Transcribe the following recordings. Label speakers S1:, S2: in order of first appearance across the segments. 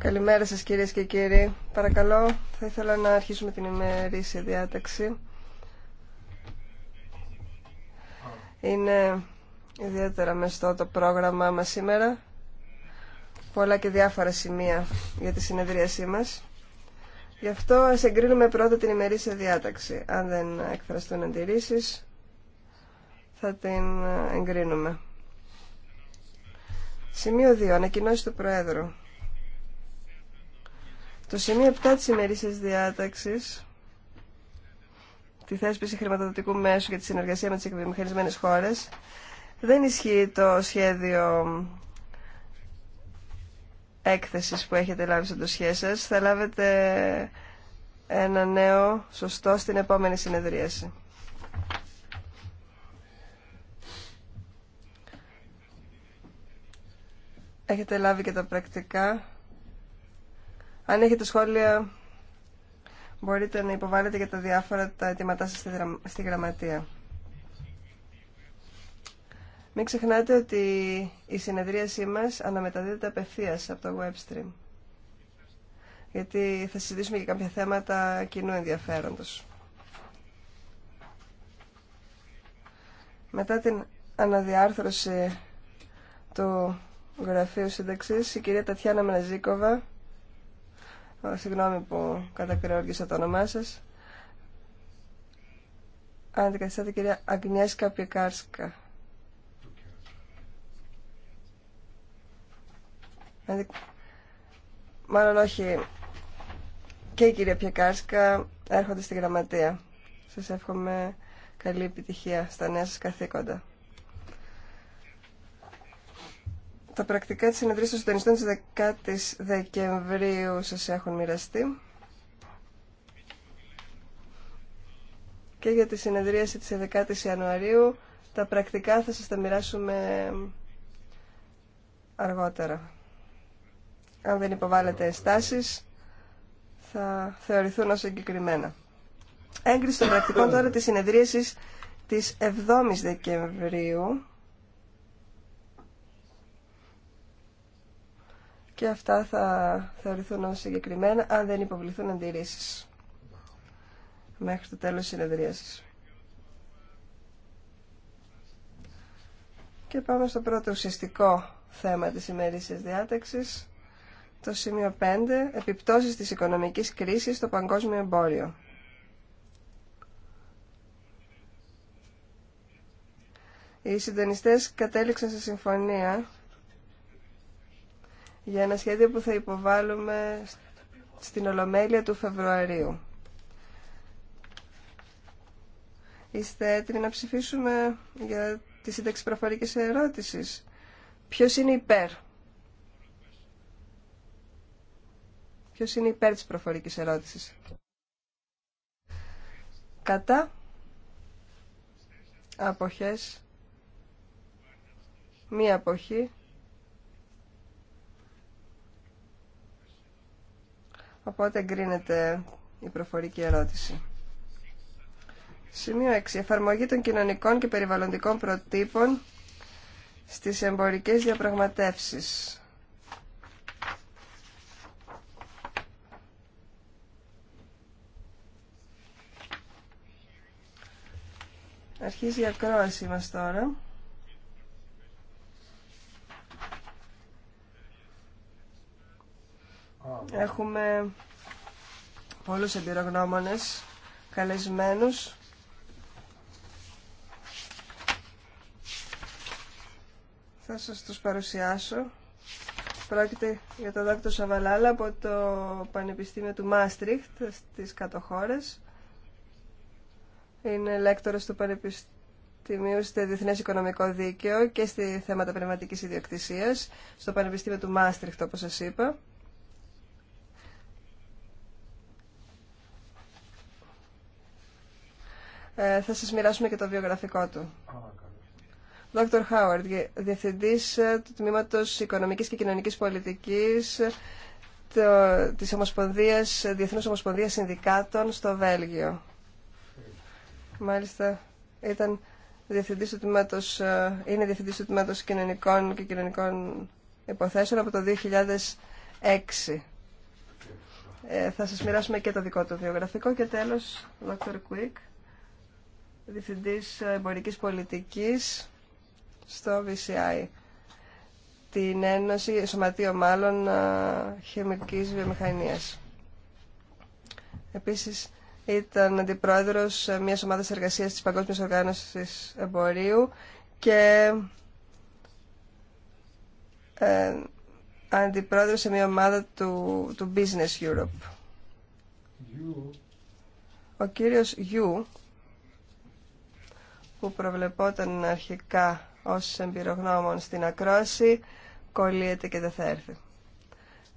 S1: Καλημέρα σας κυρίες και κύριοι. Παρακαλώ, θα ήθελα να αρχίσουμε την ημερήσια διάταξη. Είναι ιδιαίτερα μεστό το πρόγραμμά μας σήμερα. Πολλά και διάφορα σημεία για τη συνεδρίασή μας. Γι' αυτό ας εγκρίνουμε πρώτα την ημερήσια διάταξη. Αν δεν εκφραστούν αντιρρήσεις, θα την εγκρίνουμε. Σημείο 2. Ανακοινώσει του Προέδρου. Το σημείο 7 τη ημερήσια διάταξης τη θέσπιση χρηματοδοτικού μέσου για τη συνεργασία με τις εκβιομηχανισμένες χώρε, δεν ισχύει το σχέδιο έκθεσης που έχετε λάβει στο ντοσιέ σα. Θα λάβετε ένα νέο σωστό στην επόμενη συνεδρίαση. Έχετε λάβει και τα πρακτικά. Αν έχετε σχόλια, μπορείτε να υποβάλλετε και τα διάφορα τα αιτήματά σας στη γραμματεία. Μην ξεχνάτε ότι η συνεδρίασή μας αναμεταδίδεται απευθείας από το webstream. Γιατί θα συζητήσουμε και κάποια θέματα κοινού ενδιαφέροντος. Μετά την αναδιάρθρωση του Γραφείου συνταξή. η κυρία Τατιάνα Μναζίκοβα. Συγγνώμη που κατακρεώργησα το όνομά σας. Αντικαθιστάτε κυρία Αγνιέσκα Πικάρσκα. Μάλλον όχι. Και η κυρία Πιακάρσκα έρχονται στη γραμματεία. Σας εύχομαι καλή επιτυχία στα νέα σας καθήκοντα. Τα πρακτικά της συνεδρίας των συντονιστών της 10ης Δεκεμβρίου σας έχουν μοιραστεί. Και για τη συνεδρίαση της 11ης Ιανουαρίου τα πρακτικά θα σας τα μοιράσουμε αργότερα. Αν δεν υποβάλλετε στάσεις θα θεωρηθούν ως εγκεκριμένα. Έγκριση των πρακτικών τώρα της συνεδρίασης της 7ης Δεκεμβρίου και αυτά θα θεωρηθούν ως συγκεκριμένα αν δεν υποβληθούν αντιρρήσεις μέχρι το τέλος της συνεδρίασης. Και πάμε στο πρώτο ουσιαστικό θέμα της ημερήσιας διάταξης, το σημείο 5, επιπτώσεις της οικονομικής κρίσης στο παγκόσμιο εμπόριο. Οι συντονιστές κατέληξαν σε συμφωνία για ένα σχέδιο που θα υποβάλουμε στην Ολομέλεια του Φεβρουαρίου. Είστε έτοιμοι να ψηφίσουμε για τη σύνταξη προφορικής ερώτησης. Ποιος είναι υπέρ. Ποιος είναι υπέρ της προφορικής ερώτησης. Κατά. Αποχές. Μία αποχή. Οπότε εγκρίνεται η προφορική ερώτηση. Σημείο 6. Εφαρμογή των κοινωνικών και περιβαλλοντικών προτύπων στις εμπορικές διαπραγματεύσεις. Αρχίζει η ακρόαση μας τώρα. Έχουμε πολλούς εμπειρογνώμονες καλεσμένους Θα σας τους παρουσιάσω. Πρόκειται για τον Δόκτωρ Σαβαλάλα από το Πανεπιστήμιο του Μάστριχτ στις κατοχώρες. Είναι λέκτορος του Πανεπιστημίου στη Διεθνές Οικονομικό Δίκαιο και στη θέματα πνευματικής ιδιοκτησίας στο Πανεπιστήμιο του Μάστριχτ όπως σας είπα. Ε, θα σας μοιράσουμε και το βιογραφικό του. Δόκτωρ Χάουαρντ, Διευθυντής ε, του Τμήματος Οικονομικής και Κοινωνικής Πολιτικής ε, της Ομοσπονδίας, Διεθνούς Ομοσπονδίας Συνδικάτων στο Βέλγιο. Μάλιστα, ήταν διευθυντής του τμήματος, είναι διευθυντής του τμήματος κοινωνικών και κοινωνικών υποθέσεων από το 2006. θα σας μοιράσουμε και το δικό του βιογραφικό και τέλος, Dr. Quick. Διευθυντής Εμπορικής Πολιτικής στο VCI, την Ένωση Σωματείο μάλλον ε, Χημικής Βιομηχανίας. Επίσης ήταν αντιπρόεδρος μιας ομάδας εργασίας της Παγκόσμιας Οργάνωσης Εμπορίου και ε, αντιπρόεδρος σε μια ομάδα του, του Business Europe. Ο κύριος Γιου που προβλεπόταν αρχικά ως εμπειρογνώμων στην ακρόαση κολλείεται και δεν θα έρθει.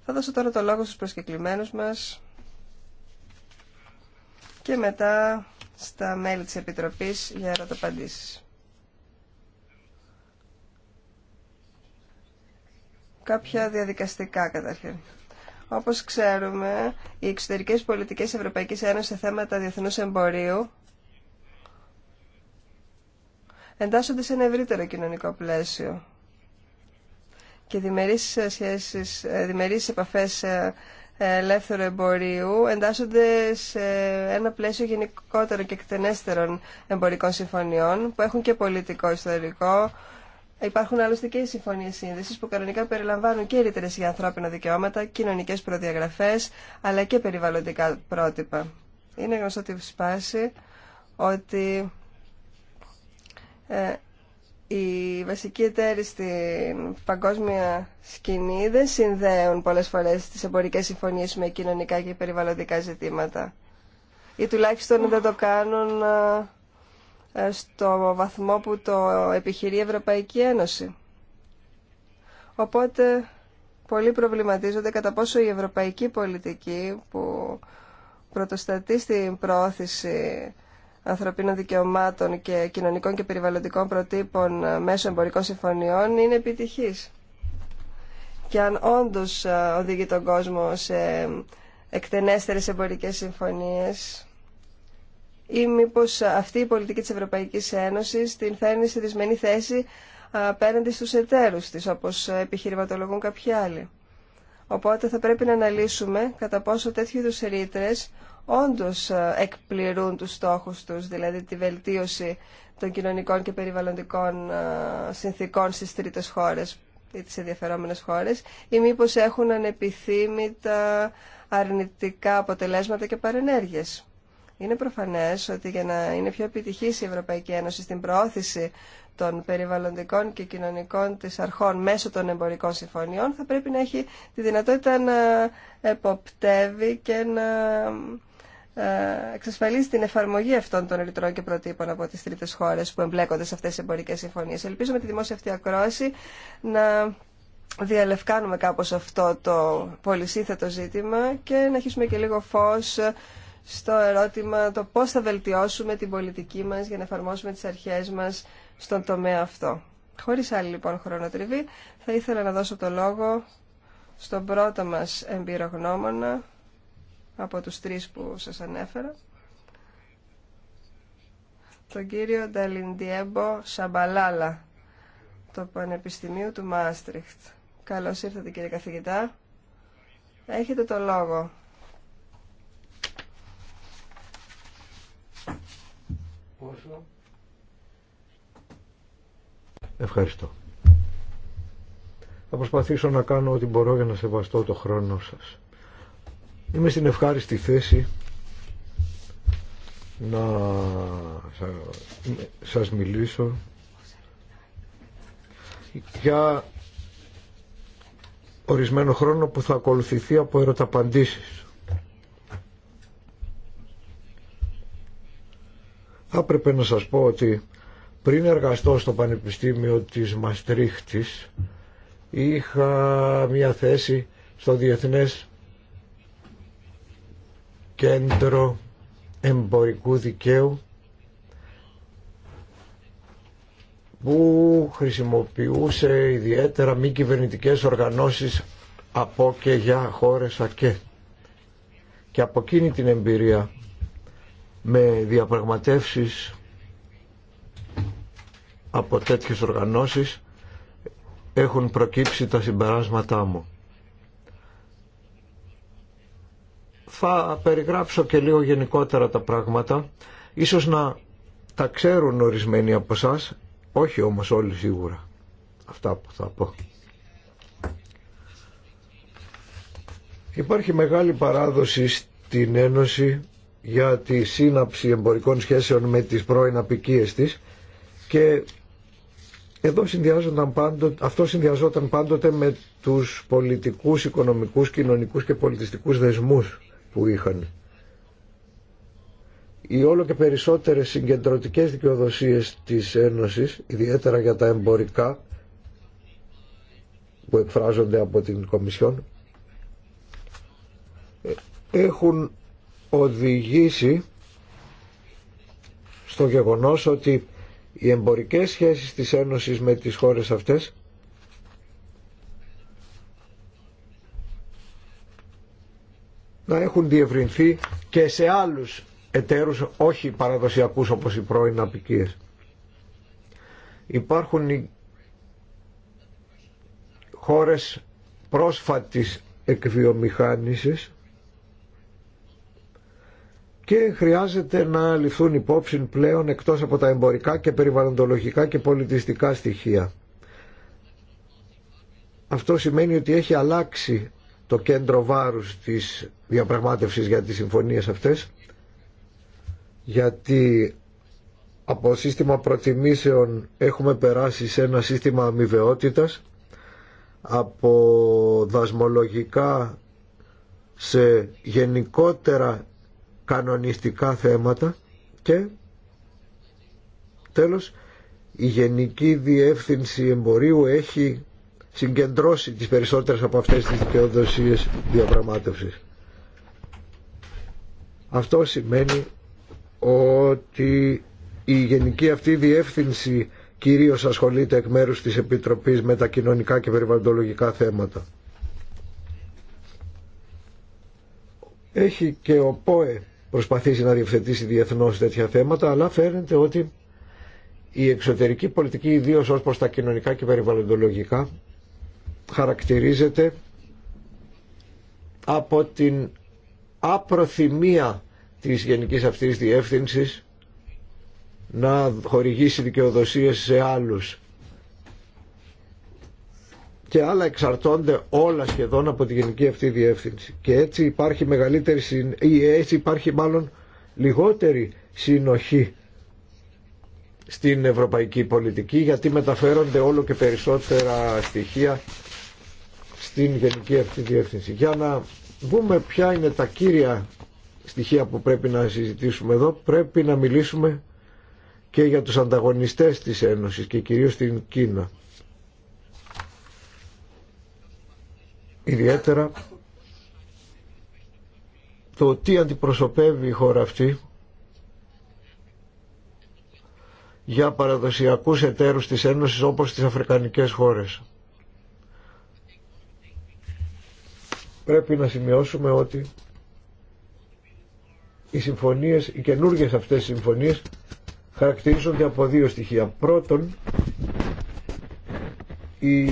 S1: Θα δώσω τώρα το λόγο στους προσκεκλημένους μας και μετά στα μέλη της Επιτροπής για ερωτοπαντήσεις. Κάποια διαδικαστικά καταρχήν. Όπως ξέρουμε, οι εξωτερικές πολιτικές Ευρωπαϊκής Ένωσης σε θέματα διεθνούς εμπορίου εντάσσονται σε ένα ευρύτερο κοινωνικό πλαίσιο. Και διμερείς, ε, ε, επαφές ε, ελεύθερου εμπορίου εντάσσονται σε ένα πλαίσιο γενικότερο και εκτενέστερων εμπορικών συμφωνιών που έχουν και πολιτικό ιστορικό. Υπάρχουν άλλωστε και οι συμφωνίε σύνδεση που κανονικά περιλαμβάνουν και ρήτρε για ανθρώπινα δικαιώματα, κοινωνικές προδιαγραφές, αλλά και περιβαλλοντικά πρότυπα. Είναι γνωστό τη σπάση ότι ε, οι βασικοί εταίροι στην παγκόσμια σκηνή δεν συνδέουν πολλές φορές τις εμπορικές συμφωνίες με κοινωνικά και περιβαλλοντικά ζητήματα. Ή τουλάχιστον δεν το κάνουν ε, ε, στο βαθμό που το επιχειρεί η Ευρωπαϊκή Ένωση. Οπότε πολλοί προβληματίζονται κατά πόσο η ευρωπαϊκή πολιτική που πρωτοστατεί στην πρόθεση ανθρωπίνων δικαιωμάτων και κοινωνικών και περιβαλλοντικών προτύπων ε, μέσω εμπορικών συμφωνιών είναι επιτυχής. Και αν όντως ε, οδηγεί τον κόσμο σε εκτενέστερες εμπορικές συμφωνίες ή μήπως αυτή η πολιτική της Ευρωπαϊκής Ένωσης την φέρνει σε δυσμενή θέση ε, απέναντι στους εταίρους της, όπως επιχειρηματολογούν κάποιοι άλλοι. Οπότε θα πρέπει να αναλύσουμε κατά πόσο τέτοιου είδους ρήτρε όντως ε, εκπληρούν τους στόχους τους, δηλαδή τη βελτίωση των κοινωνικών και περιβαλλοντικών ε, συνθήκων στις τρίτες χώρες ή τις ενδιαφερόμενες χώρες ή μήπως έχουν ανεπιθύμητα αρνητικά αποτελέσματα και παρενέργειες. Είναι προφανές ότι για να είναι πιο επιτυχής η Ευρωπαϊκή Ένωση στην προώθηση των περιβαλλοντικών και κοινωνικών της αρχών μέσω των εμπορικών συμφωνιών θα πρέπει να έχει τη δυνατότητα να εποπτεύει και να ε, εξασφαλίσει την εφαρμογή αυτών των ρητρών και προτύπων από τις τρίτες χώρες που εμπλέκονται σε αυτές τις εμπορικές συμφωνίες. Ελπίζω με τη δημόσια αυτή ακρόαση να διαλευκάνουμε κάπως αυτό το πολυσύθετο ζήτημα και να αρχίσουμε και λίγο φως στο ερώτημα το πώς θα βελτιώσουμε την πολιτική μας για να εφαρμόσουμε τις αρχές μας στον τομέα αυτό. Χωρίς άλλη λοιπόν χρονοτριβή, θα ήθελα να δώσω το λόγο στον πρώτο μας εμπειρογνώμονα, από τους τρεις που σας ανέφερα τον κύριο Νταλιντιέμπο Σαμπαλάλα το Πανεπιστημίου του Μάστριχτ. Καλώς ήρθατε κύριε καθηγητά. Έχετε το λόγο.
S2: Ευχαριστώ. Θα προσπαθήσω να κάνω ό,τι μπορώ για να σεβαστώ το χρόνο σας. Είμαι στην ευχάριστη θέση να σας μιλήσω για ορισμένο χρόνο που θα ακολουθηθεί από ερωταπαντήσεις. Θα έπρεπε να σας πω ότι πριν εργαστώ στο Πανεπιστήμιο της Μαστρίχτης είχα μια θέση στο Διεθνές κέντρο εμπορικού δικαίου που χρησιμοποιούσε ιδιαίτερα μη κυβερνητικέ οργανώσεις από και για χώρες ΑΚΕ. Και από εκείνη την εμπειρία με διαπραγματεύσεις από τέτοιες οργανώσεις έχουν προκύψει τα συμπεράσματά μου. Θα περιγράψω και λίγο γενικότερα τα πράγματα, ίσως να τα ξέρουν ορισμένοι από εσά, όχι όμως όλοι σίγουρα αυτά που θα πω. Υπάρχει μεγάλη παράδοση στην Ένωση για τη σύναψη εμπορικών σχέσεων με τις πρώην απικίες της και εδώ συνδυάζονταν πάντοτε, αυτό συνδυαζόταν πάντοτε με τους πολιτικούς, οικονομικούς, κοινωνικούς και πολιτιστικούς δεσμούς που είχαν. Οι όλο και περισσότερες συγκεντρωτικές δικαιοδοσίες της Ένωσης, ιδιαίτερα για τα εμπορικά που εκφράζονται από την Κομισιόν, έχουν οδηγήσει στο γεγονός ότι οι εμπορικές σχέσεις της Ένωσης με τις χώρες αυτές να έχουν διευρυνθεί και σε άλλους εταίρους όχι παραδοσιακούς όπως οι πρώην απικίες. Υπάρχουν οι χώρες πρόσφατης εκβιομηχάνησης και χρειάζεται να ληφθούν υπόψη πλέον εκτός από τα εμπορικά και περιβαλλοντολογικά και πολιτιστικά στοιχεία. Αυτό σημαίνει ότι έχει αλλάξει το κέντρο βάρους της διαπραγμάτευσης για τις συμφωνίες αυτές γιατί από σύστημα προτιμήσεων έχουμε περάσει σε ένα σύστημα αμοιβαιότητα από δασμολογικά σε γενικότερα κανονιστικά θέματα και τέλος η Γενική Διεύθυνση Εμπορίου έχει συγκεντρώσει τις περισσότερες από αυτές τις δικαιοδοσίες διαπραγμάτευσης. Αυτό σημαίνει ότι η γενική αυτή διεύθυνση κυρίως ασχολείται εκ μέρους της Επιτροπής με τα κοινωνικά και περιβαλλοντολογικά θέματα. Έχει και ο ΠΟΕ προσπαθήσει να διευθετήσει διεθνώς τέτοια θέματα, αλλά φαίνεται ότι η εξωτερική πολιτική, ιδίω ως προς τα κοινωνικά και περιβαλλοντολογικά, χαρακτηρίζεται από την απροθυμία της Γενικής Αυτής Διεύθυνσης να χορηγήσει δικαιοδοσίες σε άλλους και άλλα εξαρτώνται όλα σχεδόν από τη γενική αυτή διεύθυνση και έτσι υπάρχει μεγαλύτερη ή έτσι υπάρχει μάλλον λιγότερη συνοχή στην ευρωπαϊκή πολιτική γιατί μεταφέρονται όλο και περισσότερα στοιχεία στην Γενική αυτή Διεύθυνση. Για να δούμε ποια είναι τα κύρια στοιχεία που πρέπει να συζητήσουμε εδώ, πρέπει να μιλήσουμε και για τους ανταγωνιστές της Ένωσης και κυρίως την Κίνα. Ιδιαίτερα το τι αντιπροσωπεύει η χώρα αυτή για παραδοσιακούς εταίρους της Ένωσης όπως τις Αφρικανικές χώρες. πρέπει να σημειώσουμε ότι οι συμφωνίες, οι καινούργιες αυτές συμφωνίες χαρακτηρίζονται από δύο στοιχεία. Πρώτον, η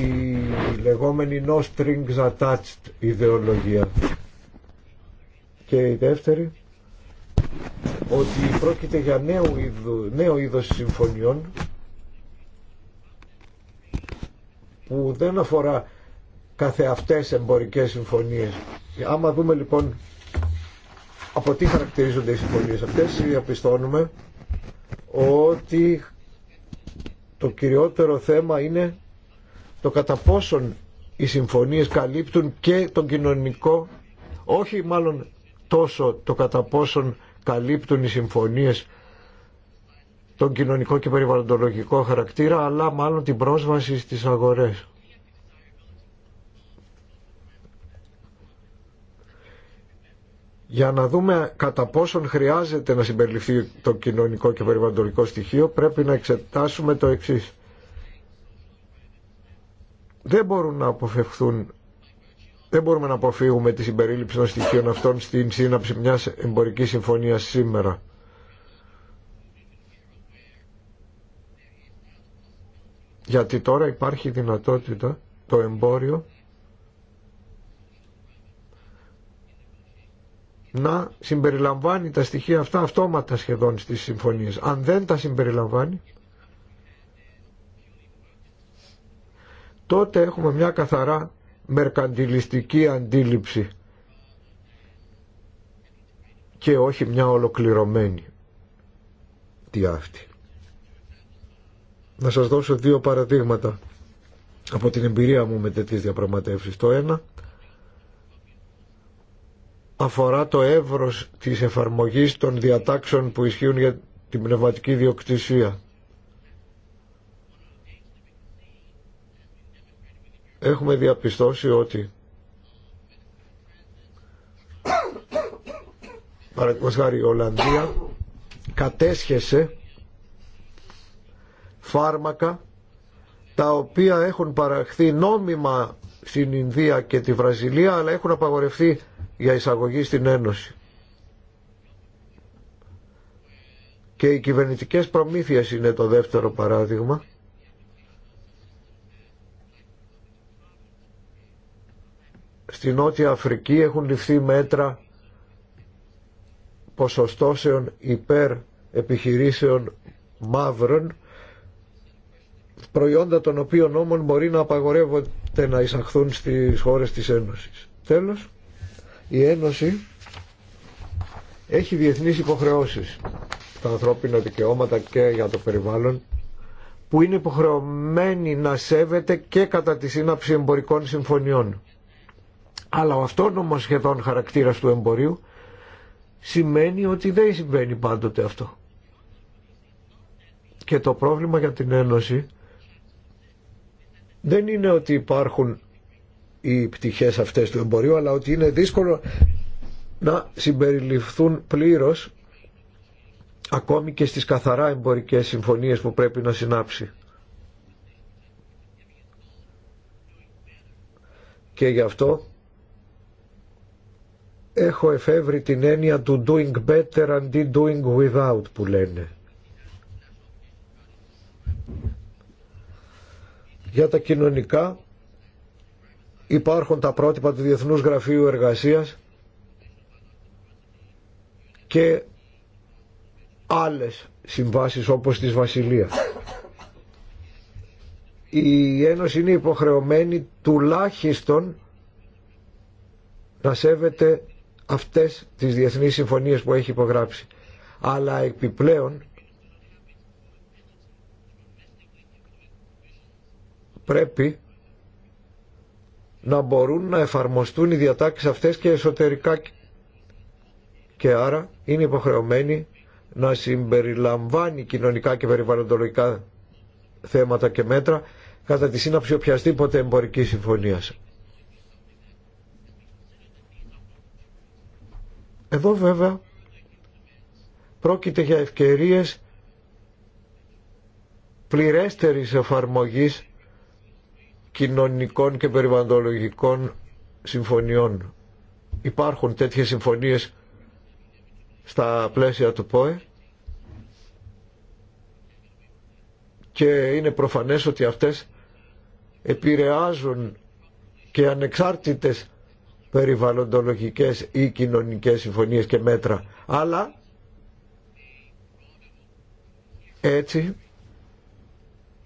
S2: λεγόμενη no strings attached ιδεολογία και η δεύτερη ότι πρόκειται για νέο, είδο, νέο είδος συμφωνιών που δεν αφορά καθεαυτές εμπορικές συμφωνίες. Άμα δούμε λοιπόν από τι χαρακτηρίζονται οι συμφωνίες αυτές, διαπιστώνουμε ότι το κυριότερο θέμα είναι το κατά πόσον οι συμφωνίες καλύπτουν και τον κοινωνικό, όχι μάλλον τόσο το κατά πόσον καλύπτουν οι συμφωνίες τον κοινωνικό και περιβαλλοντολογικό χαρακτήρα, αλλά μάλλον την πρόσβαση στις αγορές. για να δούμε κατά πόσον χρειάζεται να συμπεριληφθεί το κοινωνικό και περιβαλλοντικό στοιχείο πρέπει να εξετάσουμε το εξής. Δεν να αποφευχθούν δεν μπορούμε να αποφύγουμε τη συμπερίληψη των στοιχείων αυτών στην σύναψη μιας εμπορικής συμφωνίας σήμερα. Γιατί τώρα υπάρχει δυνατότητα το εμπόριο να συμπεριλαμβάνει τα στοιχεία αυτά αυτόματα σχεδόν στις συμφωνίες. Αν δεν τα συμπεριλαμβάνει, τότε έχουμε μια καθαρά μερκαντιλιστική αντίληψη και όχι μια ολοκληρωμένη τι αυτή. Να σας δώσω δύο παραδείγματα από την εμπειρία μου με τέτοιες διαπραγματεύσεις. Το ένα αφορά το εύρος της εφαρμογής των διατάξεων που ισχύουν για την πνευματική διοκτησία. Έχουμε διαπιστώσει ότι παραδείγματος χάρη η Ολλανδία κατέσχεσε φάρμακα τα οποία έχουν παραχθεί νόμιμα στην Ινδία και τη Βραζιλία αλλά έχουν απαγορευτεί για εισαγωγή στην Ένωση. Και οι κυβερνητικές προμήθειες είναι το δεύτερο παράδειγμα. Στη Νότια Αφρική έχουν ληφθεί μέτρα ποσοστώσεων υπέρ επιχειρήσεων μαύρων προϊόντα των οποίων όμως μπορεί να απαγορεύονται να εισαχθούν στις χώρες της Ένωσης. Τέλος. Η Ένωση έχει διεθνείς υποχρεώσεις τα ανθρώπινα δικαιώματα και για το περιβάλλον που είναι υποχρεωμένη να σέβεται και κατά τη σύναψη εμπορικών συμφωνιών. Αλλά ο αυτόνομος σχεδόν χαρακτήρας του εμπορίου σημαίνει ότι δεν συμβαίνει πάντοτε αυτό. Και το πρόβλημα για την Ένωση δεν είναι ότι υπάρχουν οι πτυχές αυτές του εμπορίου αλλά ότι είναι δύσκολο να συμπεριληφθούν πλήρως ακόμη και στις καθαρά εμπορικές συμφωνίες που πρέπει να συνάψει. Και γι' αυτό έχω εφεύρει την έννοια του doing better αντί doing without που λένε. Για τα κοινωνικά υπάρχουν τα πρότυπα του Διεθνούς Γραφείου Εργασίας και άλλες συμβάσεις όπως της Βασιλείας. Η Ένωση είναι υποχρεωμένη τουλάχιστον να σέβεται αυτές τις διεθνείς συμφωνίες που έχει υπογράψει. Αλλά επιπλέον πρέπει να μπορούν να εφαρμοστούν οι διατάξεις αυτές και εσωτερικά και άρα είναι υποχρεωμένοι να συμπεριλαμβάνει κοινωνικά και περιβαλλοντολογικά θέματα και μέτρα κατά τη σύναψη οποιασδήποτε εμπορικής συμφωνίας. Εδώ βέβαια πρόκειται για ευκαιρίες πληρέστερης εφαρμογής κοινωνικών και περιβαλλοντολογικών συμφωνιών. Υπάρχουν τέτοιες συμφωνίες στα πλαίσια του ΠΟΕ και είναι προφανές ότι αυτές επηρεάζουν και ανεξάρτητες περιβαλλοντολογικές ή κοινωνικές συμφωνίες και μέτρα. Αλλά έτσι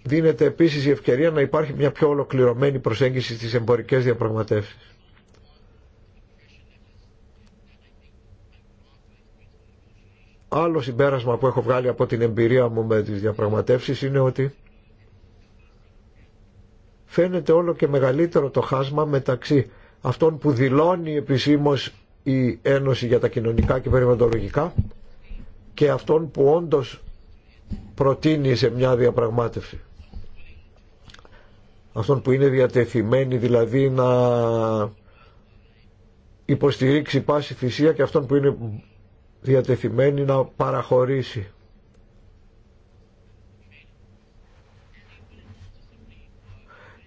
S2: Δίνεται επίσης η ευκαιρία να υπάρχει μια πιο ολοκληρωμένη προσέγγιση στις εμπορικές διαπραγματεύσεις. Άλλο συμπέρασμα που έχω βγάλει από την εμπειρία μου με τις διαπραγματεύσεις είναι ότι φαίνεται όλο και μεγαλύτερο το χάσμα μεταξύ αυτών που δηλώνει επισήμως η Ένωση για τα κοινωνικά και περιβαλλοντολογικά και αυτών που όντως προτείνει σε μια διαπραγμάτευση. Αυτόν που είναι διατεθειμένοι δηλαδή να υποστηρίξει πάση θυσία και αυτόν που είναι διατεθειμένοι να παραχωρήσει.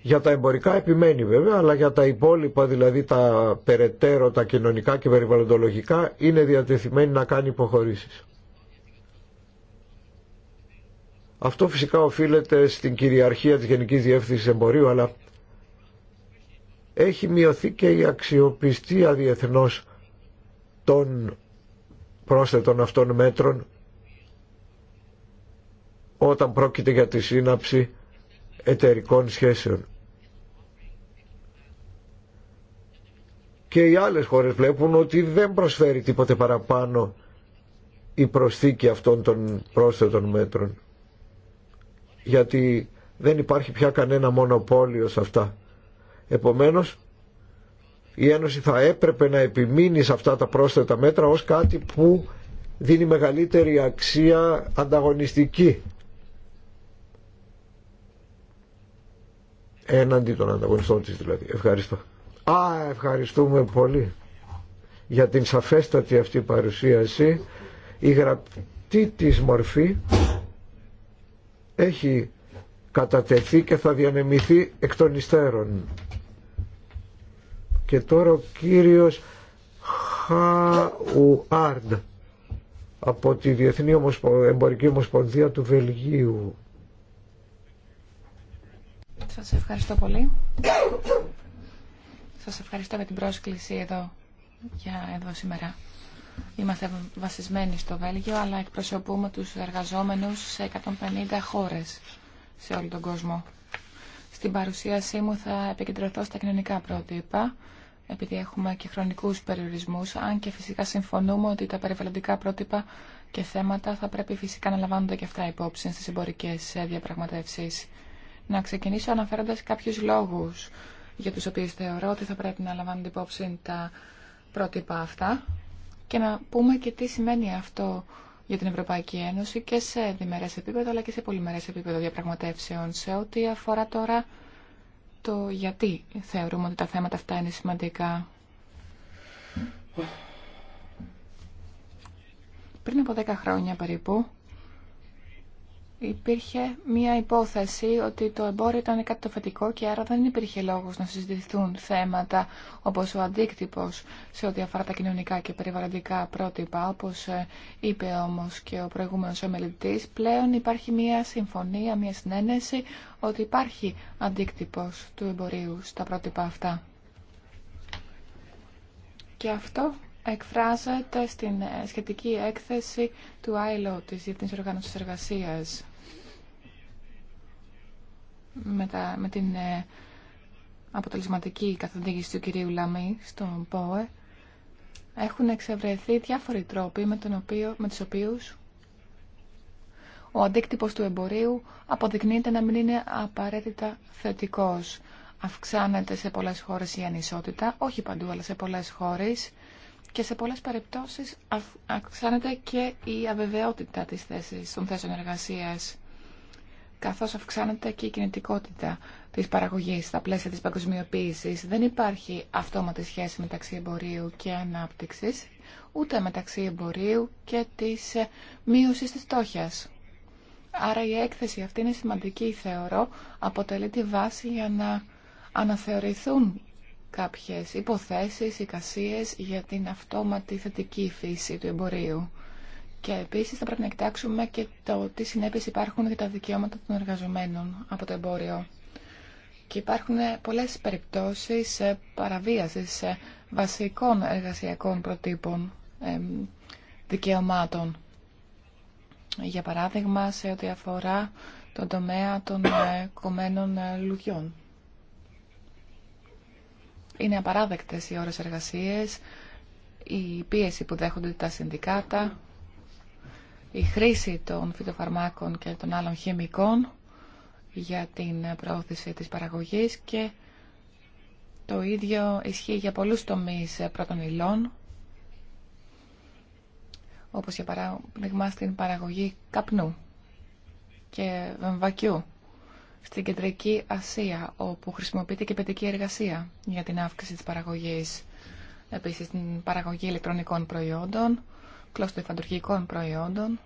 S2: Για τα εμπορικά επιμένει βέβαια, αλλά για τα υπόλοιπα, δηλαδή τα περαιτέρω, τα κοινωνικά και περιβαλλοντολογικά, είναι διατεθειμένη να κάνει υποχωρήσεις. Αυτό φυσικά οφείλεται στην κυριαρχία της Γενικής Διεύθυνσης Εμπορίου, αλλά έχει μειωθεί και η αξιοπιστία διεθνώς των πρόσθετων αυτών μέτρων όταν πρόκειται για τη σύναψη εταιρικών σχέσεων. Και οι άλλες χώρες βλέπουν ότι δεν προσφέρει τίποτε παραπάνω η προσθήκη αυτών των πρόσθετων μέτρων γιατί δεν υπάρχει πια κανένα μονοπόλιο σε αυτά. Επομένως, η Ένωση θα έπρεπε να επιμείνει σε αυτά τα πρόσθετα μέτρα ως κάτι που δίνει μεγαλύτερη αξία ανταγωνιστική έναντι των ανταγωνιστών της δηλαδή. Ευχαριστώ. Α, ευχαριστούμε πολύ για την σαφέστατη αυτή παρουσίαση. Η γραπτή της μορφή έχει κατατεθεί και θα διανεμηθεί εκ των υστέρων. Και τώρα ο κύριος Χαουάρντ από τη Διεθνή Εμπορική Ομοσπονδία του Βελγίου.
S3: Σας ευχαριστώ πολύ. Σας ευχαριστώ για την πρόσκληση εδώ για εδώ σήμερα. Είμαστε βασισμένοι στο Βέλγιο, αλλά εκπροσωπούμε τους εργαζόμενους σε 150 χώρες σε όλο τον κόσμο. Στην παρουσίασή μου θα επικεντρωθώ στα κοινωνικά πρότυπα, επειδή έχουμε και χρονικούς περιορισμούς, αν και φυσικά συμφωνούμε ότι τα περιβαλλοντικά πρότυπα και θέματα θα πρέπει φυσικά να λαμβάνονται και αυτά υπόψη στις εμπορικές διαπραγματεύσεις. Να ξεκινήσω αναφέροντας κάποιους λόγους για τους οποίους θεωρώ ότι θα πρέπει να λαμβάνονται υπόψη τα πρότυπα αυτά και να πούμε και τι σημαίνει αυτό για την Ευρωπαϊκή Ένωση και σε διμερές επίπεδο αλλά και σε πολυμερές επίπεδο διαπραγματεύσεων σε ό,τι αφορά τώρα το γιατί θεωρούμε ότι τα θέματα αυτά είναι σημαντικά. Πριν από 10 χρόνια περίπου υπήρχε μία υπόθεση ότι το εμπόριο ήταν κατοφατικό και άρα δεν υπήρχε λόγος να συζητηθούν θέματα όπως ο αντίκτυπος σε ό,τι αφορά τα κοινωνικά και περιβαλλοντικά πρότυπα, όπως ε, είπε όμως και ο προηγούμενος ομιλητής. Πλέον υπάρχει μία συμφωνία, μία συνένεση ότι υπάρχει αντίκτυπος του εμπορίου στα πρότυπα αυτά. Και αυτό εκφράζεται στην ε, σχετική έκθεση του ILO, της Διεθνής Οργάνωσης Εργασίας με, την ε, αποτελεσματική καθοδήγηση του κυρίου Λαμή στον ΠΟΕ έχουν εξευρεθεί διάφοροι τρόποι με, τον οποίο, με τους οποίους ο αντίκτυπος του εμπορίου αποδεικνύεται να μην είναι απαραίτητα θετικός. Αυξάνεται σε πολλές χώρες η ανισότητα, όχι παντού αλλά σε πολλές χώρες και σε πολλές περιπτώσεις αυξάνεται και η αβεβαιότητα της θέσης, των θέσεων εργασίας καθώς αυξάνεται και η κινητικότητα της παραγωγής στα πλαίσια της παγκοσμιοποίησης. Δεν υπάρχει αυτόματη σχέση μεταξύ εμπορίου και ανάπτυξης, ούτε μεταξύ εμπορίου και της ε, μείωσης της στόχιας. Άρα η έκθεση αυτή είναι σημαντική, θεωρώ, αποτελεί τη βάση για να αναθεωρηθούν κάποιες υποθέσεις, εικασίες για την αυτόματη θετική φύση του εμπορίου. Και επίσης θα πρέπει να κοιτάξουμε και το τι συνέπειες υπάρχουν για τα δικαιώματα των εργαζομένων από το εμπόριο. Και υπάρχουν πολλές περιπτώσεις ε, παραβίασης ε, βασικών εργασιακών προτύπων δικαιωμάτων. Για παράδειγμα, σε ό,τι αφορά τον τομέα των ε, κομμένων λουγιών. Είναι απαράδεκτες οι ώρες εργασίες, η πίεση που δέχονται τα συνδικάτα η χρήση των φυτοφαρμάκων και των άλλων χημικών για την προώθηση της παραγωγής και το ίδιο ισχύει για πολλούς τομείς πρώτων υλών, όπως για παράδειγμα στην παραγωγή καπνού και βακιού στην Κεντρική Ασία, όπου χρησιμοποιείται και παιδική εργασία για την αύξηση της παραγωγής, επίσης την παραγωγή ηλεκτρονικών προϊόντων, κλωστοϊφαντουργικών προϊόντων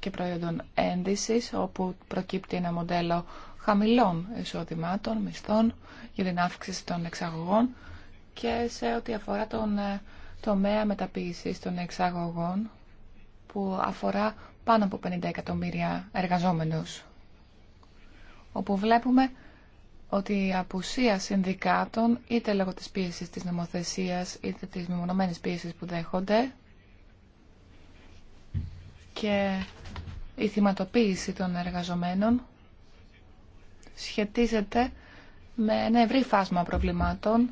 S3: και προϊόντων ένδυσης, όπου προκύπτει ένα μοντέλο χαμηλών εισοδημάτων, μισθών για την αύξηση των εξαγωγών και σε ό,τι αφορά τον ε, τομέα μεταποίησης των εξαγωγών που αφορά πάνω από 50 εκατομμύρια εργαζόμενους όπου βλέπουμε ότι η απουσία συνδικάτων είτε λόγω της πίεσης της νομοθεσίας είτε της μεμονωμένης πίεσης που δέχονται και η θυματοποίηση των εργαζομένων σχετίζεται με ένα ευρύ φάσμα προβλημάτων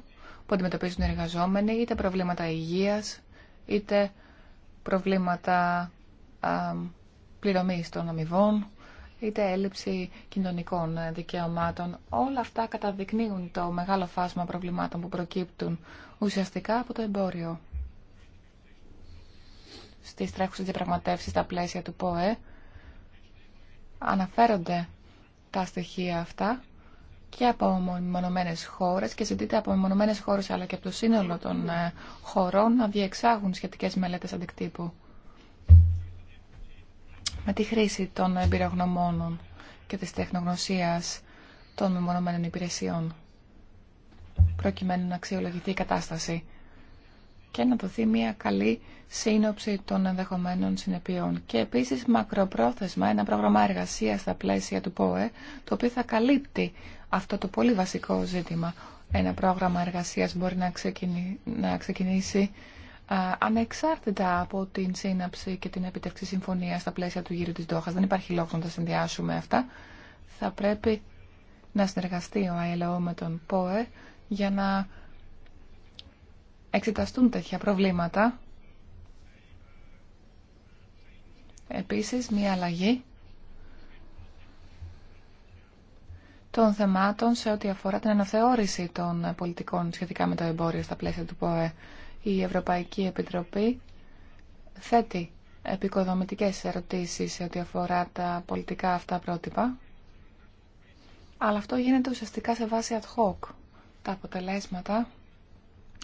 S3: που αντιμετωπίζουν οι εργαζόμενοι, είτε προβλήματα υγείας, είτε προβλήματα α, πληρωμής των αμοιβών, είτε έλλειψη κοινωνικών δικαιωμάτων. Όλα αυτά καταδεικνύουν το μεγάλο φάσμα προβλημάτων που προκύπτουν ουσιαστικά από το εμπόριο στις τρέχουσες διαπραγματεύσεις στα πλαίσια του ΠΟΕ αναφέρονται τα στοιχεία αυτά και από μονομένες χώρες και ζητείται από μονομένες χώρες αλλά και από το σύνολο των ε, χωρών να διεξάγουν σχετικές μελέτες αντικτύπου με τη χρήση των εμπειρογνωμόνων και της τεχνογνωσίας των μεμονωμένων υπηρεσιών προκειμένου να αξιολογηθεί η κατάσταση και να δοθεί μια καλή σύνοψη των ενδεχομένων συνεπειών. Και επίσης μακροπρόθεσμα ένα πρόγραμμα εργασία στα πλαίσια του ΠΟΕ, το οποίο θα καλύπτει αυτό το πολύ βασικό ζήτημα. Ένα πρόγραμμα εργασίας μπορεί να, ξεκινήσει, να ξεκινήσει ανεξάρτητα από την σύναψη και την επιτευξή συμφωνία στα πλαίσια του γύρου τη ΔΟΧΑ. Δεν υπάρχει λόγο να τα συνδυάσουμε αυτά. Θα πρέπει να συνεργαστεί ο ΑΕΛΟ με τον ΠΟΕ για να εξεταστούν τέτοια προβλήματα. Επίσης, μια αλλαγή των θεμάτων σε ό,τι αφορά την αναθεώρηση των πολιτικών σχετικά με το εμπόριο στα πλαίσια του ΠΟΕ. Η Ευρωπαϊκή Επιτροπή θέτει επικοδομητικές ερωτήσεις σε ό,τι αφορά τα πολιτικά αυτά πρότυπα, αλλά αυτό γίνεται ουσιαστικά σε βάση ad hoc. Τα αποτελέσματα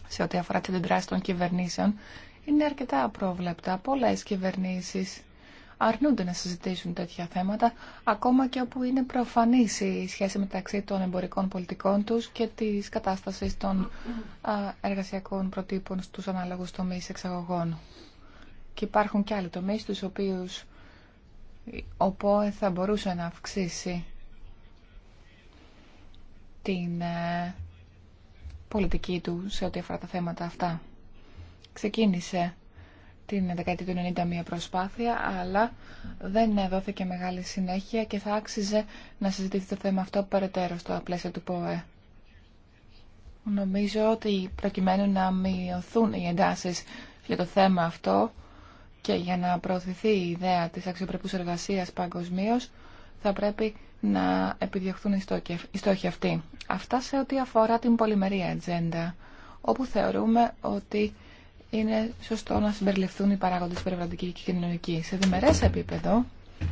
S3: σε ό,τι αφορά την αντιδράση των κυβερνήσεων είναι αρκετά απρόβλεπτα. Πολλέ κυβερνήσει αρνούνται να συζητήσουν τέτοια θέματα, ακόμα και όπου είναι προφανή η σχέση μεταξύ των εμπορικών πολιτικών τους και της κατάστασης των εργασιακών προτύπων στου ανάλογου τομείς εξαγωγών. Και υπάρχουν και άλλοι τομεί τους οποίου ο ΠΟΕ θα μπορούσε να αυξήσει την ε, πολιτική του σε ό,τι αφορά τα θέματα αυτά. Ξεκίνησε την δεκαετία του 90 μια προσπάθεια, αλλά δεν δόθηκε μεγάλη συνέχεια και θα άξιζε να συζητηθεί το θέμα αυτό περαιτέρω στο πλαίσιο του ΠΟΕ. Νομίζω ότι προκειμένου να μειωθούν οι εντάσεις για το θέμα αυτό και για να προωθηθεί η ιδέα της αξιοπρεπούς εργασίας παγκοσμίω, θα πρέπει να επιδιωχθούν οι στόχοι αυτοί. Αυτά σε ό,τι αφορά την πολυμερή ατζέντα, όπου θεωρούμε ότι είναι σωστό να συμπεριληφθούν οι παράγοντες περιβαλλοντικοί και κοινωνικοί. Σε διμερές επίπεδο,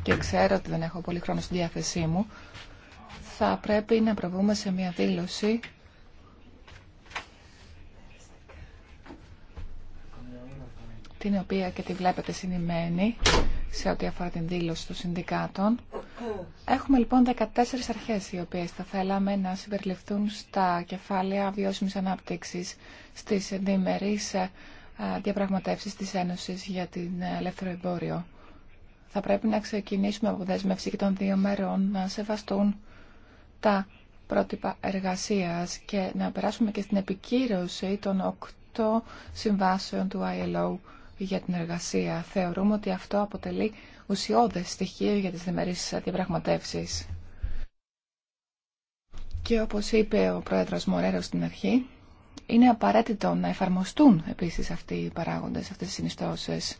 S3: και ξέρω ότι δεν έχω πολύ χρόνο στη διάθεσή μου, θα πρέπει να προβούμε σε μια δήλωση την οποία και τη βλέπετε συνημένη σε ό,τι αφορά την δήλωση των συνδικάτων Έχουμε λοιπόν 14 αρχές οι οποίες θα θέλαμε να συμπεριληφθούν στα κεφάλαια βιώσιμης ανάπτυξης στις διμερείς ε, διαπραγματεύσεις της Ένωσης για την ε, ελεύθερο εμπόριο. Θα πρέπει να ξεκινήσουμε από δέσμευση και των δύο μέρων να σεβαστούν τα πρότυπα εργασίας και να περάσουμε και στην επικύρωση των οκτώ συμβάσεων του ILO για την εργασία. Θεωρούμε ότι αυτό αποτελεί ουσιώδες στοιχείο για τις διμερείς διαπραγματεύσεις. Και όπως είπε ο πρόεδρος Μορέρος στην αρχή, είναι απαραίτητο να εφαρμοστούν επίσης αυτοί οι παράγοντες, αυτές οι συνιστώσεις.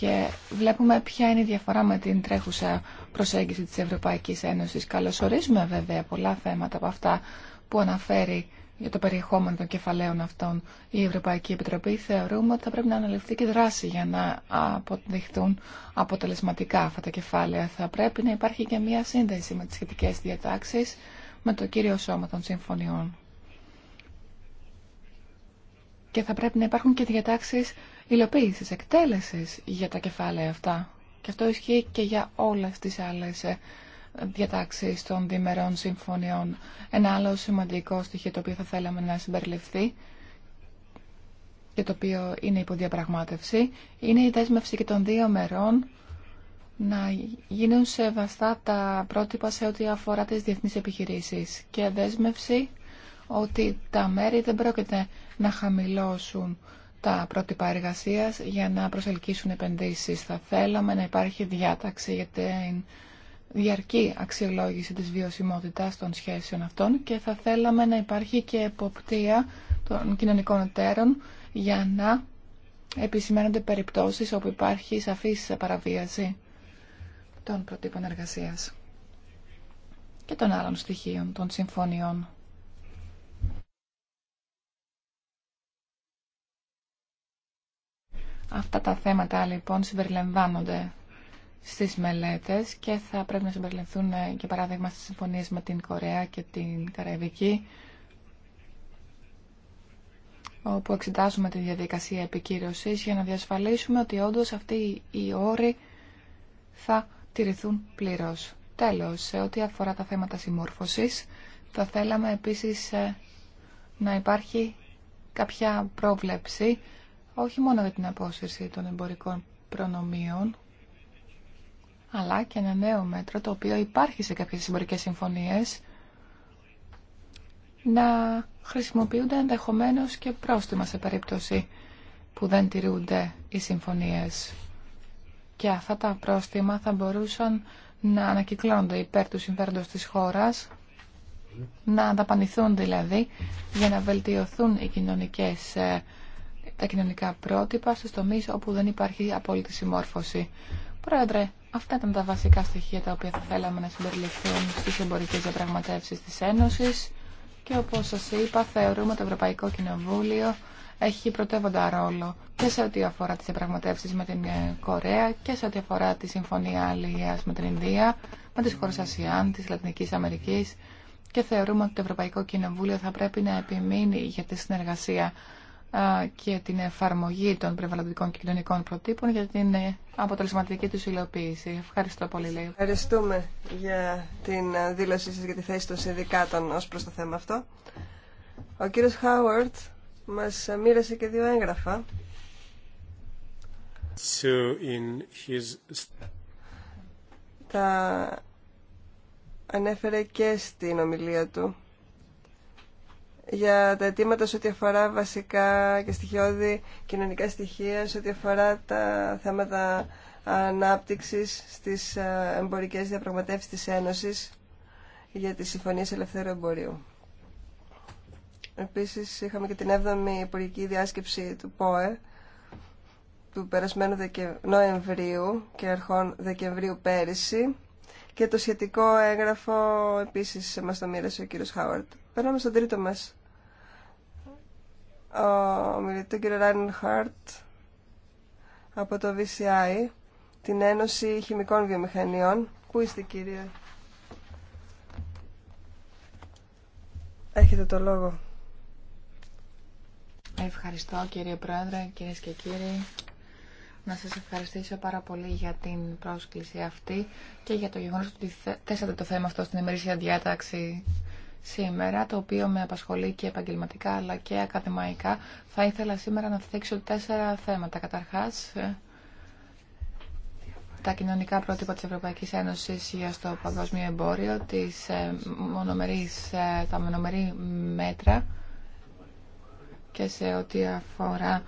S3: Και βλέπουμε ποια είναι η διαφορά με την τρέχουσα προσέγγιση της Ευρωπαϊκής Ένωσης. Καλωσορίζουμε βέβαια πολλά θέματα από αυτά που αναφέρει για το περιεχόμενο των κεφαλαίων αυτών η Ευρωπαϊκή Επιτροπή θεωρούμε ότι θα πρέπει να αναλυφθεί και δράση για να αποδειχθούν αποτελεσματικά αυτά τα κεφάλαια. Θα πρέπει να υπάρχει και μία σύνδεση με τις σχετικές διατάξεις με το κύριο σώμα των συμφωνιών. Και θα πρέπει να υπάρχουν και διατάξεις υλοποίησης, εκτέλεσης για τα κεφάλαια αυτά. Και αυτό ισχύει και για όλες τις άλλες διατάξεις των διμερών συμφωνιών. Ένα άλλο σημαντικό στοιχείο το οποίο θα θέλαμε να συμπεριληφθεί και το οποίο είναι υποδιαπραγμάτευση είναι η δέσμευση και των δύο μερών να γίνουν σεβαστά τα πρότυπα σε ό,τι αφορά τις διεθνείς επιχειρήσεις και δέσμευση ότι τα μέρη δεν πρόκειται να χαμηλώσουν τα πρότυπα εργασίας για να προσελκύσουν επενδύσεις. Θα θέλαμε να υπάρχει διάταξη για την διαρκή αξιολόγηση της βιωσιμότητας των σχέσεων αυτών και θα θέλαμε να υπάρχει και εποπτεία των κοινωνικών εταίρων για να επισημαίνονται περιπτώσεις όπου υπάρχει σαφής παραβίαση των προτύπων εργασίας και των άλλων στοιχείων των συμφωνιών. Αυτά τα θέματα λοιπόν συμπεριλαμβάνονται στις μελέτες και θα πρέπει να συμπεριληφθούν και, ε, παράδειγμα στις συμφωνίες με την Κορέα και την Καραϊβική όπου εξετάζουμε τη διαδικασία επικύρωσης για να διασφαλίσουμε ότι όντως αυτοί οι όροι θα τηρηθούν πλήρως. Τέλος, σε ό,τι αφορά τα θέματα συμμόρφωσης, θα θέλαμε επίσης ε, να υπάρχει κάποια πρόβλεψη όχι μόνο για την απόσυρση των εμπορικών προνομίων, αλλά και ένα νέο μέτρο το οποίο υπάρχει σε κάποιες συμπορικές συμφωνίες να χρησιμοποιούνται ενδεχομένω και πρόστιμα σε περίπτωση που δεν τηρούνται οι συμφωνίες. Και αυτά τα πρόστιμα θα μπορούσαν να ανακυκλώνονται υπέρ του συμφέροντος της χώρας, να ανταπανηθούν δηλαδή για να βελτιωθούν οι κοινωνικές, ε, τα κοινωνικά πρότυπα στους τομείς όπου δεν υπάρχει απόλυτη συμμόρφωση. Πρόεδρε, Αυτά ήταν τα βασικά στοιχεία τα οποία θα θέλαμε να συμπεριληφθούν στις εμπορικές διαπραγματεύσεις της Ένωσης και όπως σας είπα θεωρούμε το Ευρωπαϊκό Κοινοβούλιο έχει πρωτεύοντα ρόλο και σε ό,τι αφορά τις διαπραγματεύσεις με την ε, Κορέα και σε ό,τι αφορά τη Συμφωνία Αλληλείας με την Ινδία, με τις χώρες Ασιαν, της Λατινικής Αμερικής και θεωρούμε ότι το Ευρωπαϊκό Κοινοβούλιο θα πρέπει να επιμείνει για τη συνεργασία και την εφαρμογή των περιβαλλοντικών και κοινωνικών προτύπων για την ε, αποτελεσματική του υλοποίηση. Ευχαριστώ πολύ, λέω.
S1: Ευχαριστούμε για την ε, δήλωσή σας για τη θέση των συνδικάτων ως προς το θέμα αυτό. Ο κύριος Χάουαρτ μα μοίρασε και δύο έγγραφα.
S3: in his...
S1: Τα ανέφερε και στην ομιλία του για τα αιτήματα σε ό,τι αφορά βασικά και στοιχειώδη κοινωνικά στοιχεία, σε ό,τι αφορά τα θέματα ανάπτυξης στις ε, εμπορικές διαπραγματεύσεις της Ένωσης για τις συμφωνίες ελευθέρου εμπορίου. Επίσης είχαμε και την 7η υπουργική διάσκεψη του ΠΟΕ του περασμένου Νοεμβρίου και αρχών Δεκεμβρίου πέρυσι και το σχετικό έγγραφο επίσης μας το μοίρασε ο κύριος Χάουαρτ. Περνάμε στον τρίτο μας ο μιλητή κύριο Ράιν Χάρτ από το VCI, την Ένωση Χημικών Βιομηχανιών. Πού είστε κύριε?
S3: Έχετε το λόγο. Ευχαριστώ κύριε Πρόεδρε, κυρίε και κύριοι. Να σας ευχαριστήσω πάρα πολύ για την πρόσκληση αυτή και για το γεγονός ότι θέσατε το θέμα αυτό στην ημερήσια διάταξη σήμερα, το οποίο με απασχολεί και επαγγελματικά αλλά και ακαδημαϊκά, θα ήθελα σήμερα να θίξω τέσσερα θέματα. Καταρχάς, τα κοινωνικά πρότυπα της Ευρωπαϊκής Ένωσης για το παγκόσμιο εμπόριο, τις ε, μονομερείς, ε, τα μονομερή μέτρα και σε ό,τι αφορά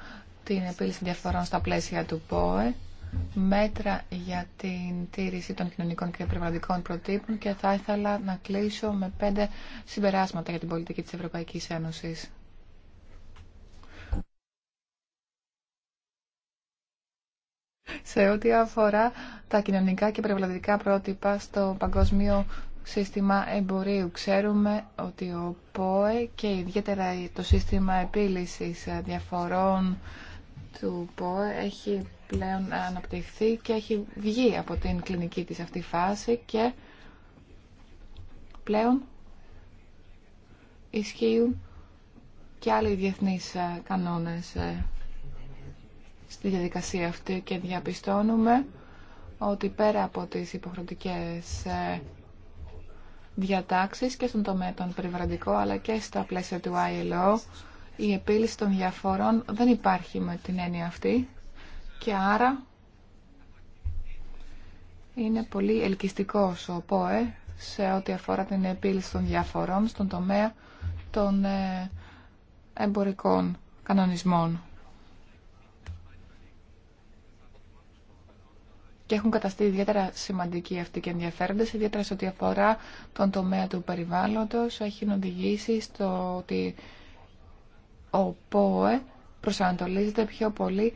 S3: την επίλυση διαφορών στα πλαίσια του ΠΟΕ μέτρα για την τήρηση των κοινωνικών και περιβαλλοντικών προτύπων και θα ήθελα να κλείσω με πέντε συμπεράσματα για την πολιτική της Ευρωπαϊκής Ένωσης. Σε ό,τι αφορά τα κοινωνικά και περιβαλλοντικά πρότυπα στο παγκόσμιο σύστημα εμπορίου. Ξέρουμε ότι ο ΠΟΕ και ιδιαίτερα το σύστημα επίλυσης διαφορών του ΠΟΕ έχει πλέον αναπτυχθεί και έχει βγει από την κλινική της αυτή φάση και πλέον ισχύουν και άλλοι διεθνείς ε, κανόνες ε, στη διαδικασία αυτή και διαπιστώνουμε ότι πέρα από τις υποχρεωτικές ε, διατάξεις και στον τομέα των περιβαλλοντικών αλλά και στα πλαίσια του ILO η επίλυση των διαφορών δεν υπάρχει με την έννοια αυτή και άρα είναι πολύ ελκυστικός ο ΠΟΕ σε ό,τι αφορά την επίλυση των διαφορών στον τομέα των ε, εμπορικών κανονισμών. Και έχουν καταστεί ιδιαίτερα σημαντικοί αυτοί και ενδιαφέροντες, ιδιαίτερα σε ό,τι αφορά τον τομέα του περιβάλλοντος, έχει οδηγήσει στο ότι ο ΠΟΕ προσανατολίζεται πιο πολύ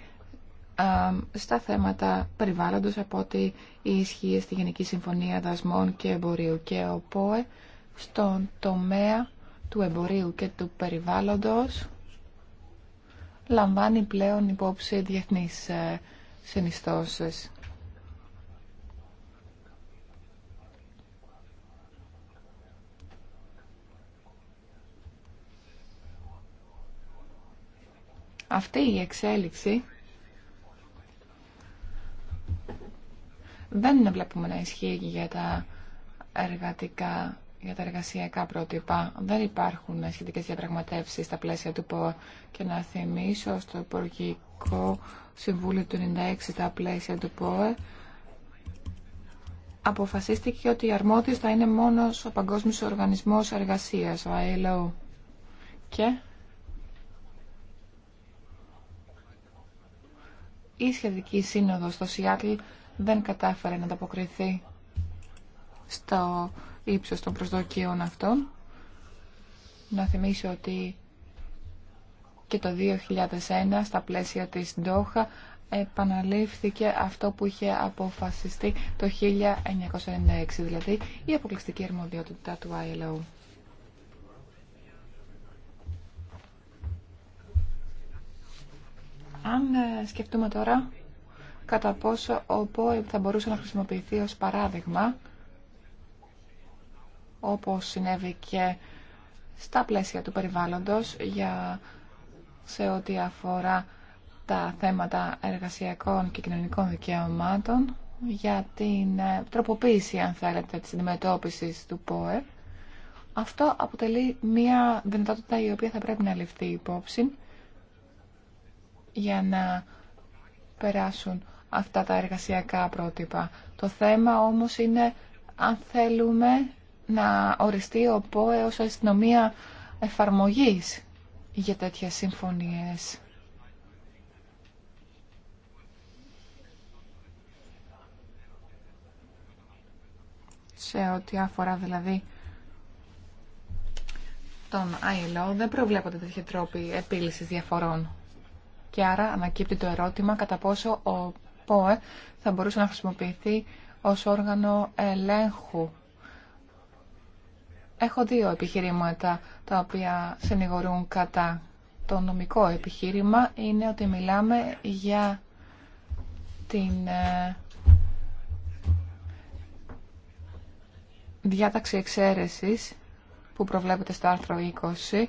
S3: στα θέματα περιβάλλοντος από ό,τι ισχύει στη Γενική Συμφωνία Δασμών και Εμπορίου και ο ΠΟΕ στον τομέα του εμπορίου και του περιβάλλοντος λαμβάνει πλέον υπόψη διεθνείς ε, συνιστώσεις. Αυτή η εξέλιξη δεν βλέπουμε να ισχύει για τα εργατικά για τα εργασιακά πρότυπα. Δεν υπάρχουν σχετικέ διαπραγματεύσει στα πλαίσια του ΠΟΑ. Και να θυμίσω στο Υπουργικό Συμβούλιο του 96 στα πλαίσια του ΠΟΕ αποφασίστηκε ότι η αρμόδιος θα είναι μόνος ο Παγκόσμιος Οργανισμός Εργασίας, ο ILO. Και η σχετική σύνοδος στο Σιάτλ δεν κατάφερε να ανταποκριθεί στο ύψος των προσδοκίων αυτών. Να θυμίσω ότι και το 2001 στα πλαίσια της Ντόχα επαναλήφθηκε αυτό που είχε αποφασιστεί το 1996, δηλαδή η αποκλειστική αρμοδιότητα του ILO. Αν ε, σκεφτούμε τώρα κατά πόσο ο ΠΟΕ θα μπορούσε να χρησιμοποιηθεί ως παράδειγμα, όπως συνέβη και στα πλαίσια του περιβάλλοντος για σε ό,τι αφορά τα θέματα εργασιακών και κοινωνικών δικαιωμάτων για την ε, τροποποίηση, αν θέλετε, της αντιμετώπιση του ΠΟΕ. Αυτό αποτελεί μια δυνατότητα η οποία θα πρέπει να ληφθεί υπόψη για να περάσουν αυτά τα εργασιακά πρότυπα. Το θέμα όμως είναι αν θέλουμε να οριστεί ο ΠΟΕ ως αστυνομία εφαρμογής για τέτοιες συμφωνίες. Σε ό,τι αφορά δηλαδή τον ILO δεν προβλέπονται τέτοιοι τρόποι επίλυσης διαφορών. Και άρα ανακύπτει το ερώτημα κατά πόσο ο ΠΟΕ θα μπορούσε να χρησιμοποιηθεί ως όργανο ελέγχου. Έχω δύο επιχειρήματα τα οποία συνηγορούν κατά. Το νομικό επιχείρημα είναι ότι μιλάμε για την ε, διάταξη εξαίρεσης που προβλέπεται στο άρθρο 20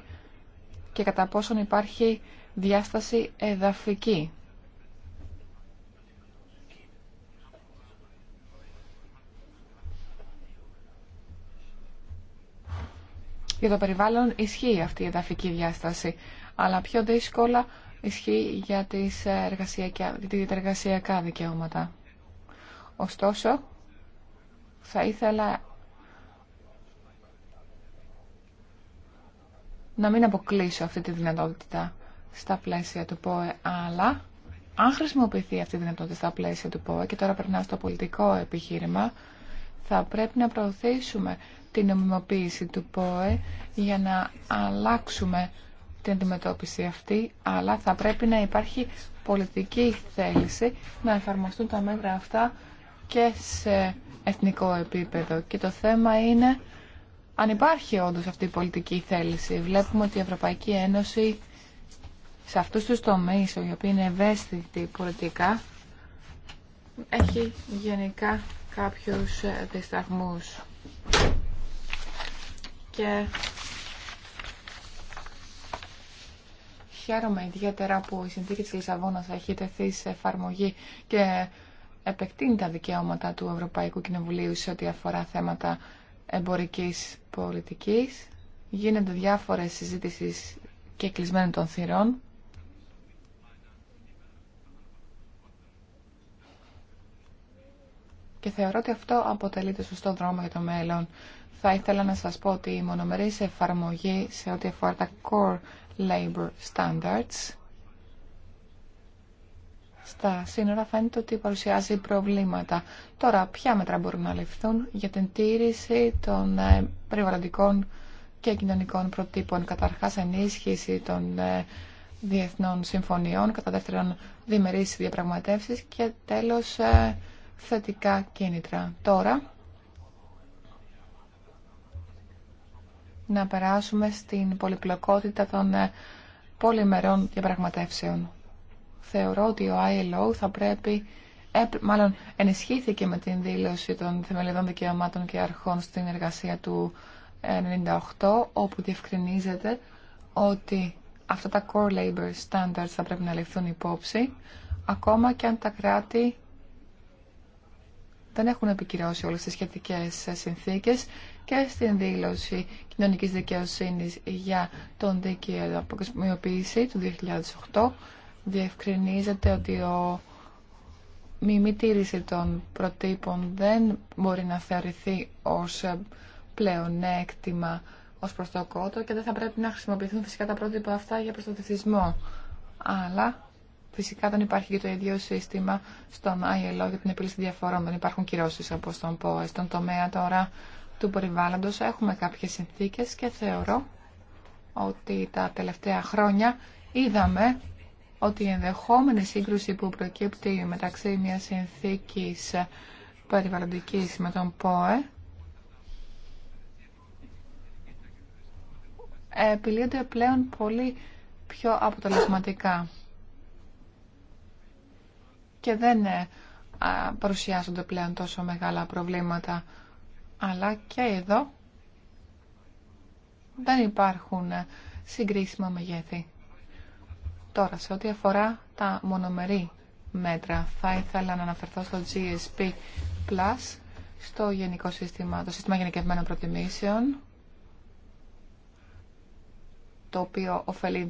S3: και κατά πόσον υπάρχει διάσταση εδαφική. Για το περιβάλλον ισχύει αυτή η εδαφική διάσταση, αλλά πιο δύσκολα ισχύει για τις ε, εργασιακά, εργασιακά δικαιώματα. Ωστόσο, θα ήθελα να μην αποκλείσω αυτή τη δυνατότητα στα πλαίσια του ΠΟΕ, αλλά αν χρησιμοποιηθεί αυτή η δυνατότητα στα πλαίσια του ΠΟΕ και τώρα περνάω στο πολιτικό επιχείρημα, θα πρέπει να προωθήσουμε την νομιμοποίηση του ΠΟΕ για να αλλάξουμε την αντιμετώπιση αυτή, αλλά θα πρέπει να υπάρχει πολιτική θέληση να εφαρμοστούν τα μέτρα αυτά και σε εθνικό επίπεδο. Και το θέμα είναι αν υπάρχει όντως αυτή η πολιτική θέληση. Βλέπουμε ότι η Ευρωπαϊκή Ένωση σε αυτούς τους τομείς, οι οποίοι είναι ευαίσθητοι πολιτικά, έχει γενικά κάποιους δισταγμούς και χαίρομαι ιδιαίτερα που η συνθήκη της Λισαβόνας έχει τεθεί σε εφαρμογή και επεκτείνει τα δικαιώματα του Ευρωπαϊκού Κοινοβουλίου σε ό,τι αφορά θέματα εμπορικής πολιτικής. Γίνονται διάφορες συζήτησεις και κλεισμένων των θυρών. Και θεωρώ ότι αυτό αποτελεί το σωστό δρόμο για το μέλλον θα ήθελα να σας πω ότι η μονομερής εφαρμογή σε ό,τι αφορά τα Core Labor Standards στα σύνορα φαίνεται ότι παρουσιάζει προβλήματα. Τώρα, ποια μέτρα μπορούν να ληφθούν για την τήρηση των ε, περιβαλλοντικών και κοινωνικών προτύπων. Καταρχάς, ενίσχυση των ε, διεθνών συμφωνιών, κατά δεύτερον διμερείς διαπραγματεύσεις και τέλος ε, θετικά κίνητρα. Τώρα, να περάσουμε στην πολυπλοκότητα των ε, πολυμερών διαπραγματεύσεων. Θεωρώ ότι ο ILO θα πρέπει, ε, μάλλον ενισχύθηκε με την δήλωση των θεμελιωδών δικαιωμάτων και αρχών στην εργασία του 98, όπου διευκρινίζεται ότι αυτά τα core labor standards θα πρέπει να ληφθούν υπόψη, ακόμα και αν τα κράτη δεν έχουν επικυρώσει όλες τις σχετικές συνθήκες και στην δήλωση κοινωνικής δικαιοσύνης για τον δίκαιο αποκοσμιοποίηση του 2008 διευκρινίζεται ότι ο μη μη τήρηση των προτύπων δεν μπορεί να θεωρηθεί ως πλεονέκτημα ως προς το κότο και δεν θα πρέπει να χρησιμοποιηθούν φυσικά τα πρότυπα αυτά για προστατευτισμό. Αλλά φυσικά δεν υπάρχει και το ίδιο σύστημα στον ILO για την επίλυση διαφορών. Δεν υπάρχουν κυρώσεις από στον ΠΟΕ. Στον τομέα τώρα του περιβάλλοντος έχουμε κάποιες συνθήκες και θεωρώ ότι τα τελευταία χρόνια είδαμε ότι η ενδεχόμενη σύγκρουση που προκύπτει μεταξύ μιας συνθήκης περιβαλλοντικής με τον ΠΟΕ επιλύονται πλέον πολύ πιο αποτελεσματικά και δεν ε, παρουσιάζονται πλέον τόσο μεγάλα προβλήματα αλλά και εδώ δεν υπάρχουν συγκρίσιμα μεγέθη. Τώρα, σε ό,τι αφορά τα μονομερή μέτρα, θα ήθελα να αναφερθώ στο GSP+, Plus, στο γενικό σύστημα, το σύστημα γενικευμένων προτιμήσεων, το οποίο ωφελεί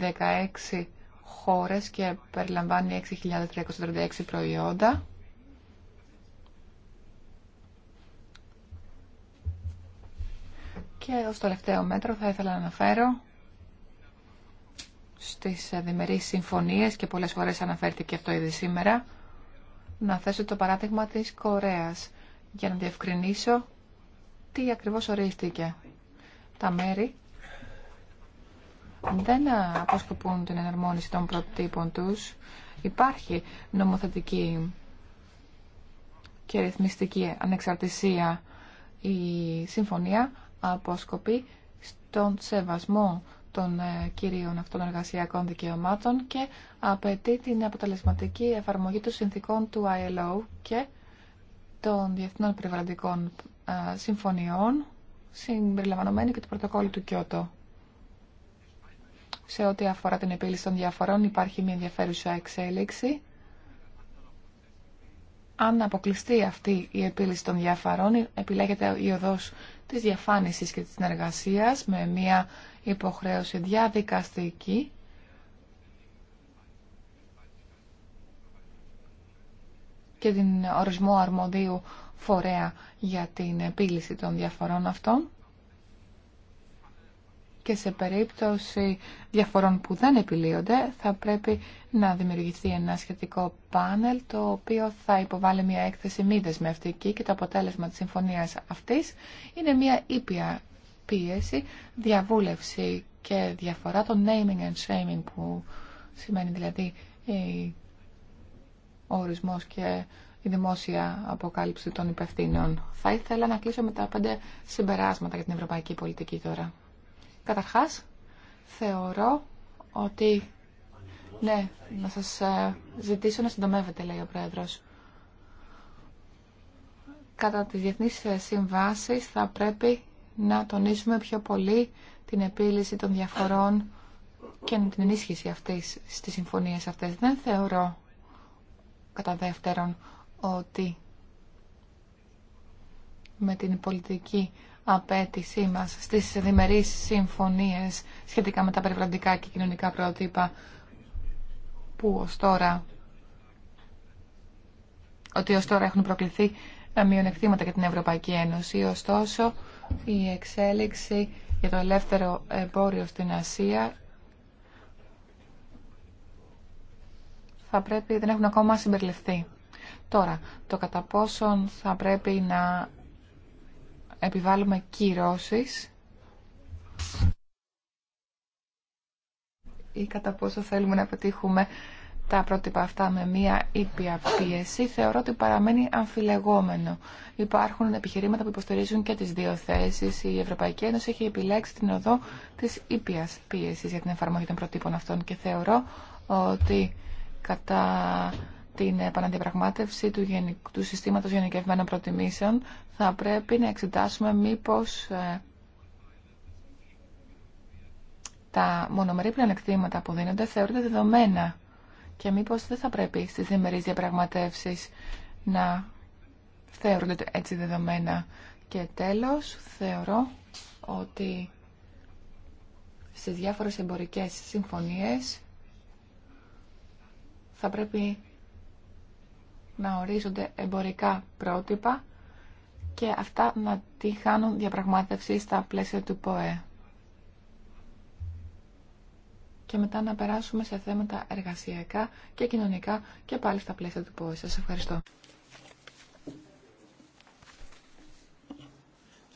S3: 16 χώρες και περιλαμβάνει 6.336 προϊόντα. Και ως τελευταίο μέτρο θα ήθελα να αναφέρω στις διμερείς συμφωνίες και πολλές φορές αναφέρθηκε αυτό ήδη σήμερα να θέσω το παράδειγμα της Κορέας για να διευκρινίσω τι ακριβώς ορίστηκε. Τα μέρη δεν αποσκοπούν την εναρμόνιση των προτύπων τους. Υπάρχει νομοθετική και ρυθμιστική ανεξαρτησία η συμφωνία απόσκοπη στον σεβασμό των ε, κυρίων αυτών εργασιακών δικαιωμάτων και απαιτεί την αποτελεσματική εφαρμογή των συνθήκων του ILO και των διεθνών περιβαλλοντικών ε, συμφωνιών συμπεριλαμβανομένου και του πρωτοκόλλου του Κιώτο. Σε ό,τι αφορά την επίλυση των διαφορών υπάρχει μια ενδιαφέρουσα εξέλιξη αν αποκλειστεί αυτή η επίλυση των διαφαρών, επιλέγεται η οδός της διαφάνισης και της συνεργασίας με μια υποχρέωση διαδικαστική και την ορισμό αρμοδίου φορέα για την επίλυση των διαφορών αυτών και σε περίπτωση διαφορών που δεν επιλύονται θα πρέπει να δημιουργηθεί ένα σχετικό πάνελ το οποίο θα υποβάλει μια έκθεση μη δεσμευτική και το αποτέλεσμα της συμφωνίας αυτής είναι μια ήπια πίεση, διαβούλευση και διαφορά, το naming and shaming που σημαίνει δηλαδή ο ορισμός και η δημόσια αποκάλυψη των υπευθύνων. Θα ήθελα να κλείσω με τα πέντε συμπεράσματα για την ευρωπαϊκή πολιτική τώρα. Καταρχάς, θεωρώ ότι... Ναι, να σας ε, ζητήσω να συντομεύετε, λέει ο Πρόεδρος. Κατά τις διεθνείς ε, συμβάσεις θα πρέπει να τονίσουμε πιο πολύ την επίλυση των διαφορών και την ενίσχυση αυτής στις συμφωνίες αυτές. Δεν θεωρώ, κατά δεύτερον, ότι με την πολιτική απέτησή μας στις διμερείς συμφωνίες σχετικά με τα περιβαλλοντικά και κοινωνικά πρότυπα που ως τώρα ότι ως τώρα έχουν προκληθεί ε, μειονεκτήματα για την Ευρωπαϊκή Ένωση. Ωστόσο, η εξέλιξη για το ελεύθερο εμπόριο στην Ασία θα πρέπει, δεν έχουν ακόμα συμπεριληφθεί. Τώρα, το κατά πόσον θα πρέπει να επιβάλλουμε κυρώσεις ή κατά πόσο θέλουμε να πετύχουμε τα πρότυπα αυτά με μία ήπια πίεση, θεωρώ ότι παραμένει αμφιλεγόμενο. Υπάρχουν επιχειρήματα που υποστηρίζουν και τις δύο θέσεις. Η Ευρωπαϊκή Ένωση έχει επιλέξει την οδό της ήπιας πίεσης για την εφαρμογή των προτύπων αυτών και θεωρώ ότι κατά την επαναδιαπραγμάτευση του, γενικού, του συστήματος γενικευμένων προτιμήσεων θα πρέπει να εξετάσουμε μήπως ε, τα μονομερή πλεονεκτήματα που δίνονται θεωρούνται δεδομένα και μήπως δεν θα πρέπει στις διμερείς διαπραγματεύσεις να θεωρούνται έτσι δεδομένα. Και τέλος, θεωρώ ότι στις διάφορες εμπορικές συμφωνίες θα πρέπει να ορίζονται εμπορικά πρότυπα και αυτά να τη χάνουν διαπραγμάτευση στα πλαίσια του ΠΟΕ. Και μετά να περάσουμε σε θέματα εργασιακά και κοινωνικά και πάλι στα πλαίσια του ΠΟΕ. Σας ευχαριστώ.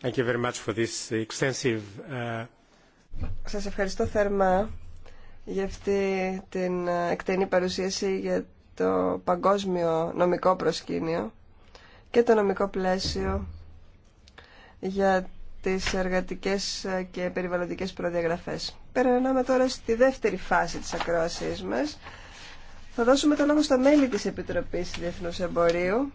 S2: Thank you very much for this extensive...
S1: Uh, Σας ευχαριστώ θερμά για αυτή την ε, εκτενή παρουσίαση για το παγκόσμιο νομικό προσκήνιο και το νομικό πλαίσιο για τις εργατικές και περιβαλλοντικές προδιαγραφές. Περνάμε τώρα στη δεύτερη φάση της ακρόασής μας. Θα δώσουμε το λόγο στα μέλη της Επιτροπής Διεθνούς Εμπορίου.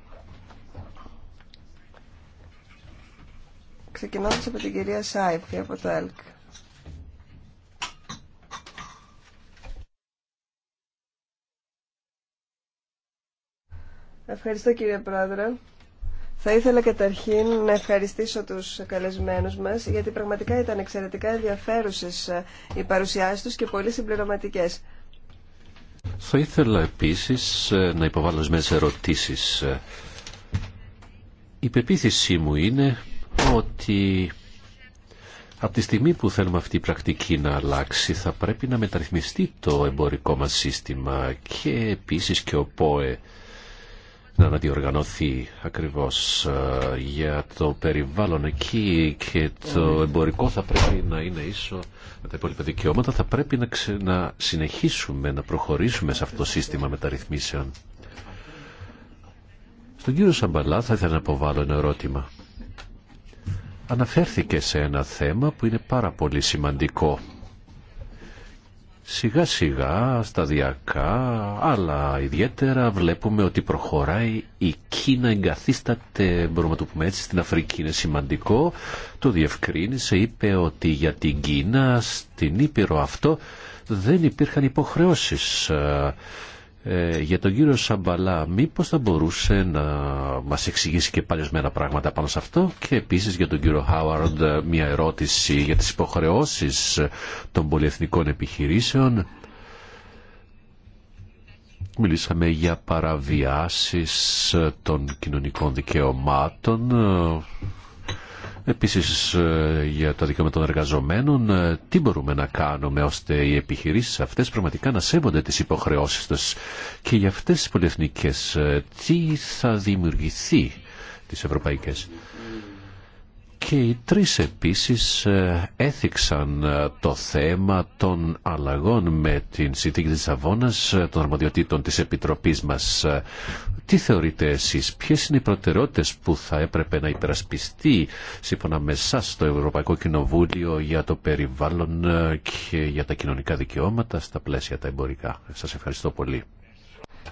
S1: Ξεκινώντας από την κυρία Σάιφη από το ΕΛΚ. Ευχαριστώ κύριε Πρόεδρε. Θα ήθελα καταρχήν να ευχαριστήσω τους καλεσμένους μας γιατί πραγματικά ήταν εξαιρετικά ενδιαφέρουσες ε, οι παρουσιάσεις τους και πολύ συμπληρωματικές.
S4: Θα ήθελα επίσης ε, να υποβάλω μέσα ερωτήσεις. Ε, η πεποίθησή μου είναι ότι από τη στιγμή που θέλουμε αυτή η πρακτική να αλλάξει θα πρέπει να μεταρρυθμιστεί το εμπορικό μας σύστημα και επίσης και ο ΠΟΕ να αναδιοργανωθεί ακριβώς ε, για το περιβάλλον εκεί και το εμπορικό θα πρέπει να είναι ίσο με τα υπόλοιπα δικαιώματα. Θα πρέπει να, να συνεχίσουμε να προχωρήσουμε σε αυτό το σύστημα μεταρρυθμίσεων. Στον κύριο Σαμπαλά θα ήθελα να αποβάλω ένα ερώτημα. Αναφέρθηκε σε ένα θέμα που είναι πάρα πολύ σημαντικό Σιγά σιγά, σταδιακά, αλλά ιδιαίτερα βλέπουμε ότι προχωράει η Κίνα εγκαθίσταται, μπορούμε να το πούμε έτσι, στην Αφρική. Είναι σημαντικό, το διευκρίνησε, είπε ότι για την Κίνα, στην Ήπειρο αυτό, δεν υπήρχαν υποχρεώσεις ε, για τον κύριο Σαμπαλά, μήπως θα μπορούσε να μας εξηγήσει και πάλι πράγματα πάνω σε αυτό και επίσης για τον κύριο Χάουαρντ μια ερώτηση για τις υποχρεώσεις των πολυεθνικών επιχειρήσεων. Μιλήσαμε για παραβιάσεις των κοινωνικών δικαιωμάτων Επίσης ε, για τα δικαιώματα των εργαζομένων, ε, τι μπορούμε να κάνουμε ώστε οι επιχειρήσεις αυτές πραγματικά να σέβονται τις υποχρεώσεις τους και για αυτές τις πολυεθνικές ε, τι θα δημιουργηθεί τις ευρωπαϊκές και οι τρεις επίσης ε, έθιξαν ε, το θέμα των αλλαγών με την συνθήκη της Αβώνας ε, των αρμοδιοτήτων της Επιτροπής μας. Τι θεωρείτε εσείς, ποιες είναι οι προτεραιότητες που θα έπρεπε να υπερασπιστεί σύμφωνα με εσά το Ευρωπαϊκό Κοινοβούλιο για το περιβάλλον και για τα κοινωνικά δικαιώματα στα πλαίσια τα εμπορικά. Σας ευχαριστώ πολύ.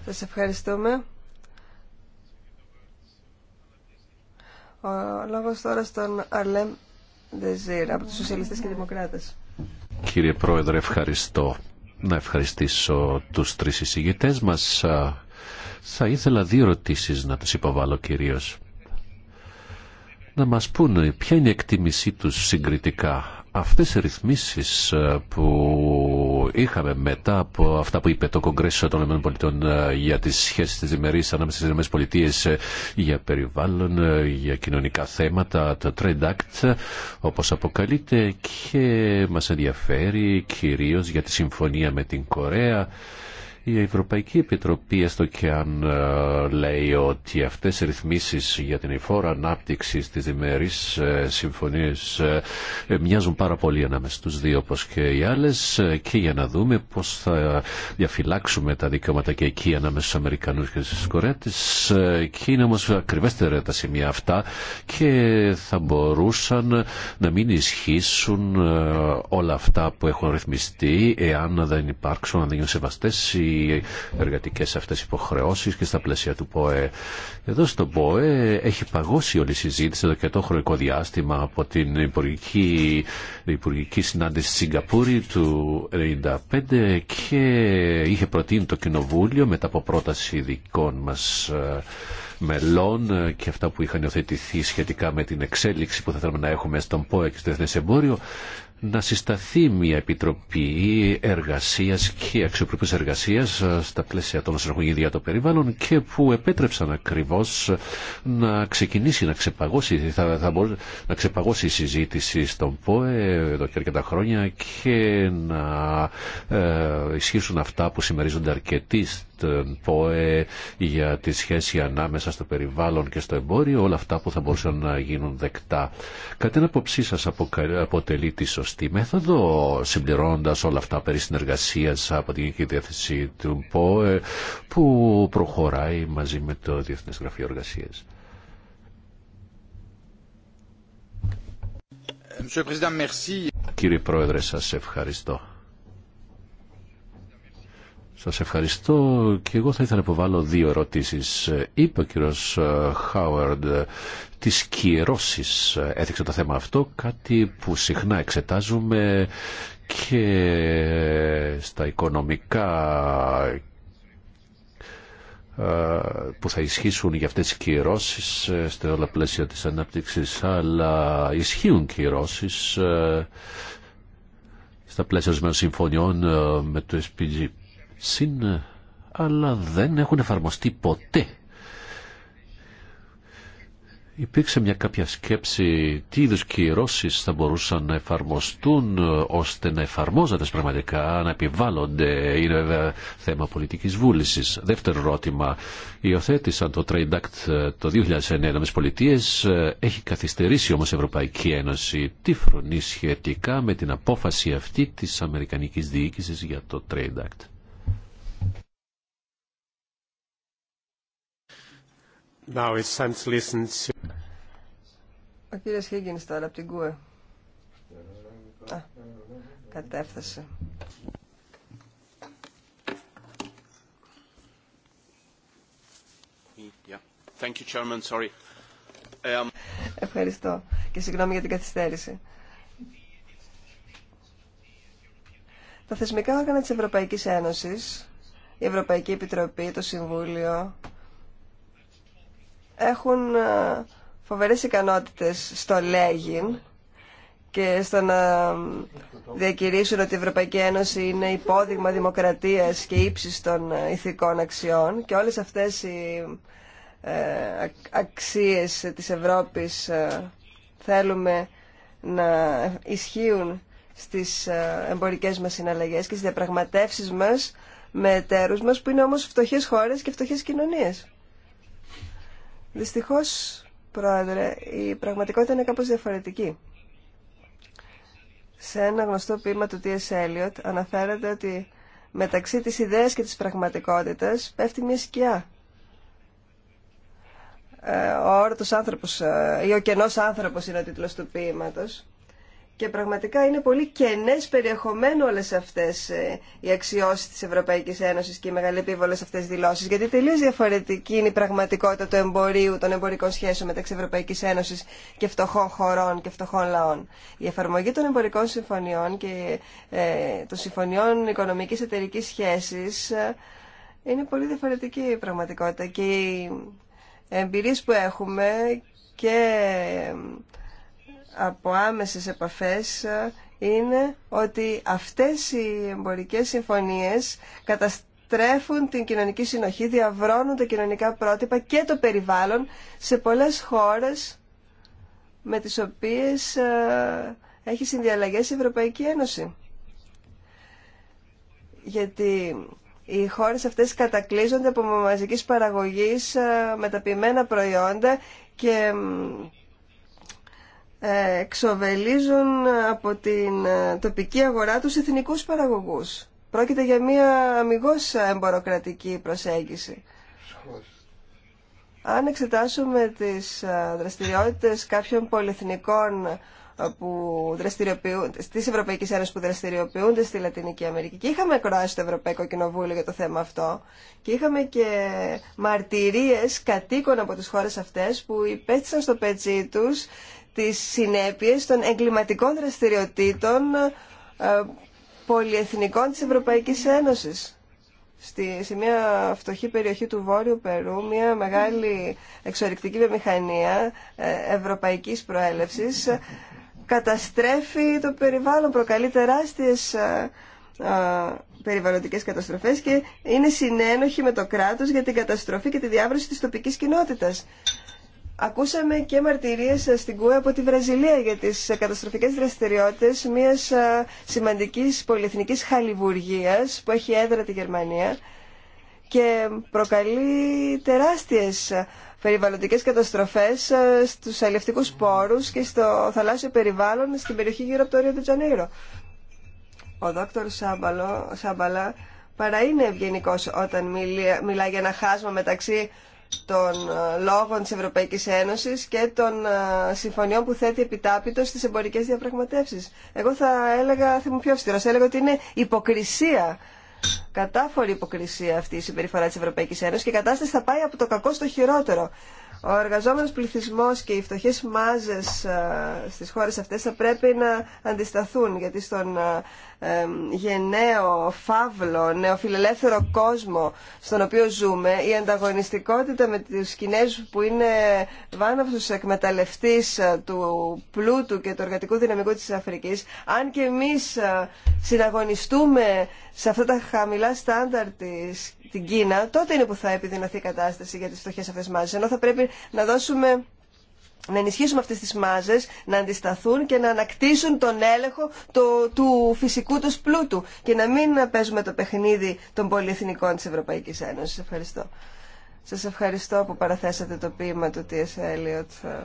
S1: Σας ευχαριστούμε. Ο λόγος τώρα στον Αρλέμ Δεζίρ από τους Σοσιαλιστές και Δημοκράτες.
S4: Κύριε Πρόεδρε, ευχαριστώ. Να ευχαριστήσω τους τρεις εισηγητές μας. Θα ήθελα δύο ερωτήσει να τους υποβάλω κυρίως. Να μας πούνε ποια είναι η εκτίμησή τους συγκριτικά αυτές οι ρυθμίσεις ε, που είχαμε μετά από αυτά που είπε το Κογκρέσιο των ΗΠΑ ε, για τις σχέσεις της διμερής ανάμεσα στις ΗΠΑ ε, για περιβάλλον, για κοινωνικά θέματα, το Trade Act όπως αποκαλείται και μας ενδιαφέρει κυρίως για τη συμφωνία με την Κορέα η Ευρωπαϊκή Επιτροπή έστω και αν ε, λέει ότι αυτές οι ρυθμίσεις για την εφόρα ανάπτυξη της διμερείς ε, συμφωνίες ε, μοιάζουν πάρα πολύ ανάμεσα στους δύο όπως και οι άλλες και για να δούμε πώς θα διαφυλάξουμε τα δικαιώματα και εκεί ανάμεσα στους Αμερικανούς και στις Κορέτες και είναι όμως ακριβέστερα τα σημεία αυτά και θα μπορούσαν να μην ισχύσουν όλα αυτά που έχουν ρυθμιστεί εάν δεν υπάρξουν, αν οι εργατικές αυτές υποχρεώσεις και στα πλαίσια του ΠΟΕ. Εδώ στο ΠΟΕ έχει παγώσει όλη η συζήτηση εδώ και το χρονικό διάστημα από την υπουργική, υπουργική συνάντηση στη Σιγκαπούρη του 1995 και είχε προτείνει το Κοινοβούλιο μετά από πρόταση δικών μας ε, μελών ε, και αυτά που είχαν υιοθετηθεί σχετικά με την εξέλιξη που θα θέλουμε να έχουμε στον ΠΟΕ και στο Εθνές Εμπόριο να συσταθεί μια επιτροπή εργασίας και αξιοπρεπή εργασίας ε, στα πλαίσια των συνεργογείων για το περιβάλλον και που επέτρεψαν ακριβώ να ξεκινήσει, να ξεπαγώσει, θα, να ξεπαγώσει η συζήτηση στον ΠΟΕ εδώ και αρκετά χρόνια και να ε, ισχύσουν αυτά που συμμερίζονται αρκετοί ΠΟΕ για τη σχέση ανάμεσα στο περιβάλλον και στο εμπόριο, όλα αυτά που θα μπορούσαν να γίνουν δεκτά. Κατά την αποψή σα αποτελεί τη σωστή μέθοδο, συμπληρώνοντα όλα αυτά περί συνεργασία από την Γενική του ΠΟΕ που προχωράει μαζί με το Διεθνέ Γραφείο Εργασία. Κύριε Πρόεδρε, σας ευχαριστώ. Σας ευχαριστώ και εγώ θα ήθελα να υποβάλω δύο ερωτήσεις. Είπε ο κύριος Χάουαρντ ε, τις κυρώσεις έδειξε το θέμα αυτό, κάτι που συχνά εξετάζουμε και στα οικονομικά ε, που θα ισχύσουν για αυτές τις κυρώσεις ε, στα όλα πλαίσια της ανάπτυξης αλλά ισχύουν κυρώσεις στα πλαίσια των συμφωνιών με το SPG συν, αλλά δεν έχουν εφαρμοστεί ποτέ. Υπήρξε μια κάποια σκέψη τι είδου κυρώσει θα μπορούσαν να εφαρμοστούν ε, ώστε να εφαρμόζονται πραγματικά, να επιβάλλονται. Είναι βέβαια θέμα πολιτική βούληση. Δεύτερο ερώτημα. Υιοθέτησαν το Trade Act ε, το 2009 με πολιτείε. Έχει καθυστερήσει όμω η Ευρωπαϊκή Ένωση. Τι φρονεί σχετικά με την απόφαση αυτή τη Αμερικανική διοίκηση για το Trade Act. Now it's time listen to...
S1: Ο κύριος Higgins τώρα από την ΚΟΕ. Α, κατέφθασε.
S4: Thank you, Chairman. Sorry. Um,
S1: Ευχαριστώ και συγγνώμη για την καθυστέρηση. Τα θεσμικά όργανα της Ευρωπαϊκής Ένωσης, η Ευρωπαϊκή Επιτροπή, το Συμβούλιο, έχουν ε, φοβερές ικανότητες στο λέγιν και στο να διακηρύσουν ότι η Ευρωπαϊκή Ένωση είναι υπόδειγμα δημοκρατίας και ύψης των ε, ηθικών αξιών και όλες αυτές οι ε, αξίες της Ευρώπης θέλουμε να ισχύουν στις εμπορικές μας συναλλαγές και στις διαπραγματεύσεις μας με εταίρους μας που είναι όμως φτωχές χώρες και φτωχές κοινωνίες. Δυστυχώς, Πρόεδρε, η πραγματικότητα είναι κάπως διαφορετική. Σε ένα γνωστό ποίημα του T.S. Eliot αναφέρεται ότι μεταξύ της ιδέας και της πραγματικότητας πέφτει μια σκιά. Ε, ο όρτος άνθρωπος ε, ή ο κενός άνθρωπος είναι ο τίτλος του ποίηματος. Και πραγματικά είναι πολύ κενές περιεχομένου όλες αυτές ε, οι αξιώσεις της Ευρωπαϊκής Ένωσης και οι μεγαλεπίβολες αυτές αυτέ δηλώσεις. Γιατί τελείω διαφορετική είναι η πραγματικότητα του εμπορίου, των εμπορικών σχέσεων μεταξύ Ευρωπαϊκή Ένωση και φτωχών χωρών και φτωχών λαών. Η εφαρμογή των εμπορικών συμφωνιών και ε, των συμφωνιών οικονομικής εταιρικής σχέσης ε, είναι πολύ διαφορετική η πραγματικότητα. Και οι που έχουμε και από άμεσες επαφές ε, είναι ότι αυτές οι εμπορικές συμφωνίες καταστρέφουν την κοινωνική συνοχή, διαβρώνουν τα κοινωνικά πρότυπα και το περιβάλλον σε πολλές χώρες με τις οποίες ε, έχει συνδιαλλαγές η Ευρωπαϊκή Ένωση. Γιατί οι χώρες αυτές κατακλείζονται από μαζικής παραγωγής ε, μεταποιημένα προϊόντα και εξοβελίζουν ε, από την ε, τοπική αγορά τους εθνικούς παραγωγούς. Πρόκειται για μια αμυγός εμποροκρατική προσέγγιση. Αν εξετάσουμε τις ε, δραστηριότητες κάποιων πολυεθνικών που δραστηριοποιούνται, της Ευρωπαϊκή Ένωση που δραστηριοποιούνται στη Λατινική Αμερική και είχαμε κράσει το Ευρωπαϊκό Κοινοβούλιο για το θέμα αυτό και είχαμε και μαρτυρίες κατοίκων από τις χώρες αυτές που υπέστησαν στο πετσί του τις συνέπειες των εγκληματικών δραστηριοτήτων ε, πολυεθνικών της Ευρωπαϊκής Ένωσης. Στη, σε μια φτωχή περιοχή του Βόρειου Περού, μια μεγάλη εξορρυκτική βιομηχανία ε, ευρωπαϊκής προέλευσης ε, καταστρέφει το περιβάλλον, προκαλεί τεράστιες περιβαλλοντικές καταστροφές και είναι συνένοχη με το κράτος για την καταστροφή και τη διάβρωση της τοπικής κοινότητας. Ακούσαμε και μαρτυρίες στην ΚΟΕ από τη Βραζιλία για τις καταστροφικές δραστηριότητες μιας ε, σημαντικής πολυεθνικής χαλιβουργίας που έχει έδρα τη Γερμανία και προκαλεί τεράστιες περιβαλλοντικές καταστροφές ε, στους αλληλευτικούς πόρους και στο θαλάσσιο περιβάλλον στην περιοχή γύρω από το Ρίο Τζανέιρο. Ο δόκτωρ Σάμπαλα παρά είναι ευγενικός όταν μιλά για ένα χάσμα μεταξύ των ε, λόγων της Ευρωπαϊκής Ένωσης και των ε, συμφωνιών που θέτει επιτάπητο στις εμπορικές διαπραγματεύσεις. Εγώ θα έλεγα, θα ήμουν πιο αυστηρό, θα έλεγα ότι είναι υποκρισία, κατάφορη υποκρισία αυτή η συμπεριφορά της Ευρωπαϊκής Ένωσης και η κατάσταση θα πάει από το κακό στο χειρότερο. Ο εργαζόμενος πληθυσμός και οι φτωχές μάζες ε, στις χώρες αυτές θα πρέπει να αντισταθούν γιατί στον ε, γενναίο, φαύλο, νεοφιλελεύθερο κόσμο στον οποίο ζούμε η ανταγωνιστικότητα με τους Κινέζους που είναι βάναυσος εκμεταλλευτής ε, του πλούτου και του εργατικού δυναμικού της Αφρικής αν και εμείς συναγωνιστούμε σε αυτά τα χαμηλά στάνταρ την Κίνα, τότε είναι που θα επιδεινωθεί η κατάσταση για τις φτωχές αυτές μάζες. Ενώ θα πρέπει να δώσουμε να ενισχύσουμε αυτές τις μάζες, να αντισταθούν και να ανακτήσουν τον έλεγχο το, του φυσικού τους πλούτου και να μην παίζουμε το παιχνίδι των πολυεθνικών της Ευρωπαϊκής Ένωσης. Ευχαριστώ. Σας ευχαριστώ που παραθέσατε το ποίημα του T.S. Eliot.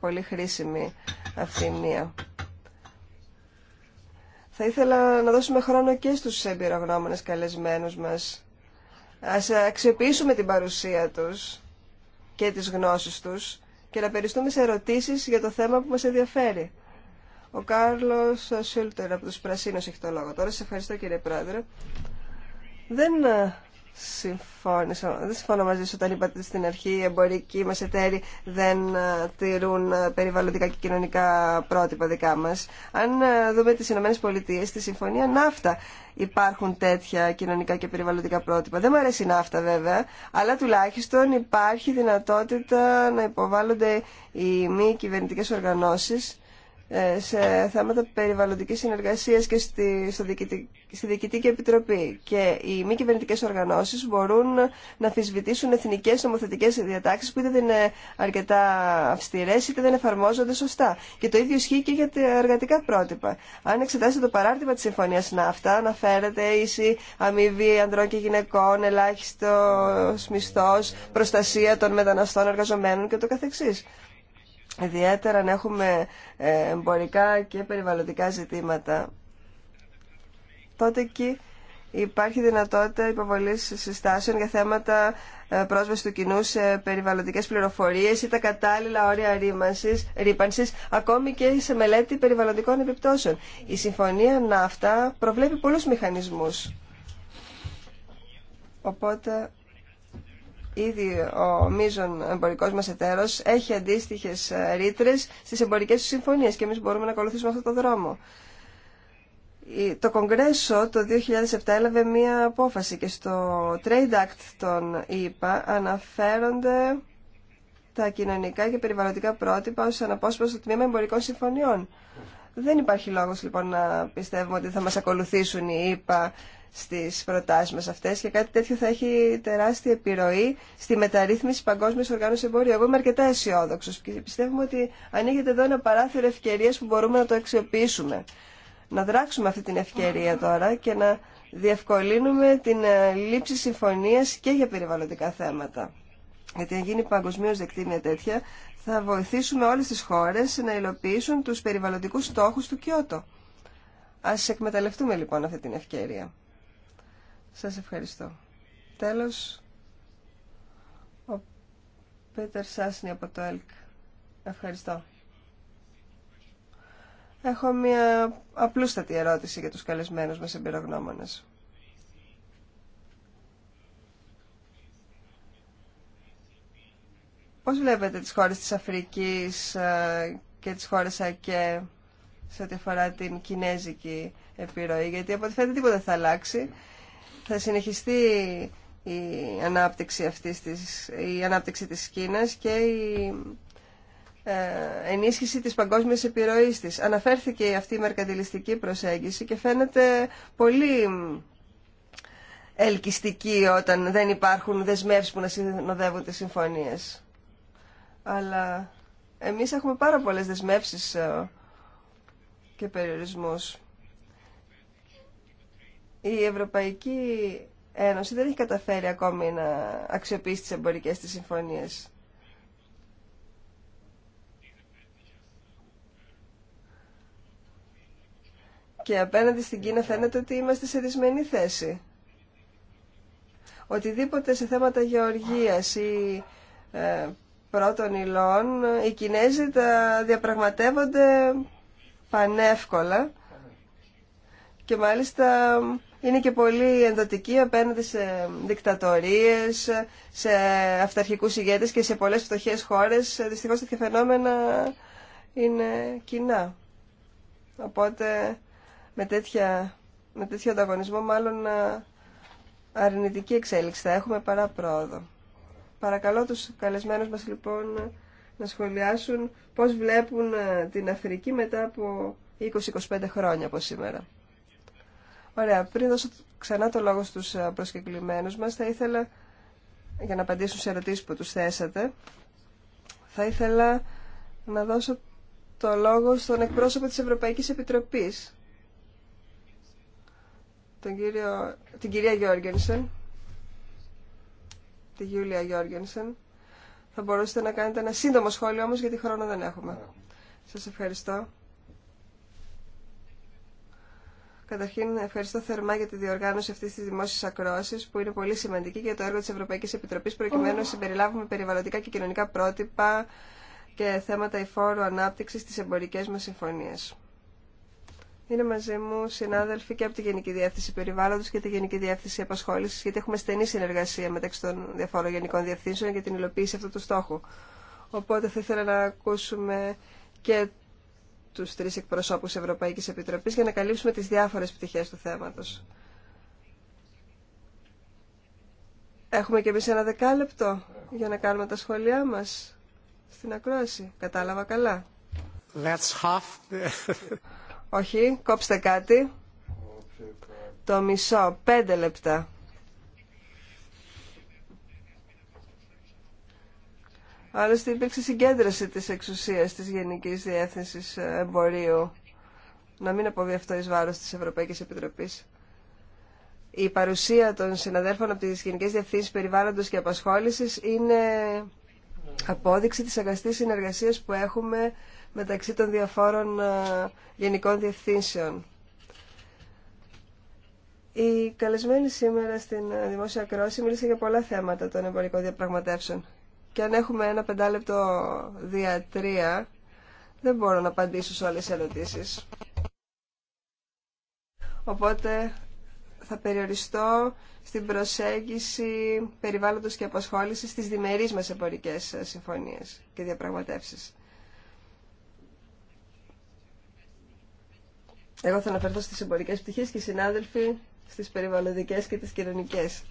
S1: Πολύ χρήσιμη αυτή η μία. Θα ήθελα να δώσουμε χρόνο και στους εμπειρογνώμονες καλεσμένους μας Ας αξιοποιήσουμε την παρουσία τους και τις γνώσεις τους και να περιστούμε σε ερωτήσεις για το θέμα που μας ενδιαφέρει. Ο Κάρλος Σούλτερ από τους Πρασίνους έχει το λόγο. Τώρα σε ευχαριστώ κύριε Πρόεδρε. Δεν ε, Συμφώνησα. Δεν συμφωνώ μαζί σου όταν είπατε στην αρχή οι εμπορικοί μας εταίροι δεν ε, τηρούν ε, περιβαλλοντικά και κοινωνικά πρότυπα δικά μας. Αν ε, δούμε τι ΗΠΑ, στη Συμφωνία Ναύτα υπάρχουν τέτοια κοινωνικά και περιβαλλοντικά πρότυπα. Δεν μου αρέσει η Ναύτα βέβαια, αλλά τουλάχιστον υπάρχει δυνατότητα να υποβάλλονται οι μη κυβερνητικέ οργανώσει. Ε, σε θέματα περιβαλλοντικής συνεργασίας και στη, στο διοικητική, στη Διοικητική Επιτροπή. Και οι μη κυβερνητικέ οργανώσεις μπορούν να αφισβητήσουν εθνικές νομοθετικές διατάξεις που είτε δεν είναι αρκετά αυστηρές είτε δεν εφαρμόζονται σωστά. Και το ίδιο ισχύει και για τα εργατικά πρότυπα. Αν εξετάσετε το παράρτημα της Συμφωνίας ΝΑΦΤΑ, αναφέρεται ίση αμοιβή ανδρών και γυναικών, ελάχιστος μισθός, προστασία των μεταναστών εργαζομένων και το ιδιαίτερα αν έχουμε ε, εμπορικά και περιβαλλοντικά ζητήματα, τότε εκεί υπάρχει δυνατότητα υποβολής συστάσεων για θέματα ε, πρόσβαση του κοινού σε περιβαλλοντικές πληροφορίες ή τα κατάλληλα όρια ρήπανσης, ακόμη και σε μελέτη περιβαλλοντικών επιπτώσεων. Η συμφωνία να αυτά προβλέπει πολλούς μηχανισμούς. Οπότε Ήδη ο μείζων εμπορικός μας εταίρος έχει αντίστοιχες ε, ρήτρες στις εμπορικές του συμφωνίες και εμείς μπορούμε να ακολουθήσουμε αυτό το δρόμο. Το Κογκρέσο το 2007 έλαβε μία απόφαση και στο Trade Act των ΗΠΑ αναφέρονται τα κοινωνικά και περιβαλλοντικά πρότυπα ως στο τμήμα εμπορικών συμφωνιών. Δεν υπάρχει λόγος λοιπόν να πιστεύουμε ότι θα μας ακολουθήσουν οι ΗΠΑ στις προτάσεις μας αυτές και κάτι τέτοιο θα έχει τεράστια επιρροή στη μεταρρύθμιση παγκόσμιας οργάνωσης εμπορίου. Εγώ είμαι αρκετά αισιόδοξο και πιστεύουμε ότι ανοίγεται εδώ ένα παράθυρο ευκαιρίας που μπορούμε να το αξιοποιήσουμε. Να δράξουμε αυτή την ευκαιρία τώρα και να διευκολύνουμε την ε, λήψη συμφωνίας και για περιβαλλοντικά θέματα. Γιατί αν γίνει παγκοσμίω δεκτή μια τέτοια, θα βοηθήσουμε όλες τις χώρες να υλοποιήσουν τους περιβαλλοντικούς στόχους του Κιώτο. Ας εκμεταλλευτούμε λοιπόν αυτή την ευκαιρία. Σας ευχαριστώ. Τέλος, ο Πέτερ Σάσνη από το ΕΛΚ. Ευχαριστώ. Έχω μια απλούστατη ερώτηση για τους καλεσμένους μας εμπειρογνώμονες. Πώς βλέπετε τις χώρες της Αφρικής ε, και τις χώρες ΑΚΕ σε ό,τι αφορά την κινέζικη επιρροή, γιατί από τη τίποτα θα αλλάξει θα συνεχιστεί η ανάπτυξη, αυτής της, η ανάπτυξη της Κίνας και η ε, ενίσχυση της παγκόσμιας επιρροής της. Αναφέρθηκε αυτή η μερκαντιλιστική προσέγγιση και φαίνεται πολύ ελκυστική όταν δεν υπάρχουν δεσμεύσεις που να συνοδεύουν τις συμφωνίες. Αλλά εμείς έχουμε πάρα πολλές δεσμεύσεις ε, και περιορισμούς. Η Ευρωπαϊκή Ένωση δεν έχει καταφέρει ακόμη να αξιοποιήσει τις εμπορικές της συμφωνίες. Και απέναντι στην Κίνα φαίνεται ότι είμαστε σε δυσμενή θέση. Οτιδήποτε σε θέματα γεωργίας ή ε, πρώτων υλών, οι Κινέζοι τα διαπραγματεύονται πανεύκολα και μάλιστα είναι και πολύ ενδοτική απέναντι σε δικτατορίες, σε αυταρχικούς ηγέτες και σε πολλές φτωχές χώρες. Δυστυχώς τέτοια φαινόμενα είναι κοινά. Οπότε με, τέτοια, με τέτοιο ανταγωνισμό μάλλον αρνητική εξέλιξη θα έχουμε παρά πρόοδο. Παρακαλώ τους καλεσμένους μας λοιπόν να σχολιάσουν πώς βλέπουν ε, την Αφρική μετά από 20-25 χρόνια από σήμερα. Ωραία, πριν δώσω ξανά το λόγο στους ε, προσκεκλημένους μας, θα ήθελα, για να απαντήσουν σε ερωτήσεις που τους θέσατε, θα ήθελα να δώσω το λόγο στον εκπρόσωπο της Ευρωπαϊκής Επιτροπής, τον κύριο, την κυρία Γιώργενσεν, τη Γιούλια Γιώργενσεν. Θα μπορούσατε να κάνετε ένα σύντομο σχόλιο όμως γιατί χρόνο δεν έχουμε. Σας ευχαριστώ. Καταρχήν, ευχαριστώ θερμά για τη διοργάνωση αυτή τη δημόσια ακρόαση, που είναι πολύ σημαντική για το έργο τη Ευρωπαϊκή Επιτροπή, προκειμένου να συμπεριλάβουμε περιβαλλοντικά και κοινωνικά πρότυπα και θέματα υφόρου ανάπτυξη στι εμπορικέ μα συμφωνίε. Είναι μαζί μου συνάδελφοι και από τη Γενική Διεύθυνση περιβάλλοντο και τη Γενική Διεύθυνση Απασχόληση γιατί έχουμε στενή συνεργασία μεταξύ των διαφόρων γενικών διευθύνσεων για την υλοποίηση αυτού του στόχου. Οπότε θα ήθελα να ακούσουμε και τους τρεις εκπροσώπους Ευρωπαϊκής Επιτροπής για να καλύψουμε τις διάφορες πτυχές του θέματος. Έχουμε και εμείς ένα δεκάλεπτο για να κάνουμε τα σχόλιά μας στην ακρόαση. Κατάλαβα καλά. Let's half Όχι, κόψτε κάτι. Το μισό, πέντε λεπτά. Άλλωστε υπήρξε συγκέντρωση της εξουσίας της Γενικής Διεύθυνσης Εμπορίου. Να μην αποβεί αυτό εις βάρος της Ευρωπαϊκής Επιτροπής. Η παρουσία των συναδέλφων από τις Γενικές Διευθύνσεις Περιβάλλοντος και Απασχόλησης είναι απόδειξη της αγαστής συνεργασίας που έχουμε μεταξύ των διαφόρων ε, γενικών διευθύνσεων. Η καλεσμένη σήμερα στην ε, δημόσια κρόση μίλησε για πολλά θέματα των εμπορικών διαπραγματεύσεων και αν έχουμε ένα πεντάλεπτο διατρία, δεν μπορώ να απαντήσω σε όλες τις ερωτήσεις. Οπότε θα περιοριστώ στην προσέγγιση περιβάλλοντος και απασχόλησης στις διμερείς μας εμπορικές ε, συμφωνίες και διαπραγματεύσεις. Εγώ θα αναφερθώ στις εμπορικές πτυχές και οι συνάδελφοι στις περιβαλλοντικές και τις κοινωνικές.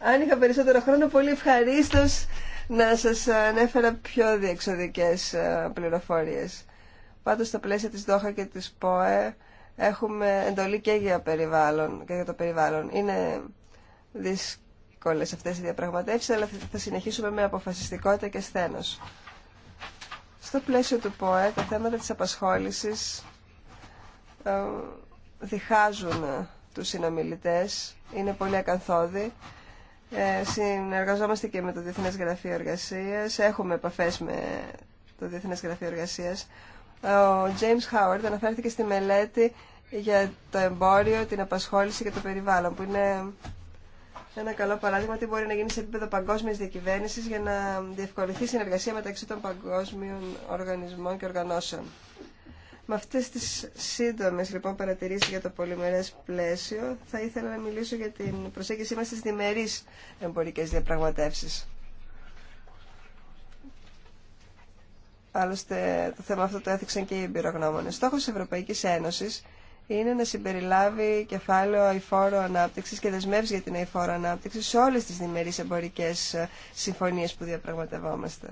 S1: Αν είχα περισσότερο χρόνο, πολύ ευχαρίστω να σας ανέφερα πιο διεξοδικέ ε, πληροφορίες. Πάντως, στα πλαίσια της ΔΟΧΑ και της ΠΟΕ έχουμε εντολή και για, περιβάλλον, και για το περιβάλλον. Είναι δύσκολες αυτές οι διαπραγματεύσει, αλλά θα συνεχίσουμε με αποφασιστικότητα και σθένος. Στο πλαίσιο του ΠΟΕ, τα θέματα της απασχόλησης ε, διχάζουν τους συνομιλητέ. είναι πολύ ακαθόδη ε, συνεργαζόμαστε και με το Διεθνές Γραφείο Εργασίας. Έχουμε επαφές με το Διεθνές Γραφείο Εργασίας. Ο James Howard αναφέρθηκε στη μελέτη για το εμπόριο, την απασχόληση και το περιβάλλον, που είναι ένα καλό παράδειγμα τι μπορεί να γίνει σε επίπεδο παγκόσμια διακυβέρνηση για να διευκολυνθεί η συνεργασία μεταξύ των παγκόσμιων οργανισμών και οργανώσεων. Με αυτέ τι σύντομες λοιπόν παρατηρήσει για το πολυμερές πλαίσιο θα ήθελα να μιλήσω για την προσέγγιση μα στις διμερεί εμπορικέ διαπραγματεύσει. Άλλωστε το θέμα αυτό το έθιξαν και οι Στόχο Στόχος Ευρωπαϊκής Ένωσης είναι να συμπεριλάβει κεφάλαιο αηφόρο ανάπτυξη και δεσμεύσει για την αηφόρο ανάπτυξη σε όλε τι διμερεί εμπορικέ συμφωνίε που διαπραγματευόμαστε.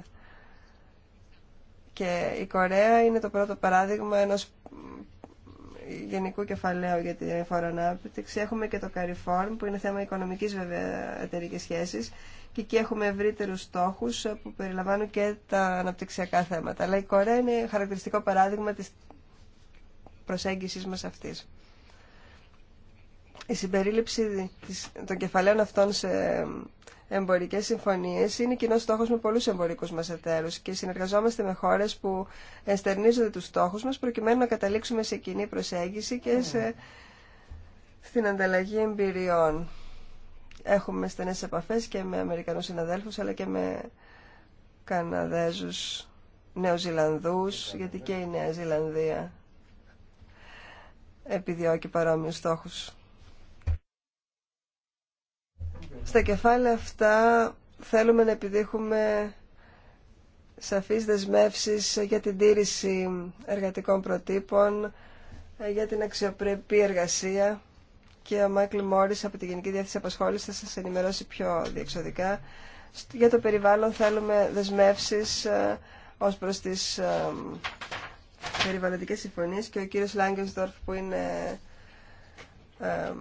S1: Και η Κορέα είναι το πρώτο παράδειγμα ενός γενικού κεφαλαίου για τη διαφορά ανάπτυξη. Έχουμε και το Cariform που είναι θέμα οικονομικής βέβαια εταιρικής σχέσης και εκεί έχουμε ευρύτερους στόχους που περιλαμβάνουν και τα αναπτυξιακά θέματα. Αλλά η Κορέα είναι χαρακτηριστικό παράδειγμα της προσέγγισης μας αυτής. Η συμπερίληψη των κεφαλαίων αυτών σε εμπορικέ συμφωνίε είναι κοινό στόχο με πολλού εμπορικού μα εταίρου και συνεργαζόμαστε με χώρε που εστερνίζονται του στόχου μα προκειμένου να καταλήξουμε σε κοινή προσέγγιση και σε... στην ανταλλαγή εμπειριών. Έχουμε στενέ επαφές και με Αμερικανού συναδέλφου αλλά και με Καναδέζους, Ζηλανδού, γιατί και η Νέα Ζηλανδία επιδιώκει παρόμοιου στόχου. Στα κεφάλαια αυτά θέλουμε να επιτύχουμε σαφείς δεσμεύσεις για την τήρηση εργατικών προτύπων, για την αξιοπρεπή εργασία και ο Μάικλ Μόρις από τη Γενική Διεύθυνση Απασχόληση θα σας ενημερώσει πιο διεξοδικά. Για το περιβάλλον θέλουμε δεσμεύσεις ε, ως προς τις ε, περιβαλλοντικές συμφωνίες και ο κύριος Λάγκενσδορφ που είναι ε,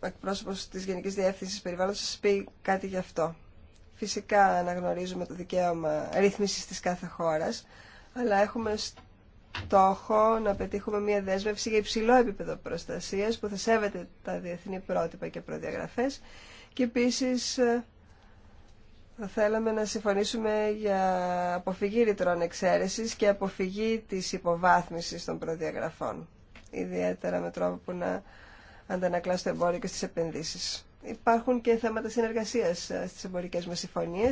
S1: εκπρόσωπο τη Γενική Διεύθυνση Περιβάλλοντος σα πει κάτι γι' αυτό. Φυσικά αναγνωρίζουμε το δικαίωμα ρύθμιση τη κάθε χώρα, αλλά έχουμε στόχο να πετύχουμε μια δέσμευση για υψηλό επίπεδο προστασίας που θα σέβεται τα διεθνή πρότυπα και προδιαγραφέ. και επίση ε, θα θέλαμε να συμφωνήσουμε για αποφυγή ρητρών εξαίρεση και αποφυγή της υποβάθμισης των προδιαγραφών. Ιδιαίτερα με τρόπο που να αντανακλά στο εμπόριο και στι επενδύσει. Υπάρχουν και θέματα συνεργασίας ε, στι εμπορικές μα συμφωνίε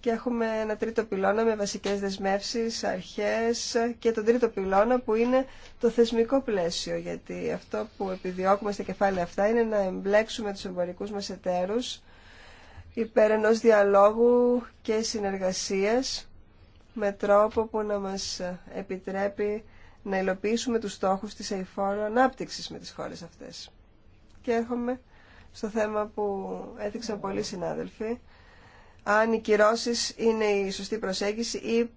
S1: και έχουμε ένα τρίτο πυλώνα με βασικές δεσμεύσεις, αρχές και τον τρίτο πυλώνα που είναι το θεσμικό πλαίσιο γιατί αυτό που επιδιώκουμε στα κεφάλαια αυτά είναι να εμπλέξουμε τους εμπορικούς μας εταίρους υπέρ ενός διαλόγου και συνεργασίας με τρόπο που να μας επιτρέπει να υλοποιήσουμε τους στόχους της αηφόρου ανάπτυξης με τις χώρες αυτές. Και έρχομαι στο θέμα που έδειξαν πολλοί συνάδελφοι. Αν οι κυρώσει είναι η σωστή προσέγγιση ή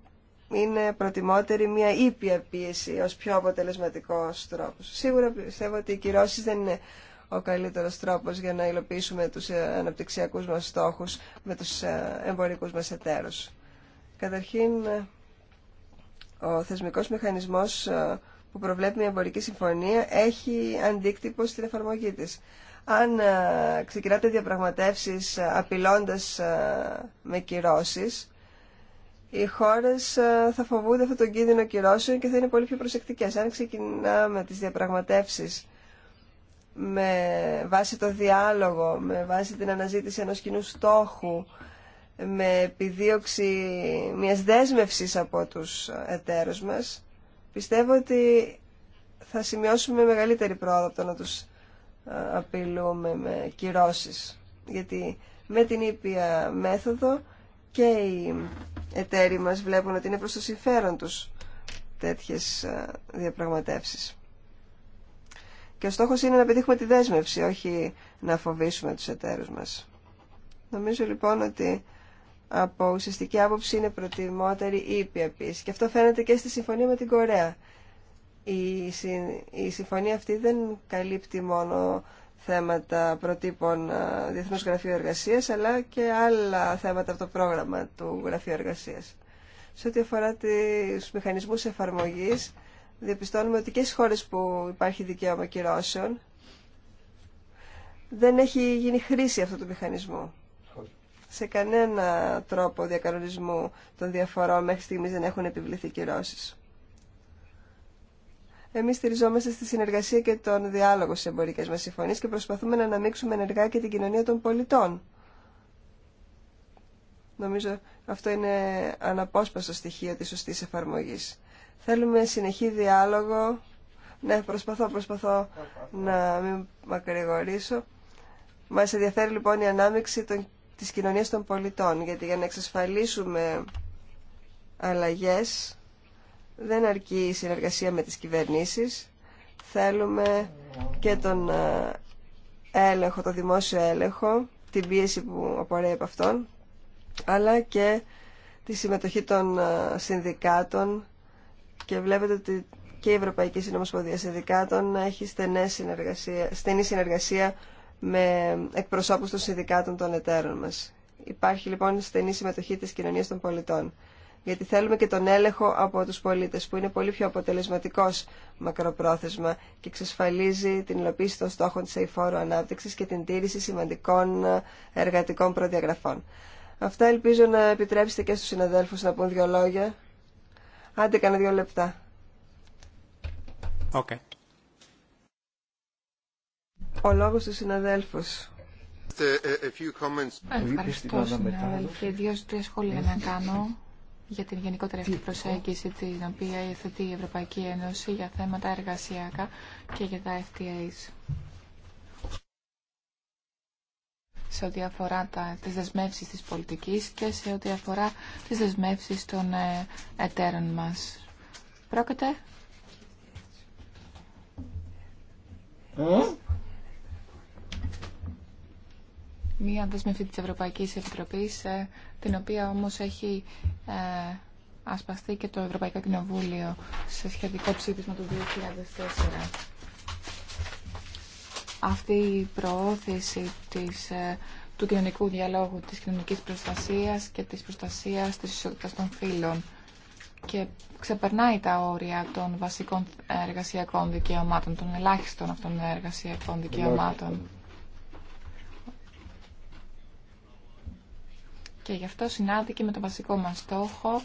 S1: είναι προτιμότερη μια ήπια πίεση ως πιο αποτελεσματικός τρόπος. Σίγουρα πιστεύω ότι οι κυρώσει δεν είναι ο καλύτερος τρόπος για να υλοποιήσουμε τους ε, αναπτυξιακούς μας στόχους με τους ε, εμπορικούς μας εταίρους. Καταρχήν, ε, ο θεσμικός μηχανισμός ε, που προβλέπει μια εμπορική συμφωνία έχει αντίκτυπο στην εφαρμογή της. Αν ε, ξεκινάτε διαπραγματεύσεις ε, απειλώντας με κυρώσεις, οι χώρες θα φοβούνται αυτόν τον κίνδυνο κυρώσεων και θα είναι πολύ πιο προσεκτικές. Αν ξεκινάμε τις διαπραγματεύσεις με βάση το διάλογο, με βάση την αναζήτηση ενός κοινού στόχου, με επιδίωξη μιας δέσμευσης από τους εταίρους μας, πιστεύω ότι θα σημειώσουμε μεγαλύτερη πρόοδο από το να τους απειλούμε με κυρώσεις. Γιατί με την ήπια μέθοδο και οι εταίροι μας βλέπουν ότι είναι προς το συμφέρον τους τέτοιες διαπραγματεύσεις. Και ο στόχος είναι να πετύχουμε τη δέσμευση, όχι να φοβήσουμε τους εταίρους μας. Νομίζω λοιπόν ότι από ουσιαστική άποψη είναι προτιμότερη η ήπια Και αυτό φαίνεται και στη συμφωνία με την Κορέα. Η, η συμφωνία αυτή δεν καλύπτει μόνο θέματα προτύπων Διεθνούς Γραφείου Εργασίας, αλλά και άλλα θέματα από το πρόγραμμα του Γραφείου Εργασίας. Σε ό,τι αφορά τους μηχανισμούς εφαρμογής, διαπιστώνουμε ότι και στις χώρες που υπάρχει δικαίωμα κυρώσεων, δεν έχει γίνει χρήση αυτού του μηχανισμού σε κανένα τρόπο διακανονισμού των διαφορών μέχρι στιγμής δεν έχουν επιβληθεί κυρώσει. Εμείς στηριζόμαστε στη συνεργασία και τον διάλογο σε εμπορικέ μας συμφωνίε και προσπαθούμε να αναμίξουμε ενεργά και την κοινωνία των πολιτών. Νομίζω αυτό είναι αναπόσπαστο στοιχείο της σωστής εφαρμογής. Θέλουμε συνεχή διάλογο. Ναι, προσπαθώ, προσπαθώ να μην μακρηγορήσω. Μας ενδιαφέρει λοιπόν η ανάμειξη των της κοινωνίας των πολιτών, γιατί για να εξασφαλίσουμε αλλαγές δεν αρκεί η συνεργασία με τις κυβερνήσεις. Θέλουμε και τον ε, έλεγχο, το δημόσιο έλεγχο, την πίεση που απορρέει από αυτόν, αλλά και τη συμμετοχή των ε, συνδικάτων και βλέπετε ότι και η Ευρωπαϊκή Συνομοσπονδία Συνδικάτων έχει στενή συνεργασία, στενή συνεργασία με εκπροσώπους των συνδικάτων των εταίρων μας. Υπάρχει λοιπόν στενή συμμετοχή της κοινωνίας των πολιτών. Γιατί θέλουμε και τον έλεγχο από τους πολίτες που είναι πολύ πιο αποτελεσματικός μακροπρόθεσμα και εξασφαλίζει την υλοποίηση των στόχων της αηφόρου ανάπτυξης και την τήρηση σημαντικών ε, εργατικών προδιαγραφών. Αυτά ελπίζω να επιτρέψετε και στους συναδέλφους να πούν δύο λόγια. Άντε κανένα δύο λεπτά. Okay ο λόγος του συναδέλφου. Ε, ε, ε, ευχαριστώ, συναδέλφοι.
S3: Δύο-τρία σχόλια να κάνω για την γενικότερη αυτή προσέγγιση την οποία υιοθετεί η Ευρωπαϊκή Ένωση για θέματα εργασιακά και για τα FTAs. σε ό,τι αφορά τα, τις τη πολιτική και σε ό,τι αφορά τις δεσμεύσει των εταίρων μας. Πρόκειται. μία δεσμευτή της Ευρωπαϊκής Επιτροπής, ε, την οποία όμως έχει ε, ασπαστεί και το Ευρωπαϊκό Κοινοβούλιο σε σχετικό ψήφισμα του 2004. Αυτή η προώθηση της, ε, του κοινωνικού διαλόγου, της κοινωνικής προστασίας και της προστασίας της ισότητας των φύλων και ξεπερνάει τα όρια των βασικών εργασιακών δικαιωμάτων, των ελάχιστων αυτών εργασιακών δικαιωμάτων. Και γι' αυτό συνάντηκε με το βασικό μας στόχο,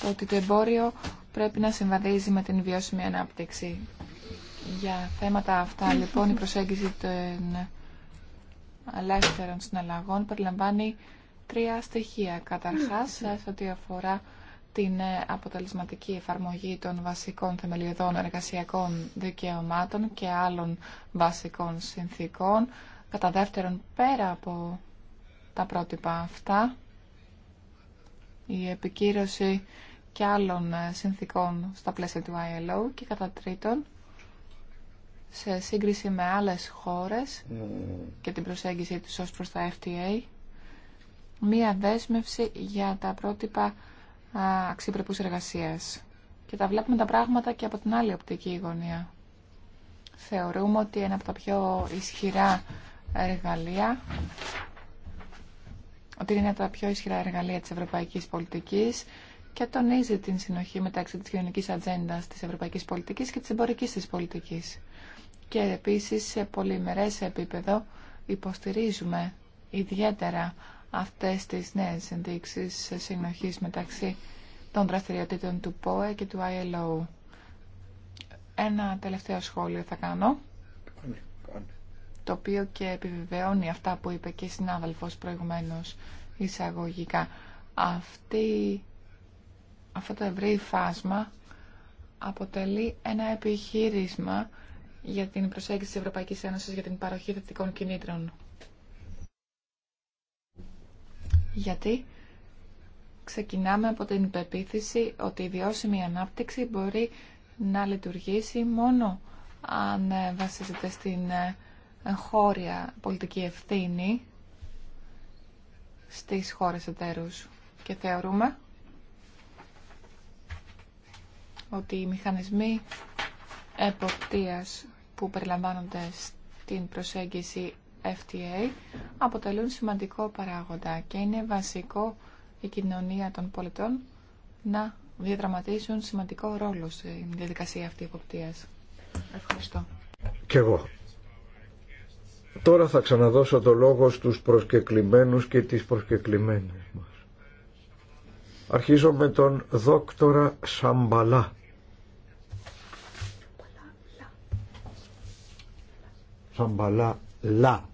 S3: το ότι το εμπόριο πρέπει να συμβαδίζει με την βιώσιμη ανάπτυξη. Για θέματα αυτά, λοιπόν, η προσέγγιση των ελεύθερων συναλλαγών περιλαμβάνει τρία στοιχεία. Καταρχάς, σε ό,τι αφορά την αποτελεσματική εφαρμογή των βασικών θεμελιωδών εργασιακών δικαιωμάτων και άλλων βασικών συνθήκων. Κατά δεύτερον, πέρα από τα πρότυπα αυτά, η επικύρωση και άλλων ε, συνθήκων στα πλαίσια του ILO και κατά τρίτον, σε σύγκριση με άλλες χώρες mm. και την προσέγγιση του ως προς τα FTA, μία δέσμευση για τα πρότυπα αξιπρεπούς εργασίας. Και τα βλέπουμε τα πράγματα και από την άλλη οπτική γωνία. Θεωρούμε ότι ένα από τα πιο ισχυρά εργαλεία ότι είναι τα πιο ισχυρά εργαλεία της ευρωπαϊκής πολιτικής και τονίζει την συνοχή μεταξύ της κοινωνικής ατζέντα της ευρωπαϊκής πολιτικής και της εμπορικής της πολιτικής. Και επίσης σε πολυμερές επίπεδο υποστηρίζουμε ιδιαίτερα αυτές τις νέες ενδείξεις συνοχής μεταξύ των δραστηριοτήτων του ΠΟΕ και του ILO. Ένα τελευταίο σχόλιο θα κάνω το οποίο και επιβεβαιώνει αυτά που είπε και η συνάδελφος προηγουμένως εισαγωγικά. Αυτή, αυτό το ευρύ φάσμα αποτελεί ένα επιχείρημα για την προσέγγιση της Ευρωπαϊκής Ένωσης για την παροχή θετικών κινήτρων. Γιατί ξεκινάμε από την πεποίθηση ότι η βιώσιμη ανάπτυξη μπορεί να λειτουργήσει μόνο αν βασίζεται στην εγχώρια πολιτική ευθύνη στις χώρες εταίρους και θεωρούμε ότι οι μηχανισμοί εποπτείας που περιλαμβάνονται στην προσέγγιση FTA αποτελούν σημαντικό παράγοντα και είναι βασικό η κοινωνία των πολιτών να διαδραματίσουν σημαντικό ρόλο στην διαδικασία αυτή εποπτείας. Ευχαριστώ.
S2: εγώ Τώρα θα ξαναδώσω το λόγο στους προσκεκλημένους και τις προσκεκλημένες μας. Αρχίζω με τον δόκτορα Σαμπαλά. Σαμπαλά Λα.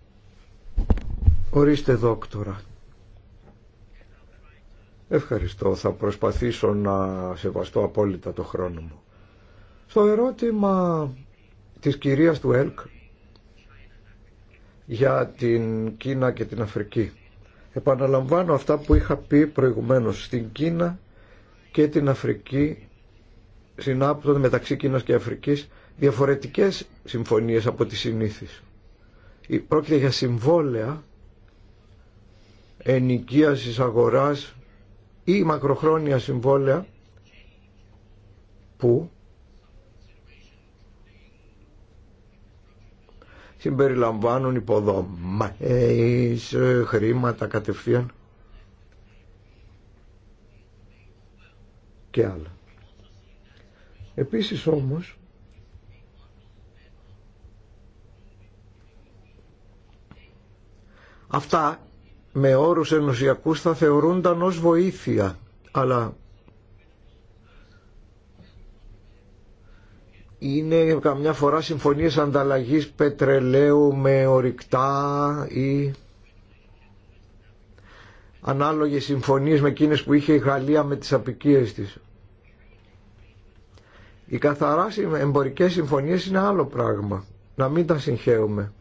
S2: Ορίστε δόκτορα. Ευχαριστώ. Θα προσπαθήσω να σεβαστώ απόλυτα το χρόνο μου. Στο ερώτημα της κυρίας του ΕΛΚ για την Κίνα και την Αφρική. Επαναλαμβάνω αυτά που είχα πει προηγουμένως. Στην Κίνα και την Αφρική συνάπτονται μεταξύ Κίνας και Αφρικής διαφορετικές συμφωνίες από τις συνήθεις. Πρόκειται για συμβόλαια ενοικίασης αγοράς ή μακροχρόνια συμβόλαια που συμπεριλαμβάνουν υποδομές, ε, χρήματα κατευθείαν και άλλα. Επίσης όμως αυτά με όρους ενωσιακούς θα θεωρούνταν ως βοήθεια αλλά είναι καμιά φορά συμφωνίες ανταλλαγής πετρελαίου με ορυκτά ή ανάλογες συμφωνίες με εκείνες που είχε η Γαλλία με τις απικίες της. Οι καθαρά εμπορικές συμφωνίες είναι άλλο πράγμα. Να μην τα συγχαίουμε.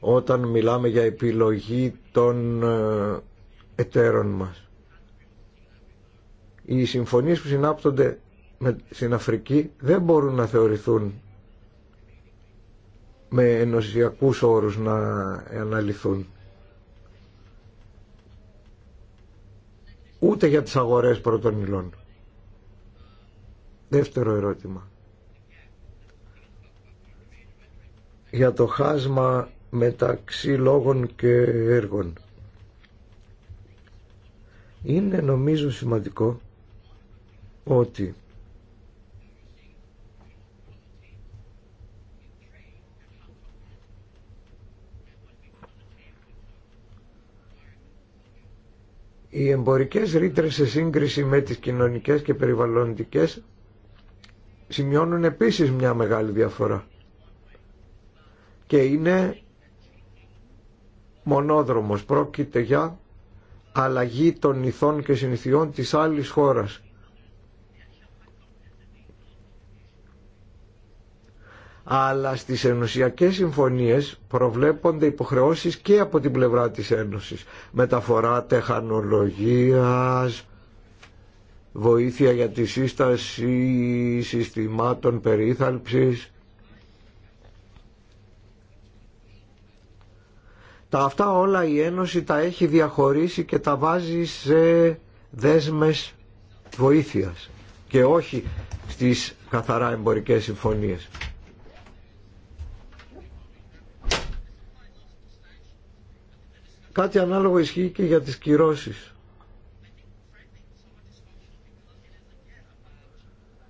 S2: Όταν μιλάμε για επιλογή των ε, εταίρων μας. Οι συμφωνίες που συνάπτονται στην Αφρική δεν μπορούν να θεωρηθούν με ενωσιακούς όρους να αναλυθούν. Ούτε για τις αγορές πρώτων υλών. Δεύτερο ερώτημα. Για το χάσμα μεταξύ λόγων και έργων. Είναι νομίζω σημαντικό ότι Οι εμπορικές ρήτρες σε σύγκριση με τις κοινωνικές και περιβαλλοντικές σημειώνουν επίσης μια μεγάλη διαφορά και είναι μονόδρομος. Πρόκειται για αλλαγή των ηθών και συνηθιών της άλλης χώρας αλλά στις ενωσιακές συμφωνίες προβλέπονται υποχρεώσεις και από την πλευρά της Ένωσης. Μεταφορά τεχνολογίας, βοήθεια για τη σύσταση συστημάτων περίθαλψης. Τα αυτά όλα η Ένωση τα έχει διαχωρίσει και τα βάζει σε δέσμες βοήθειας και όχι στις καθαρά εμπορικές συμφωνίες. Κάτι ανάλογο ισχύει και για τις κυρώσεις.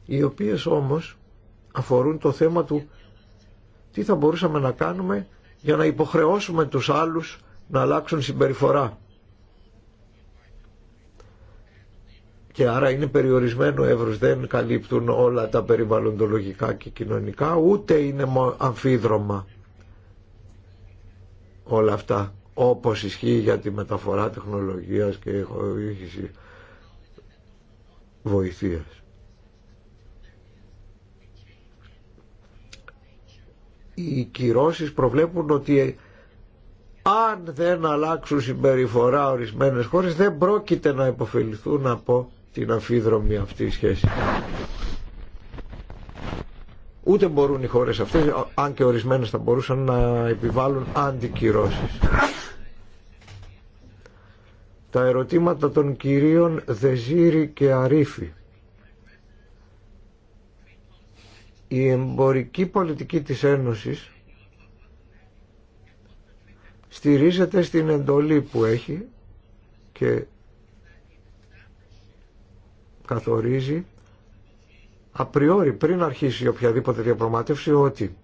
S2: Οι οποίες όμως αφορούν το θέμα του τι θα μπορούσαμε να κάνουμε για να υποχρεώσουμε τους άλλους να αλλάξουν συμπεριφορά. Και άρα είναι περιορισμένο εύρος, δεν καλύπτουν όλα τα περιβαλλοντολογικά και κοινωνικά, ούτε είναι αμφίδρομα όλα αυτά όπως ισχύει για τη μεταφορά τεχνολογίας και χορήγηση βοηθείας. Οι κυρώσεις προβλέπουν ότι αν δεν αλλάξουν συμπεριφορά ορισμένες χώρες δεν πρόκειται να υποφεληθούν από την αφίδρομη αυτή σχέση. Ούτε μπορούν οι χώρες αυτές, αν και ορισμένες θα μπορούσαν να επιβάλλουν αντικυρώσεις τα ερωτήματα των κυρίων Δεζήρη και Αρίφη. Η εμπορική πολιτική της Ένωσης στηρίζεται στην εντολή που έχει και καθορίζει απριόρι πριν αρχίσει οποιαδήποτε διαπραγμάτευση ότι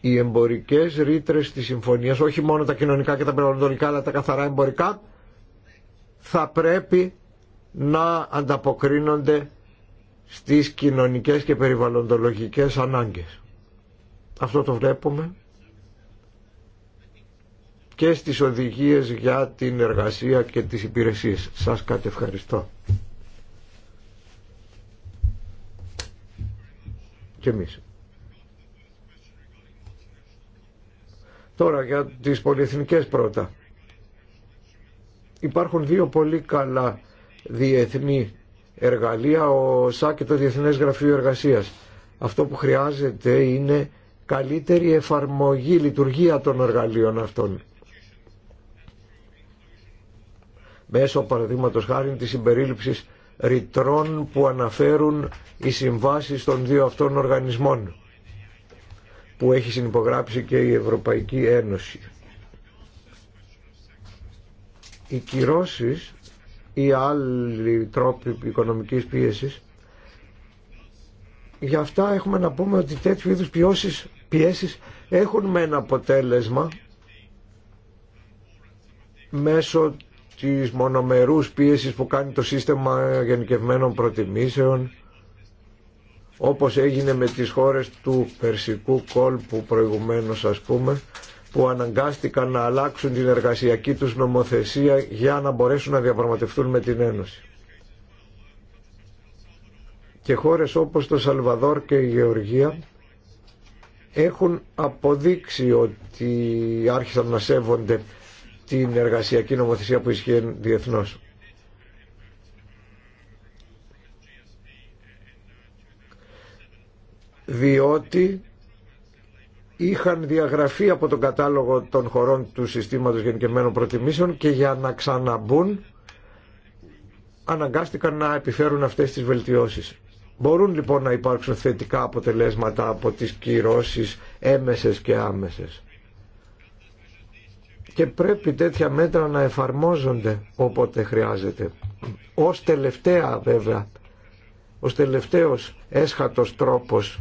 S2: οι εμπορικές ρήτρες της συμφωνίας, όχι μόνο τα κοινωνικά και τα περιβαλλοντικά αλλά τα καθαρά εμπορικά, θα πρέπει να ανταποκρίνονται στις κοινωνικές και περιβαλλοντολογικές ανάγκες. Αυτό το βλέπουμε και στις οδηγίες για την εργασία και τις υπηρεσίες. Σας ευχαριστώ. Και εμείς. Τώρα για τις πολυεθνικές πρώτα. Υπάρχουν δύο πολύ καλά διεθνή εργαλεία, ο ΣΑΚ και το Διεθνές Γραφείο Εργασίας. Αυτό που χρειάζεται είναι καλύτερη εφαρμογή, λειτουργία των εργαλείων αυτών. Μέσω παραδείγματο χάρη της συμπερίληψης ρητρών που αναφέρουν οι συμβάσεις των δύο αυτών οργανισμών που έχει συνυπογράψει και η Ευρωπαϊκή Ένωση οι κυρώσεις ή άλλοι τρόποι οικονομικής πίεσης γι' αυτά έχουμε να πούμε ότι τέτοιου είδους πιώσεις, πιέσεις έχουν με ένα αποτέλεσμα μέσω της μονομερούς πίεσης που κάνει το σύστημα γενικευμένων προτιμήσεων όπως έγινε με τις χώρες του Περσικού κόλπου προηγουμένως ας πούμε που αναγκάστηκαν να αλλάξουν την εργασιακή τους νομοθεσία για να μπορέσουν να διαπραγματευτούν με την Ένωση. Και χώρες όπως το Σαλβαδόρ και η Γεωργία έχουν αποδείξει ότι άρχισαν να σέβονται την εργασιακή νομοθεσία που ισχύει διεθνώς. Διότι είχαν διαγραφεί από τον κατάλογο των χωρών του συστήματος Γενικεμένων προτιμήσεων και για να ξαναμπούν αναγκάστηκαν να επιφέρουν αυτές τις βελτιώσεις. Μπορούν λοιπόν να υπάρξουν θετικά αποτελέσματα από τις κυρώσεις έμεσες και άμεσες. Και πρέπει τέτοια μέτρα να εφαρμόζονται όποτε χρειάζεται. Ως τελευταία βέβαια, ως τελευταίος έσχατος τρόπος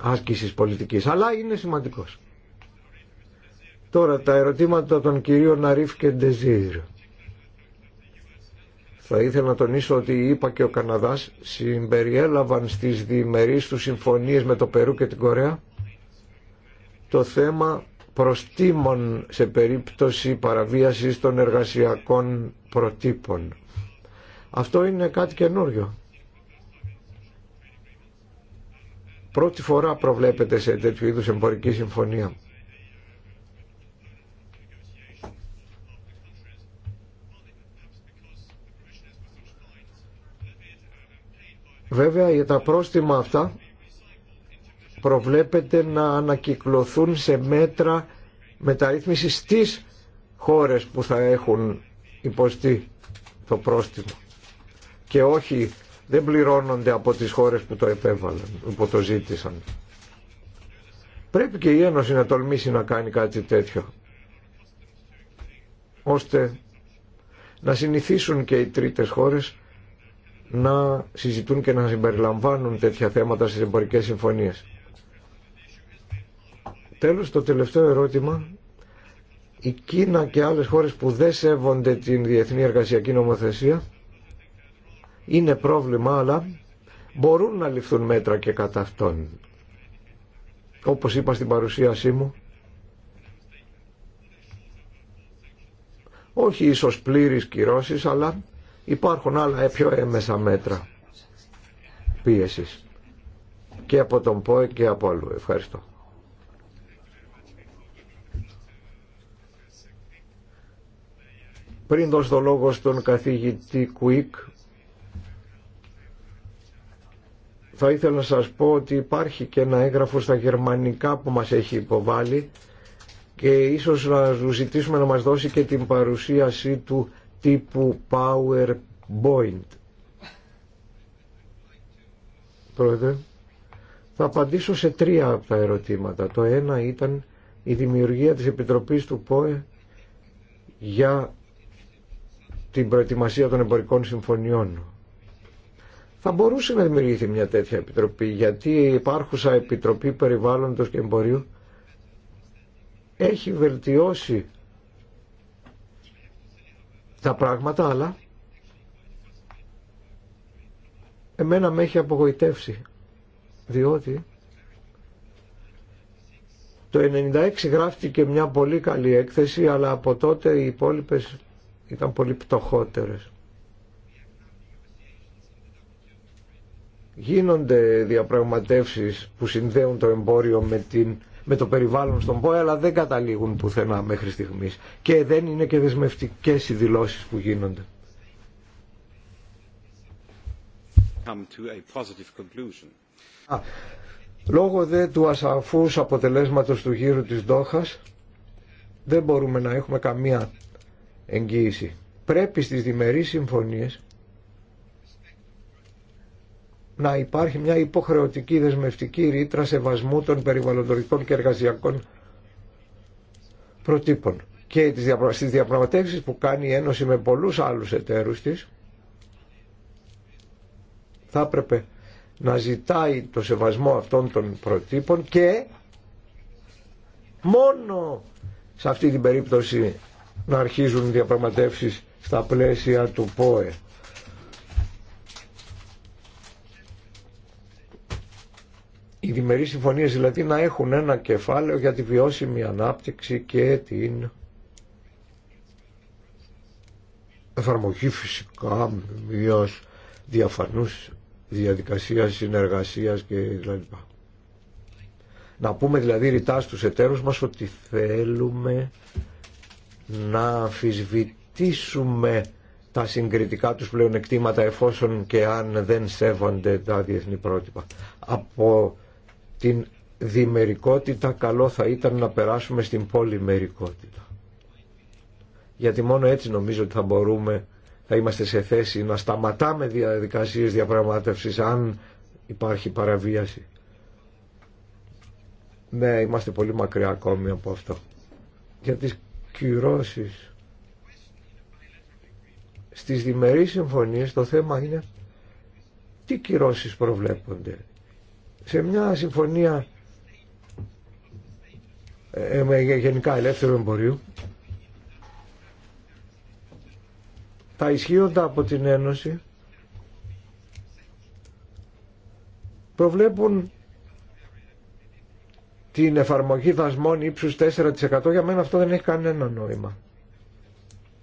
S2: άσκησης πολιτικής, αλλά είναι σημαντικός. Τώρα τα ερωτήματα των κυρίων Ναρίφ και Ντεζίρ. Θα ήθελα να τονίσω ότι η και ο Καναδάς συμπεριέλαβαν στις διημερείς του συμφωνίες με το Περού και την Κορέα το θέμα προστήμων σε περίπτωση παραβίασης των εργασιακών προτύπων. Αυτό είναι κάτι καινούριο. Πρώτη φορά προβλέπεται σε τέτοιου είδους εμπορική συμφωνία. Βέβαια για τα πρόστιμα αυτά προβλέπεται να ανακυκλωθούν σε μέτρα μεταρρύθμισης στις χώρες που θα έχουν υποστεί το πρόστιμο και όχι δεν πληρώνονται από τις χώρες που το επέβαλαν, που το ζήτησαν. Πρέπει και η Ένωση να τολμήσει να κάνει κάτι τέτοιο, ώστε να συνηθίσουν και οι τρίτες χώρες να συζητούν και να συμπεριλαμβάνουν τέτοια θέματα στις εμπορικές συμφωνίες. Τέλος, το τελευταίο ερώτημα. Η Κίνα και άλλες χώρες που δεν σέβονται την διεθνή εργασιακή νομοθεσία είναι πρόβλημα αλλά μπορούν να ληφθούν μέτρα και κατά αυτόν. Όπως είπα στην παρουσίασή μου, όχι ίσως πλήρης κυρώσεις, αλλά υπάρχουν άλλα πιο έμεσα μέτρα πίεσης και από τον ΠΟΕ και από αλλού. Ευχαριστώ. Πριν δώσω το λόγο στον καθηγητή Κουίκ, θα ήθελα να σας πω ότι υπάρχει και ένα έγγραφο στα γερμανικά που μας έχει υποβάλει και ίσως να ζητήσουμε να μας δώσει και την παρουσίαση του τύπου PowerPoint. Πρόεδρε, θα απαντήσω σε τρία από τα ερωτήματα. Το ένα ήταν η δημιουργία της Επιτροπής του ΠΟΕ για την προετοιμασία των εμπορικών συμφωνιών. Θα μπορούσε να δημιουργηθεί μια τέτοια επιτροπή γιατί η υπάρχουσα επιτροπή περιβάλλοντος και εμπορίου έχει βελτιώσει τα πράγματα αλλά εμένα με έχει απογοητεύσει διότι το 96 γράφτηκε μια πολύ καλή έκθεση αλλά από τότε οι υπόλοιπες ήταν πολύ πτωχότερες. γίνονται διαπραγματεύσεις που συνδέουν το εμπόριο με, την, με το περιβάλλον στον ΠΟΕ αλλά δεν καταλήγουν πουθενά μέχρι στιγμής και δεν είναι και δεσμευτικές οι δηλώσεις που γίνονται. λόγω δε του ασαφούς αποτελέσματος του γύρου της Δόχας δεν μπορούμε να έχουμε καμία εγγύηση. Πρέπει στις διμερείς συμφωνίες να υπάρχει μια υποχρεωτική δεσμευτική ρήτρα σεβασμού των περιβαλλοντορικών και εργασιακών προτύπων. Και στις διαπραγματεύσεις που κάνει η Ένωση με πολλούς άλλους εταίρους της θα έπρεπε να ζητάει το σεβασμό αυτών των προτύπων και μόνο σε αυτή την περίπτωση να αρχίζουν διαπραγματεύσεις στα πλαίσια του ΠΟΕ. οι διμερείς συμφωνίες δηλαδή να έχουν ένα κεφάλαιο για τη βιώσιμη ανάπτυξη και την εφαρμογή φυσικά μιας διαφανούς διαδικασίας συνεργασίας και δηλαδή. Να πούμε δηλαδή ρητά στους εταίρους μας ότι θέλουμε να αφισβητήσουμε τα συγκριτικά τους πλεονεκτήματα εφόσον και αν δεν σέβονται τα διεθνή πρότυπα. Από την διμερικότητα καλό θα ήταν να περάσουμε στην πολυμερικότητα. Γιατί μόνο έτσι νομίζω ότι θα μπορούμε, θα είμαστε σε θέση να σταματάμε διαδικασίες διαπραγμάτευσης αν υπάρχει παραβίαση. Ναι, είμαστε πολύ μακριά ακόμη από αυτό. Για τις κυρώσεις στις διμερείς συμφωνίες το θέμα είναι τι κυρώσεις προβλέπονται σε μια συμφωνία ε, γενικά ελεύθερου εμπορίου τα ισχύοντα από την Ένωση προβλέπουν την εφαρμογή δασμών ύψους 4% για μένα αυτό δεν έχει κανένα νόημα.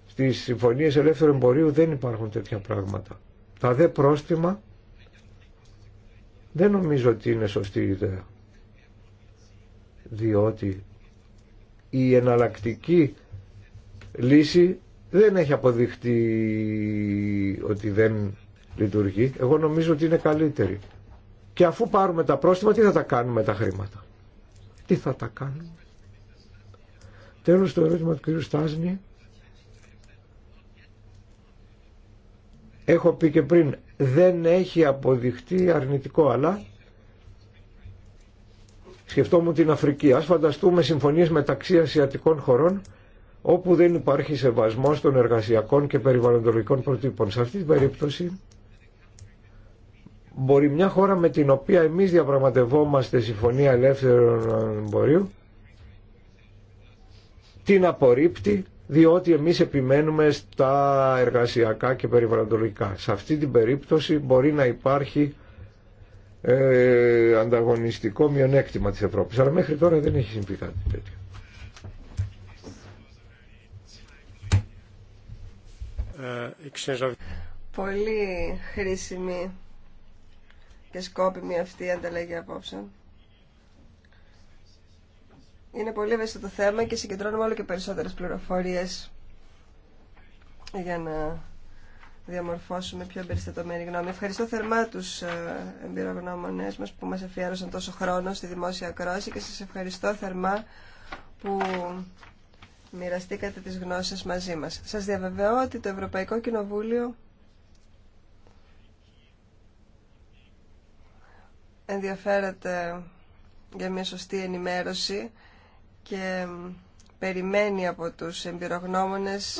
S2: Στις συμφωνίες ελεύθερου εμπορίου δεν υπάρχουν τέτοια πράγματα. Τα δε πρόστιμα δεν νομίζω ότι είναι σωστή ιδέα. Διότι η εναλλακτική λύση δεν έχει αποδειχτεί ότι δεν λειτουργεί. Εγώ νομίζω ότι είναι καλύτερη. Και αφού πάρουμε τα πρόστιμα, τι θα τα κάνουμε τα χρήματα. Τι θα τα κάνουμε. Τέλος το ερώτημα του κ. Στάσνη. Έχω πει και πριν, δεν έχει αποδειχτεί αρνητικό αλλά σκεφτόμουν την Αφρική ας φανταστούμε συμφωνίες μεταξύ ασιατικών χωρών όπου δεν υπάρχει σεβασμός των εργασιακών και περιβαλλοντολογικών προτύπων. Σε αυτή την περίπτωση μπορεί μια χώρα με την οποία εμείς διαπραγματευόμαστε συμφωνία ελεύθερων εμπορίου την απορρίπτει διότι εμείς επιμένουμε στα εργασιακά και περιβαλλοντολογικά. Σε αυτή την περίπτωση μπορεί να υπάρχει ε, ανταγωνιστικό μειονέκτημα της Ευρώπης. Αλλά μέχρι τώρα δεν έχει συμβεί κάτι τέτοιο.
S1: Πολύ χρήσιμη και σκόπιμη αυτή η ανταλλαγή απόψεων. Είναι πολύ ευαίσθητο θέμα και συγκεντρώνουμε όλο και περισσότερες πληροφορίες για να διαμορφώσουμε πιο εμπεριστατωμένη γνώμη. Ευχαριστώ θερμά τους ε, εμπειρογνώμονές μας που μας αφιέρωσαν τόσο χρόνο στη δημόσια κρόση και σας ευχαριστώ θερμά που μοιραστήκατε τις γνώσεις μαζί μας. Σας διαβεβαιώ ότι το Ευρωπαϊκό Κοινοβούλιο ενδιαφέρεται για μια σωστή ενημέρωση και περιμένει από τους εμπειρογνώμονες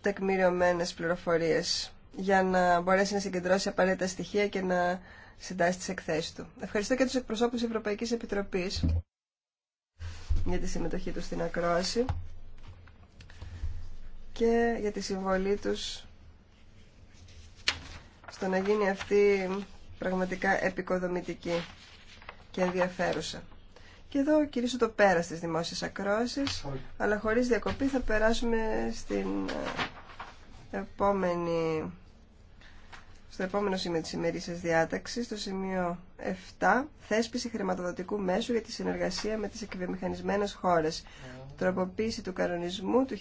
S1: τεκμηριωμένες πληροφορίες για να μπορέσει να συγκεντρώσει απαραίτητα στοιχεία και να συντάσει τις εκθέσεις του. Ευχαριστώ και τους εκπροσώπους της Ευρωπαϊκής Επιτροπής για τη συμμετοχή τους στην ακρόαση και για τη συμβολή τους στο να γίνει αυτή πραγματικά επικοδομητική και ενδιαφέρουσα. Και εδώ κυρίσω το πέρα στις δημόσιες ακρόσεις, αλλά χωρίς διακοπή θα περάσουμε στην ε, επόμενη, στο επόμενο σημείο της ημερήσιας διάταξης, το σημείο 7, θέσπιση χρηματοδοτικού μέσου για τη συνεργασία με τις εκβιομηχανισμένες χώρες, ναι. τροποποίηση του κανονισμού του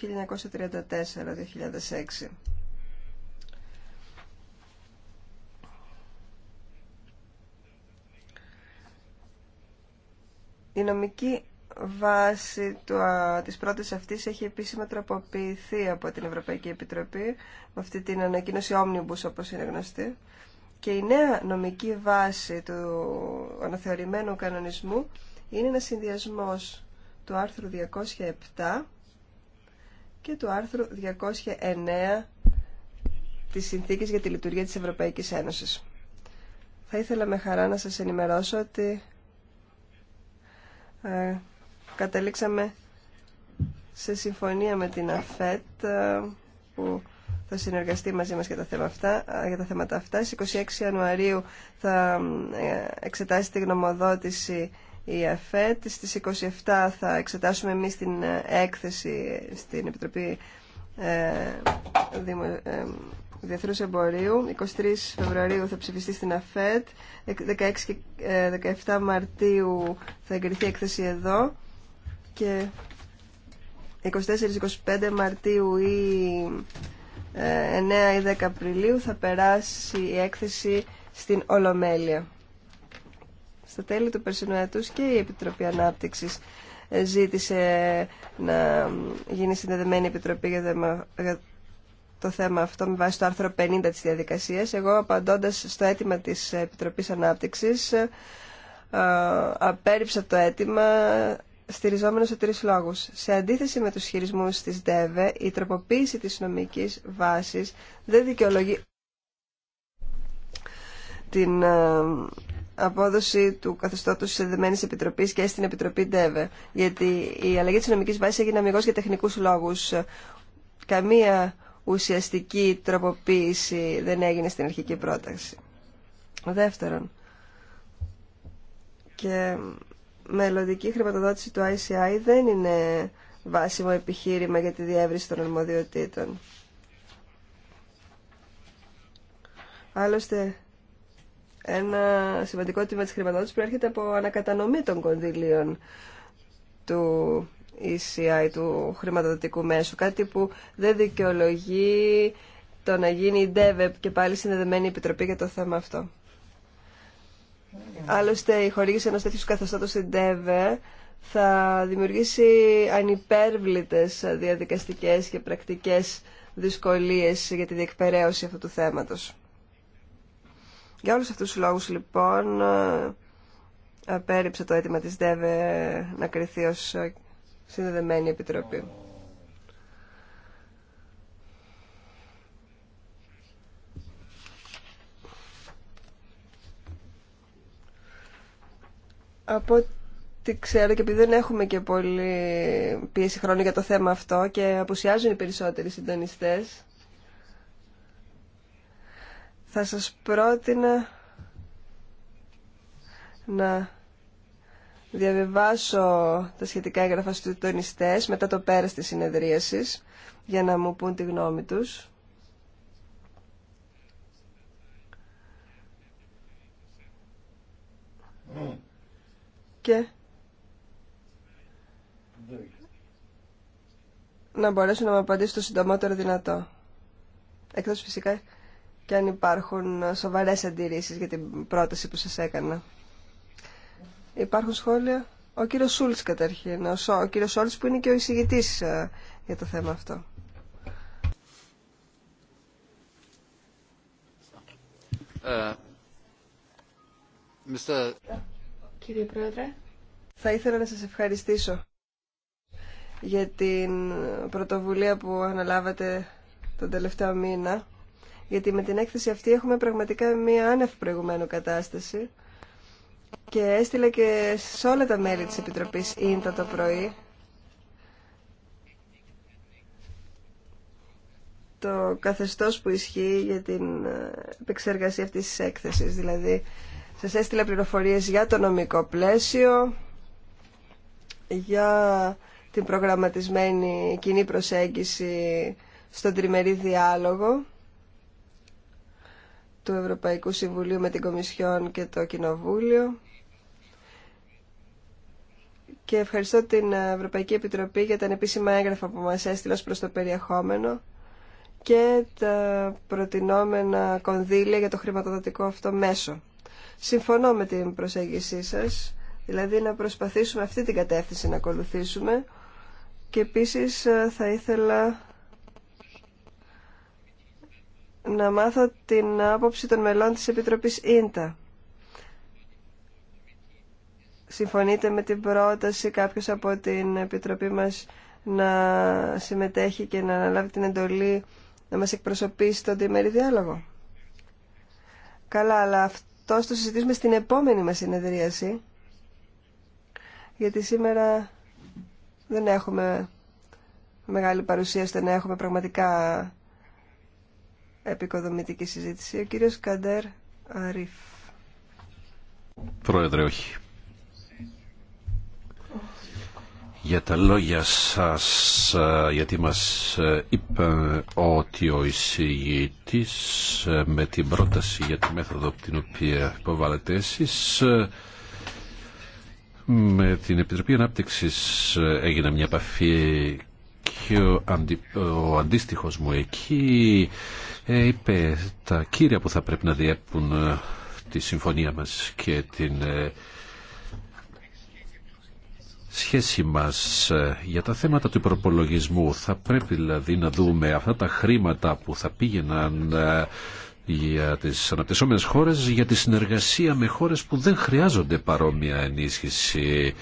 S1: 1934-2006. Η νομική βάση του, α, της πρώτης αυτής έχει επίσημα τροποποιηθεί από την Ευρωπαϊκή Επιτροπή με αυτή την ανακοίνωση Omnibus όπως είναι γνωστή και η νέα νομική βάση του αναθεωρημένου κανονισμού είναι ένα συνδυασμός του άρθρου 207 και του άρθρου 209 της Συνθήκης για τη Λειτουργία της Ευρωπαϊκής Ένωσης. Θα ήθελα με χαρά να σας ενημερώσω ότι ε, καταλήξαμε σε συμφωνία με την ΑΦΕΤ ε, που θα συνεργαστεί μαζί μας για τα, θέματα αυτά, ε, για τα θέματα αυτά. Στις 26 Ιανουαρίου θα εξετάσει τη γνωμοδότηση η ΑΦΕΤ. Στις 27 θα εξετάσουμε εμείς την έκθεση στην Επιτροπή Διεθνού εμπορίου. 23 Φεβρουαρίου θα ψηφιστεί στην ΑΦΕΤ. 16 και 17 ε, Μαρτίου θα εγκριθεί έκθεση εδώ. Και 24-25 Μαρτίου ή 9 ε, ή 10 Απριλίου θα περάσει η έκθεση στην Ολομέλεια. Στα τέλη του περσινού έτους και η Επιτροπή Ανάπτυξης ε, ζήτησε να γίνει συνδεδεμένη επιτροπή για το θέμα αυτό με βάση το άρθρο 50 της διαδικασίας. Εγώ απαντώντας στο αίτημα της Επιτροπής Ανάπτυξης ε, απέριψα το αίτημα στηριζόμενο σε τρεις λόγους. Σε αντίθεση με τους χειρισμούς της ΔΕΒΕ, η τροποποίηση της νομικής βάσης δεν δικαιολογεί την ε, απόδοση του καθεστώτος της Εδεμένης Επιτροπής και στην Επιτροπή ΔΕΒΕ. Γιατί η αλλαγή της νομικής βάσης έγινε αμυγός για τεχνικούς λόγους. Καμία ουσιαστική τροποποίηση δεν έγινε στην αρχική πρόταση. Δεύτερον, και μελλοντική χρηματοδότηση του ICI δεν είναι βάσιμο επιχείρημα για τη διεύρυνση των αρμοδιοτήτων. Άλλωστε, ένα σημαντικό τμήμα της χρηματοδότησης προέρχεται από ανακατανομή των κονδυλίων του ΙΣΙΑΙ του χρηματοδοτικού μέσου, κάτι που δεν δικαιολογεί το να γίνει η DEVEP και πάλι συνδεδεμένη επιτροπή για το θέμα αυτό. Άλλωστε, η χορήγηση ενός τέτοιου καθεστώτος στην DEVE θα δημιουργήσει ανυπέρβλητες διαδικαστικές και πρακτικές δυσκολίες για τη διεκπαιρέωση αυτού του θέματος. Για όλους αυτούς τους λόγους, λοιπόν, απέριψε το αίτημα της ΔΕΒΕ να συνδεδεμένη επιτροπή. Από ό,τι ξέρω και επειδή δεν έχουμε και πολύ πίεση χρόνου για το θέμα αυτό και απουσιάζουν οι περισσότεροι συντονιστές, θα σας πρότεινα να διαβιβάσω τα σχετικά έγγραφα στους τονιστές μετά το πέρας της συνεδρίασης για να μου πούν τη γνώμη τους. Και να μπορέσουν να μου απαντήσουν το συντομότερο δυνατό. Εκτός φυσικά και αν υπάρχουν σοβαρές αντιρρήσεις για την πρόταση που σας έκανα. Υπάρχουν σχόλια. Ο κύριο Σούλτ καταρχήν. Ο, ο κύριος που είναι και ο εισηγητής ε, για το θέμα αυτό.
S4: Ε, Mr.
S1: Κύριε Πρόεδρε. Θα ήθελα να σας ευχαριστήσω για την πρωτοβουλία που αναλάβατε τον τελευταίο μήνα γιατί με την έκθεση αυτή έχουμε πραγματικά μία άνευ προηγουμένου κατάσταση και έστειλε και σε όλα τα μέλη της Επιτροπής ίντα το πρωί το καθεστώς που ισχύει για την επεξεργασία αυτής της έκθεσης. Δηλαδή, σας έστειλε πληροφορίες για το νομικό πλαίσιο, για την προγραμματισμένη κοινή προσέγγιση στον τριμερή διάλογο του Ευρωπαϊκού Συμβουλίου με την Κομισιόν και το Κοινοβούλιο και ευχαριστώ την Ευρωπαϊκή Επιτροπή για τα επίσημα έγγραφα που μας έστειλε προς το περιεχόμενο και τα προτινόμενα κονδύλια για το χρηματοδοτικό αυτό μέσο. Συμφωνώ με την προσέγγισή σας, δηλαδή να προσπαθήσουμε αυτή την κατεύθυνση να ακολουθήσουμε και επίσης ε, θα ήθελα να μάθω την άποψη των μελών της Επιτροπής ΙΝΤΑ συμφωνείτε με την πρόταση κάποιος από την Επιτροπή μας να συμμετέχει και να αναλάβει την εντολή να μας εκπροσωπήσει στον τριμερή διάλογο. Καλά, αλλά αυτό το συζητήσουμε στην επόμενη μας συνεδρίαση, γιατί σήμερα δεν έχουμε μεγάλη παρουσία ώστε έχουμε πραγματικά επικοδομητική συζήτηση. Ο κύριος Καντέρ Αρίφ.
S4: Πρόεδρε, όχι. για τα λόγια σας ε, γιατί μας ε, είπε ότι ο εισηγητής ε, με την πρόταση για τη μέθοδο από την οποία υποβάλλετε εσείς με την Επιτροπή Ανάπτυξης έγινε μια επαφή και ο, αντι, αντίστοιχος μου εκεί είπε τα κύρια που θα πρέπει να διέπουν τη συμφωνία μας και την σχέση μας ε, για τα θέματα του προπολογισμού. Θα πρέπει δηλαδή να δούμε αυτά τα χρήματα που θα πήγαιναν ε, για τις αναπτυσσόμενες χώρες για τη συνεργασία με χώρες που δεν χρειάζονται παρόμοια ενίσχυση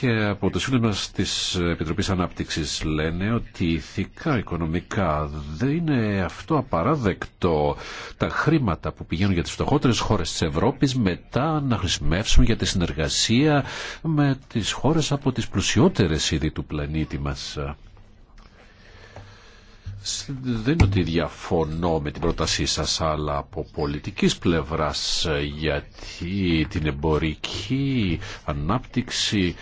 S4: και από τους φίλους μας της Επιτροπής Ανάπτυξης λένε ότι ηθικά, οικονομικά δεν είναι αυτό απαράδεκτο τα χρήματα που πηγαίνουν για τις φτωχότερες χώρες της Ευρώπης μετά να χρησιμεύσουν για τη συνεργασία με τις χώρες από τις πλουσιότερες ήδη του πλανήτη μας. Δεν είναι ότι διαφωνώ με την πρότασή σας, αλλά από πολιτικής πλευράς, ε, γιατί την εμπορική ανάπτυξη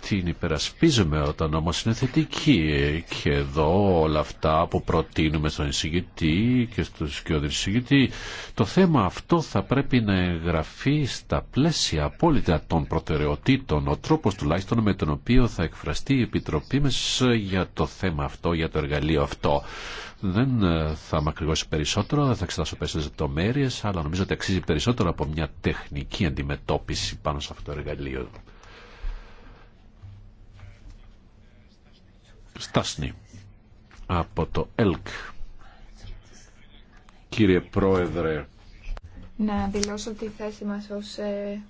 S4: την υπερασπίζουμε όταν όμως είναι θετική και εδώ όλα αυτά που προτείνουμε στον εισηγητή και στον σκιώδη εισηγητή το θέμα αυτό θα πρέπει να εγγραφεί στα πλαίσια απόλυτα των προτεραιοτήτων ο τρόπος τουλάχιστον με τον οποίο θα εκφραστεί η Επιτροπή μας για το θέμα αυτό, για το εργαλείο αυτό δεν ε, θα ακριβώσει περισσότερο, δεν θα εξετάσω περισσότερε λεπτομέρειε, αλλά νομίζω ότι αξίζει περισσότερο από μια τεχνική αντιμετώπιση πάνω σε αυτό το εργαλείο. Στάσνη από το ΕΛΚ. Κύριε Πρόεδρε.
S3: Να δηλώσω τη θέση μας ως ε,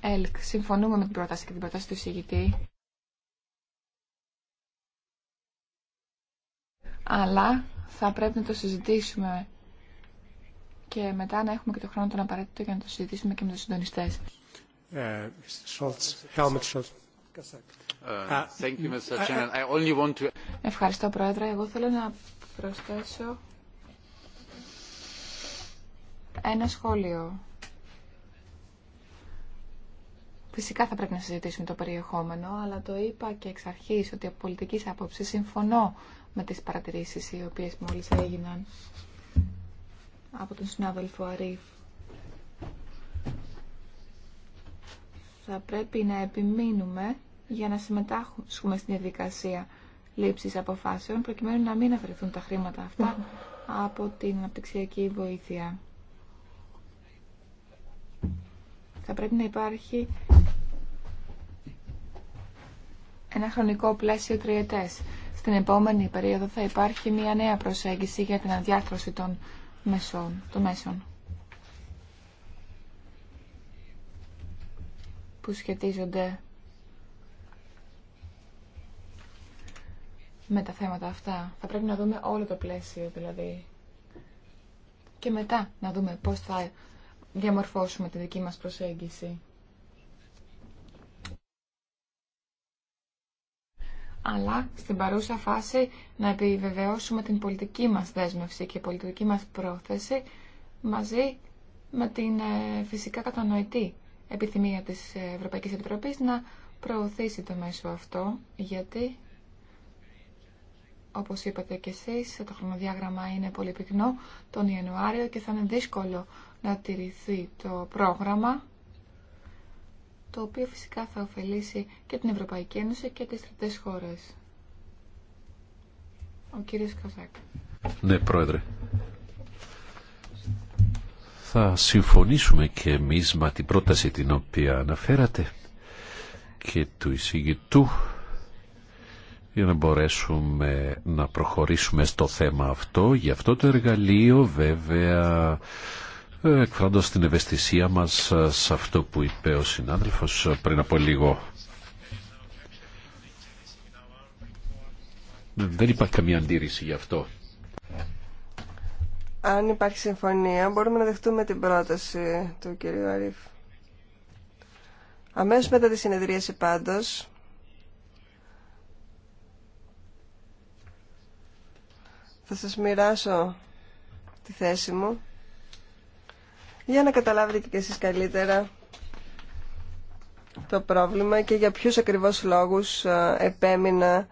S3: ΕΛΚ. Συμφωνούμε με την πρόταση και την πρόταση του εισηγητή. Αλλά θα πρέπει να το συζητήσουμε και μετά να έχουμε και το χρόνο τον απαραίτητο για να το συζητήσουμε και με τους συντονιστές.
S2: Ε, Helmut Schultz. Uh,
S3: Ευχαριστώ, Πρόεδρε. Εγώ θέλω να προσθέσω ένα σχόλιο. Φυσικά θα πρέπει να συζητήσουμε το περιεχόμενο, αλλά το είπα και εξ αρχής ότι από πολιτική άποψη συμφωνώ με τις παρατηρήσεις οι οποίες μόλις έγιναν από τον συνάδελφο Αρίφ θα πρέπει να επιμείνουμε για να συμμετάσχουμε στην διαδικασία λήψη αποφάσεων προκειμένου να μην αφαιρεθούν τα χρήματα αυτά από την αναπτυξιακή βοήθεια. Θα πρέπει να υπάρχει ένα χρονικό πλαίσιο τριετές. Στην επόμενη περίοδο θα υπάρχει μια νέα προσέγγιση για την αδιάρθρωση των, μεσών, των μέσων. που σχετίζονται με τα θέματα αυτά. Θα πρέπει να δούμε όλο το πλαίσιο δηλαδή και μετά να δούμε πώς θα διαμορφώσουμε τη δική μας προσέγγιση. αλλά στην παρούσα φάση να επιβεβαιώσουμε την πολιτική μας δέσμευση και πολιτική μας πρόθεση μαζί με την ε, φυσικά κατανοητή επιθυμία της Ευρωπαϊκής Επιτροπής να προωθήσει το μέσο αυτό, γιατί, όπως είπατε και εσείς, το χρονοδιάγραμμα είναι πολύ πυκνό τον Ιανουάριο και θα είναι δύσκολο να τηρηθεί το πρόγραμμα, το οποίο φυσικά θα ωφελήσει και την Ευρωπαϊκή Ένωση και τις τριτές χώρες. Ο κύριος Καζάκ.
S4: Ναι, πρόεδρε θα συμφωνήσουμε και εμείς με την πρόταση την οποία αναφέρατε και του εισηγητού για να μπορέσουμε να προχωρήσουμε στο θέμα αυτό. Γι' αυτό το εργαλείο βέβαια εκφράντως την ευαισθησία μας σε αυτό που είπε ο συνάδελφος πριν από λίγο. Δεν υπάρχει καμία αντίρρηση γι' αυτό
S1: αν υπάρχει συμφωνία, μπορούμε να δεχτούμε την πρόταση του κυρίου Αρίφ. Αμέσως μετά τη συνεδρίαση πάντως, θα σας μοιράσω τη θέση μου για να καταλάβετε και εσείς καλύτερα το πρόβλημα και για ποιους ακριβώς λόγους ε, επέμεινα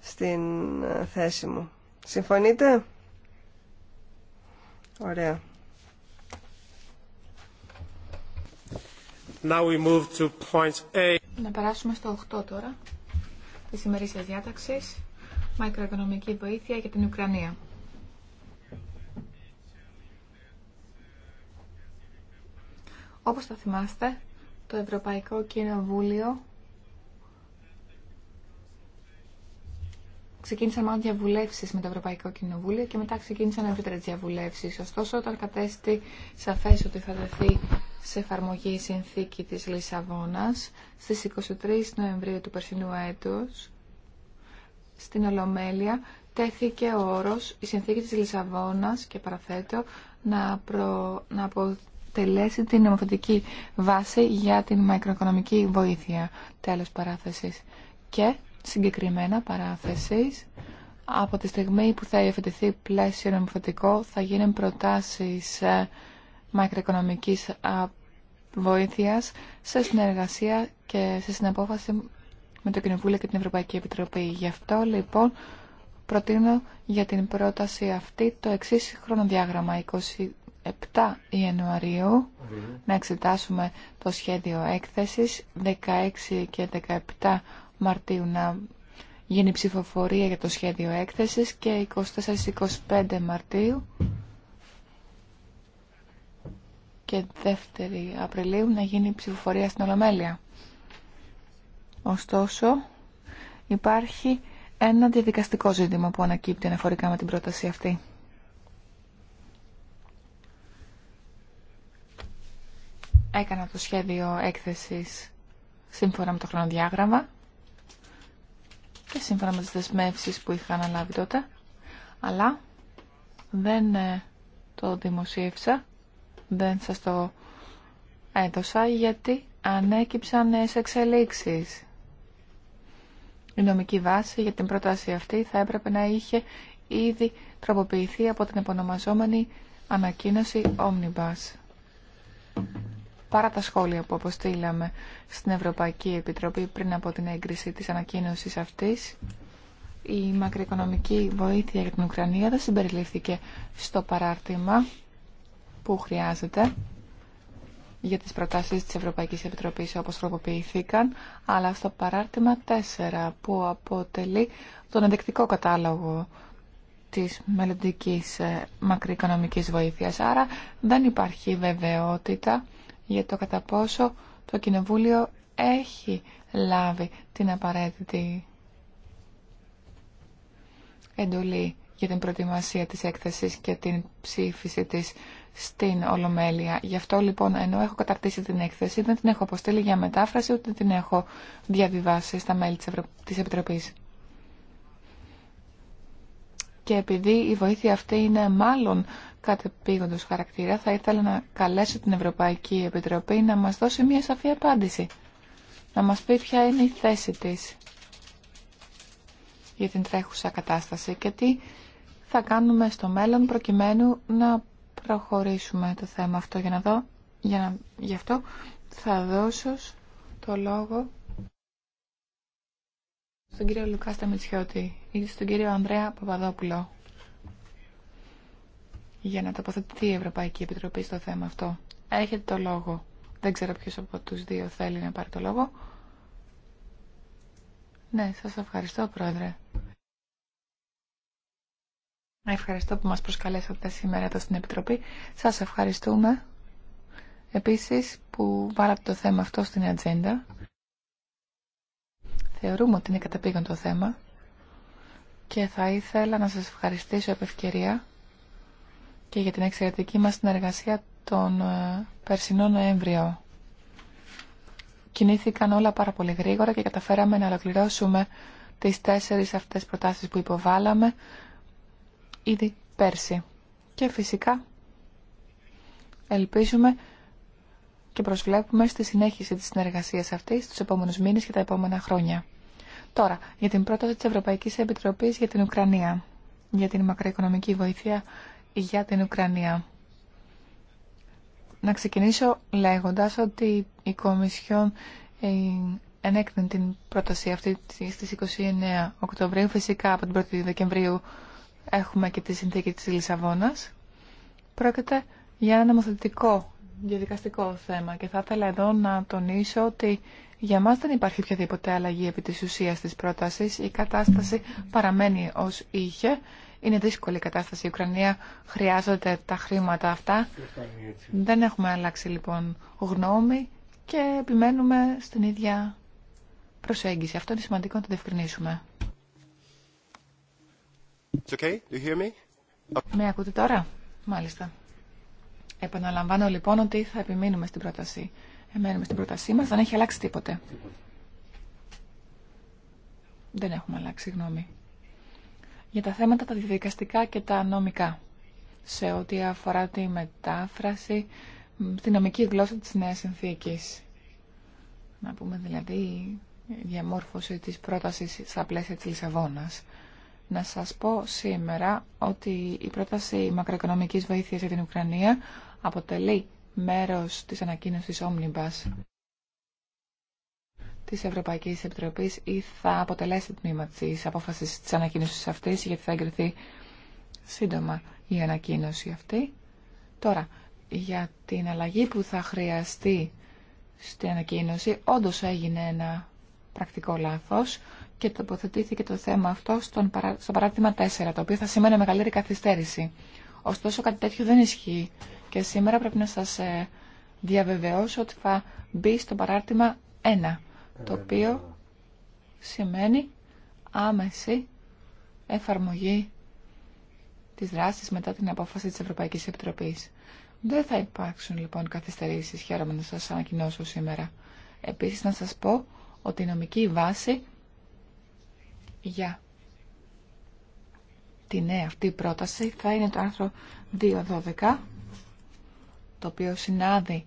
S1: στην ε, θέση μου. Συμφωνείτε?
S3: Ωραία.
S2: Now we move to point
S3: Να περάσουμε στο 8 τώρα τη ημερήσιας διάταξη. μακροοικονομική βοήθεια για την Ουκρανία. Όπως θα θυμάστε, το Ευρωπαϊκό Κοινοβούλιο ξεκίνησαν μάλλον διαβουλεύσεις με το Ευρωπαϊκό Κοινοβούλιο και μετά ξεκίνησαν ευρύτερες διαβουλεύσει. Ωστόσο, όταν κατέστη σαφές ότι θα δεθεί σε εφαρμογή η συνθήκη της Λισαβόνα. στις 23 Νοεμβρίου του περσινού έτου, στην Ολομέλεια, τέθηκε ο όρος η συνθήκη της Λισαβόνα και παραθέτω να, να αποτελέσει την νομοθετική βάση για την μακροοικονομική βοήθεια. Τέλος παράθεσης. Και συγκεκριμένα παράθεσης από τη στιγμή που θα υιοθετηθεί πλαίσιο νομοθετικό θα γίνουν προτάσεις ε, μακροοικονομικής βοήθειας σε συνεργασία και σε συναπόφαση με το Κοινοβούλιο και την Ευρωπαϊκή Επιτροπή. Γι' αυτό λοιπόν προτείνω για την πρόταση αυτή το εξή χρονοδιάγραμμα 27 Ιανουαρίου να εξετάσουμε το σχέδιο έκθεσης 16 και 17 Μαρτίου να γίνει ψηφοφορία για το σχέδιο έκθεσης και 24-25 Μαρτίου και 2 Απριλίου να γίνει ψηφοφορία στην Ολομέλεια. Ωστόσο, υπάρχει ένα διαδικαστικό ζήτημα που ανακύπτει αναφορικά με την πρόταση αυτή. Έκανα το σχέδιο έκθεσης σύμφωνα με το χρονοδιάγραμμα και σύμφωνα με τις δεσμεύσεις που είχα αναλάβει τότε, αλλά δεν ε, το δημοσίευσα, δεν σας το έδωσα γιατί ανέκυψαν νέες εξελίξεις. Η νομική βάση για την πρόταση αυτή θα έπρεπε να είχε ήδη τροποποιηθεί από την επωνομαζόμενη ανακοίνωση Omnibus παρά τα σχόλια που αποστήλαμε στην Ευρωπαϊκή Επιτροπή πριν από την έγκριση της ανακοίνωσης αυτής, η μακροοικονομική βοήθεια για την Ουκρανία δεν συμπεριλήφθηκε στο παράρτημα που χρειάζεται για τις προτάσεις της Ευρωπαϊκής Επιτροπής όπως τροποποιήθηκαν, αλλά στο παράρτημα 4 που αποτελεί τον ενδεικτικό κατάλογο της μελλοντικής ε, μακροοικονομικής βοήθειας. Άρα δεν υπάρχει βεβαιότητα για το κατά πόσο το Κοινοβούλιο έχει λάβει την απαραίτητη εντολή για την προετοιμασία της έκθεσης και την ψήφιση της στην Ολομέλεια. Γι' αυτό λοιπόν ενώ έχω καταρτήσει την έκθεση δεν την έχω αποστείλει για μετάφραση ούτε την έχω διαβιβάσει στα μέλη της, Ευρω... της Επιτροπής. Και επειδή η βοήθεια αυτή είναι μάλλον κατεπήγοντος χαρακτήρα, θα ήθελα να καλέσω την Ευρωπαϊκή Επιτροπή να μας δώσει μια σαφή απάντηση. Να μας πει ποια είναι η θέση της για την τρέχουσα κατάσταση και τι θα κάνουμε στο μέλλον προκειμένου να προχωρήσουμε το θέμα αυτό. Για να δω, για να, γι' αυτό θα δώσω το λόγο στον κύριο Λουκάστα Μητσιώτη ή στον κύριο Ανδρέα Παπαδόπουλο για να τοποθετηθεί η Ευρωπαϊκή Επιτροπή στο θέμα αυτό. Έχετε το λόγο. Δεν ξέρω ποιο από τους δύο θέλει να πάρει το λόγο. Ναι, σας ευχαριστώ, Πρόεδρε. Ευχαριστώ που μας προσκαλέσατε σήμερα εδώ στην Επιτροπή. Σας ευχαριστούμε επίσης που βάλατε το θέμα αυτό στην ατζέντα. Θεωρούμε ότι είναι καταπήγον το θέμα και θα ήθελα να σας ευχαριστήσω επ' ευκαιρία και για την εξαιρετική μας συνεργασία τον ε, περσινό Νοέμβριο. Κινήθηκαν όλα πάρα πολύ γρήγορα και καταφέραμε να ολοκληρώσουμε τις τέσσερις αυτές προτάσεις που υποβάλαμε ήδη πέρσι. Και φυσικά ελπίζουμε και προσβλέπουμε στη συνέχιση της συνεργασίας αυτής τους επόμενους μήνες και τα επόμενα χρόνια. Τώρα, για την πρόταση της Ευρωπαϊκής Επιτροπής για την Ουκρανία, για την μακροοικονομική βοήθεια για την Ουκρανία. Να ξεκινήσω λέγοντας ότι η Κομισιόν ε, ενέκρινε την πρόταση αυτή στις 29 Οκτωβρίου. Φυσικά από την 1η Δεκεμβρίου έχουμε και τη συνθήκη της Λισαβόνας. Πρόκειται για ένα νομοθετικό διαδικαστικό θέμα και θα ήθελα εδώ να τονίσω ότι για μας δεν υπάρχει οποιαδήποτε αλλαγή επί της ουσίας της πρότασης. Η κατάσταση παραμένει ως είχε είναι δύσκολη η κατάσταση. Η Ουκρανία χρειάζονται τα χρήματα αυτά. Δεν έχουμε αλλάξει λοιπόν γνώμη και επιμένουμε στην ίδια προσέγγιση. Αυτό είναι σημαντικό να το διευκρινίσουμε.
S1: Okay. You hear me?
S3: Με ακούτε τώρα? Μάλιστα. Επαναλαμβάνω λοιπόν ότι θα επιμείνουμε στην πρόταση. Εμένουμε στην πρότασή μας, δεν έχει αλλάξει τίποτε. Δεν έχουμε αλλάξει γνώμη για τα θέματα τα διδικαστικά και τα νομικά σε ό,τι αφορά τη μετάφραση στη νομική γλώσσα της Νέας Συνθήκης. Να πούμε δηλαδή διαμόρφωση της πρότασης στα πλαίσια της Λισαβόνας. Να σας πω σήμερα ότι η πρόταση μακροοικονομικής βοήθειας για την Ουκρανία αποτελεί μέρος της ανακοίνωσης Omnibus της Ευρωπαϊκής Επιτροπής ή θα αποτελέσει τμήμα της απόφασης της ανακοίνωσης αυτής γιατί θα εγκριθεί σύντομα η ανακοίνωση αυτή. Τώρα, για την αλλαγή που θα χρειαστεί στην ανακοίνωση, όντω έγινε ένα πρακτικό λάθος και τοποθετήθηκε το θέμα αυτό στον παρά... στο παράδειγμα 4, το οποίο θα σημαίνει μεγαλύτερη καθυστέρηση. Ωστόσο, κάτι τέτοιο δεν ισχύει και σήμερα πρέπει να σας ε, διαβεβαιώσω ότι θα μπει στο παράρτημα 1 το οποίο σημαίνει άμεση εφαρμογή της δράσης μετά την απόφαση της Ευρωπαϊκής Επιτροπής. Δεν θα υπάρξουν λοιπόν καθυστερήσεις, χαίρομαι να σας ανακοινώσω σήμερα. Επίσης να σας πω ότι η νομική βάση για τη νέα αυτή πρόταση θα είναι το άρθρο 2.12, το οποίο συνάδει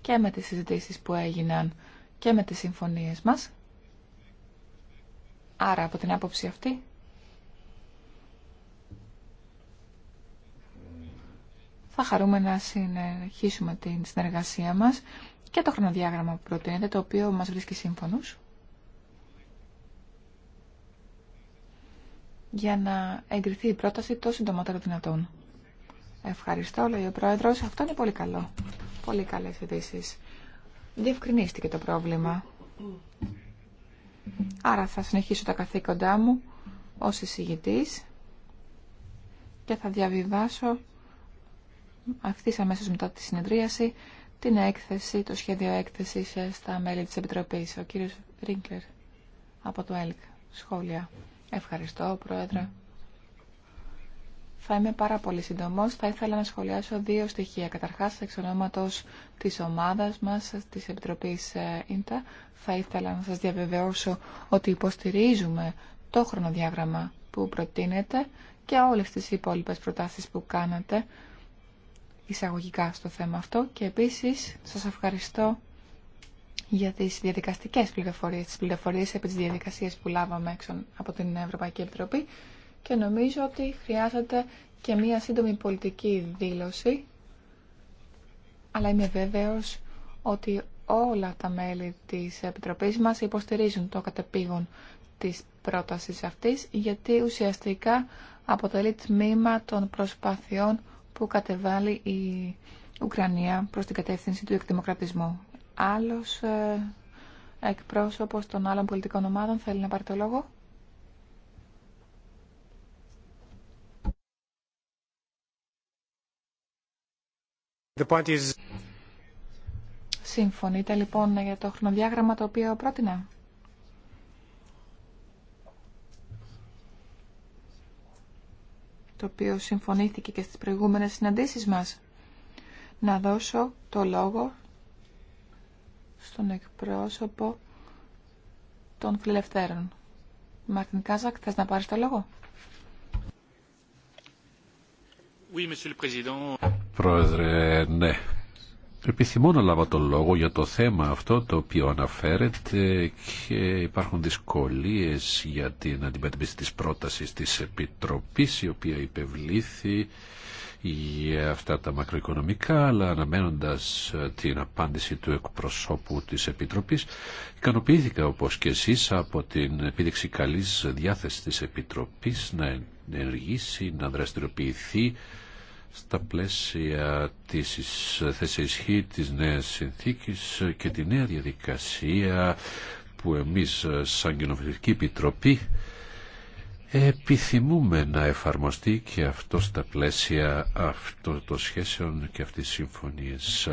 S3: και με τις συζητήσεις που έγιναν και με τις συμφωνίες μας. Άρα από την άποψη αυτή θα χαρούμε να συνεχίσουμε την συνεργασία μας και το χρονοδιάγραμμα που προτείνεται, το οποίο μας βρίσκει σύμφωνος. για να εγκριθεί η πρόταση το συντομότερο δυνατόν. Ευχαριστώ, λέει ο Πρόεδρος. Αυτό είναι πολύ καλό. Πολύ καλές ειδήσει διευκρινίστηκε το πρόβλημα. Άρα θα συνεχίσω τα καθήκοντά μου ως εισηγητής και θα διαβιβάσω αυτή αμέσω μετά τη συνεδρίαση την έκθεση, το σχέδιο έκθεση στα μέλη της Επιτροπής. Ο κύριος Ρίγκλερ από το ΕΛΚ. Σχόλια. Ευχαριστώ, Πρόεδρε. Θα είμαι πάρα πολύ συντομός. Θα ήθελα να σχολιάσω δύο στοιχεία. Καταρχάς, εξ ονόματος της ομάδας μας, της Επιτροπής ΙΝΤΑ, ε, θα ήθελα να σας διαβεβαιώσω ότι υποστηρίζουμε το χρονοδιάγραμμα που προτείνετε και όλες τις υπόλοιπες προτάσεις που κάνατε εισαγωγικά στο θέμα αυτό και επίσης σας ευχαριστώ για τις διαδικαστικές πληροφορίες, τις πληροφορίες επί τις διαδικασίες που λάβαμε έξω από την Ευρωπαϊκή Επιτροπή και νομίζω ότι χρειάζεται και μία σύντομη πολιτική δήλωση, αλλά είμαι βέβαιος ότι όλα τα μέλη της Επιτροπής μας υποστηρίζουν το κατεπήγον της πρότασης αυτής, γιατί ουσιαστικά αποτελεί τμήμα των προσπάθειών που κατεβάλλει η Ουκρανία προς την κατεύθυνση του εκδημοκρατισμού. Άλλος ε, εκπρόσωπος των άλλων πολιτικών ομάδων θέλει να πάρει το λόγο. Συμφωνείτε λοιπόν για το χρονοδιάγραμμα το οποίο πρότεινα. το οποίο συμφωνήθηκε και στις προηγούμενες συναντήσεις μας. Να δώσω το λόγο στον εκπρόσωπο των φιλελευθέρων. Μάρτιν Κάζακ, θες να πάρεις το λόγο.
S4: Oui, Πρόεδρε, ναι. Επιθυμώ να λάβω το λόγο για το θέμα αυτό το οποίο αναφέρεται και υπάρχουν δυσκολίες για την αντιμετωπίση της πρότασης της Επιτροπής η οποία υπευλήθη για αυτά τα μακροοικονομικά αλλά αναμένοντας την απάντηση του εκπροσώπου της Επιτροπής ικανοποιήθηκα όπως και εσείς από την επίδειξη καλής διάθεσης της Επιτροπής να ενεργήσει, να δραστηριοποιηθεί στα πλαίσια της ισχύ, της νέας συνθήκης και τη νέα διαδικασία που εμείς σαν Κοινοβουλευτική Επιτροπή επιθυμούμε να εφαρμοστεί και αυτό στα πλαίσια αυτών των σχέσεων και αυτής της συμφωνίας.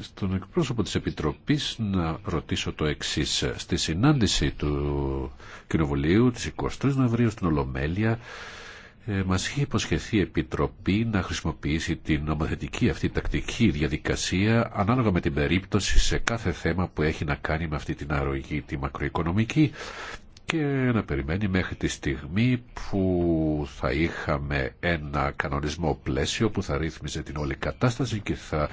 S4: Στον εκπρόσωπο της Επιτροπής να ρωτήσω το εξής. Στη συνάντηση του Κοινοβουλίου της 23 Νοεμβρίου στην Ολομέλεια ε, μας είχε υποσχεθεί η Επιτροπή να χρησιμοποιήσει την νομοθετική αυτή τακτική διαδικασία ανάλογα με την περίπτωση σε κάθε θέμα που έχει να κάνει με αυτή την αρρωγή τη μακροοικονομική και να περιμένει μέχρι τη στιγμή που θα είχαμε ένα κανονισμό πλαίσιο που θα ρύθμιζε την όλη κατάσταση και θα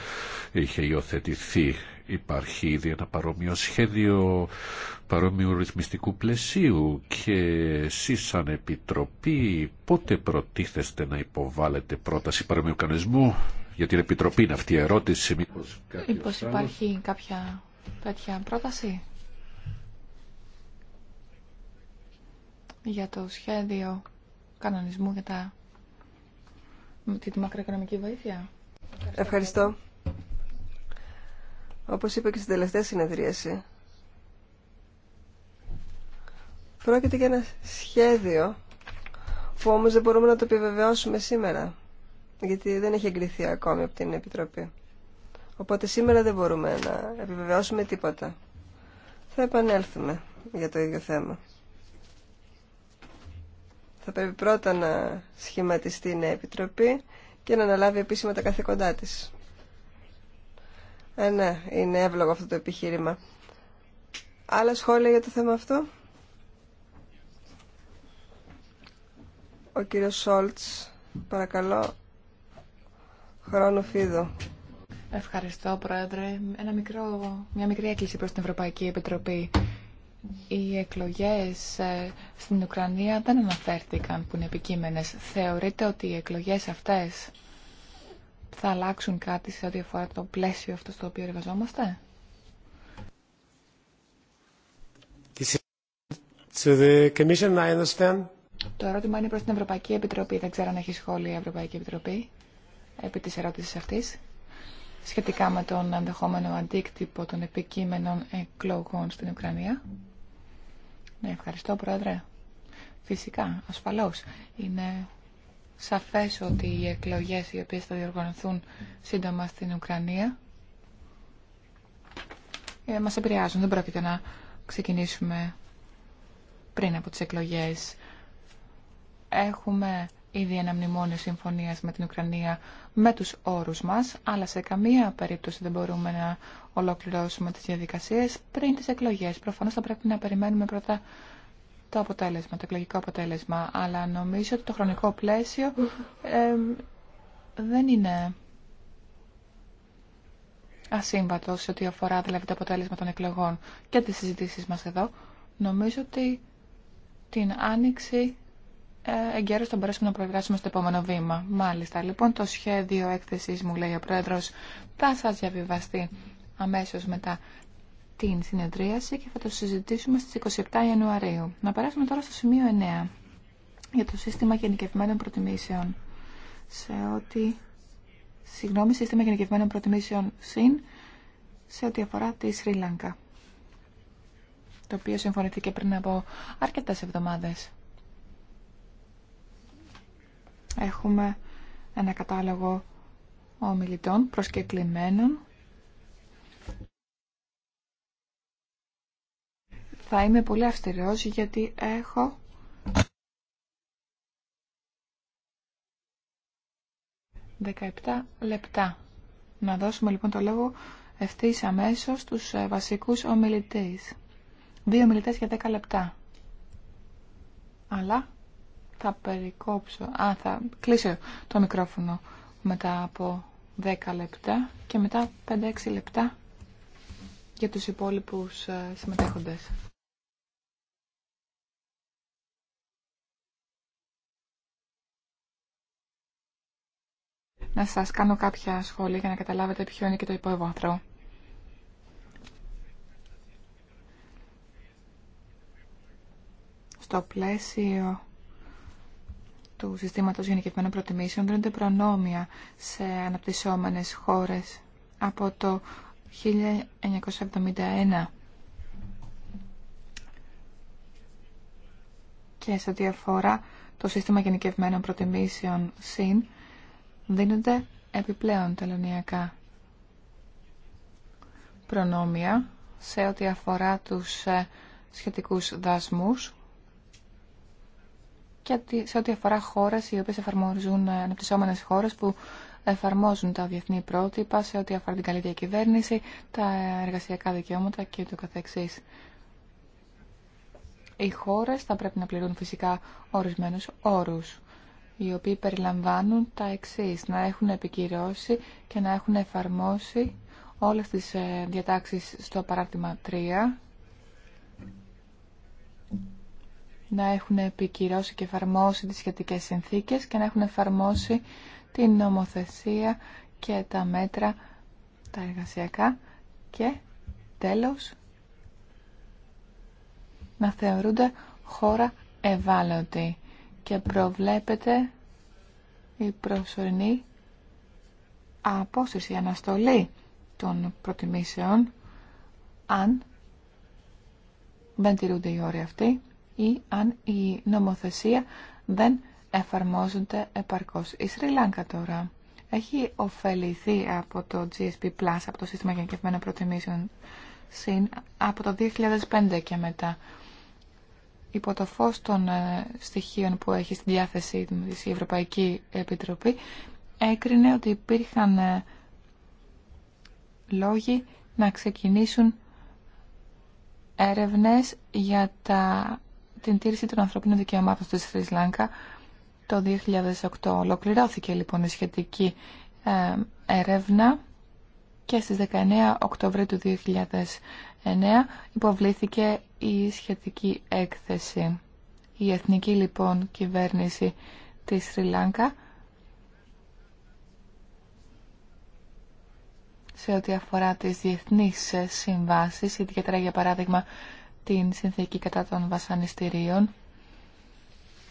S4: είχε υιοθετηθεί Υπάρχει ήδη ένα παρόμοιο σχέδιο παρόμοιου ρυθμιστικού πλαισίου και εσείς σαν Επιτροπή πότε προτίθεστε να υποβάλλετε πρόταση παρόμοιου κανονισμού για την Επιτροπή είναι αυτή η ερώτηση. Μήπως, Μήπως
S3: υπάρχει κάποια τέτοια πρόταση για το σχέδιο κανονισμού για τα... τη μακροοικονομική βοήθεια.
S1: Ευχαριστώ. Όπως είπα και στην τελευταία συνεδρίαση, πρόκειται για ένα σχέδιο που όμως δεν μπορούμε να το επιβεβαιώσουμε σήμερα, γιατί δεν έχει εγκριθεί ακόμη από την Επιτροπή. Οπότε σήμερα δεν μπορούμε να επιβεβαιώσουμε τίποτα. Θα επανέλθουμε για το ίδιο θέμα. Θα πρέπει πρώτα να σχηματιστεί η Επιτροπή και να αναλάβει επίσημα τα καθήκοντά της. Ε, ναι, είναι εύλογο αυτό το επιχείρημα. Άλλα σχόλια για το θέμα αυτό. Ο κύριος Σόλτς,
S3: παρακαλώ, χρόνο φίδο. Ευχαριστώ, Πρόεδρε. Ένα μικρό, μια μικρή έκκληση προς την Ευρωπαϊκή Επιτροπή. Οι εκλογές ε, στην Ουκρανία δεν αναφέρθηκαν που είναι επικείμενες. Θεωρείτε ότι οι εκλογές αυτές θα αλλάξουν κάτι σε ό,τι αφορά το πλαίσιο αυτό στο οποίο εργαζόμαστε.
S2: To the commission, I understand.
S3: Το ερώτημα είναι προς την Ευρωπαϊκή Επιτροπή. Δεν ξέρω αν έχει σχόλια η Ευρωπαϊκή Επιτροπή επί της ερώτησης αυτής σχετικά με τον ενδεχόμενο αντίκτυπο των επικείμενων εκλογών στην Ουκρανία. Ναι, ευχαριστώ, Πρόεδρε. Φυσικά, ασφαλώς. Είναι σαφές ότι οι εκλογές οι οποίες θα διοργανωθούν σύντομα στην Ουκρανία ε, μας επηρεάζουν. Δεν πρόκειται να ξεκινήσουμε πριν από τις εκλογές. Έχουμε ήδη ένα μνημόνιο συμφωνίας με την Ουκρανία με τους όρους μας, αλλά σε καμία περίπτωση δεν μπορούμε να ολοκληρώσουμε τις διαδικασίες πριν τις εκλογές. Προφανώς θα πρέπει να περιμένουμε πρώτα το αποτέλεσμα, το εκλογικό αποτέλεσμα. Αλλά νομίζω ότι το χρονικό πλαίσιο δεν είναι ασύμβατο σε ό,τι αφορά δηλαδή το αποτέλεσμα των εκλογών και τις συζητήσεις μας εδώ. Νομίζω ότι την άνοιξη ε, εγκαίρως θα μπορέσουμε να προεδράσουμε στο επόμενο βήμα. Μάλιστα, λοιπόν, το σχέδιο έκθεσης μου, λέει ο Πρόεδρος, θα σας διαβιβαστεί αμέσως μετά την συνεδρίαση και θα το συζητήσουμε στις 27 Ιανουαρίου. Να περάσουμε τώρα στο σημείο 9 για το σύστημα γενικευμένων προτιμήσεων. Σε ό,τι... Συγγνώμη, σύστημα γενικευμένων προτιμήσεων συν σε ό,τι αφορά τη Σρι Λάγκα. Το οποίο συμφωνήθηκε πριν από αρκετές εβδομάδες. Έχουμε ένα κατάλογο ομιλητών προσκεκλημένων Θα είμαι πολύ αυστηρός γιατί έχω... ...17 λεπτά. Να δώσουμε λοιπόν το λόγο ευθύς αμέσως στους ε, βασικούς ομιλητές. Δύο ομιλητές για 10 λεπτά. Αλλά θα περικόψω... θα κλείσω το μικρόφωνο μετά από 10 λεπτά και μετά 5-6 λεπτά για τους υπόλοιπους ε, συμμετέχοντες. να σας κάνω κάποια σχόλια για να καταλάβετε ποιο είναι και το υπόβαθρο. Στο πλαίσιο του συστήματος γενικευμένων προτιμήσεων δίνονται προνόμια σε αναπτυσσόμενες χώρες από το 1971 και σε διάφορα το σύστημα γενικευμένων προτιμήσεων ΣΥΝ δίνονται επιπλέον τελωνιακά προνόμια σε ό,τι αφορά τους ε, σχετικούς δασμούς και σε ό,τι αφορά χώρες οι οποίες εφαρμόζουν ε, αναπτυσσόμενες χώρες που εφαρμόζουν τα διεθνή πρότυπα σε ό,τι αφορά την καλή διακυβέρνηση, τα εργασιακά δικαιώματα και το καθεξής. Οι χώρες θα πρέπει να πληρούν φυσικά ορισμένους όρους οι οποίοι περιλαμβάνουν τα εξής, να έχουν επικυρώσει και να έχουν εφαρμόσει όλες τις ε, διατάξεις στο παράρτημα 3, να έχουν επικυρώσει και εφαρμόσει τις σχετικές συνθήκες και να έχουν εφαρμόσει την νομοθεσία και τα μέτρα τα εργασιακά και τέλος να θεωρούνται χώρα ευάλωτη και προβλέπεται η προσωρινή απόσταση, αναστολή των προτιμήσεων αν δεν τηρούνται οι όροι αυτοί ή αν η νομοθεσία δεν εφαρμόζονται επαρκώς. Η Σρι Λάγκα τώρα έχει ωφεληθεί από το GSP+, Plus, από το Σύστημα Γενικευμένων Προτιμήσεων, από το 2005 και μετά υπό το φως των ε, στοιχείων που έχει στη διάθεσή της η Ευρωπαϊκή Επιτροπή έκρινε ότι υπήρχαν ε, λόγοι να ξεκινήσουν έρευνες για τα, την τήρηση των ανθρωπίνων δικαιωμάτων στη Σρι Λάνκα το 2008. Ολοκληρώθηκε λοιπόν η σχετική ε, έρευνα και στις 19 Οκτωβρίου του 2008 υποβλήθηκε η σχετική έκθεση. Η εθνική λοιπόν κυβέρνηση της Σρι σε ό,τι αφορά τις διεθνείς συμβάσεις, ιδιαίτερα για παράδειγμα την συνθήκη κατά των βασανιστήριων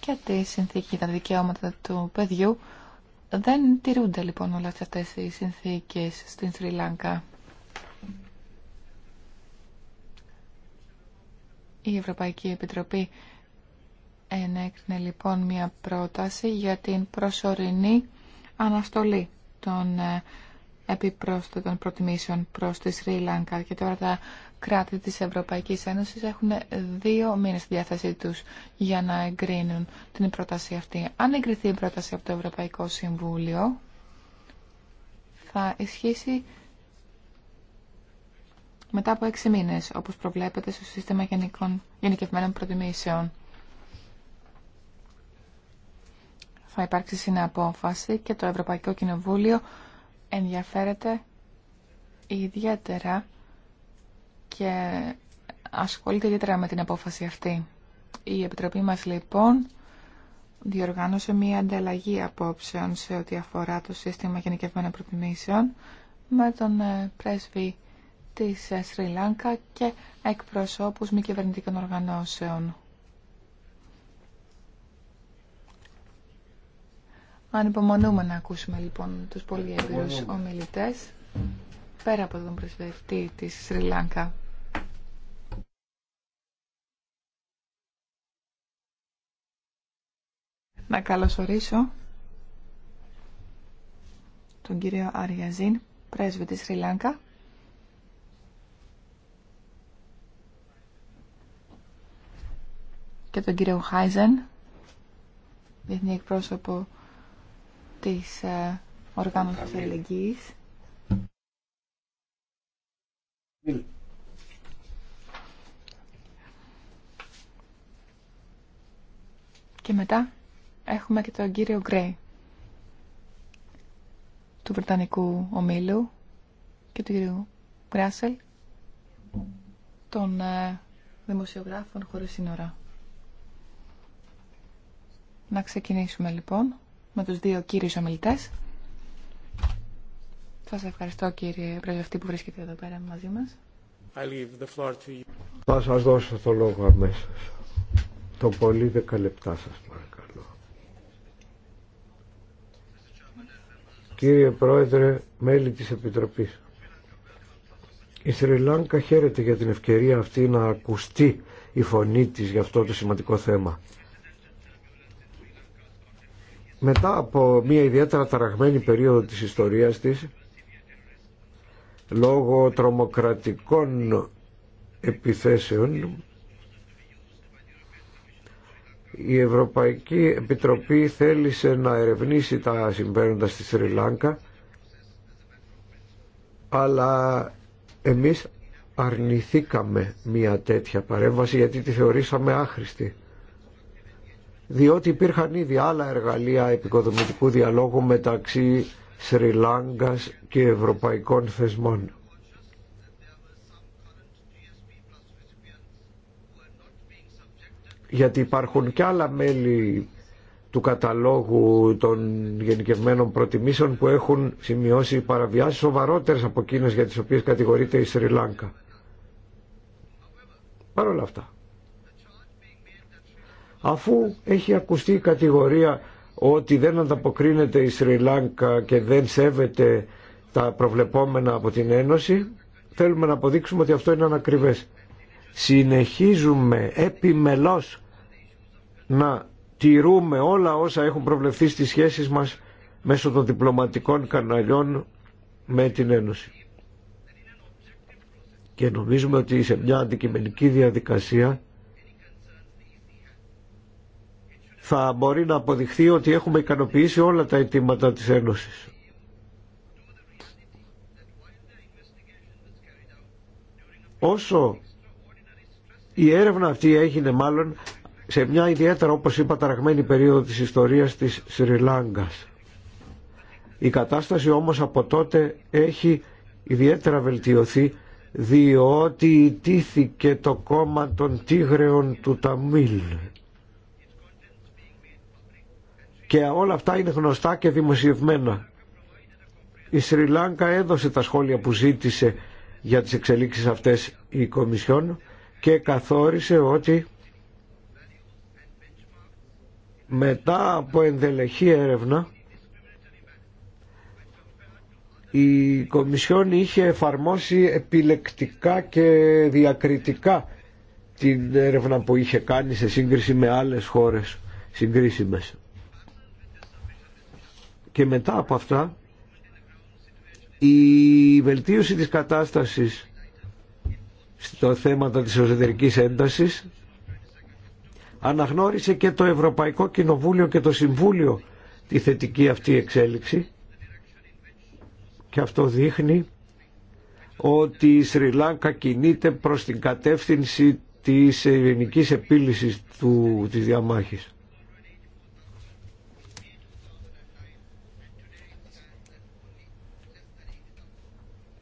S3: και τη συνθήκη για τα δικαιώματα του παιδιού. Δεν τηρούνται λοιπόν όλες αυτές οι συνθήκες στην Σρι Η Ευρωπαϊκή Επιτροπή ενέκρινε λοιπόν μια πρόταση για την προσωρινή αναστολή των ε, επιπρόσθετων προτιμήσεων προς τη Σρι και τώρα τα κράτη της Ευρωπαϊκής Ένωσης έχουν δύο μήνες στη διάθεσή τους για να εγκρίνουν την πρόταση αυτή. Αν εγκριθεί η πρόταση από το Ευρωπαϊκό Συμβούλιο θα ισχύσει μετά από έξι μήνες, όπως προβλέπεται στο σύστημα γενικών, γενικευμένων προτιμήσεων. Θα υπάρξει συναπόφαση και το Ευρωπαϊκό Κοινοβούλιο ενδιαφέρεται ιδιαίτερα και ασχολείται ιδιαίτερα με την απόφαση αυτή. Η Επιτροπή μας λοιπόν διοργάνωσε μία ανταλλαγή απόψεων σε ό,τι αφορά το σύστημα γενικευμένων προτιμήσεων με τον ε, πρέσβη της ε, Σρι Λάνκα και εκπροσώπους μη κυβερνητικών οργανώσεων. Ανυπομονούμε να ακούσουμε λοιπόν τους πολύ εμπειρούς ομιλητές πέρα από τον πρεσβευτή της Σρι Λάνκα. Να καλωσορίσω τον κύριο Αριαζίν, πρέσβη της Σρι Λάνκα. και τον κύριο Χάιζεν, διεθνή εκπρόσωπο της ε, οργάνωσης αλληλεγγύης. Και μετά έχουμε και τον κύριο Γκρέι του Βρετανικού Ομίλου και του κύριου Γκράσελ των ε, δημοσιογράφων χωρίς σύνορα. Να ξεκινήσουμε λοιπόν με τους δύο κύριους ομιλητές. Σας ευχαριστώ κύριε Πρεσβευτή που βρίσκεται εδώ πέρα μαζί μας.
S2: Θα σας δώσω το λόγο αμέσως. Το πολύ δεκα λεπτά σας παρακαλώ. Κύριε Πρόεδρε, μέλη της Επιτροπής. Η Σρι Λάνκα χαίρεται για την ευκαιρία αυτή να ακουστεί η φωνή της για αυτό το σημαντικό θέμα μετά από μια ιδιαίτερα ταραγμένη περίοδο της ιστορίας της λόγω τρομοκρατικών επιθέσεων η Ευρωπαϊκή Επιτροπή θέλησε να ερευνήσει τα συμβαίνοντα στη Σρι Λάγκα αλλά εμείς αρνηθήκαμε μια τέτοια παρέμβαση γιατί τη θεωρήσαμε άχρηστη διότι υπήρχαν ήδη άλλα εργαλεία επικοδομητικού διαλόγου μεταξύ Σρι Λάγκας και ευρωπαϊκών θεσμών. Γιατί υπάρχουν και άλλα μέλη του καταλόγου των γενικευμένων προτιμήσεων που έχουν σημειώσει παραβιάσεις σοβαρότερες από εκείνες για τις οποίες κατηγορείται η Σρι Λάγκα. Παρ' όλα αυτά αφού έχει ακουστεί η κατηγορία ότι δεν ανταποκρίνεται η Σρι Λάγκα και δεν σέβεται τα προβλεπόμενα από την Ένωση, θέλουμε να αποδείξουμε ότι αυτό είναι ανακριβές. Συνεχίζουμε επιμελώς να τηρούμε όλα όσα έχουν προβλεφθεί στις σχέσεις μας μέσω των διπλωματικών καναλιών με την Ένωση. Και νομίζουμε ότι σε μια αντικειμενική διαδικασία θα μπορεί να αποδειχθεί ότι έχουμε ικανοποιήσει όλα τα αιτήματα της Ένωσης. Όσο η έρευνα αυτή έγινε μάλλον σε μια ιδιαίτερα όπως είπα ταραγμένη περίοδο της ιστορίας της Σρι Η κατάσταση όμως από τότε έχει ιδιαίτερα βελτιωθεί διότι ιτήθηκε το κόμμα των τίγρεων του Ταμίλ και όλα αυτά είναι γνωστά και δημοσιευμένα. Η Σρι έδωσε τα σχόλια που ζήτησε για τις εξελίξεις αυτές η Κομισιόν και καθόρισε ότι μετά από ενδελεχή έρευνα η Κομισιόν είχε εφαρμόσει επιλεκτικά και διακριτικά την έρευνα που είχε κάνει σε σύγκριση με άλλες χώρες συγκρίσιμες και μετά από αυτά η βελτίωση της κατάστασης στο θέμα της εσωτερικής έντασης αναγνώρισε και το Ευρωπαϊκό Κοινοβούλιο και το Συμβούλιο τη θετική αυτή εξέλιξη και αυτό δείχνει ότι η Σρι Λάγκα κινείται προς την κατεύθυνση της ελληνικής επίλυσης του, της διαμάχης.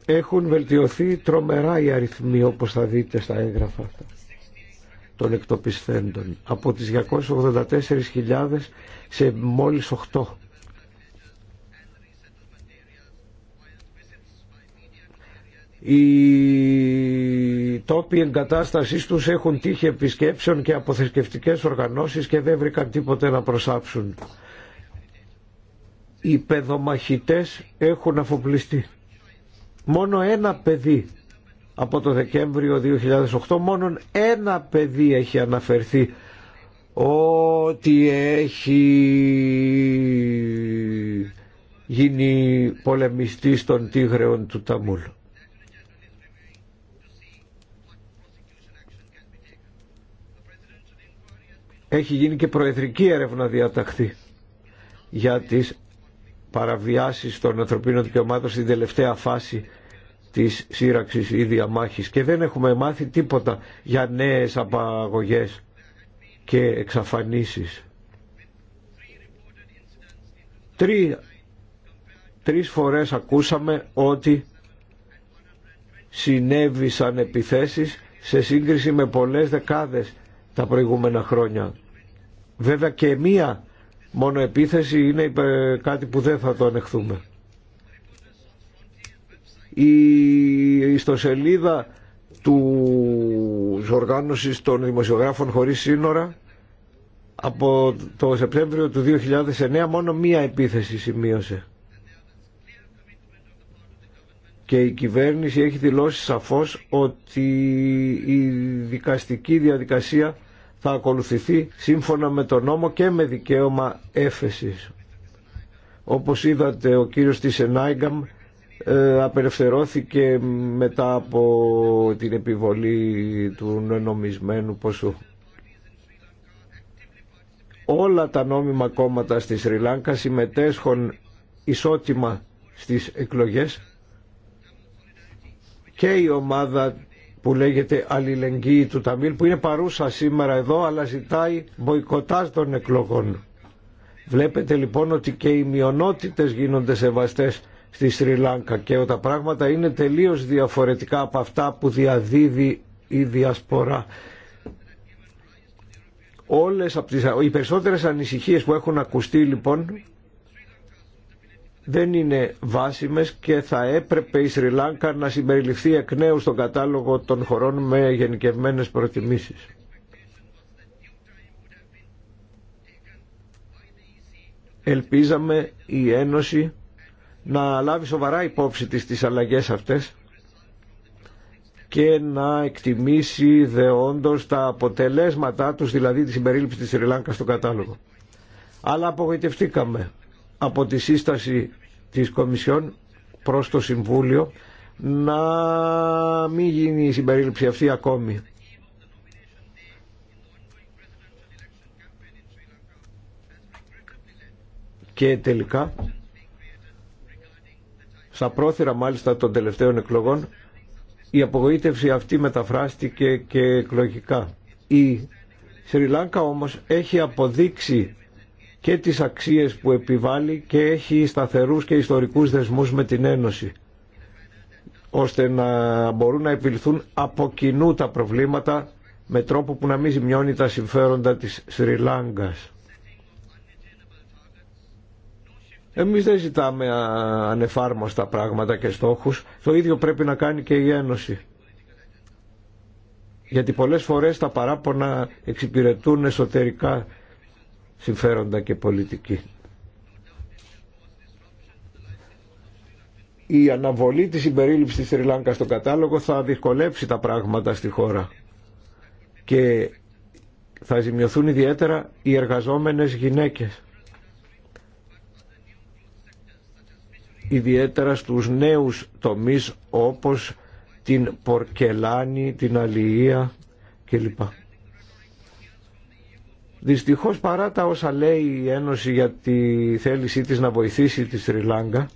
S2: έχουν βελτιωθεί τρομερά οι αριθμοί όπως θα δείτε στα έγγραφα αυτά των εκτοπισθέντων από τις 284.000 σε μόλις 8 οι τόποι εγκατάστασής τους έχουν τύχει επισκέψεων και από οργανώσεις και δεν βρήκαν τίποτε να προσάψουν. Οι παιδομαχητές έχουν αφοπλιστεί μόνο ένα παιδί από το Δεκέμβριο 2008 μόνο ένα παιδί έχει αναφερθεί ότι έχει γίνει πολεμιστής των τίγρεων του Ταμούλ. Έχει γίνει και προεδρική έρευνα διαταχθεί για τις παραβιάσεις των ανθρωπίνων δικαιωμάτων στην τελευταία φάση της σύραξης ή διαμάχης και δεν έχουμε μάθει τίποτα για νέες απαγωγές και εξαφανίσεις. Τρει τρεις φορές ακούσαμε ότι συνέβησαν επιθέσεις σε σύγκριση με πολλές δεκάδες τα προηγούμενα χρόνια. Βέβαια και μία μόνο επίθεση είναι κάτι που δεν θα το ανεχθούμε. Η ιστοσελίδα του οργάνωσης των δημοσιογράφων χωρίς σύνορα από το Σεπτέμβριο του 2009 μόνο μία επίθεση σημείωσε. Και η κυβέρνηση έχει δηλώσει σαφώς ότι η δικαστική διαδικασία θα ακολουθηθεί σύμφωνα με τον νόμο και με δικαίωμα έφεσης. Όπως είδατε ο κύριος της Ενάιγκαμ ε, απελευθερώθηκε μετά από την επιβολή του νομισμένου ποσού. Όλα τα νόμιμα κόμματα στη Σρι Λάνκα συμμετέσχουν ισότιμα στις εκλογές και η ομάδα που λέγεται αλληλεγγύη του Ταμίλ που είναι παρούσα σήμερα εδώ αλλά ζητάει μποϊκοτάζ των εκλογών. Βλέπετε λοιπόν ότι και οι μειονότητες γίνονται σεβαστές στη Σρι Λάνκα και τα πράγματα είναι τελείως διαφορετικά από αυτά που διαδίδει η διασπορά. Όλες τις, οι περισσότερες ανησυχίες που έχουν ακουστεί λοιπόν δεν είναι βάσιμες και θα έπρεπε η Σρι να συμπεριληφθεί εκ νέου στον κατάλογο των χωρών με γενικευμένες προτιμήσεις. Ελπίζαμε η Ένωση να λάβει σοβαρά υπόψη της τις αλλαγές αυτές και να εκτιμήσει δεόντως τα αποτελέσματά τους, δηλαδή τη συμπερίληψη της Σρι Λάγκα στον κατάλογο. Αλλά απογοητευτήκαμε από τη σύσταση της Κομισιόν προς το Συμβούλιο να μην γίνει η συμπερίληψη αυτή ακόμη. Και τελικά, στα πρόθυρα μάλιστα των τελευταίων εκλογών, η απογοήτευση αυτή μεταφράστηκε και εκλογικά. Η Σρι Λάγκα όμως έχει αποδείξει και τις αξίες που επιβάλλει και έχει σταθερούς και ιστορικούς δεσμούς με την Ένωση ώστε να μπορούν να επιληθούν από κοινού τα προβλήματα με τρόπο που να μην ζημιώνει τα συμφέροντα της Σρι Λάγκας. Εμείς δεν ζητάμε ανεφάρμοστα πράγματα και στόχους. Το ίδιο πρέπει να κάνει και η Ένωση. Γιατί πολλές φορές τα παράπονα εξυπηρετούν εσωτερικά συμφέροντα και πολιτική. Η αναβολή της συμπερίληψης της Σριλάνκα στο κατάλογο θα δυσκολέψει τα πράγματα στη χώρα και θα ζημιωθούν ιδιαίτερα οι εργαζόμενες γυναίκες. Ιδιαίτερα στους νέους τομείς όπως την πορκελάνη, την αλληλεία κλπ. Δυστυχώς παρά τα όσα λέει η Ένωση για τη θέλησή της να βοηθήσει τη Σρι Λάγκα,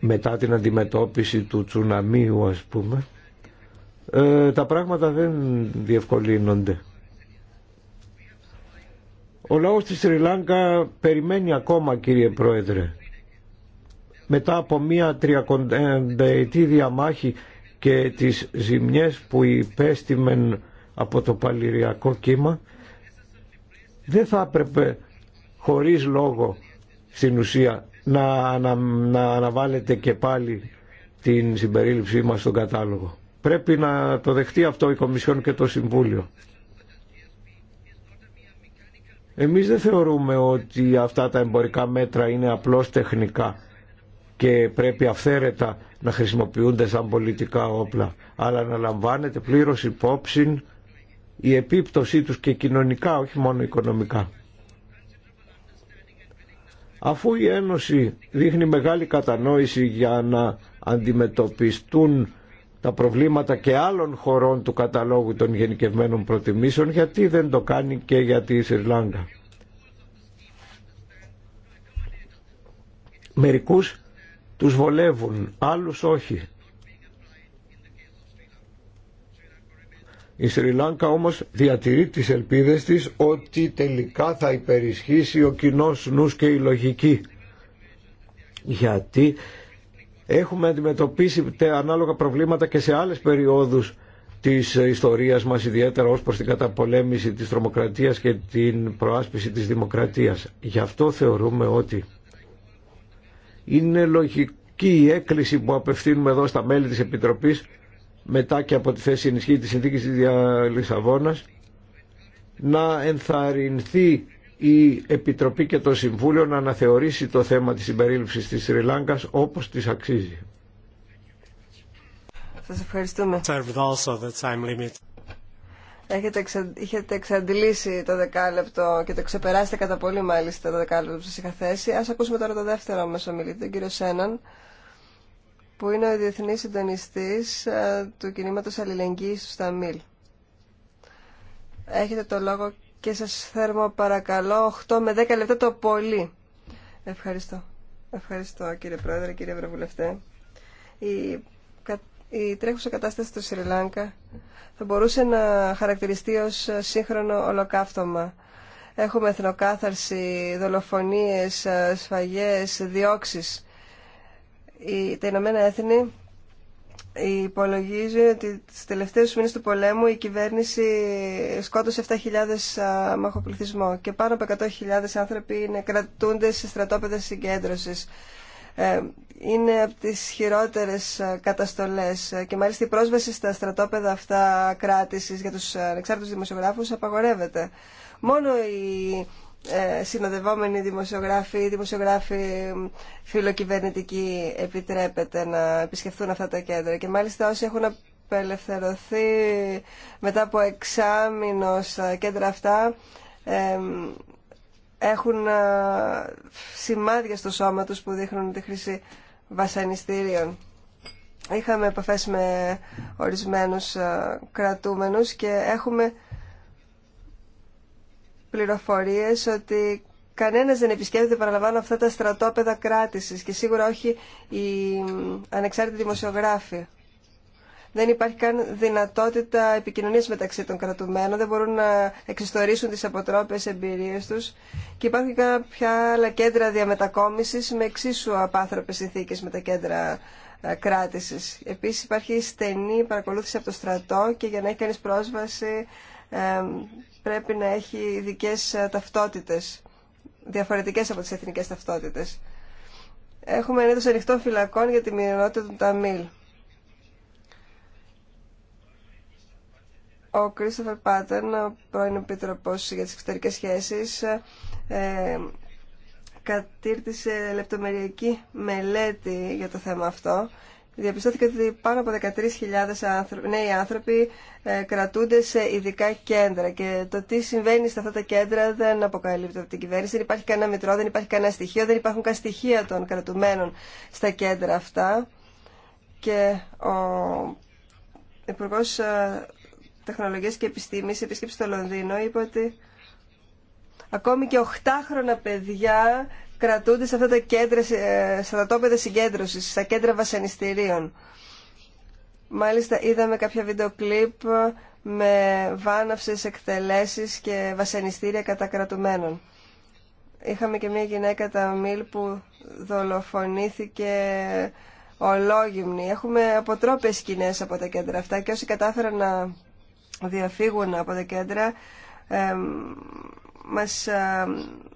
S2: μετά την αντιμετώπιση του τσουναμίου ας πούμε, ε, τα πράγματα δεν διευκολύνονται. Ο λαός της Σρι Λάγκα περιμένει ακόμα κύριε Πρόεδρε. Μετά από μια τριακονταετή ε, διαμάχη και τις ζημιές που υπέστημεν από το παλιριακό κύμα δεν θα έπρεπε χωρίς λόγο στην ουσία να, να, να αναβάλλεται και πάλι την συμπερίληψή μας στον κατάλογο. Πρέπει να το δεχτεί αυτό η Κομισιόν και το Συμβούλιο. Εμείς δεν θεωρούμε ότι αυτά τα εμπορικά μέτρα είναι απλώς τεχνικά και πρέπει αυθαίρετα να χρησιμοποιούνται σαν πολιτικά όπλα, αλλά να λαμβάνεται πλήρως υπόψη η επίπτωσή τους και κοινωνικά όχι μόνο οικονομικά. Αφού η Ένωση δείχνει μεγάλη κατανόηση για να αντιμετωπιστούν τα προβλήματα και άλλων χωρών του καταλόγου των γενικευμένων προτιμήσεων, γιατί δεν το κάνει και για τη Σιρλάνκα. Μερικούς τους βολεύουν, άλλους όχι. Η Σρι Λάνκα όμως διατηρεί τις ελπίδες της ότι τελικά θα υπερισχύσει ο κοινό νους και η λογική. Γιατί έχουμε αντιμετωπίσει ανάλογα προβλήματα και σε άλλες περιόδους της ιστορίας μας ιδιαίτερα ως προς την καταπολέμηση της τρομοκρατίας και την προάσπιση της δημοκρατίας. Γι' αυτό θεωρούμε ότι είναι λογική η έκκληση που απευθύνουμε εδώ στα μέλη της Επιτροπής μετά και από τη θέση ενισχύει τη συνθήκη της Λισαβόνας να ενθαρρυνθεί η Επιτροπή και το Συμβούλιο να αναθεωρήσει το θέμα της συμπερίληψης της Σρι όπως της αξίζει.
S1: Σας ευχαριστούμε. Έχετε Είχετε εξαντλήσει το δεκάλεπτο και το ξεπεράσετε κατά πολύ μάλιστα το δεκάλεπτο που σας είχα θέσει. Ας ακούσουμε τώρα το δεύτερο μεσομιλή, τον κύριο Σέναν, που είναι ο διεθνής συντονιστής ε, του κινήματος αλληλεγγύης του Σταμίλ. Έχετε το λόγο και σας θέρμο παρακαλώ 8 με 10 λεπτά το πολύ. Ευχαριστώ. Ευχαριστώ κύριε Πρόεδρε, κύριε Ευρωβουλευτέ. Η, η τρέχουσα κατάσταση του Σρι θα μπορούσε να χαρακτηριστεί ως σύγχρονο ολοκαύτωμα. Έχουμε εθνοκάθαρση, δολοφονίες, ε, σφαγές, διώξεις τα Ηνωμένα Έθνη υπολογίζουν ότι στις τελευταίες μήνες του πολέμου η κυβέρνηση σκότωσε 7.000 μαχοπληθυσμό και πάνω από 100.000 άνθρωποι είναι κρατούνται σε στρατόπεδα συγκέντρωσης. Ε, είναι από τις χειρότερες καταστολές ε, και μάλιστα η πρόσβαση στα στρατόπεδα αυτά κράτησης για τους ανεξάρτητους δημοσιογράφους απαγορεύεται. Μόνο η ε, συνοδευόμενοι δημοσιογράφοι ή δημοσιογράφοι φιλοκυβερνητικοί επιτρέπεται να επισκεφθούν αυτά τα κέντρα και μάλιστα όσοι έχουν απελευθερωθεί μετά από εξάμεινο στα ε, κέντρα αυτά ε, έχουν σημάδια στο σώμα τους που δείχνουν τη χρήση βασανιστήριων. Είχαμε επαφές με ορισμένους κρατούμενους και έχουμε πληροφορίες ότι κανένας δεν επισκέπτεται, παραλαμβάνω, αυτά τα στρατόπεδα κράτησης και σίγουρα όχι οι ανεξάρτητοι δημοσιογράφοι. Δεν υπάρχει καν δυνατότητα επικοινωνίας μεταξύ των κρατουμένων, δεν μπορούν να εξιστορήσουν τις αποτρόπες εμπειρίες τους και υπάρχουν κάποια άλλα κέντρα διαμετακόμισης με εξίσου απάνθρωπε συνθήκες με τα κέντρα ε, κράτησης. Επίσης υπάρχει στενή παρακολούθηση από το στρατό και για να έχει κανείς πρόσβαση ε, πρέπει να έχει ειδικέ ε, ταυτότητες, διαφορετικές από τις εθνικές ταυτότητες. Έχουμε ένα ανοιχτών φυλακών για τη μειονότητα του Ταμίλ. Ο Κρίστοφερ Πάτερν, ο πρώην Επίτροπος για τις Εξωτερικές Σχέσεις, ε, ε κατήρτισε λεπτομεριακή μελέτη για το θέμα αυτό διαπιστώθηκε ότι πάνω από 13.000 νέοι άνθρωποι ε, κρατούνται σε ειδικά κέντρα και το τι συμβαίνει σε αυτά τα κέντρα δεν αποκαλύπτει από την κυβέρνηση. Δεν υπάρχει κανένα μητρό, δεν υπάρχει κανένα στοιχείο, δεν υπάρχουν καν στοιχεία των κρατουμένων στα κέντρα αυτά. Και ο Υπουργό ε, Τεχνολογίας και Επιστήμης επίσκεψη στο Λονδίνο είπε ότι ακόμη και 8χρονα παιδιά κρατούνται σε αυτά τα κέντρα, στα ε, τόπεδα συγκέντρωσης, στα κέντρα βασανιστήριων. Μάλιστα είδαμε κάποια βίντεο κλιπ με βάναυσες εκτελέσεις και βασανιστήρια κατακρατουμένων. Είχαμε και μια γυναίκα τα Μιλ που δολοφονήθηκε ολόγυμνη. Έχουμε αποτρόπες σκηνέ από τα κέντρα αυτά και όσοι κατάφεραν να διαφύγουν από τα κέντρα ε, μας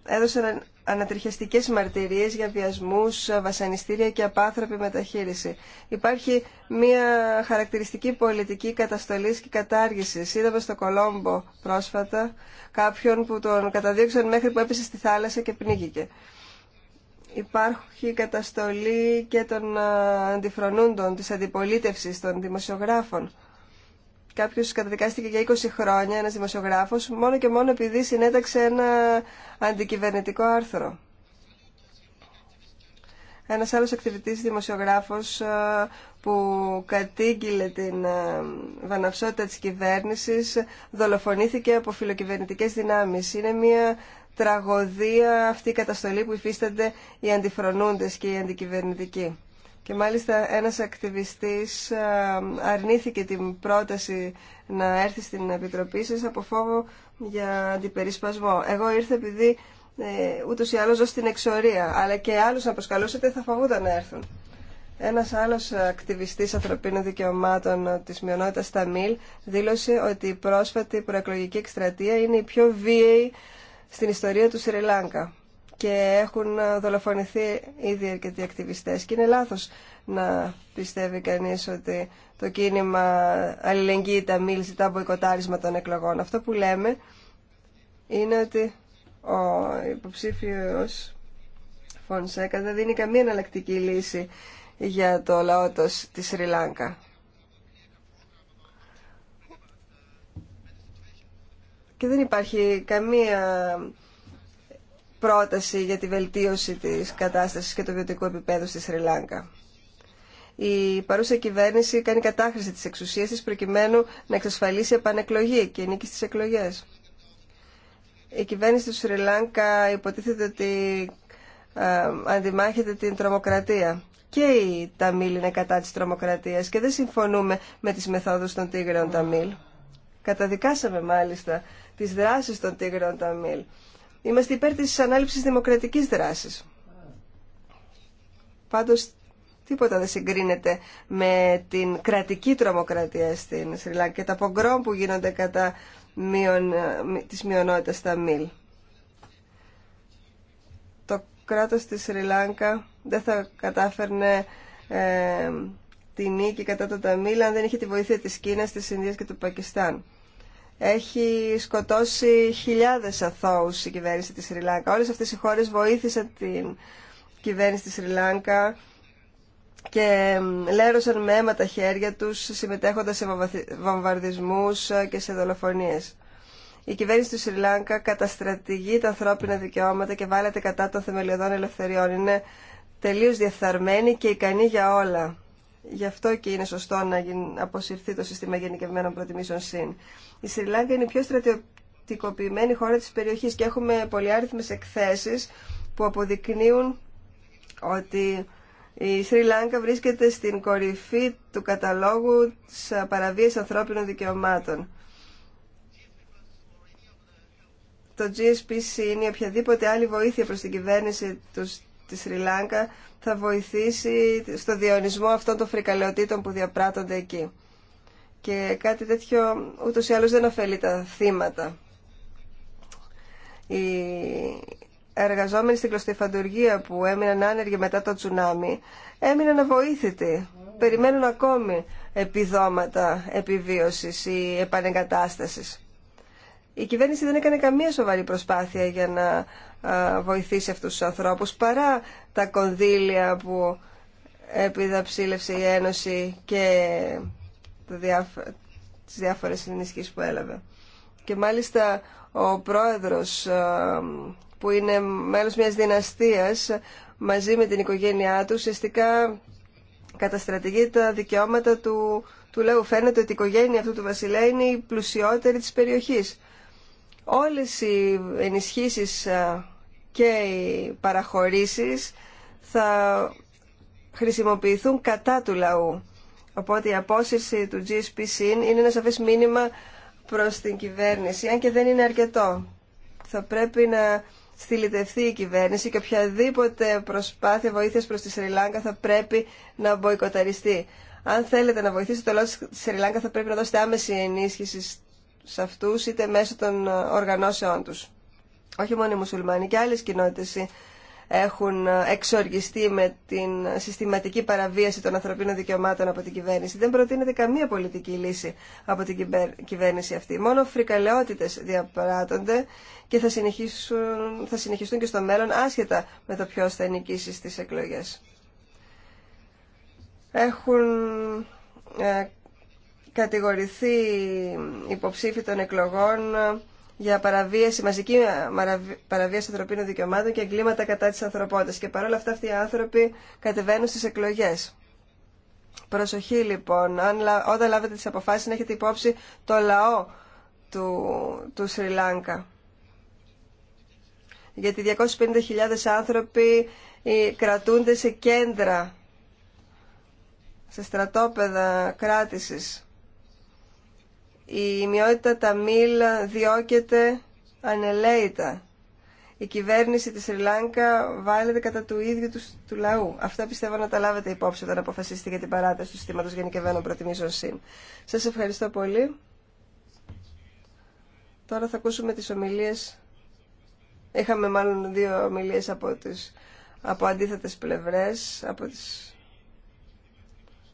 S1: έδωσαν ανατριχιαστικές μαρτυρίες για βιασμούς, βασανιστήρια και απάνθρωπη μεταχείριση. Υπάρχει μια χαρακτηριστική πολιτική καταστολής και κατάργησης. Είδαμε στο Κολόμπο πρόσφατα κάποιον που τον καταδίωξαν μέχρι που έπεσε στη θάλασσα και πνίγηκε. Υπάρχει καταστολή και των αντιφρονούντων, της αντιπολίτευσης των δημοσιογράφων κάποιο καταδικάστηκε για 20 χρόνια, ένα δημοσιογράφο, μόνο και μόνο επειδή συνέταξε ένα αντικυβερνητικό άρθρο. Ένα άλλο ακτιβητή δημοσιογράφος ε, που κατήγγειλε την ε, βαναυσότητα της κυβέρνηση, δολοφονήθηκε από φιλοκυβερνητικέ δυνάμεις. Είναι μια τραγωδία αυτή η καταστολή που υφίστανται οι αντιφρονούντες και οι αντικυβερνητικοί. Και μάλιστα ένας ακτιβιστής ε, αρνήθηκε την πρόταση να έρθει στην Επιτροπή σας από φόβο για αντιπερίσπασμο. Εγώ ήρθα επειδή ε, ούτως ή άλλως ζω στην εξορία, αλλά και άλλους να προσκαλούσετε θα φοβούνταν να έρθουν. Ένας άλλος ακτιβιστής ανθρωπίνων δικαιωμάτων της μειονότητας Ταμίλ δήλωσε ότι η πρόσφατη προεκλογική εκστρατεία είναι η πιο βίαιη στην ιστορία του Σιριλάνκα και έχουν δολοφονηθεί ήδη αρκετοί ακτιβιστές. Και είναι λάθος να πιστεύει κανείς ότι το κίνημα αλληλεγγύη τα μίλη ζητά μποϊκοτάρισμα των εκλογών. Αυτό που λέμε είναι ότι ο υποψήφιος Φονσέκα δεν δίνει καμία εναλλακτική λύση για το λαό τη Σρι Και δεν υπάρχει καμία πρόταση για τη βελτίωση της κατάστασης και του βιωτικού επίπεδου στη Σρι Λάγκα. Η παρούσα κυβέρνηση κάνει κατάχρηση της εξουσίας της προκειμένου να εξασφαλίσει επανεκλογή και νίκη στις εκλογές. Η κυβέρνηση του Σρι Λάγκα υποτίθεται ότι ε, αντιμάχεται την τρομοκρατία. Και η Ταμίλ είναι κατά της τρομοκρατίας και δεν συμφωνούμε με τις μεθόδους των Τίγρεων Ταμίλ. Καταδικάσαμε μάλιστα τις δράσεις των Τίγρεων Ταμίλ Είμαστε υπέρ τη ανάληψη δημοκρατική δράση. Πάντως τίποτα δεν συγκρίνεται με την κρατική τρομοκρατία στην Σριλάνκα και τα πογκρόμ που γίνονται κατά μειον, ε, της μειονότητας στα ΜΙΛ. Το κράτος της Σριλάνκα δεν θα κατάφερνε ε, τη νίκη κατά το Ταμίλ αν δεν είχε τη βοήθεια της Κίνας, της Ινδίας και του Πακιστάν έχει σκοτώσει χιλιάδες αθώους η κυβέρνηση της Σρι Όλες αυτές οι χώρες βοήθησαν την κυβέρνηση της Σρι και λέρωσαν με αίμα τα χέρια τους συμμετέχοντας σε βομβαρδισμούς και σε δολοφονίες. Η κυβέρνηση του Σρι καταστρατηγεί τα ανθρώπινα δικαιώματα και βάλεται κατά των θεμελιωδών ελευθεριών. Είναι τελείως διεφθαρμένη και ικανή για όλα. Γι' αυτό και είναι σωστό να αποσυρθεί το σύστημα γενικευμένων προτιμήσεων ΣΥΝ. Η Λάγκα είναι η πιο στρατιωτικοποιημένη χώρα της περιοχής και έχουμε πολυάριθμες εκθέσεις που αποδεικνύουν ότι η Σρι Λάγκα βρίσκεται στην κορυφή του καταλόγου της παραβίας ανθρώπινων δικαιωμάτων. Το GSPC είναι οποιαδήποτε άλλη βοήθεια προς την κυβέρνηση της Σρι Λάγκα θα βοηθήσει στο διαονισμό αυτών των φρικαλαιοτήτων που διαπράττονται εκεί. Και κάτι τέτοιο ούτως ή άλλως δεν ωφελεί τα θύματα. Οι εργαζόμενοι στην κλωστοϊφαντουργία που έμειναν άνεργοι μετά το τσουνάμι έμειναν αβοήθητοι. Περιμένουν ακόμη επιδόματα επιβίωσης ή επανεγκατάστασης η κυβέρνηση δεν έκανε καμία σοβαρή προσπάθεια για να βοηθήσει αυτούς τους ανθρώπους παρά τα κονδύλια που επιδαψίλευσε η Ένωση και τις διάφορες ενισχύσεις που έλαβε. Και μάλιστα ο πρόεδρος που είναι μέλος μιας δυναστείας μαζί με την οικογένειά του ουσιαστικά καταστρατηγεί τα δικαιώματα του, του λαού. Φαίνεται ότι η οικογένεια αυτού του βασιλέα είναι η πλουσιότερη της περιοχής όλες οι ενισχύσεις ε, και οι παραχωρήσεις θα χρησιμοποιηθούν κατά του λαού. Οπότε η απόσυρση του GSP Sin είναι ένα σαφές μήνυμα προς την κυβέρνηση, αν και δεν είναι αρκετό. Θα πρέπει να στυλιτευθεί η κυβέρνηση και οποιαδήποτε προσπάθεια βοήθειας προς τη Σρι θα πρέπει να μποϊκοταριστεί. Αν θέλετε να βοηθήσετε το λόγο της Σρι θα πρέπει να δώσετε άμεση ενίσχυση σε αυτούς είτε μέσω των ε, οργανώσεών τους. Όχι μόνο οι μουσουλμάνοι και άλλες κοινότητες ε, έχουν ε, εξοργιστεί με την συστηματική παραβίαση των ανθρωπίνων δικαιωμάτων από την κυβέρνηση. Δεν προτείνεται καμία πολιτική λύση από την κυβέρνηση αυτή. Μόνο φρικαλαιότητες διαπράττονται και θα, συνεχίσουν, θα συνεχιστούν και στο μέλλον άσχετα με το ποιος θα νικήσει στις εκλογές. Έχουν κατηγορηθεί υποψήφι των εκλογών για παραβίαση, μαζική παραβίαση ανθρωπίνων δικαιωμάτων και εγκλήματα κατά της ανθρωπότητας. Και παρόλα αυτά αυτοί οι άνθρωποι κατεβαίνουν στις εκλογές. Προσοχή λοιπόν, όταν λάβετε τις αποφάσεις να έχετε υπόψη το λαό του, του Σρι Λάνκα. Γιατί 250.000 άνθρωποι ε, κρατούνται σε κέντρα, σε στρατόπεδα κράτησης η ημιότητα Ταμίλ διώκεται ανελαίητα. Η κυβέρνηση της Σριλάνκα βάλεται κατά του ίδιου του, του, λαού. Αυτά πιστεύω να τα λάβετε υπόψη όταν αποφασίσετε για την παράταση του συστήματος γενικευμένων προτιμήσεων ΣΥΝ. Σας ευχαριστώ πολύ. Τώρα θα ακούσουμε τις ομιλίες. Είχαμε μάλλον δύο ομιλίες από, τις, από αντίθετες πλευρές, από τις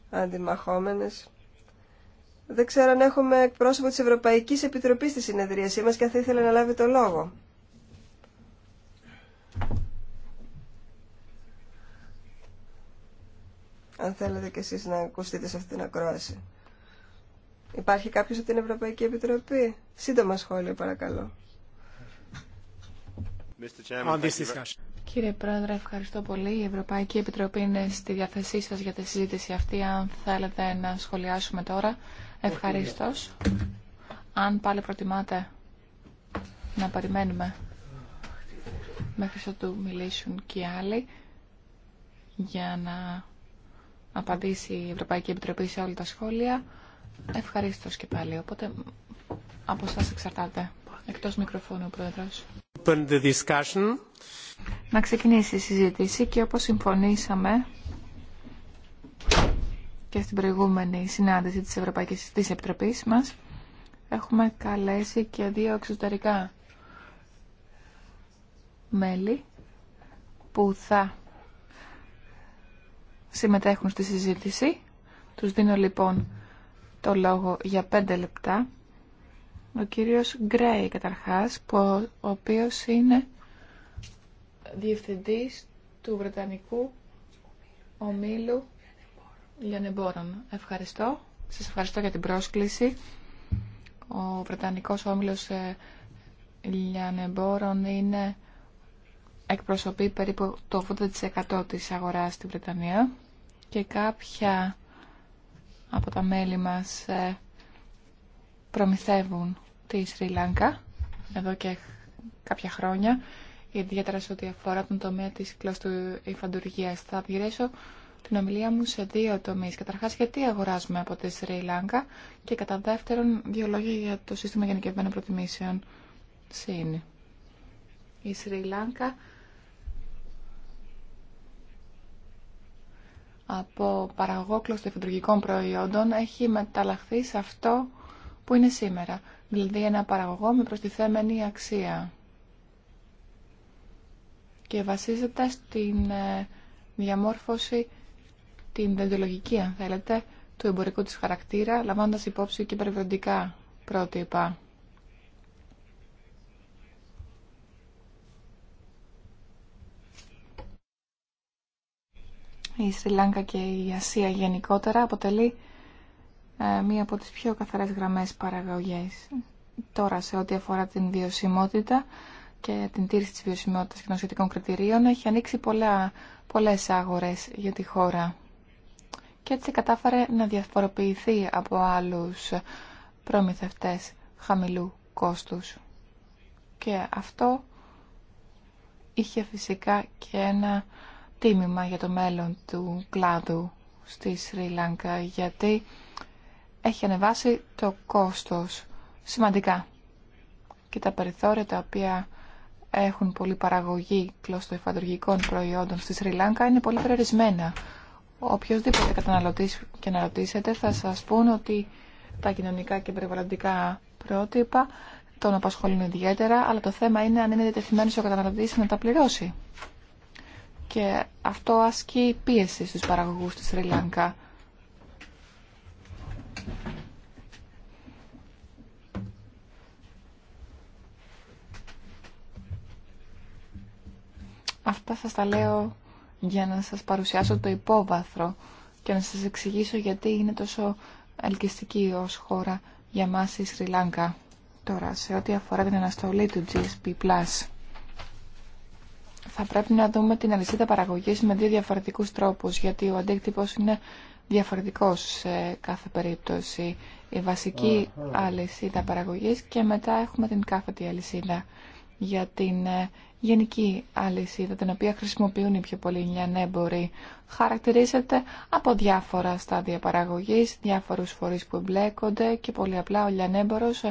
S1: αντιμαχόμενες. Δεν ξέρω αν έχουμε εκπρόσωπο της Ευρωπαϊκής Επιτροπής στη συνεδρίασή μας και αν θα ήθελε να λάβει το λόγο. Αν θέλετε κι εσείς να ακουστείτε σε αυτήν την ακρόαση. Υπάρχει κάποιος από την Ευρωπαϊκή Επιτροπή. Σύντομα σχόλιο παρακαλώ.
S3: Κύριε Πρόεδρε, ευχαριστώ πολύ. Η Ευρωπαϊκή Επιτροπή είναι στη διάθεσή σας για τη συζήτηση αυτή. Αν θέλετε να σχολιάσουμε τώρα Ευχαριστώ. Αν πάλι προτιμάτε να περιμένουμε μέχρι του μιλήσουν και οι άλλοι για να απαντήσει η Ευρωπαϊκή Επιτροπή σε όλα τα σχόλια. Ευχαριστώ και πάλι. Οπότε από εσά εξαρτάται. Εκτός μικροφώνου ο Πρόεδρος. να ξεκινήσει η συζήτηση και όπως συμφωνήσαμε και στην προηγούμενη συνάντηση της Ευρωπαϊκής της Επιτροπής μας έχουμε καλέσει και δύο εξωτερικά μέλη που θα συμμετέχουν στη συζήτηση. Τους δίνω λοιπόν το λόγο για πέντε λεπτά. Ο κύριος Γκρέι καταρχάς, που ο οποίος είναι διευθυντής του Βρετανικού Ομίλου λιανεμπόρων. Ευχαριστώ. Σας ευχαριστώ για την πρόσκληση. Ο Βρετανικός Όμιλος ε, Λιανεμπόρων είναι εκπροσωπεί περίπου το 80% της αγοράς στη Βρετανία και κάποια από τα μέλη μας ε, προμηθεύουν τη Σρι Λάνκα εδώ και κάποια χρόνια ιδιαίτερα σε ό,τι αφορά τον τομέα της κλωστού υφαντουργίας. Θα διαιρέσω την ομιλία μου σε δύο τομείς. Καταρχάς, γιατί αγοράζουμε από τη Σρι Λάγκα και κατά δεύτερον, δύο λόγια για το σύστημα γενικευμένων προτιμήσεων ΣΥΝ. Η Σρι Λάγκα από παραγωγό κλωστοϊφαντουργικών προϊόντων έχει μεταλλαχθεί σε αυτό που είναι σήμερα. Δηλαδή ένα παραγωγό με προστιθέμενη αξία. Και βασίζεται στην ε, διαμόρφωση την δεντολογική, αν θέλετε, του εμπορικού της χαρακτήρα, λαμβάνοντας υπόψη και περιβαλλοντικά πρότυπα. Η Σρι Λάγκα και η Ασία γενικότερα αποτελεί ε, μία από τις πιο καθαρές γραμμές παραγωγής. Τώρα σε ό,τι αφορά την βιωσιμότητα και την τήρηση της βιωσιμότητας και των σχετικών κριτηρίων έχει ανοίξει πολλά, πολλές άγορες για τη χώρα και έτσι κατάφερε να διαφοροποιηθεί από άλλους προμηθευτές χαμηλού κόστους. Και αυτό είχε φυσικά και ένα τίμημα για το μέλλον του κλάδου στη Σρι Λάγκα γιατί έχει ανεβάσει το κόστος σημαντικά και τα περιθώρια τα οποία έχουν πολλή παραγωγή κλωστοϊφαντουργικών προϊόντων στη Σρι Λάγκα είναι πολύ περιορισμένα οποιοδήποτε καταναλωτή και να ρωτήσετε θα σας πούν ότι τα κοινωνικά και περιβαλλοντικά πρότυπα τον απασχολούν ιδιαίτερα, αλλά το θέμα είναι αν είναι διατεθειμένο ο καταναλωτής να τα πληρώσει. Και αυτό ασκεί πίεση στους παραγωγούς της Σρι Λάνκα. Αυτά σας τα λέω για να σας παρουσιάσω το υπόβαθρο και να σας εξηγήσω γιατί είναι τόσο ελκυστική ως χώρα για μας η Σρι Λάγκα τώρα σε ό,τι αφορά την αναστολή του GSP+. Θα πρέπει να δούμε την αλυσίδα παραγωγής με δύο διαφορετικούς τρόπους γιατί ο αντίκτυπος είναι διαφορετικός σε κάθε περίπτωση. Η βασική αλυσίδα παραγωγής και μετά έχουμε την κάθετη αλυσίδα για την ε, γενική αλυσίδα, την οποία χρησιμοποιούν οι πιο πολλοί λιανέμποροι, χαρακτηρίζεται από διάφορα στάδια παραγωγής, διάφορους φορείς που εμπλέκονται και πολύ απλά ο λιανέμπορος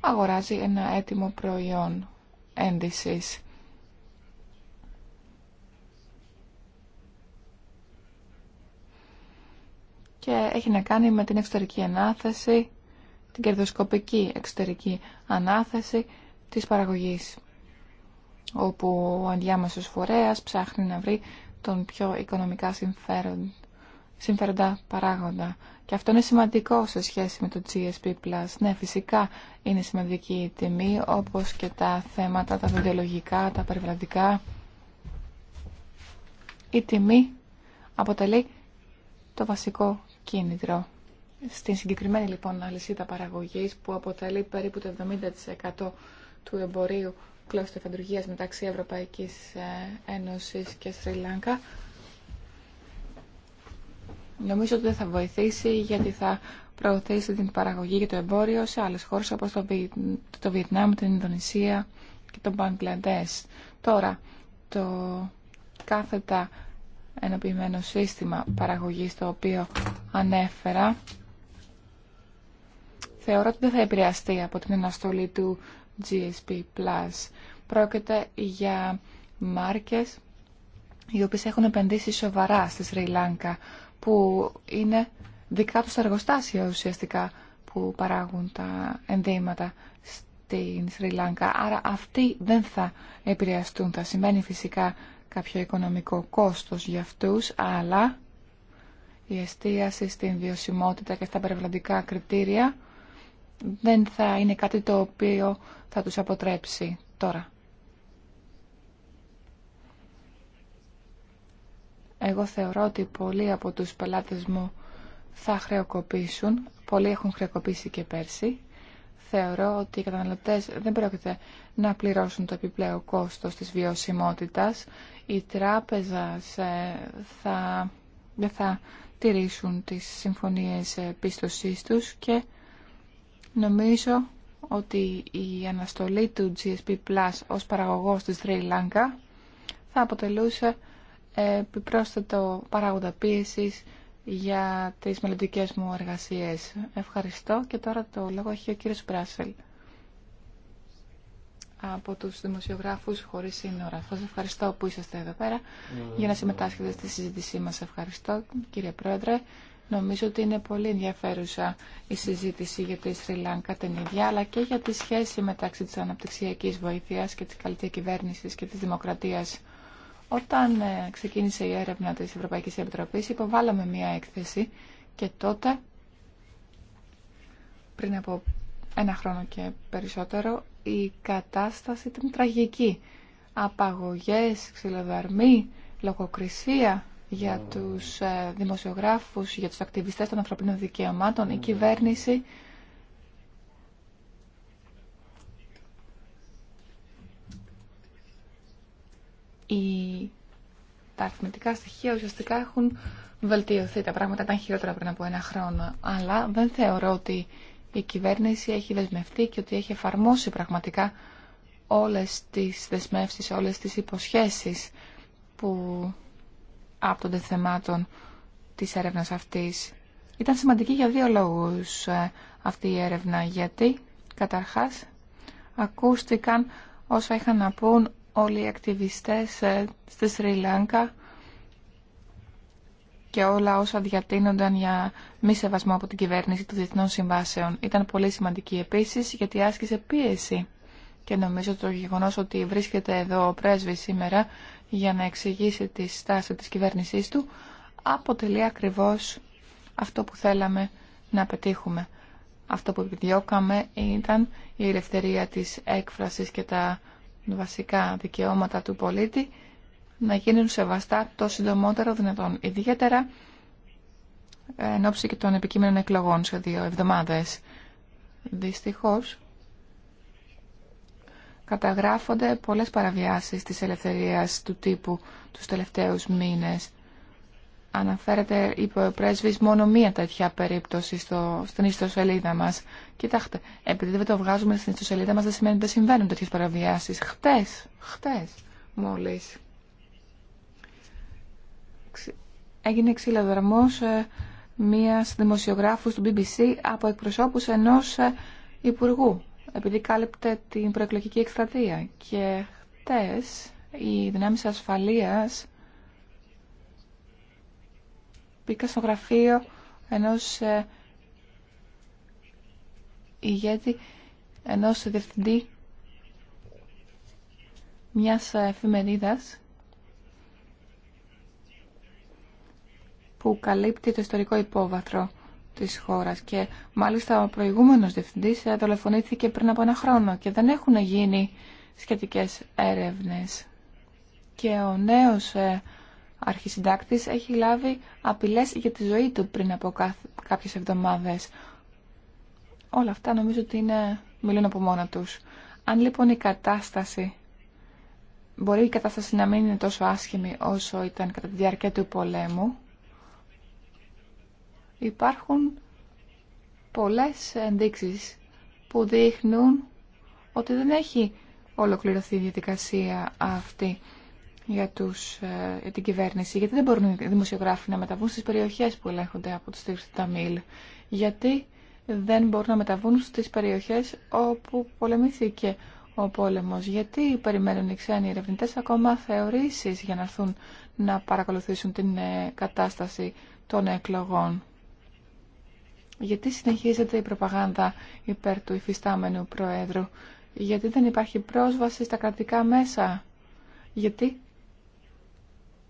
S3: αγοράζει ένα έτοιμο προϊόν ένδυσης. και έχει να κάνει με την εξωτερική ανάθεση, την κερδοσκοπική εξωτερική ανάθεση της παραγωγής όπου ο ενδιάμεσος φορέας ψάχνει να βρει τον πιο οικονομικά συμφέρον, συμφέροντα παράγοντα. Και αυτό είναι σημαντικό σε σχέση με το GSP+. Ναι, φυσικά είναι σημαντική η τιμή, όπως και τα θέματα, τα βιντεολογικά, τα περιβαλλοντικά. Η τιμή αποτελεί το βασικό κίνητρο. Στην συγκεκριμένη λοιπόν αλυσίδα παραγωγής που αποτελεί περίπου το 70% του εμπορίου φαντουργία μεταξύ Ευρωπαϊκή ε, Ένωση και Σρι Λάγκα. Νομίζω ότι δεν θα βοηθήσει γιατί θα προωθήσει την παραγωγή και το εμπόριο σε άλλες χώρες όπω το, Βι... Βιετνάμ, την Ινδονησία και τον Μπαγκλαντέ. Τώρα, το κάθετα ενοποιημένο σύστημα παραγωγής το οποίο ανέφερα θεωρώ ότι δεν θα επηρεαστεί από την αναστολή του GSP+. Πρόκειται για μάρκες οι οποίες έχουν επενδύσει σοβαρά στη Σρι Λάνκα, που είναι δικά τους εργοστάσια ουσιαστικά που παράγουν τα ενδύματα στην Σρι Λάνκα. Άρα αυτοί δεν θα επηρεαστούν. Θα σημαίνει φυσικά κάποιο οικονομικό κόστος για αυτούς, αλλά η εστίαση στην βιωσιμότητα και στα περιβαλλοντικά κριτήρια δεν θα είναι κάτι το οποίο θα τους αποτρέψει τώρα. Εγώ θεωρώ ότι πολλοί από τους πελάτες μου θα χρεοκοπήσουν. Πολλοί έχουν χρεοκοπήσει και πέρσι. Θεωρώ ότι οι καταναλωτές δεν πρόκειται να πληρώσουν το επιπλέον κόστος της βιωσιμότητας. Οι τράπεζες θα, δεν θα τηρήσουν τις συμφωνίες πίστοσής τους και Νομίζω ότι η αναστολή του GSP Plus ως παραγωγός της Sri Lanka θα αποτελούσε επιπρόσθετο παράγοντα πίεσης για τις μελλοντικέ μου εργασίες. Ευχαριστώ και τώρα το λόγο έχει ο κύριος Μπράσελ από τους δημοσιογράφους χωρίς σύνορα. Σας ευχαριστώ που είσαστε εδώ πέρα για να συμμετάσχετε στη συζήτησή μας. Ευχαριστώ κύριε Πρόεδρε. Νομίζω ότι είναι πολύ ενδιαφέρουσα η συζήτηση για τη Σρι Λάνκα την ίδια, αλλά και για τη σχέση μεταξύ της αναπτυξιακής βοήθειας και της καλύτερης κυβέρνησης και της δημοκρατίας. Όταν ε, ξεκίνησε η έρευνα της Ευρωπαϊκής Επιτροπής, υποβάλαμε μία έκθεση και τότε, πριν από ένα χρόνο και περισσότερο, η κατάσταση ήταν τραγική. Απαγωγές, ξυλοδαρμοί, λογοκρισία, για τους ε, δημοσιογράφους, για τους ακτιβιστές των ανθρωπίνων δικαιωμάτων, η κυβέρνηση η... τα αριθμητικά στοιχεία ουσιαστικά έχουν βελτιωθεί. Τα πράγματα ήταν χειρότερα πριν από ένα χρόνο. Αλλά δεν θεωρώ ότι η κυβέρνηση έχει δεσμευτεί και ότι έχει εφαρμόσει πραγματικά όλες τις δεσμεύσεις, όλες τις υποσχέσεις που άπτονται θεμάτων της έρευνας αυτής. Ήταν σημαντική για δύο λόγους ε, αυτή η έρευνα. Γιατί, καταρχάς, ακούστηκαν όσα είχαν να πούν όλοι οι ακτιβιστές ε, στη Σρι Λάνκα. και όλα όσα διατείνονταν για μη σεβασμό από την κυβέρνηση των διεθνών συμβάσεων. Ήταν πολύ σημαντική επίσης γιατί άσκησε πίεση. Και νομίζω το γεγονός ότι βρίσκεται εδώ ο πρέσβης σήμερα για να εξηγήσει τη στάση της κυβέρνησής του αποτελεί ακριβώς αυτό που θέλαμε να πετύχουμε. Αυτό που επιδιώκαμε ήταν η ελευθερία της έκφρασης και τα βασικά δικαιώματα του πολίτη να γίνουν σεβαστά το συντομότερο δυνατόν. Ιδιαίτερα εν ώψη και των επικείμενων εκλογών σε δύο εβδομάδες. Δυστυχώς, καταγράφονται πολλές παραβιάσεις της ελευθερίας του τύπου τους τελευταίους μήνες. Αναφέρεται είπε ο πρέσβης μόνο μία τέτοια περίπτωση στο, στην ιστοσελίδα μας. Κοιτάξτε, επειδή δεν το βγάζουμε στην ιστοσελίδα μας δεν σημαίνει ότι δεν συμβαίνουν τέτοιες παραβιάσεις. Χτες, χτες μόλις. Έγινε ξυλοδαρμός ε, μίας δημοσιογράφου του BBC από εκπροσώπους ενός ε, υπουργού επειδή κάλυπτε την προεκλογική εκστρατεία και χτες η δυνάμεις ασφαλείας πήγα στο γραφείο ενός ε, ηγέτη, ενός διευθυντή μιας εφημερίδας που καλύπτει το ιστορικό υπόβαθρο της χώρας και μάλιστα ο προηγούμενος διευθυντής ε, δολοφονήθηκε πριν από ένα χρόνο και δεν έχουν γίνει σχετικές έρευνες. Και ο νέος ε, αρχισυντάκτης έχει λάβει απειλές για τη ζωή του πριν από κάποιες εβδομάδες. Όλα αυτά νομίζω ότι είναι, μιλούν από μόνα τους. Αν λοιπόν η κατάσταση μπορεί η κατάσταση να μην είναι τόσο άσχημη όσο ήταν κατά τη διάρκεια του πολέμου υπάρχουν πολλές ενδείξεις που δείχνουν ότι δεν έχει ολοκληρωθεί η διαδικασία αυτή για, τους, ε, για την κυβέρνηση. Γιατί δεν μπορούν οι δημοσιογράφοι να μεταβούν στις περιοχές που ελέγχονται από τους τύπους του Ταμίλ. Γιατί δεν μπορούν να μεταβούν στις περιοχές όπου πολεμήθηκε ο πόλεμος. Γιατί περιμένουν οι ξένοι ερευνητές ακόμα θεωρήσεις για να έρθουν να παρακολουθήσουν την ε, κατάσταση των εκλογών. Γιατί συνεχίζεται η προπαγάνδα υπέρ του υφιστάμενου Προέδρου. Γιατί δεν υπάρχει πρόσβαση στα κρατικά μέσα. Γιατί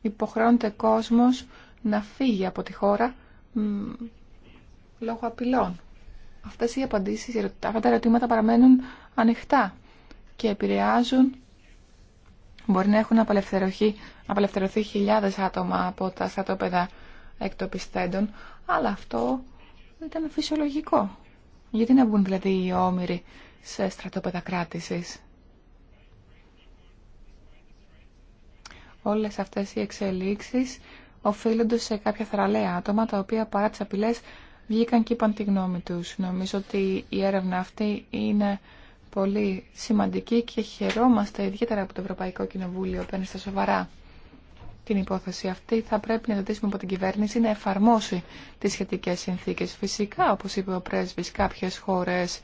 S3: υποχρεώνεται κόσμος να φύγει από τη χώρα μ, λόγω απειλών. Αυτές οι απαντήσεις, αυτά τα ερωτήματα παραμένουν ανοιχτά και επηρεάζουν Μπορεί να έχουν απελευθερωθεί, απελευθερωθεί χιλιάδες άτομα από τα στρατόπεδα εκτοπιστέντων, αλλά αυτό ήταν φυσιολογικό. Γιατί να μπουν δηλαδή οι όμοιροι σε στρατόπεδα κράτησης. Όλες αυτές οι εξελίξεις οφείλονται σε κάποια θεραλέα άτομα τα οποία παρά τις απειλές βγήκαν και είπαν τη γνώμη τους. Νομίζω ότι η έρευνα αυτή είναι πολύ σημαντική και χαιρόμαστε ιδιαίτερα από το Ευρωπαϊκό Κοινοβούλιο παίρνει στα σοβαρά την υπόθεση αυτή, θα πρέπει να ζητήσουμε από την κυβέρνηση να εφαρμόσει τις σχετικές συνθήκες. Φυσικά, όπως είπε ο πρέσβης, κάποιες χώρες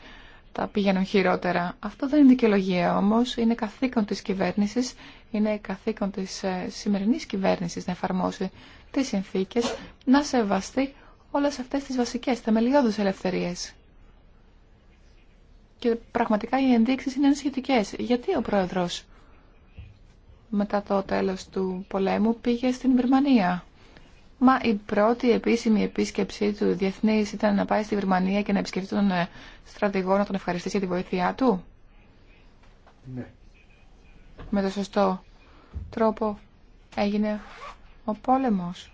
S3: τα πήγαιναν χειρότερα. Αυτό δεν είναι δικαιολογία όμως, είναι καθήκον της κυβέρνησης, είναι καθήκον της ε, σημερινής κυβέρνησης να εφαρμόσει τις συνθήκες, να σεβαστεί όλες αυτές τις βασικές θεμελιώδους ελευθερίες. Και πραγματικά οι ενδείξεις είναι ανησυχητικές. Γιατί ο πρόεδρος μετά το τέλος του πολέμου πήγε στην Βερμανία. Μα η πρώτη επίσημη επίσκεψή του διεθνής ήταν να πάει στη Βερμανία και να επισκεφτεί τον ε, στρατηγό να τον ευχαριστήσει για τη βοήθειά του. Ναι. Με το σωστό τρόπο έγινε ο πόλεμος.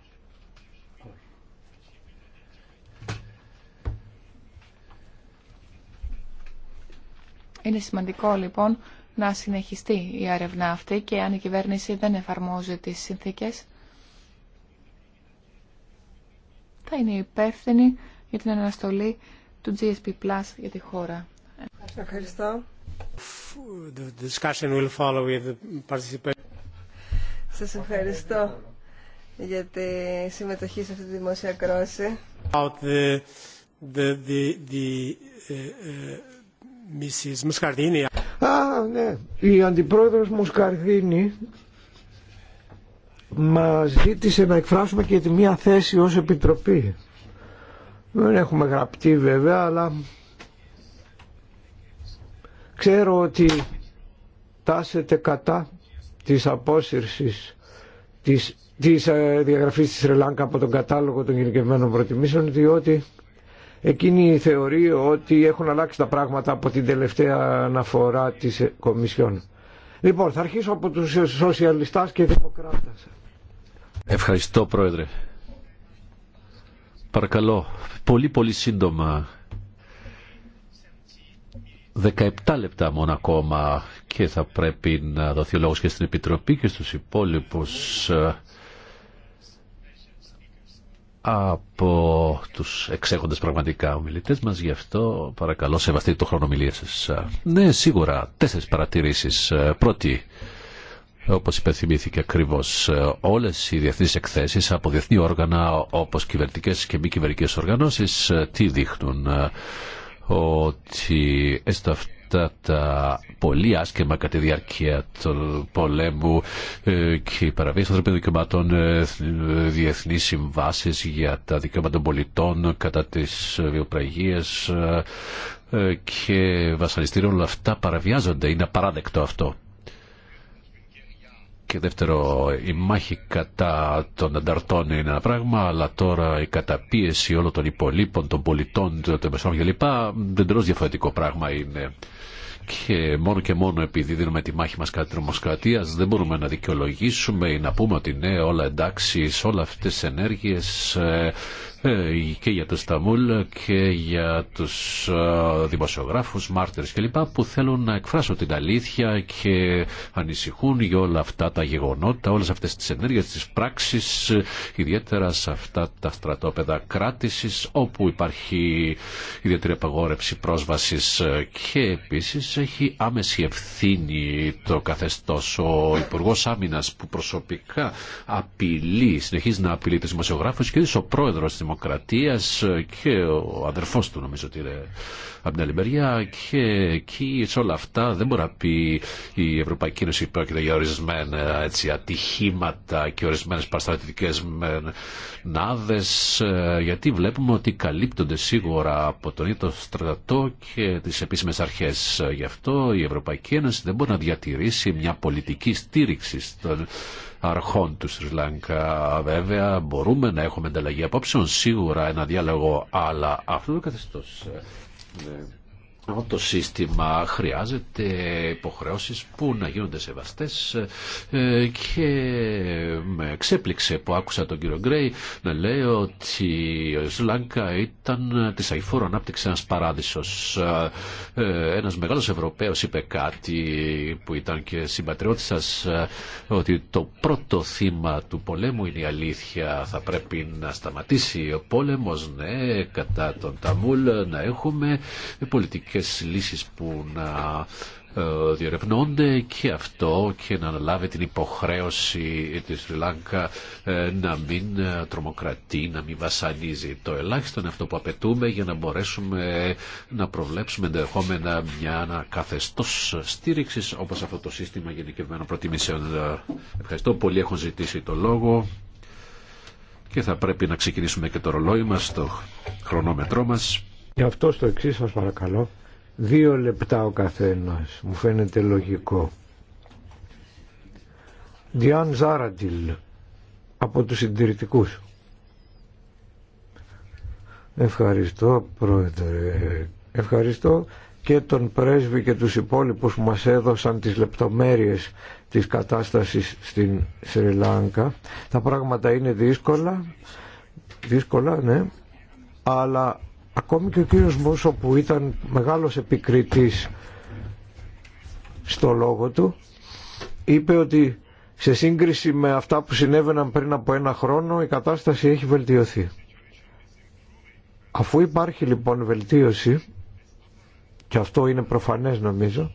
S3: Είναι σημαντικό λοιπόν να συνεχιστεί η έρευνα αυτή και αν η κυβέρνηση δεν εφαρμόζει τις συνθήκες θα είναι υπεύθυνη για την αναστολή του GSP Plus για τη χώρα.
S1: Ευχαριστώ.
S2: The the discussion will follow with participants.
S1: Σας ευχαριστώ για τη συμμετοχή σε αυτή τη δημόσια κρόση.
S2: About the, the, the, ε, ε, Mrs. Muscardini. Α, ναι. Η αντιπρόεδρος Μουσκαρδίνη μα ζήτησε να εκφράσουμε και τη μία θέση ως επιτροπή. Δεν έχουμε γραπτεί βέβαια, αλλά ξέρω ότι τάσετε κατά της απόσυρσης της, της ε, διαγραφής της Ρελάνκα από τον κατάλογο των γενικευμένων προτιμήσεων, διότι Εκείνη θεωρεί ότι έχουν αλλάξει τα πράγματα από την τελευταία αναφορά της Κομισιόν. Λοιπόν, θα αρχίσω από τους σοσιαλιστάς και δημοκρατές.
S4: Ευχαριστώ, Πρόεδρε. Παρακαλώ, πολύ πολύ σύντομα. 17 λεπτά μόνο ακόμα και θα πρέπει να δοθεί ο λόγος και στην Επιτροπή και στους υπόλοιπους. Ε, από τους εξέχοντες πραγματικά ομιλητές μας. Γι' αυτό παρακαλώ σεβαστείτε το χρόνο ομιλία σας. Ναι, σίγουρα τέσσερις παρατηρήσεις. Ε, πρώτη, όπως υπενθυμήθηκε ακριβώς, ε, όλες οι διεθνείς εκθέσεις από διεθνή όργανα όπως κυβερνητικές και μη κυβερνητικές οργανώσεις ε, τι δείχνουν ότι έστω τα πολύ άσχημα κατά τη διάρκεια του πολέμου ε, και η παραβίαση των δικαιωμάτων ε, ε, διεθνείς συμβάσεις για τα δικαιώματα των πολιτών κατά τις βιοπραγίες και βασανιστήριο όλα αυτά παραβιάζονται. Είναι απαράδεκτο αυτό. Και δεύτερο, η μάχη κατά των ανταρτών είναι ένα πράγμα, αλλά τώρα η καταπίεση όλων των υπολείπων, των πολιτών, των μεσόγειων κλπ. Δεν εντελώ διαφορετικό πράγμα είναι και μόνο και μόνο επειδή δίνουμε τη μάχη μας κατά τρομοσκρατίας δεν μπορούμε να δικαιολογήσουμε ή να πούμε ότι ναι όλα εντάξει σε όλα αυτές τις ενέργειες ε, ε, και για τους Ταμούλ και για τους δημοσιογράφους, μάρτυρες κλπ. που θέλουν να εκφράσουν την αλήθεια και ανησυχούν για όλα αυτά τα γεγονότα, όλες αυτές τις ενέργειες, τις πράξεις, ιδιαίτερα σε αυτά τα στρατόπεδα κράτησης όπου υπάρχει ιδιαίτερη απαγόρευση πρόσβασης και επίσης έχει άμεση ευθύνη το καθεστώς ο υπουργό Άμυνας που προσωπικά απειλεί, συνεχίζει να απειλεί τους δημοσιογράφους και ο πρόεδρος Δημοκρατίας και ο αδερφός του νομίζω ότι είναι από την άλλη μεριά και εκεί σε όλα αυτά δεν μπορεί να πει η Ευρωπαϊκή Ένωση πρόκειται για ορισμένα έτσι, ατυχήματα και ορισμένες παραστατικές νάδες ε, γιατί βλέπουμε ότι καλύπτονται σίγουρα από τον ίδιο στρατό και τις επίσημες αρχές. Γι' αυτό η Ευρωπαϊκή Ένωση δεν μπορεί να διατηρήσει μια πολιτική στήριξη αρχών του Σρι Λάγκα. Βέβαια μπορούμε να έχουμε ανταλλαγή απόψεων, σίγουρα ένα διάλογο, αλλά αυτό το Ναι. Λοιπόν, το σύστημα χρειάζεται υποχρεώσεις που να γίνονται σεβαστές ε, και με ξέπληξε που άκουσα τον κύριο Γκρέι να λέει ότι η Σλάνκα ήταν της αηφόρου ανάπτυξη ένας παράδεισος. Ε, ένας μεγάλος Ευρωπαίος είπε κάτι που ήταν και συμπατριώτη σας ότι το πρώτο θύμα του πολέμου είναι η αλήθεια. Θα πρέπει να σταματήσει ο πόλεμος, ναι, κατά τον Ταμούλ να έχουμε πολιτική κάποιες λύσεις που να ε, διερευνώνται και αυτό και να αναλάβει την υποχρέωση της Λάγκα ε, να μην ε, τρομοκρατεί, να μην βασανίζει. Το ελάχιστο είναι αυτό που απαιτούμε για να μπορέσουμε να προβλέψουμε ενδεχόμενα μια καθεστώς στήριξης όπως αυτό το σύστημα γενικευμένων προτιμήσεων. Ευχαριστώ πολύ, έχουν ζητήσει το λόγο και θα πρέπει να ξεκινήσουμε και το ρολόι μας, το χρονόμετρό μας.
S2: Γι' αυτό στο εξή σας παρακαλώ Δύο λεπτά ο καθένας, μου φαίνεται λογικό. Διάν Ζάραντιλ, από τους συντηρητικούς. Ευχαριστώ πρόεδρε. Ευχαριστώ και τον πρέσβη και τους υπόλοιπους που μας έδωσαν τις λεπτομέρειες της κατάστασης στην Σρι Τα πράγματα είναι δύσκολα, δύσκολα ναι, αλλά Ακόμη και ο κύριος Μούσο που ήταν μεγάλος επικριτής στο λόγο του είπε ότι σε σύγκριση με αυτά που συνέβαιναν πριν από ένα χρόνο η κατάσταση έχει βελτιωθεί. Αφού υπάρχει λοιπόν βελτίωση και αυτό είναι προφανές νομίζω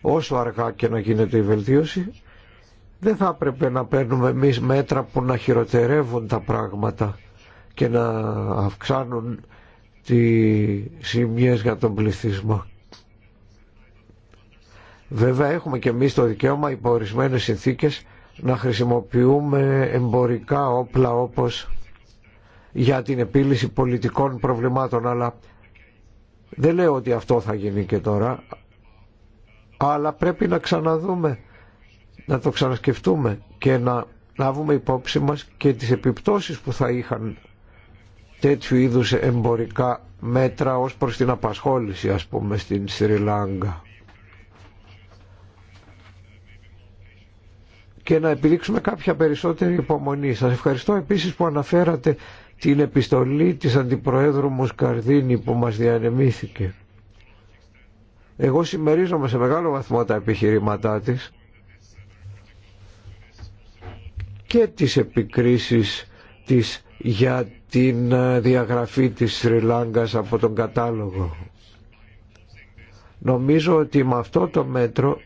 S2: όσο αργά και να γίνεται η βελτίωση δεν θα έπρεπε να παίρνουμε εμείς μέτρα που να χειροτερεύουν τα πράγματα και να αυξάνουν τι σημείες για τον πληθυσμό. Βέβαια έχουμε και εμείς το δικαίωμα υπό ορισμένες συνθήκες να χρησιμοποιούμε εμπορικά όπλα όπως για την επίλυση πολιτικών προβλημάτων αλλά δεν λέω ότι αυτό θα γίνει και τώρα αλλά πρέπει να ξαναδούμε να το ξανασκεφτούμε και να λάβουμε υπόψη μας και τις επιπτώσεις που θα είχαν τέτοιου είδους εμπορικά μέτρα ως προς την απασχόληση ας πούμε στην Σρι Λάγκα. και να επιδείξουμε κάποια περισσότερη υπομονή. Σας ευχαριστώ επίσης που αναφέρατε την επιστολή της Αντιπροέδρου Μουσκαρδίνη που μας διανεμήθηκε. Εγώ συμμερίζομαι σε μεγάλο βαθμό τα επιχειρήματά της και τις επικρίσεις της για την ε, διαγραφή της Σρι Λάγκας από τον κατάλογο. Νομίζω ότι με αυτό το μέτρο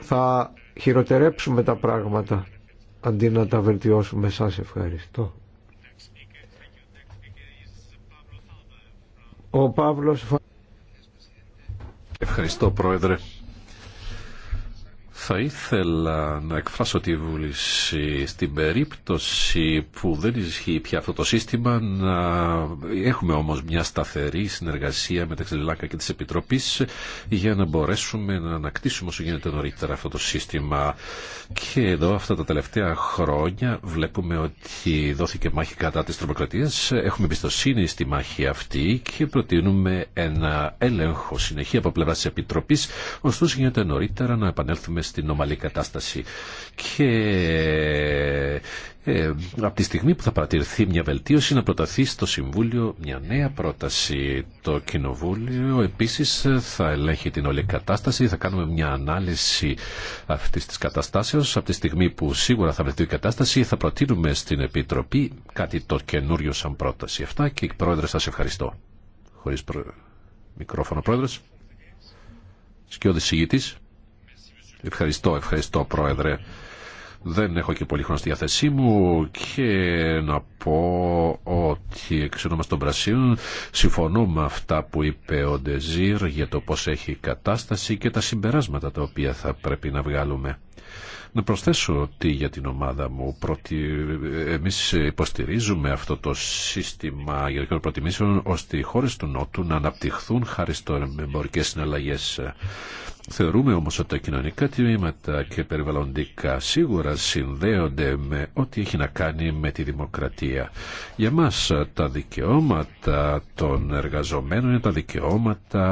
S2: θα χειροτερέψουμε τα πράγματα αντί να τα βελτιώσουμε. Σας ευχαριστώ. Ο Παύλος
S4: Ευχαριστώ Πρόεδρε. Θα ήθελα να εκφράσω τη βούληση στην περίπτωση που δεν ισχύει πια αυτό το σύστημα να έχουμε όμως μια σταθερή συνεργασία μεταξύ ΛΑΚΑ και της Επιτροπής για να μπορέσουμε να ανακτήσουμε όσο γίνεται νωρίτερα αυτό το σύστημα. Και εδώ αυτά τα τελευταία χρόνια βλέπουμε ότι δόθηκε μάχη κατά της τρομοκρατίας. Έχουμε εμπιστοσύνη στη μάχη αυτή και προτείνουμε ένα έλεγχο συνεχή από πλευρά της Επιτροπής ωστόσο γίνεται νωρίτερα να επανέλθουμε στην ομαλή κατάσταση. Και ε, από τη στιγμή που θα παρατηρηθεί μια βελτίωση να προταθεί στο Συμβούλιο μια νέα πρόταση. Το Κοινοβούλιο επίσης θα ελέγχει την όλη κατάσταση, θα κάνουμε μια ανάλυση αυτής της καταστάσεως. Από τη στιγμή που σίγουρα θα βρεθεί η κατάσταση θα προτείνουμε στην Επιτροπή κάτι το καινούριο σαν πρόταση. Αυτά και πρόεδρε σας ευχαριστώ. Χωρίς προ... μικρόφωνο πρόεδρος. Σκιώδης Ευχαριστώ, ευχαριστώ Πρόεδρε. Δεν έχω και πολύ χρόνο στη διάθεσή μου και να πω ότι εξ ονόμας των Πρασίνων συμφωνώ αυτά που είπε ο Ντεζίρ για το πώς έχει η κατάσταση και τα συμπεράσματα τα οποία θα πρέπει να βγάλουμε. Να προσθέσω ότι για την ομάδα μου Πρώτη, εμείς υποστηρίζουμε αυτό το σύστημα γερικών προτιμήσεων ώστε οι χώρες του Νότου να αναπτυχθούν χάρη στο εμπορικές συναλλαγές. Θεωρούμε όμως ότι τα κοινωνικά τμήματα και περιβαλλοντικά σίγουρα συνδέονται με ό,τι έχει να κάνει με τη δημοκρατία. Για μας τα δικαιώματα των εργαζομένων είναι τα δικαιώματα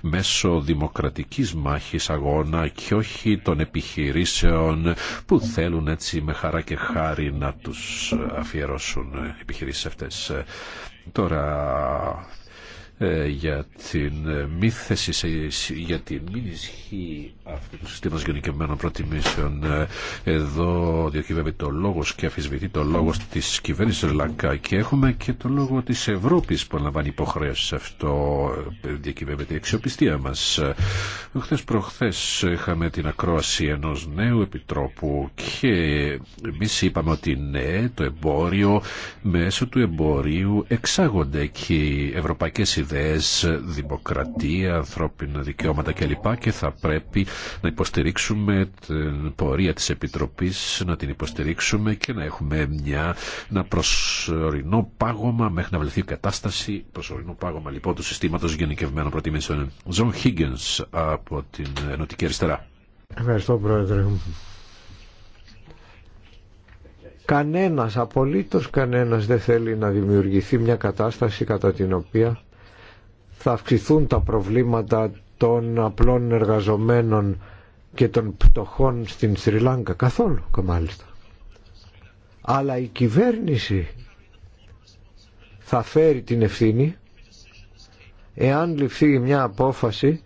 S4: μέσω δημοκρατικής μάχης αγώνα και όχι των επιχειρήσεων που θέλουν έτσι με χαρά και χάρη να τους αφιερώσουν επιχειρήσεις αυτές. Τώρα ε, για την ε, μη θέση για την μη ισχύ αυτού του συστήματος γενικευμένων προτιμήσεων. Ε, εδώ διακυβεύει το λόγο και αφισβητεί το λόγο της κυβέρνησης Λαγκά και έχουμε και το λόγο της Ευρώπης που αναλαμβάνει υποχρέωση σε αυτό διακυβεύεται η αξιοπιστία μας. Χθε προχθές είχαμε την ακρόαση ενός νέου επιτρόπου και εμεί είπαμε ότι ναι, το εμπόριο μέσω του εμπορίου εξάγονται και οι ευρωπαϊκές ιδέες δημοκρατία, ανθρώπινα δικαιώματα κλπ. Και θα πρέπει να υποστηρίξουμε την πορεία της Επιτροπής, να την υποστηρίξουμε και να έχουμε μια, ένα προσωρινό πάγωμα μέχρι να βρεθεί η κατάσταση. Προσωρινό πάγωμα λοιπόν του συστήματος γενικευμένων προτιμήσεων. Ζων Χίγγενς από την Ενωτική Αριστερά.
S2: Ευχαριστώ Πρόεδρε. Κανένας, απολύτως κανένας δεν θέλει να δημιουργηθεί μια κατάσταση κατά την οποία θα αυξηθούν τα προβλήματα των απλών εργαζομένων και των πτωχών στην Σρι Λάγκα. Καθόλου και μάλιστα. Αλλά η κυβέρνηση θα φέρει την ευθύνη εάν ληφθεί μια απόφαση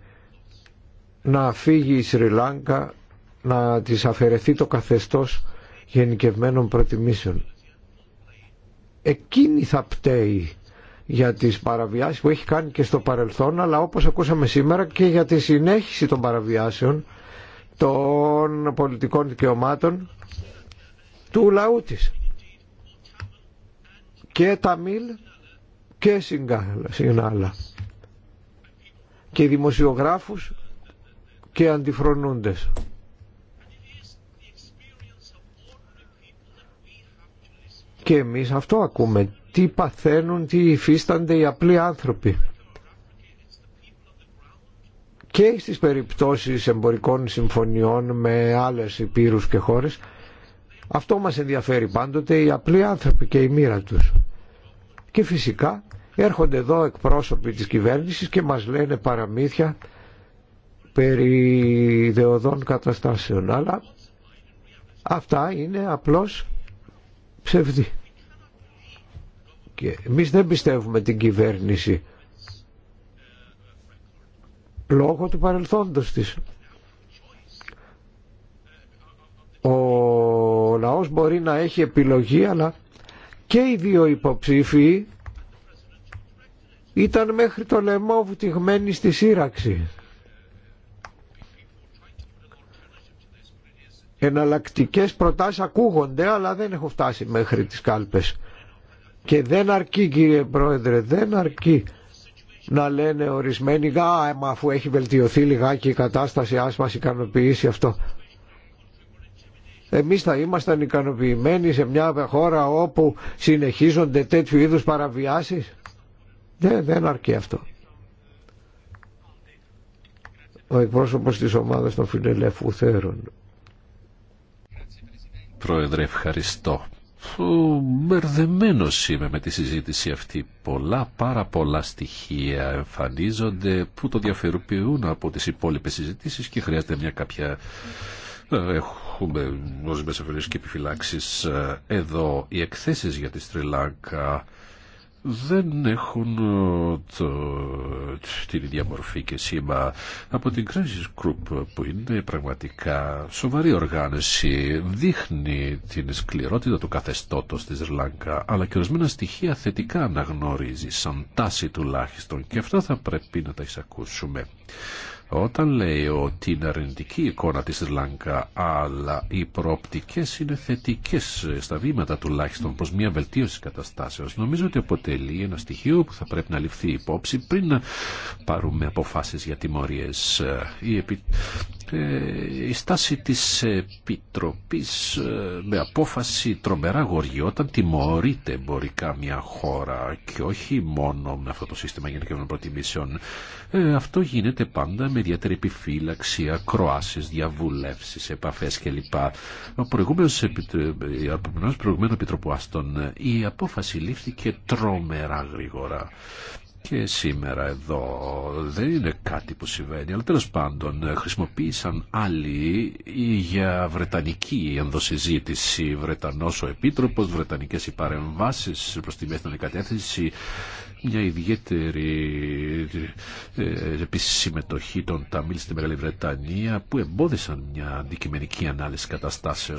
S2: να φύγει η Σρι Λάγκα, να της αφαιρεθεί το καθεστώς γενικευμένων προτιμήσεων. Εκείνη θα πταίει για τις παραβιάσεις που έχει κάνει και στο παρελθόν αλλά όπως ακούσαμε σήμερα και για τη συνέχιση των παραβιάσεων των πολιτικών δικαιωμάτων του λαού της και Ταμίλ και συγκάλα και δημοσιογράφους και αντιφρονούντες. Και εμείς αυτό ακούμε τι παθαίνουν, τι υφίστανται οι απλοί άνθρωποι. Και στις περιπτώσεις εμπορικών συμφωνιών με άλλες υπήρους και χώρες, αυτό μας ενδιαφέρει πάντοτε οι απλοί άνθρωποι και η μοίρα τους. Και φυσικά έρχονται εδώ εκπρόσωποι της κυβέρνησης και μας λένε παραμύθια περί ιδεωδών καταστάσεων. Αλλά αυτά είναι απλώς ψευδή. Και εμείς δεν πιστεύουμε την κυβέρνηση λόγω του παρελθόντος της. Ο λαός μπορεί να έχει επιλογή αλλά και οι δύο υποψήφοι ήταν μέχρι το λαιμό βουτυγμένοι στη σύραξη. Εναλλακτικές προτάσεις ακούγονται αλλά δεν έχω φτάσει μέχρι τις κάλπες. Και δεν αρκεί κύριε Πρόεδρε, δεν αρκεί να λένε ορισμένοι «Α, μα αφού έχει βελτιωθεί λιγάκι η κατάσταση, ας μας ικανοποιήσει αυτό». Εμείς θα ήμασταν ικανοποιημένοι σε μια χώρα όπου συνεχίζονται τέτοιου είδους παραβιάσεις. Δεν, δεν αρκεί αυτό. Ο εκπρόσωπος της ομάδας των φιλελεύθερων.
S4: Πρόεδρε, ευχαριστώ μπερδεμένος είμαι με τη συζήτηση αυτή. Πολλά, πάρα πολλά στοιχεία εμφανίζονται που το διαφοροποιούν από τις υπόλοιπες συζητήσεις και χρειάζεται μια κάποια... Ε, έχουμε ως μεσαφερίες και επιφυλάξεις ε, εδώ οι εκθέσεις για τη Στριλάνκα δεν έχουν ε, την ίδια μορφή και σήμα από την Crisis Group που είναι πραγματικά σοβαρή οργάνωση δείχνει την σκληρότητα του καθεστώτος της Ρλάνκα αλλά και ορισμένα στοιχεία θετικά αναγνωρίζει σαν τάση τουλάχιστον και αυτό θα πρέπει να τα εισακούσουμε. Όταν λέει ότι είναι αρνητική η εικόνα της Λάγκα, αλλά οι προοπτικές είναι θετικές ε, στα βήματα τουλάχιστον προς μια βελτίωση της καταστάσεως, νομίζω ότι αποτελεί ένα στοιχείο που θα πρέπει να ληφθεί υπόψη πριν να πάρουμε αποφάσεις για τιμωρίες. Ε, η, επι... Ε, η στάση της Επιτροπής με απόφαση τρομερά γοργή όταν τιμωρείται εμπορικά μια χώρα και όχι μόνο με αυτό το σύστημα γενικών προτιμήσεων ε, αυτό γίνεται πάντα με ιδιαίτερη επιφύλαξη, ακροάσει, διαβουλεύσει, επαφέ κλπ. Ο προηγούμενο επιτροπού Αστων η απόφαση λήφθηκε τρομερά γρήγορα. Και σήμερα εδώ δεν είναι κάτι που συμβαίνει, αλλά τέλος πάντων χρησιμοποίησαν άλλοι για βρετανική ενδοσυζήτηση. Βρετανός ο Επίτροπος, βρετανικές οι παρεμβάσεις προς τη μέση κατεύθυνση μια ιδιαίτερη ε, επίσης συμμετοχή των Ταμίλ στη Μεγάλη Βρετανία που εμπόδισαν μια αντικειμενική ανάλυση καταστάσεω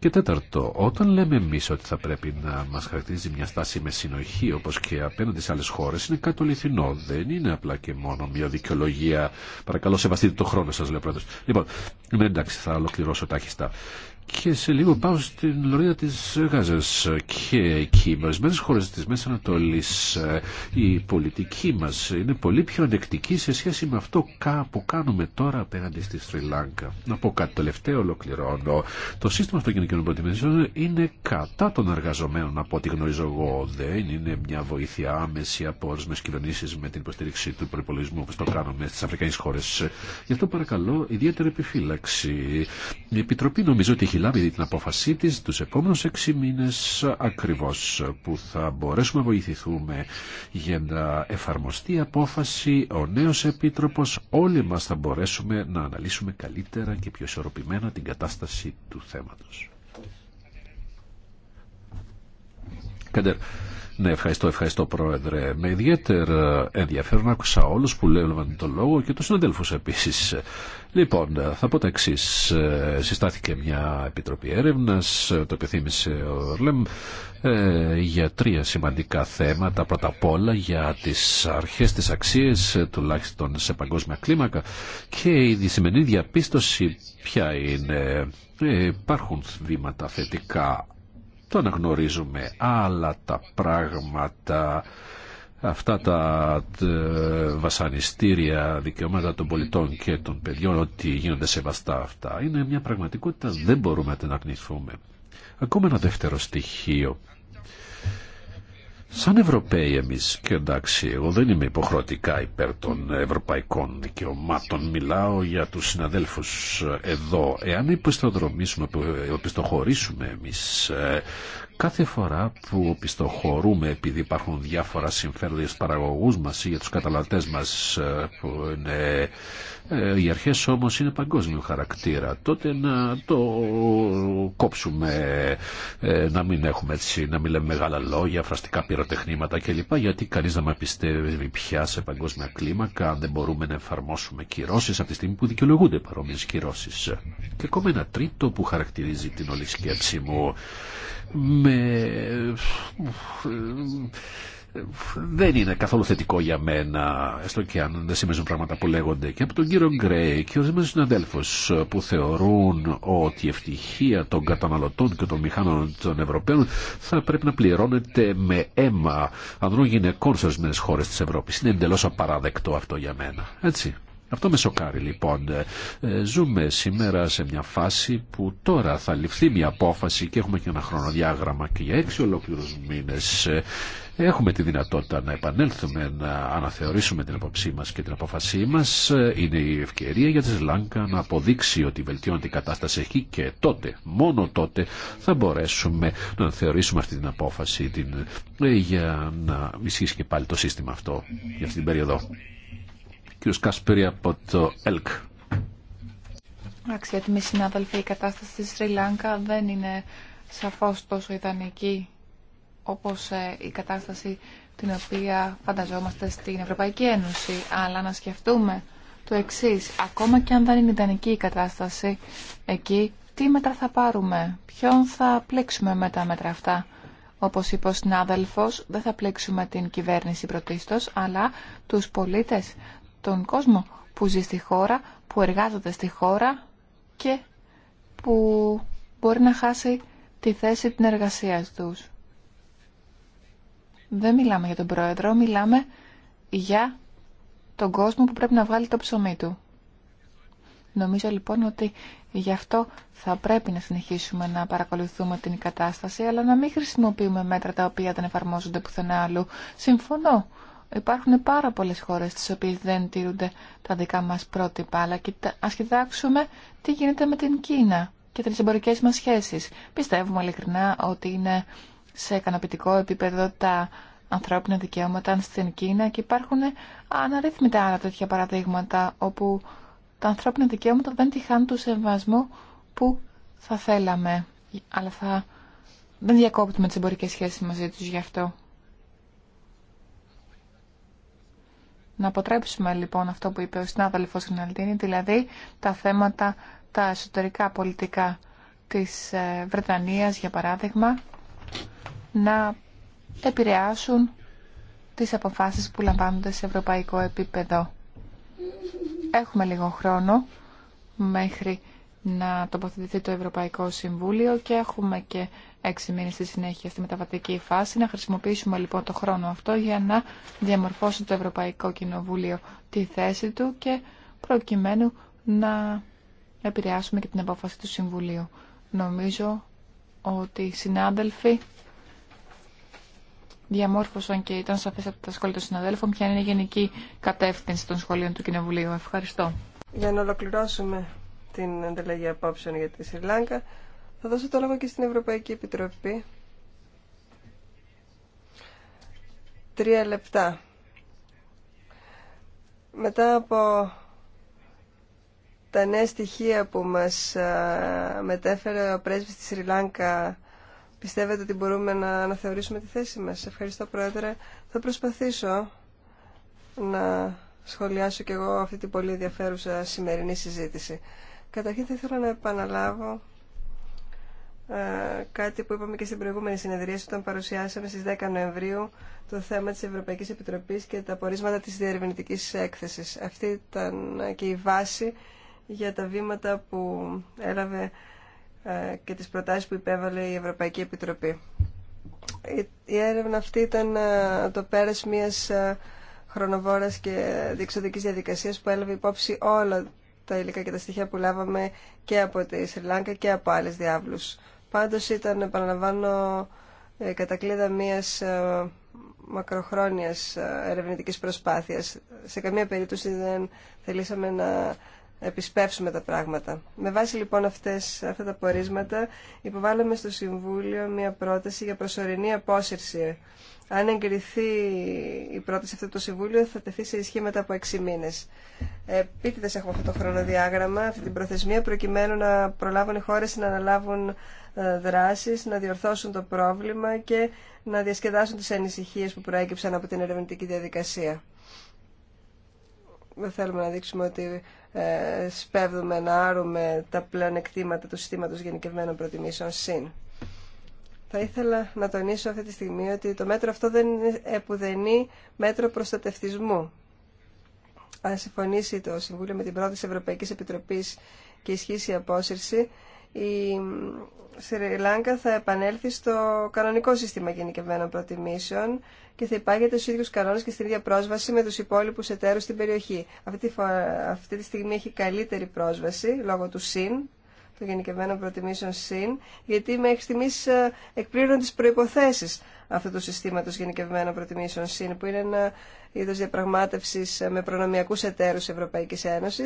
S4: και τέταρτο, όταν λέμε εμεί ότι θα πρέπει να μα χαρακτηρίζει μια στάση με συνοχή όπω και απέναντι σε άλλε χώρε, είναι κάτι αληθινό. Δεν είναι απλά και μόνο μια δικαιολογία. Παρακαλώ, σεβαστείτε το χρόνο σα, λέω πρώτα. Λοιπόν, ναι, εντάξει, θα ολοκληρώσω τάχιστα και σε λίγο πάω στην Λωρίδα της Γάζας και εκεί οι ορισμένες χώρες της Μέσης Ανατολής ε, η πολιτική μας είναι πολύ πιο ανεκτική σε σχέση με αυτό που κάνουμε τώρα απέναντι στη Στριλάνκα Να πω κάτι τελευταίο ολοκληρώνω. Το σύστημα κοινωνικών υποτιμήσεων είναι κατά των εργαζομένων από ό,τι γνωρίζω εγώ. Δεν είναι μια βοήθεια άμεση από όρισμε κοινωνήσει με την υποστήριξη του προπολογισμού όπω το κάνουμε στι Αφρικανικέ χώρε. Γι' αυτό παρακαλώ ιδιαίτερη επιφύλαξη. Η Επιτροπή νομίζω ότι Μιλάμε για την απόφασή της τους επόμενους έξι μήνες ακριβώς που θα μπορέσουμε να βοηθηθούμε για να εφαρμοστεί η απόφαση ο νέος επίτροπος όλοι μας θα μπορέσουμε να αναλύσουμε καλύτερα και πιο ισορροπημένα την κατάσταση του θέματος. Ναι, ευχαριστώ, ευχαριστώ Πρόεδρε. Με ιδιαίτερο ενδιαφέρον άκουσα όλους που λέγονταν τον λόγο και τους συναδέλφου επίσης. Λοιπόν, θα πω τα εξή. Συστάθηκε μια επιτροπή έρευνα, το επιθύμησε ο Ρλεμ, ε, για τρία σημαντικά θέματα. Πρώτα απ' όλα για τι αρχέ, τι αξίε, τουλάχιστον σε παγκόσμια κλίμακα. Και η δισημενή διαπίστωση ποια είναι. Ε, υπάρχουν βήματα θετικά το γνωρίζουμε Αλλά τα πράγματα, αυτά τα βασανιστήρια δικαιώματα των πολιτών και των παιδιών, ότι γίνονται σεβαστά αυτά, είναι μια πραγματικότητα, δεν μπορούμε να την αρνηθούμε. Ακόμα ένα δεύτερο στοιχείο Σαν Ευρωπαίοι εμείς, και εντάξει, εγώ δεν είμαι υποχρεωτικά υπέρ των ευρωπαϊκών δικαιωμάτων, μιλάω για τους συναδέλφους εδώ. Εάν υποστοδρομήσουμε, επιστοχωρήσουμε εμείς ε, Κάθε φορά που πιστοχωρούμε επειδή υπάρχουν διάφορα συμφέροντα για τους παραγωγούς μας ή για τους καταλατές μας ε, που είναι ε, οι αρχές όμως είναι παγκόσμιου χαρακτήρα τότε να το κόψουμε ε, να μην έχουμε έτσι να μην λέμε μεγάλα λόγια, φραστικά πυροτεχνήματα κλπ γιατί κανείς να με πιστεύει πια σε παγκόσμια κλίμακα αν δεν μπορούμε να εφαρμόσουμε κυρώσεις από τη στιγμή που δικαιολογούνται παρόμοιες κυρώσεις και ακόμα ένα τρίτο που χαρακτηρίζει την όλη σκέψη μου με... Δεν είναι καθόλου θετικό για μένα, έστω και αν δεν σημαίνουν πράγματα που λέγονται και από τον κύριο Γκρέι και ορισμένου συναδέλφου που θεωρούν ότι η ευτυχία των καταναλωτών και των μηχάνων των Ευρωπαίων θα πρέπει να πληρώνεται με αίμα ανδρών γυναικών σε ορισμένε χώρε τη Ευρώπη. Είναι εντελώ απαράδεκτο αυτό για μένα. Έτσι. Αυτό με σοκάρει λοιπόν. Ε, ζούμε σήμερα σε μια φάση που τώρα θα ληφθεί μια απόφαση και έχουμε και ένα χρονοδιάγραμμα και για έξι ολόκληρους μήνες ε, έχουμε τη δυνατότητα να επανέλθουμε, να αναθεωρήσουμε την απόψή μας και την απόφασή μας. Ε, είναι η ευκαιρία για τη Σλάνκα να αποδείξει ότι βελτιώνεται η κατάσταση εκεί και τότε, μόνο τότε θα μπορέσουμε να αναθεωρήσουμε αυτή την απόφαση την, για να ισχύσει και πάλι το σύστημα αυτό για αυτή την περίοδο. Κύριος Κασπερή από το ΕΛΚ.
S3: Αξιότιμοι συνάδελφοι, η κατάσταση στη Σρι Λάγκα δεν είναι σαφώς τόσο ιδανική όπως ε, η κατάσταση την οποία φανταζόμαστε στην Ευρωπαϊκή Ένωση. Αλλά να σκεφτούμε το εξή. ακόμα και αν δεν είναι ιδανική η κατάσταση εκεί, τι μέτρα θα πάρουμε, ποιον θα πλέξουμε με τα μέτρα αυτά. Όπως είπε ο συνάδελφος, δεν θα πλέξουμε την κυβέρνηση πρωτίστως, αλλά τους πολίτες, τον κόσμο που ζει στη χώρα, που εργάζεται στη χώρα και που μπορεί να χάσει τη θέση την εργασία τους. Δεν μιλάμε για τον πρόεδρο, μιλάμε για τον κόσμο που πρέπει να βγάλει το ψωμί του. Νομίζω λοιπόν ότι γι' αυτό θα πρέπει να συνεχίσουμε να παρακολουθούμε την κατάσταση, αλλά να μην χρησιμοποιούμε μέτρα τα οποία δεν εφαρμόζονται πουθενά άλλου. Συμφωνώ υπάρχουν πάρα πολλές χώρες τις οποίες δεν τηρούνται τα δικά μας πρότυπα, αλλά ας κοιτάξουμε τι γίνεται με την Κίνα και τις εμπορικές μας σχέσεις. Πιστεύουμε ειλικρινά ότι είναι σε ικανοποιητικό επίπεδο τα ανθρώπινα δικαιώματα στην Κίνα και υπάρχουν αναρρύθμιτα άλλα τέτοια παραδείγματα όπου τα ανθρώπινα δικαιώματα δεν τυχάνουν του σεβασμού που θα θέλαμε. Αλλά θα... δεν διακόπτουμε τις εμπορικές σχέσεις μαζί τους γι' αυτό. Να αποτρέψουμε λοιπόν αυτό που είπε ο συνάδελφος Γναλτίνη, δηλαδή τα θέματα, τα εσωτερικά πολιτικά της ε, Βρετανίας, για παράδειγμα, να επηρεάσουν τις αποφάσεις που λαμβάνονται σε ευρωπαϊκό επίπεδο. Έχουμε λίγο χρόνο μέχρι να τοποθετηθεί το Ευρωπαϊκό Συμβούλιο και έχουμε και έξι μήνες στη συνέχεια στη μεταβατική φάση. Να χρησιμοποιήσουμε λοιπόν το χρόνο αυτό για να διαμορφώσει το Ευρωπαϊκό Κοινοβούλιο τη θέση του και προκειμένου να επηρεάσουμε και την απόφαση του Συμβουλίου. Νομίζω ότι οι συνάδελφοι διαμόρφωσαν και ήταν σαφές από τα σχόλια των συναδέλφων ποια είναι η γενική κατεύθυνση των σχολείων του Κοινοβουλίου. Ευχαριστώ. Για να
S1: ολοκληρώσουμε την ανταλλαγή απόψεων για τη Σιρλάνκα, θα δώσω το λόγο και στην Ευρωπαϊκή Επιτροπή. Τρία λεπτά. Μετά από τα νέα στοιχεία που μας μετέφερε ο πρέσβης της Σριλάνκα. πιστεύετε ότι μπορούμε να αναθεωρήσουμε τη θέση μας. Ευχαριστώ Πρόεδρε. Θα προσπαθήσω να σχολιάσω κι εγώ αυτή την πολύ ενδιαφέρουσα σημερινή συζήτηση. Καταρχήν θα ήθελα να επαναλάβω ε, κάτι που είπαμε και στην προηγούμενη συνεδρία όταν παρουσιάσαμε στις 10 Νοεμβρίου το θέμα της Ευρωπαϊκής Επιτροπής και τα πορίσματα της διερευνητικής έκθεσης. Αυτή ήταν και η βάση για τα βήματα που έλαβε ε, και τις προτάσεις που υπέβαλε η Ευρωπαϊκή Επιτροπή. Η έρευνα αυτή ήταν ε, το πέρας μιας χρονοβόρας και διεξοδικής διαδικασίας που έλαβε υπόψη όλα τα υλικά και τα στοιχεία που λάβαμε και από τη Σρι Λάνκα και από άλλες διάβλους Πάντως ήταν, επαναλαμβάνω, ε, κατακλείδα μιας ε, μακροχρόνιας ε, ερευνητικής προσπάθειας. Σε καμία περίπτωση δεν θελήσαμε να επισπεύσουμε τα πράγματα. Με βάση λοιπόν αυτές, αυτά τα πορίσματα υποβάλαμε στο Συμβούλιο μια πρόταση για προσωρινή απόσυρση. Αν εγκριθεί η πρόταση αυτό το Συμβούλιο θα τεθεί σε ισχύ μετά από 6 μήνες. Επίτηδες έχουμε αυτό το χρονοδιάγραμμα, αυτή την προθεσμία προκειμένου να προλάβουν οι χώρες να αναλάβουν ε, δράσεις να διορθώσουν το πρόβλημα και να διασκεδάσουν τις ανησυχίες που προέκυψαν από την ερευνητική διαδικασία. Δεν θέλουμε να δείξουμε ότι ε, σπέβδουμε να άρουμε τα πλεονεκτήματα του συστήματος γενικευμένων προτιμήσεων ΣΥΝ. Θα ήθελα να τονίσω αυτή τη στιγμή ότι το μέτρο αυτό δεν είναι επουδενή μέτρο προστατευτισμού. Αν συμφωνήσει το Συμβούλιο με την πρόταση Ευρωπαϊκής Επιτροπής και ισχύσει η απόσυρση, η Σρι Λάγκα θα επανέλθει στο κανονικό σύστημα γενικευμένων προτιμήσεων και θα υπάγεται στου ίδιου κανόνε και στην ίδια πρόσβαση με του υπόλοιπου εταίρου στην περιοχή. Αυτή, αυτή τη στιγμή έχει καλύτερη πρόσβαση λόγω του ΣΥΝ, των γενικευμένων προτιμήσεων ΣΥΝ, γιατί μέχρι στιγμή ε, εκπλήρωναν τι προποθέσει αυτού του συστήματο γενικευμένων προτιμήσεων ΣΥΝ, που είναι ένα είδο διαπραγμάτευση ε, με προνομιακού εταίρου Ευρωπαϊκή Ένωση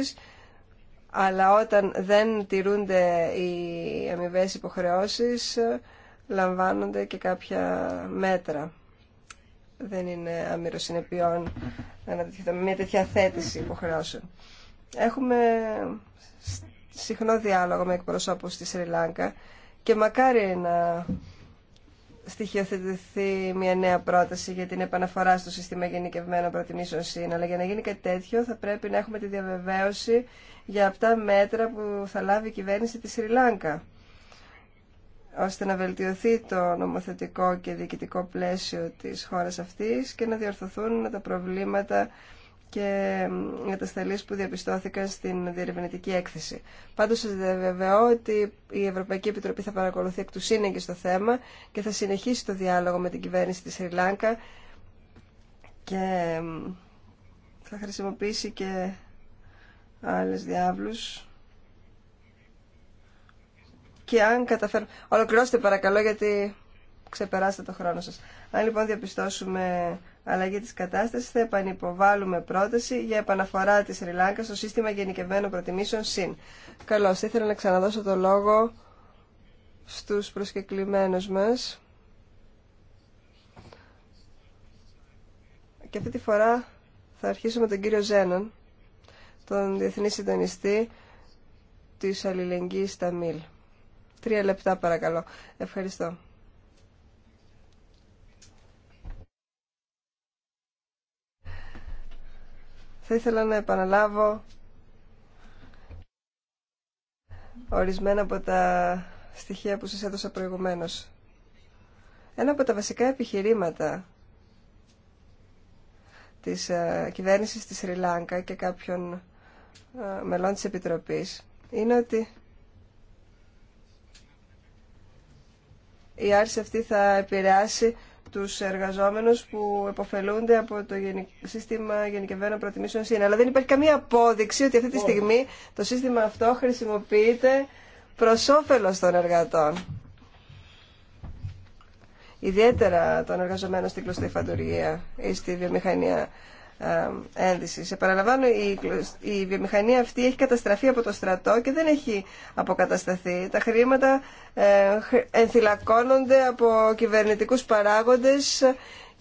S1: αλλά όταν δεν τηρούνται οι αμοιβέ υποχρεώσεις λαμβάνονται και κάποια μέτρα. Δεν είναι αμυροσυνεπιών με μια τέτοια θέτηση υποχρεώσεων. Έχουμε συχνό διάλογο με εκπροσώπους στη Σρι Λάγκα και μακάρι να στοιχειοθετηθεί μια νέα πρόταση για την επαναφορά στο σύστημα γενικευμένων προτιμήσεων ΣΥΝ, αλλά για να γίνει κάτι τέτοιο θα πρέπει να έχουμε τη διαβεβαίωση για αυτά μέτρα που θα λάβει η κυβέρνηση της Σρι ώστε να βελτιωθεί το νομοθετικό και διοικητικό πλαίσιο της χώρας αυτής και να διορθωθούν τα προβλήματα και εγκατασταλείς που διαπιστώθηκαν στην διερευνητική έκθεση. Πάντως σας βεβαιώ ότι η Ευρωπαϊκή Επιτροπή θα παρακολουθεί εκ του σύνεγγυ στο θέμα και θα συνεχίσει το διάλογο με την κυβέρνηση της Σρι και θα χρησιμοποιήσει και άλλες διάβλους. Και αν καταφέρουμε... Ολοκληρώστε παρακαλώ γιατί ξεπεράσετε το χρόνο σας. Αν λοιπόν διαπιστώσουμε αλλαγή της κατάστασης θα επανυποβάλουμε πρόταση για επαναφορά της Ριλάνκα στο σύστημα γενικευμένων προτιμήσεων ΣΥΝ. Καλώς, ήθελα να ξαναδώσω το λόγο στους προσκεκλημένους μας. Και αυτή τη φορά θα αρχίσω με τον κύριο Ζένον τον Διεθνή Συντονιστή της Αλληλεγγύης Ταμίλ. Τρία λεπτά παρακαλώ. Ευχαριστώ. Θα ήθελα να επαναλάβω ορισμένα από τα στοιχεία που σας έδωσα προηγουμένως. Ένα από τα βασικά επιχειρήματα της ε, κυβέρνησης της Σρι και κάποιων ε, μελών της Επιτροπής είναι ότι η άρση αυτή θα επηρεάσει τους εργαζόμενους που εποφελούνται από το σύστημα γενικευμένων προτιμήσεων ΣΥΝΑ. Αλλά δεν υπάρχει καμία απόδειξη ότι αυτή τη στιγμή το σύστημα αυτό χρησιμοποιείται προς όφελος των εργατών. Ιδιαίτερα των εργαζομένων στην φαντουργία ή στη βιομηχανία ε, Σε παραλαμβάνω η βιομηχανία αυτή έχει καταστραφεί από το στρατό και δεν έχει αποκατασταθεί. Τα χρήματα ε, ενθυλακώνονται από κυβερνητικούς παράγοντες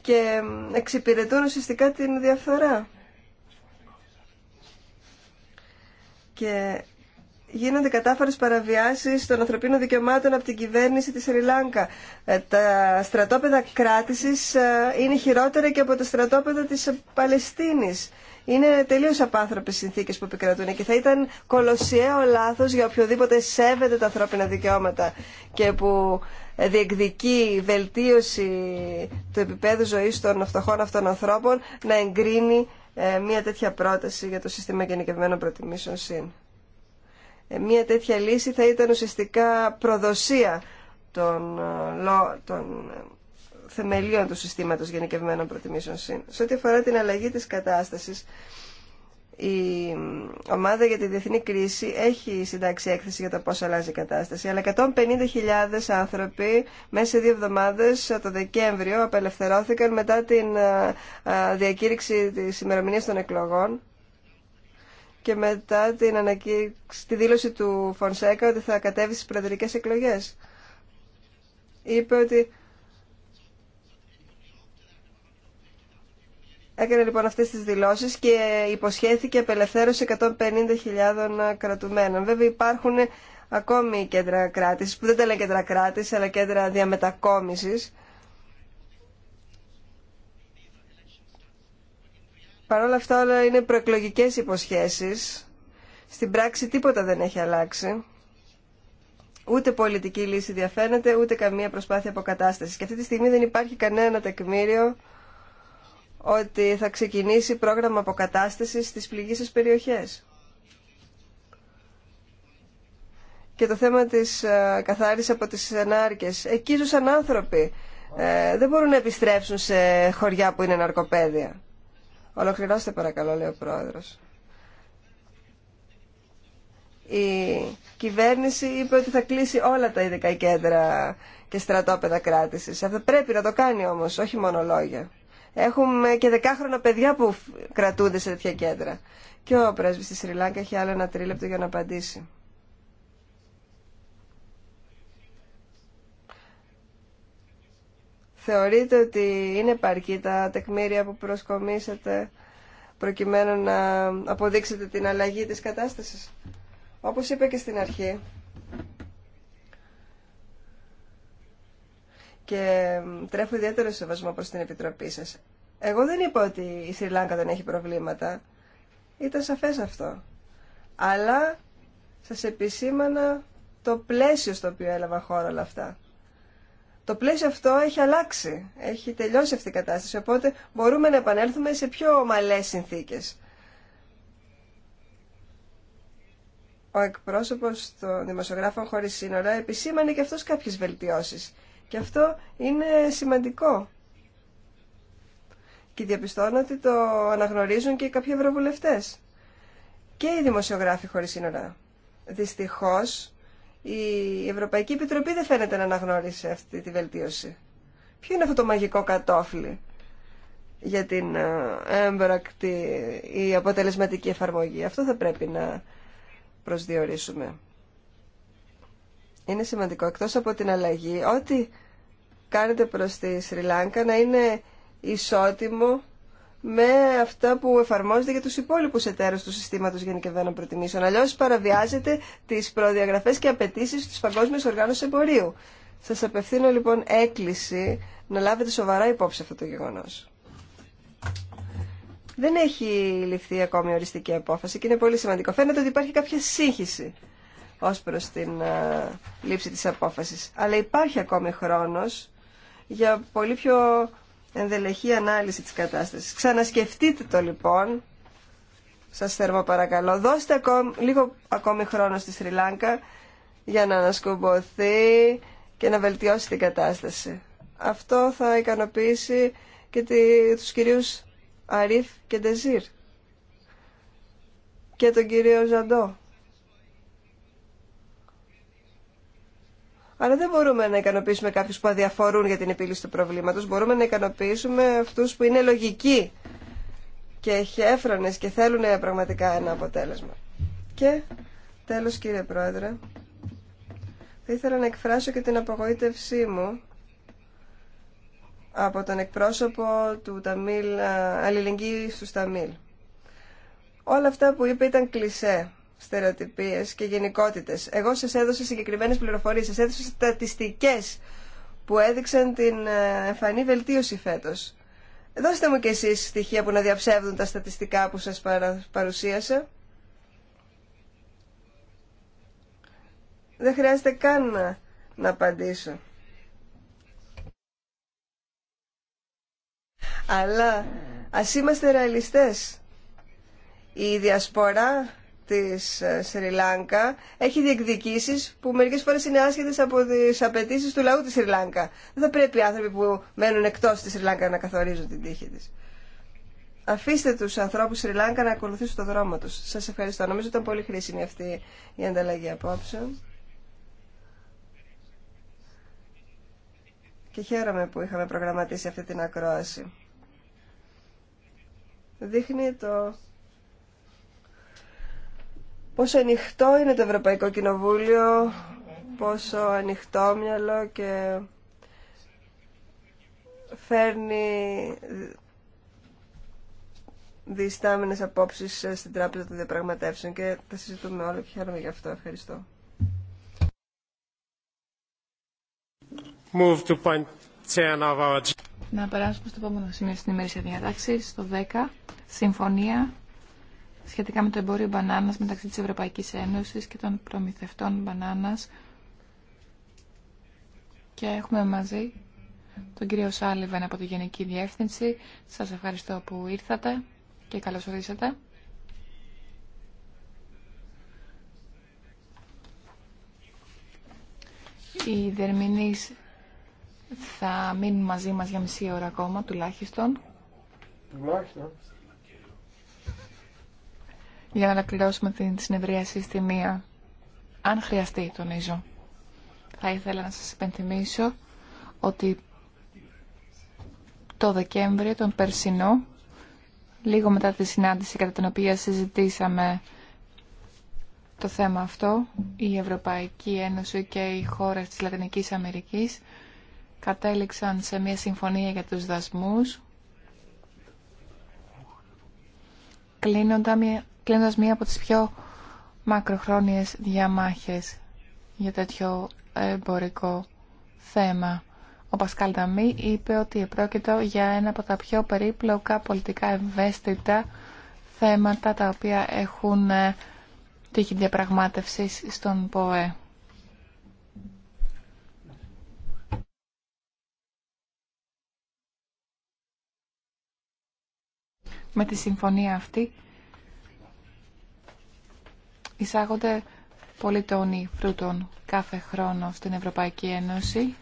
S1: και εξυπηρετούν ουσιαστικά την διαφθορά. Και γίνονται κατάφορες παραβιάσεις των ανθρωπίνων δικαιωμάτων από την κυβέρνηση της Σριλάνκα. Ε, τα στρατόπεδα κράτησης ε, είναι χειρότερα και από τα στρατόπεδα της Παλαιστίνης. Είναι τελείως απάνθρωπες συνθήκες που επικρατούν και θα ήταν κολοσιαίο λάθος για οποιοδήποτε σέβεται τα ανθρώπινα δικαιώματα και που διεκδικεί βελτίωση του επίπεδου ζωής των φτωχών αυτών ανθρώπων να εγκρίνει ε, μια τέτοια πρόταση για το σύστημα γενικευμένων προτιμήσεων ΣΥΝ. Μία τέτοια λύση θα ήταν ουσιαστικά προδοσία των, ε, ε, θεμελίων του συστήματος γενικευμένων προτιμήσεων ΣΥΝ. Σε ό,τι αφορά την αλλαγή της κατάστασης, η ε, ομάδα για τη διεθνή κρίση έχει συντάξει έκθεση για το πώς αλλάζει η κατάσταση, αλλά 150.000 άνθρωποι μέσα σε δύο εβδομάδες το Δεκέμβριο απελευθερώθηκαν μετά την διακήρυξη της ημερομηνία των εκλογών και μετά την τη δήλωση του Φονσέκα ότι θα κατέβει στις προεδρικές εκλογές. Είπε ότι Έκανε λοιπόν αυτές τις δηλώσεις και υποσχέθηκε απελευθέρωση 150.000 κρατουμένων. Βέβαια υπάρχουν ακόμη κέντρα κράτησης, που δεν τα λένε κέντρα κράτησης, αλλά κέντρα διαμετακόμισης. Παρ' όλα αυτά όλα είναι προεκλογικές υποσχέσεις. Στην πράξη τίποτα δεν έχει αλλάξει. Ούτε πολιτική λύση διαφαίνεται, ούτε καμία προσπάθεια αποκατάστασης. Και αυτή τη στιγμή δεν υπάρχει κανένα τεκμήριο ότι θα ξεκινήσει πρόγραμμα αποκατάστασης στις πληγήσεις περιοχές. Και το θέμα της ε, καθάρισης από τις ενάρκε. Εκεί ζούσαν άνθρωποι. Ε, δεν μπορούν να επιστρέψουν σε χωριά που είναι ναρκοπαίδια. Ολοκληρώστε παρακαλώ, λέει ο Πρόεδρος. Η κυβέρνηση είπε ότι θα κλείσει όλα τα ειδικά κέντρα και στρατόπεδα κράτησης. Αυτό πρέπει να το κάνει όμως, όχι μόνο λόγια. Έχουμε και δεκάχρονα παιδιά που κρατούνται σε τέτοια κέντρα. Και ο πρέσβης της Σρι έχει άλλο ένα τρίλεπτο για να απαντήσει. Θεωρείτε ότι είναι παρκή τα τεκμήρια που προσκομίσατε προκειμένου να αποδείξετε την αλλαγή της κατάστασης. Όπως είπε και στην αρχή και τρέφω ιδιαίτερο σεβασμό προς την Επιτροπή σας. Εγώ δεν είπα ότι η Σρι δεν έχει προβλήματα. Ήταν σαφές αυτό. Αλλά σας επισήμανα το πλαίσιο στο οποίο έλαβα χώρα όλα αυτά. Το πλαίσιο αυτό έχει αλλάξει, έχει τελειώσει αυτή η κατάσταση, οπότε μπορούμε να επανέλθουμε σε πιο ομαλές συνθήκες. Ο εκπρόσωπος των δημοσιογράφων χωρίς σύνορα επισήμανε και αυτός κάποιες βελτιώσεις. Και αυτό είναι σημαντικό. Και διαπιστώνω ότι το αναγνωρίζουν και κάποιοι ευρωβουλευτές. Και οι δημοσιογράφοι χωρίς σύνορα. Δυστυχώς, η Ευρωπαϊκή Επιτροπή δεν φαίνεται να αναγνώρισε αυτή τη βελτίωση. Ποιο είναι αυτό το μαγικό κατόφλι για την ε, έμπρακτη ή αποτελεσματική εφαρμογή. Αυτό θα πρέπει να προσδιορίσουμε. Είναι σημαντικό, εκτός από την αλλαγή, ό,τι κάνετε προς τη Σρι να είναι ισότιμο με αυτά που εφαρμόζεται για τους υπόλοιπους εταίρους του συστήματος γενικευμένων προτιμήσεων. Αλλιώς παραβιάζεται τις προδιαγραφές και απαιτήσει της Παγκόσμιας Οργάνωσης Εμπορίου. Σας απευθύνω λοιπόν έκκληση να λάβετε σοβαρά υπόψη αυτό το γεγονός. Δεν έχει ληφθεί ακόμη οριστική απόφαση και είναι πολύ σημαντικό. Φαίνεται ότι υπάρχει κάποια σύγχυση ως προς την α, λήψη της απόφασης. Αλλά υπάρχει ακόμη χρόνος για πολύ πιο ενδελεχή ανάλυση της κατάστασης. Ξανασκεφτείτε το λοιπόν, σας θερμό παρακαλώ, δώστε ακόμη, λίγο ακόμη χρόνο στη Σρι για να ανασκουμποθεί και να βελτιώσει την κατάσταση. Αυτό θα ικανοποιήσει και τους κυρίους Αρίφ και Ντεζίρ και τον κύριο Ζαντό. Αλλά δεν μπορούμε να ικανοποιήσουμε κάποιου που αδιαφορούν για την επίλυση του προβλήματος. Μπορούμε να ικανοποιήσουμε αυτού που είναι λογικοί και χέφρονες και θέλουν πραγματικά ένα αποτέλεσμα. Και τέλος κύριε Πρόεδρε, θα ήθελα να εκφράσω και την απογοήτευσή μου από τον εκπρόσωπο του Ταμίλ, ε, αλληλεγγύη του Ταμίλ. Όλα αυτά που είπε ήταν κλισέ στερεοτυπίες και γενικότητες. Εγώ σα έδωσα συγκεκριμένες πληροφορίες, σας έδωσα στατιστικές που έδειξαν την ε, εμφανή βελτίωση φέτος. Δώστε μου κι εσείς στοιχεία που να διαψεύδουν τα στατιστικά που σας παρουσίασα. Δεν χρειάζεται καν να, να απαντήσω. Αλλά ας είμαστε ρεαλιστές. Η διασπορά της ε, Σριλάνκα έχει διεκδικήσεις που μερικές φορές είναι άσχετες από τις απαιτήσει του λαού της Σριλάνκα. Δεν θα πρέπει οι άνθρωποι που μένουν εκτός της Σρι να καθορίζουν την τύχη της. Αφήστε τους ανθρώπους Σρι να ακολουθήσουν το δρόμο τους. Σας ευχαριστώ. Νομίζω ήταν πολύ χρήσιμη αυτή η ανταλλαγή απόψε. Και χαίρομαι που είχαμε προγραμματίσει αυτή την ακρόαση. Δείχνει το πόσο ανοιχτό είναι το Ευρωπαϊκό Κοινοβούλιο, πόσο ανοιχτό μυαλό και φέρνει διστάμενες απόψεις στην Τράπεζα των Διαπραγματεύσεων και τα συζητούμε όλα και χαίρομαι γι' αυτό. Ευχαριστώ. Move to point 10 of our...
S3: Να περάσουμε στο επόμενο σημείο στην ημερήσια διατάξη, στο 10, συμφωνία σχετικά με το εμπόριο μπανάνας μεταξύ της Ευρωπαϊκής Ένωσης και των προμηθευτών μπανάνας και έχουμε μαζί τον κύριο Σάλιβεν από τη Γενική Διεύθυνση. Σας ευχαριστώ που ήρθατε και καλώς ορίσατε. Οι δερμηνείς θα μείνουν μαζί μας για μισή ώρα ακόμα τουλάχιστον. Τουλάχιστον για να ανακληρώσουμε την συνεδρίαση στη μία, αν χρειαστεί, τονίζω. Θα ήθελα να σας υπενθυμίσω ότι το Δεκέμβριο, τον Περσινό, λίγο μετά τη συνάντηση κατά την οποία συζητήσαμε το θέμα αυτό, η Ευρωπαϊκή Ένωση και οι χώρες της Λατινικής Αμερικής κατέληξαν σε μια συμφωνία για τους δασμούς, κλείνοντα μια, κλείνοντας μία από τις πιο μακροχρόνιες διαμάχες για τέτοιο εμπορικό θέμα. Ο Πασκάλ Νταμή είπε ότι επρόκειτο για ένα από τα πιο περίπλοκα πολιτικά ευαίσθητα θέματα τα οποία έχουν ε, τύχει διαπραγμάτευση στον ΠΟΕ. Με τη συμφωνία αυτή Εισάγονται πολλοί τόνοι φρούτων κάθε χρόνο στην Ευρωπαϊκή Ένωση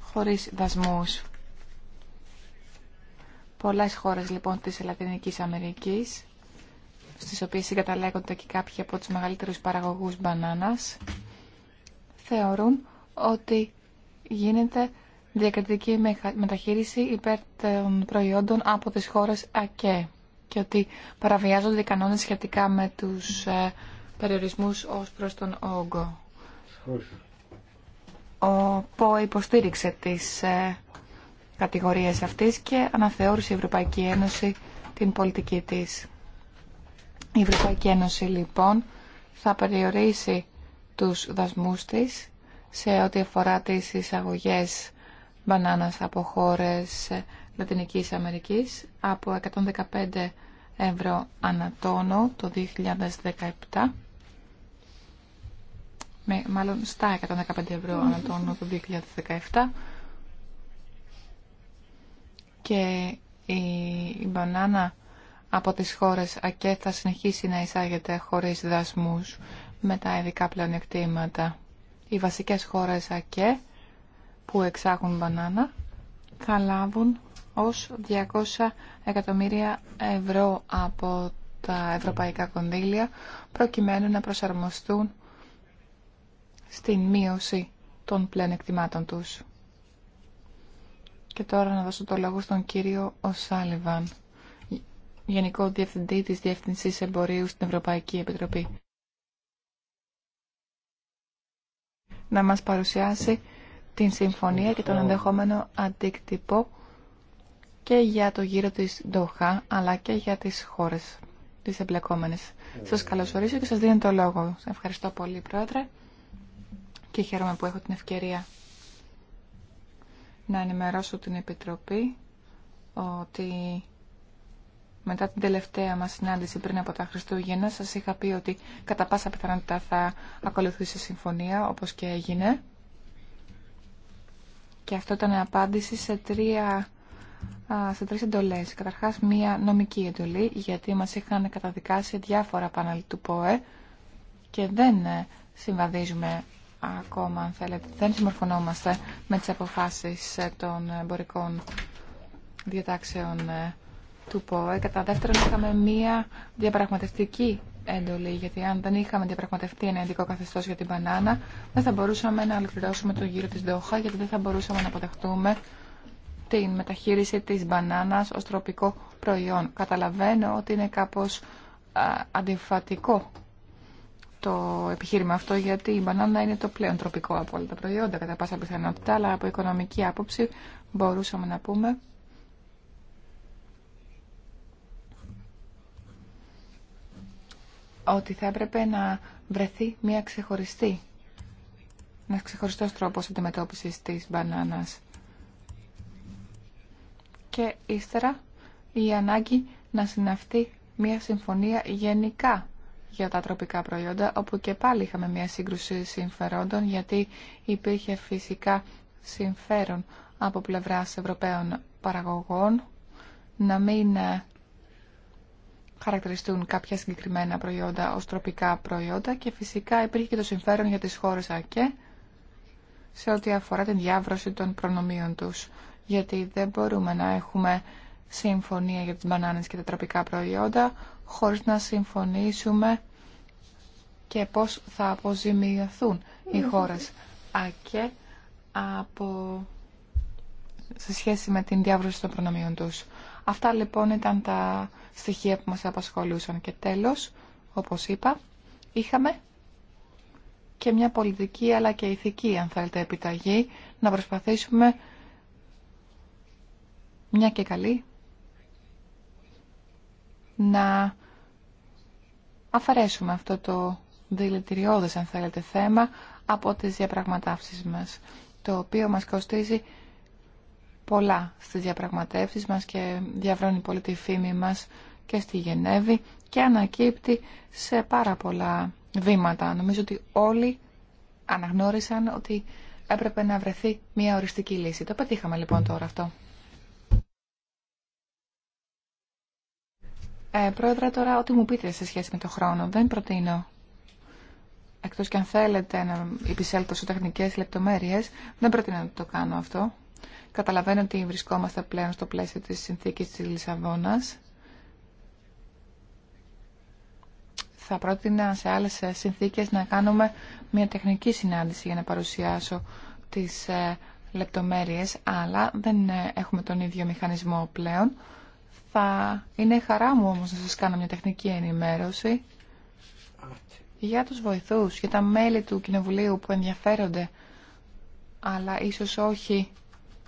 S3: χωρίς δασμούς. Πολλές χώρες λοιπόν της Λατινικής Αμερικής στις οποίες συγκαταλέγονται και κάποιοι από τους μεγαλύτερους παραγωγούς μπανάνας θεωρούν ότι γίνεται διακριτική μεταχείριση υπέρ των προϊόντων από τις χώρες ΑΚΕ και ότι παραβιάζονται οι κανόνες σχετικά με τους ε, περιορισμούς ω προς τον όγκο. Ο ΠΟ υποστήριξε τις ε, κατηγορίες αυτής και αναθεώρησε η Ευρωπαϊκή Ένωση την πολιτική της. Η Ευρωπαϊκή Ένωση λοιπόν θα περιορίσει τους δασμούς της σε ό,τι αφορά τις εισαγωγές μπανάνας από χώρες ε, Λατινικής Αμερικής από 115 ευρώ ανατόνο το 2017 με, μάλλον στα 115 ευρώ ανατόνο το 2017 και η, μπανάνα από τις χώρες ΑΚΕ θα συνεχίσει να εισάγεται χωρίς δασμούς με τα ειδικά πλεονεκτήματα. Οι βασικές χώρες ΑΚΕ που εξάγουν μπανάνα θα λάβουν ως 200 εκατομμύρια ευρώ από τα ευρωπαϊκά κονδύλια προκειμένου να προσαρμοστούν στην μείωση των πλέον εκτιμάτων τους. Και τώρα να δώσω το λόγο στον κύριο Οσάλιβαν, Γενικό Διευθυντή της Διευθυνσής Εμπορίου στην Ευρωπαϊκή Επιτροπή. Να μας παρουσιάσει την συμφωνία και τον ενδεχόμενο αντίκτυπο και για το γύρο της Ντόχα, αλλά και για τις χώρες, τις εμπλεκόμενες. Σας καλωσορίζω και σας δίνω το λόγο. Σας ευχαριστώ πολύ, Πρόεδρε, και χαίρομαι που έχω την ευκαιρία να ενημερώσω την Επιτροπή ότι μετά την τελευταία μας συνάντηση πριν από τα Χριστούγεννα σας είχα πει ότι κατά πάσα πιθανότητα θα ακολουθήσει συμφωνία όπως και έγινε και αυτό ήταν απάντηση σε τρία σε τρεις εντολές. Καταρχάς μία νομική εντολή γιατί μας είχαν καταδικάσει διάφορα πάνελ του ΠΟΕ και δεν ε, συμβαδίζουμε ακόμα αν θέλετε, δεν συμμορφωνόμαστε με τις αποφάσεις ε, των εμπορικών διατάξεων ε, του ΠΟΕ. Κατά δεύτερον είχαμε μία διαπραγματευτική εντολή γιατί αν δεν είχαμε διαπραγματευτεί ένα ειδικό καθεστώ για την μπανάνα δεν θα μπορούσαμε να ολοκληρώσουμε το γύρο τη Δόχα γιατί δεν θα μπορούσαμε να αποδεχτούμε την μεταχείριση της μπανάνας ως τροπικό προϊόν. Καταλαβαίνω ότι είναι κάπως αντιφατικό το επιχείρημα αυτό γιατί η μπανάνα είναι το πλέον τροπικό από όλα τα προϊόντα κατά πάσα πιθανότητα αλλά από οικονομική άποψη μπορούσαμε να πούμε ότι θα έπρεπε να βρεθεί μια ξεχωριστή ένας ξεχωριστός τρόπος αντιμετώπισης της μπανάνας και ύστερα η ανάγκη να συναυτεί μια συμφωνία γενικά για τα τροπικά προϊόντα, όπου και πάλι είχαμε μια σύγκρουση συμφερόντων, γιατί υπήρχε φυσικά συμφέρον από πλευράς Ευρωπαίων παραγωγών να μην ε, χαρακτηριστούν κάποια συγκεκριμένα προϊόντα ως τροπικά προϊόντα και φυσικά υπήρχε και το συμφέρον για τις χώρες ΑΚΕ σε ό,τι αφορά την διάβρωση των προνομίων τους γιατί δεν μπορούμε να έχουμε συμφωνία για τις μπανάνες και τα τροπικά προϊόντα χωρίς να συμφωνήσουμε και πώς θα αποζημιωθούν οι ναι, χώρες. ακέ ναι. από... σε σχέση με την διάβρωση των προνομίων τους. Αυτά λοιπόν ήταν τα στοιχεία που μας απασχολούσαν. Και τέλος, όπως είπα, είχαμε και μια πολιτική αλλά και ηθική, αν θέλετε, επιταγή να προσπαθήσουμε μια και καλή, να αφαιρέσουμε αυτό το δηλητηριώδες, αν θέλετε, θέμα από τις διαπραγματεύσεις μας, το οποίο μας κοστίζει πολλά στις διαπραγματεύσεις μας και διαβρώνει πολύ τη φήμη μας και στη Γενέβη και ανακύπτει σε πάρα πολλά βήματα. Νομίζω ότι όλοι αναγνώρισαν ότι έπρεπε να βρεθεί μια οριστική λύση. Το πετύχαμε λοιπόν τώρα αυτό. Ε, πρόεδρε, τώρα ό,τι μου πείτε σε σχέση με το χρόνο, δεν προτείνω. Εκτός και αν θέλετε να υπησέλθω σε τεχνικές λεπτομέρειες, δεν προτείνω να το κάνω αυτό. Καταλαβαίνω ότι βρισκόμαστε πλέον στο πλαίσιο της συνθήκης της Λισαβόνας. Θα πρότεινα σε άλλες συνθήκες να κάνουμε μια τεχνική συνάντηση για να παρουσιάσω τις ε, λεπτομέρειες, αλλά δεν ε, έχουμε τον ίδιο μηχανισμό πλέον. Θα είναι χαρά μου όμως να σας κάνω μια τεχνική ενημέρωση για τους βοηθούς, για τα μέλη του Κοινοβουλίου που ενδιαφέρονται, αλλά ίσως όχι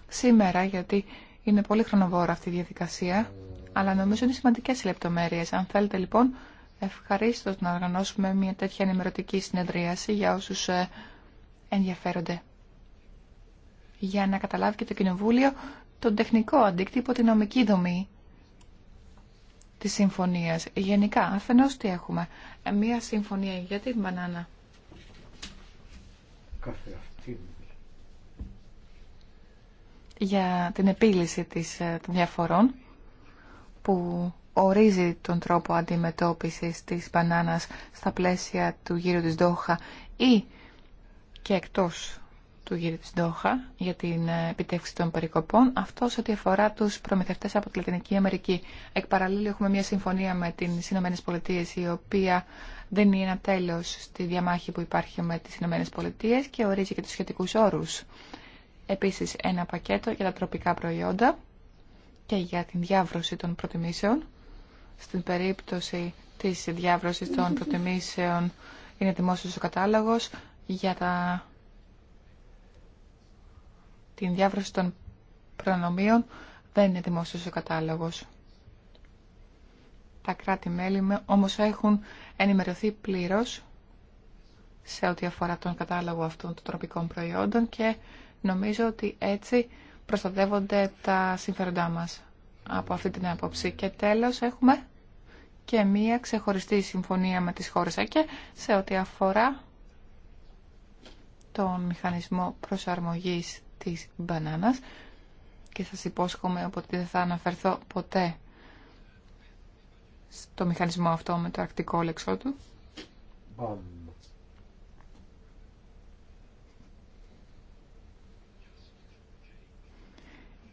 S3: σήμερα γιατί είναι πολύ χρονοβόρα αυτή η διαδικασία, αλλά νομίζω είναι σημαντικές οι λεπτομέρειες. Αν θέλετε λοιπόν, ευχαρίστω να οργανώσουμε μια τέτοια ενημερωτική συνεδρίαση για όσους ε, ενδιαφέρονται. Για να καταλάβει και το Κοινοβούλιο τον τεχνικό αντίκτυπο, την νομική δομή Τη συμφωνία. Γενικά, αφενό τι έχουμε. Μία συμφωνία για την μπανάνα. Για την επίλυση της, ε, των διαφορών που ορίζει τον τρόπο αντιμετώπισης της μπανάνας στα πλαίσια του γύρου της Δόχα ή και εκτός του γύρου της Ντόχα για την ε, επιτεύξη των περικοπών. Αυτό σε ό,τι αφορά τους προμηθευτές από τη Λατινική Αμερική. Εκ παραλλήλου έχουμε μια συμφωνία με τις Ηνωμένες Πολιτείες η οποία δεν είναι ένα τέλος στη διαμάχη που υπάρχει με τις Ηνωμένες Πολιτείες και ορίζει και τους σχετικούς όρους. Επίσης ένα πακέτο για τα τροπικά προϊόντα και για την διάβρωση των προτιμήσεων. Στην περίπτωση της διάβρωσης των προτιμήσεων είναι δημόσιο ο κατάλογος για τα την διάβρωση των προνομίων δεν είναι δημόσιο ο κατάλογος. Τα κράτη-μέλη όμως έχουν ενημερωθεί πλήρως σε ό,τι αφορά τον κατάλογο αυτών των τροπικών προϊόντων και νομίζω ότι έτσι προστατεύονται τα συμφέροντά μας από αυτή την άποψη. Και τέλος έχουμε και μία ξεχωριστή συμφωνία με τις χώρες ΑΚΕ σε ό,τι αφορά τον μηχανισμό προσαρμογής της μπανάνας και σας υπόσχομαι ότι δεν θα αναφερθώ ποτέ στο μηχανισμό αυτό με το αρκτικό λέξό του.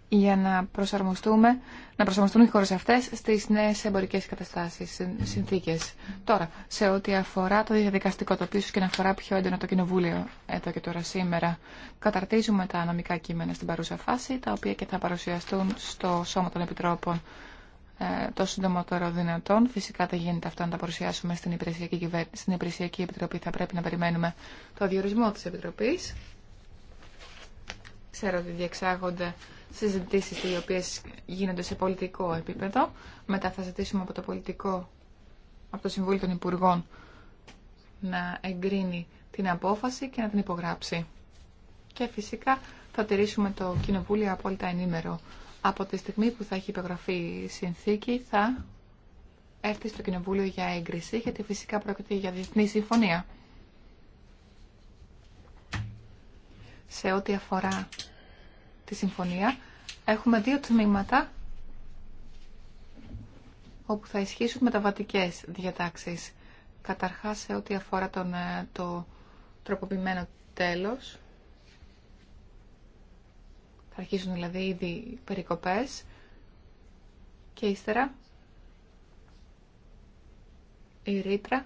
S3: για να προσαρμοστούμε, να προσαρμοστούν οι χώρες αυτές στις νέες εμπορικές καταστάσεις, συνθήκες. Τώρα, σε ό,τι αφορά το διαδικαστικό το πίσω και να αφορά πιο έντονα το Κοινοβούλιο εδώ και τώρα σήμερα, καταρτίζουμε τα νομικά κείμενα στην παρούσα φάση, τα οποία και θα παρουσιαστούν στο Σώμα των Επιτρόπων ε, το συντομότερο δυνατόν. Φυσικά δεν γίνεται αυτό να τα παρουσιάσουμε στην Υπηρεσιακή, Κυβέρ... στην Υπηρεσιακή Επιτροπή. Θα πρέπει να περιμένουμε το διορισμό της Επιτροπής. Ξέρω ότι διεξάγονται Συζητήσει οι οποίες γίνονται σε πολιτικό επίπεδο. Μετά θα ζητήσουμε από το πολιτικό, από το Συμβούλιο των Υπουργών να εγκρίνει την απόφαση και να την υπογράψει. Και φυσικά θα τηρήσουμε το Κοινοβούλιο απόλυτα ενήμερο. Από τη στιγμή που θα έχει υπογραφεί η συνθήκη θα έρθει στο Κοινοβούλιο για έγκριση, γιατί φυσικά πρόκειται για διεθνή συμφωνία. Σε ό,τι αφορά τη συμφωνία έχουμε δύο τμήματα όπου θα ισχύσουν μεταβατικές διατάξεις. καταρχά σε ό,τι αφορά τον, ε, το τροποποιημένο τέλος. Θα αρχίσουν δηλαδή ήδη περικοπές και ύστερα η ρήτρα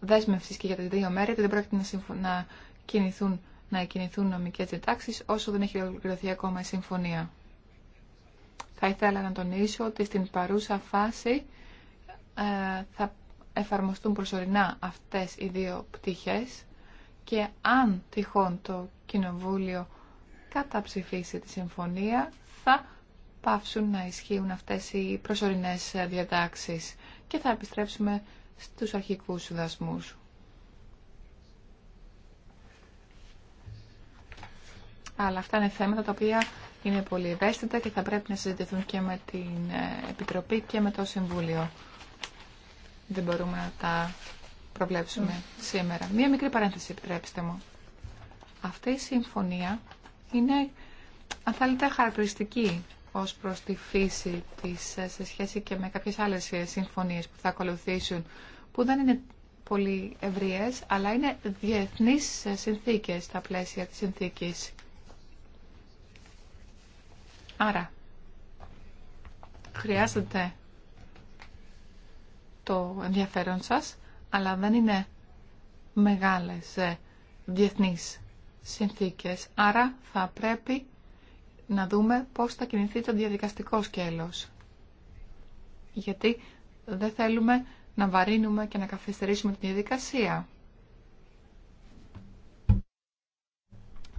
S3: δέσμευσης και για τα δύο μέρη ότι δεν πρόκειται να, να κινηθούν να κινηθούν νομικές διατάξεις όσο δεν έχει ολοκληρωθεί ακόμα η συμφωνία. Θα ήθελα να τονίσω ότι στην παρούσα φάση ε, θα εφαρμοστούν προσωρινά αυτές οι δύο πτυχές και αν τυχόν το Κοινοβούλιο καταψηφίσει τη συμφωνία θα πάυσουν να ισχύουν αυτές οι προσωρινές διατάξεις και θα επιστρέψουμε στους αρχικούς δασμούς. Αλλά αυτά είναι θέματα τα οποία είναι πολύ ευαίσθητα και θα πρέπει να συζητηθούν και με την ε, Επιτροπή και με το Συμβούλιο. Δεν μπορούμε να τα προβλέψουμε σήμερα. Μία μικρή παρένθεση, επιτρέψτε μου. Αυτή η συμφωνία είναι, αν θέλετε, χαρακτηριστική ως προς τη φύση της ε, σε σχέση και με κάποιες άλλες ε, συμφωνίες που θα ακολουθήσουν, που δεν είναι πολύ ευρείες, αλλά είναι διεθνείς συνθήκες στα πλαίσια της συνθήκης. Άρα, χρειάζεται το ενδιαφέρον σας, αλλά δεν είναι μεγάλες ε, διεθνείς συνθήκες. Άρα θα πρέπει να δούμε πώς θα κινηθεί το διαδικαστικό σκέλος. Γιατί δεν θέλουμε να βαρύνουμε και να καθυστερήσουμε τη διαδικασία.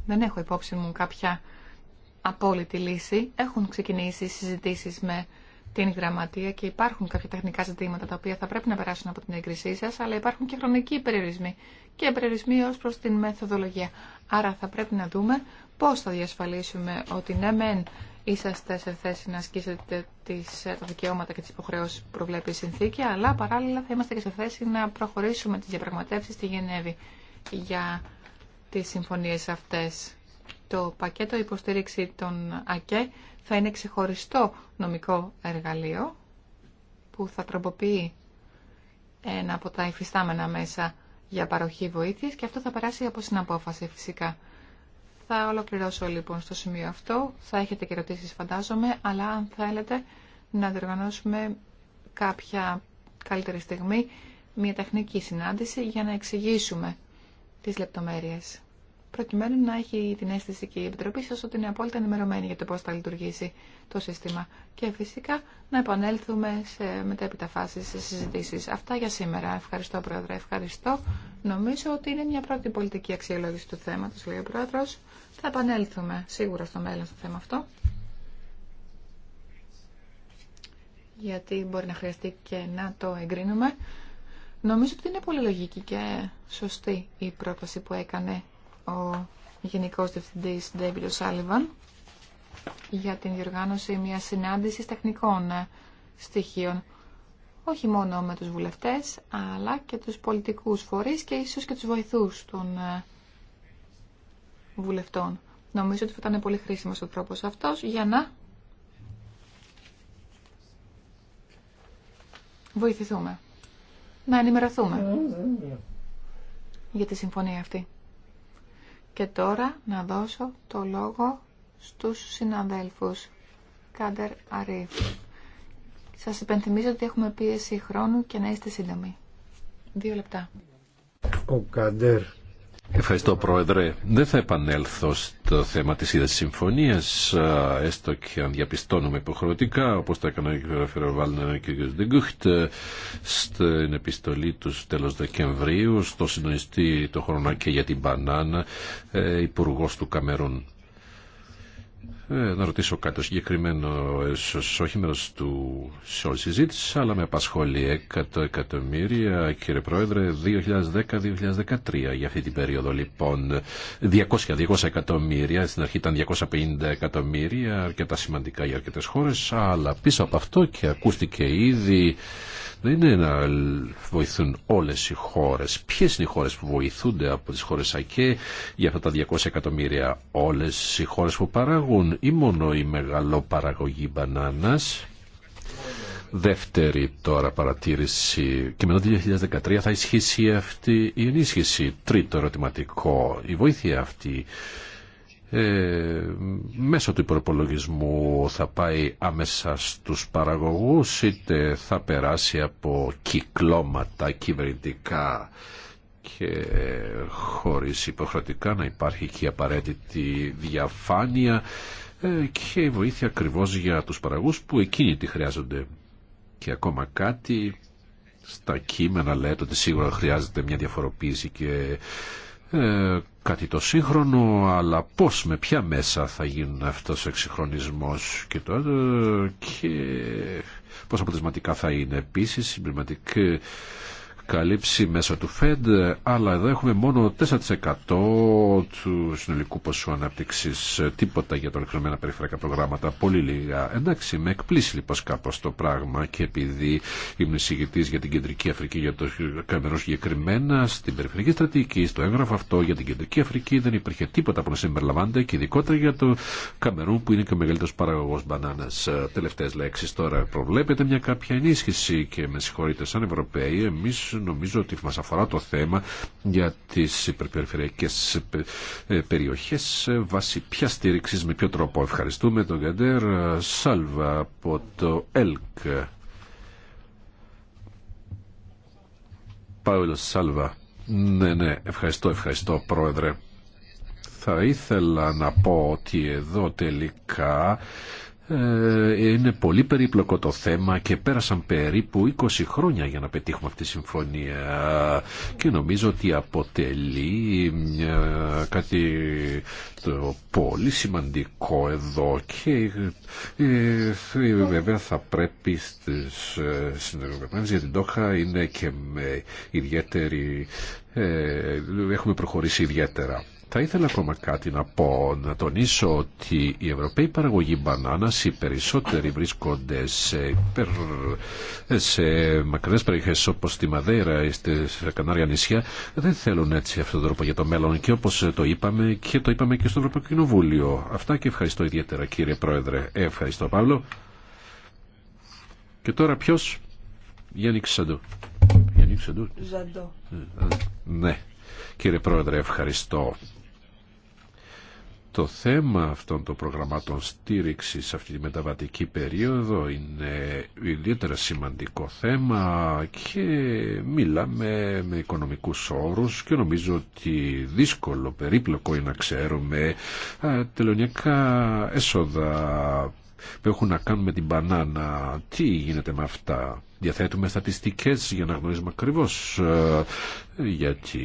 S3: Δεν έχω υπόψη μου κάποια απόλυτη λύση. Έχουν ξεκινήσει συζητήσει με την γραμματεία και υπάρχουν κάποια τεχνικά ζητήματα τα οποία θα πρέπει να περάσουν από την έγκρισή σα, αλλά υπάρχουν και χρονικοί περιορισμοί και περιορισμοί ω προ την μεθοδολογία. Άρα θα πρέπει να δούμε πώ θα διασφαλίσουμε ότι ναι, μεν είσαστε σε θέση να ασκήσετε τις, τα δικαιώματα και τι υποχρεώσει που προβλέπει η συνθήκη, αλλά παράλληλα θα είμαστε και σε θέση να προχωρήσουμε τι διαπραγματεύσει στη Γενέβη για τι συμφωνίε αυτέ. Το πακέτο υποστήριξη των ΑΚΕ θα είναι ξεχωριστό νομικό εργαλείο που θα τροποποιεί ένα από τα υφιστάμενα μέσα για παροχή βοήθειας και αυτό θα περάσει από συναπόφαση φυσικά. Θα ολοκληρώσω λοιπόν στο σημείο αυτό. Θα έχετε και ερωτήσεις φαντάζομαι, αλλά αν θέλετε να διοργανώσουμε κάποια καλύτερη στιγμή μια τεχνική συνάντηση για να εξηγήσουμε τις λεπτομέρειες προκειμένου να έχει την αίσθηση και η Επιτροπή σας ότι είναι απόλυτα ενημερωμένη για το πώς θα λειτουργήσει το σύστημα. Και φυσικά να επανέλθουμε σε μετέπειτα επιταφάσεις, σε συζητήσεις. Αυτά για σήμερα. Ευχαριστώ, Πρόεδρε. Ευχαριστώ. Νομίζω ότι είναι μια πρώτη πολιτική αξιολόγηση του θέματος, λέει ο Πρόεδρος. Θα επανέλθουμε σίγουρα στο μέλλον στο θέμα αυτό. γιατί μπορεί να χρειαστεί και να το εγκρίνουμε. Νομίζω ότι είναι πολύ λογική και σωστή η πρόταση που έκανε ο Γενικός Διευθυντής Ντέβιλ Σάλιβαν για την διοργάνωση μιας συνάντησης τεχνικών στοιχείων όχι μόνο με τους βουλευτές αλλά και τους πολιτικούς φορείς και ίσως και τους βοηθούς των ε, βουλευτών. Νομίζω ότι θα ήταν πολύ χρήσιμος ο τρόπος αυτός για να βοηθηθούμε, να ενημερωθούμε ναι, ναι, ναι. για τη συμφωνία αυτή. Και τώρα να δώσω το λόγο στους συναδέλφους. Κάντερ Αρή. Σας υπενθυμίζω ότι έχουμε πίεση χρόνου και να είστε σύντομοι. Δύο λεπτά.
S2: Ο Κάντερ
S4: Ευχαριστώ Πρόεδρε. Δεν θα επανέλθω στο θέμα της ίδιας συμφωνίας, έστω και αν διαπιστώνουμε υποχρεωτικά, όπως τα έκανε ο Φεροβάλλον και ο κ. Δεγκούχτ, ε, στην επιστολή του τέλος Δεκεμβρίου, στο συνοηστή το χρόνο και για την Μπανάνα, ε, υπουργό του Καμερούν ε, να ρωτήσω κάτι συγκεκριμένο, όχι μέρος του σε όλη συζήτηση, αλλά με απασχολεί 100 εκατομμύρια, κύριε Πρόεδρε, 2010-2013 για αυτή την περίοδο λοιπόν. 200-200 εκατομμύρια, στην αρχή ήταν 250 εκατομμύρια, αρκετά σημαντικά για αρκετές χώρες, αλλά πίσω από αυτό και ακούστηκε ήδη δεν είναι να βοηθούν όλες οι χώρες. Ποιες είναι οι χώρες που βοηθούνται από τις χώρες ΑΚΕ για αυτά τα 200 εκατομμύρια. Όλες οι χώρες που παράγουν ή μόνο η μεγαλό παραγωγή μπανάνας δεύτερη τώρα παρατήρηση και μετά το 2013 θα ισχύσει αυτή η ενίσχυση. Τρίτο ερωτηματικό, η βοήθεια αυτή ε, μέσω του προπολογισμού θα πάει άμεσα στους παραγωγούς είτε θα περάσει από κυκλώματα κυβερνητικά και χωρίς υποχρεωτικά να υπάρχει και η απαραίτητη διαφάνεια ε, και η βοήθεια ακριβώ για τους παραγωγούς που εκείνοι τη χρειάζονται. Και ακόμα κάτι στα κείμενα λέτε ότι σίγουρα χρειάζεται μια διαφοροποίηση και ε, κάτι το σύγχρονο, αλλά πώς, με ποια μέσα θα γίνουν αυτός ο εξυγχρονισμός και, το, και πώς αποτελεσματικά θα είναι επίσης συμπληρωματικά καλύψει μέσω του ΦΕΔ, αλλά εδώ έχουμε μόνο 4% του συνολικού ποσού ανάπτυξη. Τίποτα για τα ολοκληρωμένα περιφερειακά προγράμματα, πολύ λίγα. Εντάξει, με εκπλήσει λοιπόν κάπω το πράγμα και επειδή ήμουν εισηγητή για την Κεντρική Αφρική, για το Καμερό συγκεκριμένα, στην περιφερειακή στρατηγική, στο έγγραφο αυτό για την Κεντρική Αφρική δεν υπήρχε τίποτα που να συμπεριλαμβάνεται και ειδικότερα για το Καμερούν που είναι και ο μεγαλύτερο παραγωγό μπανάνα. Τελευταίε λέξει τώρα προβλέπεται μια κάποια ενίσχυση και με συγχωρείτε, σαν Ευρωπαίοι, εμεί νομίζω ότι μας αφορά το θέμα για τις υπερπεριφερειακές ε, ε, περιοχές ε, βάσει ποια στήριξης, με ποιο τρόπο. Ευχαριστούμε τον Γκαντέρ Σάλβα από το ΕΛΚ. Πάουλ Σάλβα. Ναι, ναι, ευχαριστώ, ευχαριστώ πρόεδρε. Θα ήθελα να πω ότι εδώ τελικά ε, είναι πολύ περίπλοκο το θέμα και πέρασαν περίπου 20 χρόνια για να πετύχουμε αυτή τη συμφωνία και νομίζω ότι αποτελεί ε, κάτι το πολύ σημαντικό εδώ και ε, βέβαια θα πρέπει στις συνεργασίες για την Τόχα είναι και με ιδιαίτερη έχουμε προχωρήσει ιδιαίτερα. Θα ήθελα ακόμα κάτι να πω, να τονίσω ότι οι Ευρωπαίοι παραγωγοί μπανάνας οι περισσότεροι βρίσκονται σε, περ, σε όπω περιοχές όπως τη Μαδέρα ή στα Κανάρια νησιά. Δεν θέλουν έτσι αυτόν τον τρόπο για το μέλλον και όπως το είπαμε και το είπαμε και στο Ευρωπαϊκό Κοινοβούλιο. Αυτά και ευχαριστώ ιδιαίτερα κύριε Πρόεδρε. Ευχαριστώ Παύλο. Και τώρα ποιος? Γιάννη Ξαντού. Γιάννη Ξαντού.
S1: Ε,
S4: ε, ναι. Κύριε Πρόεδρε, ευχαριστώ. Το θέμα αυτών των προγραμμάτων στήριξης σε αυτή τη μεταβατική περίοδο είναι ιδιαίτερα σημαντικό θέμα και μιλάμε με οικονομικούς όρους και νομίζω ότι δύσκολο, περίπλοκο είναι να ξέρουμε τελωνιακά έσοδα που έχουν να κάνουν με την μπανάνα. Τι γίνεται με αυτά διαθέτουμε στατιστικές για να γνωρίζουμε ακριβώ ε, γιατί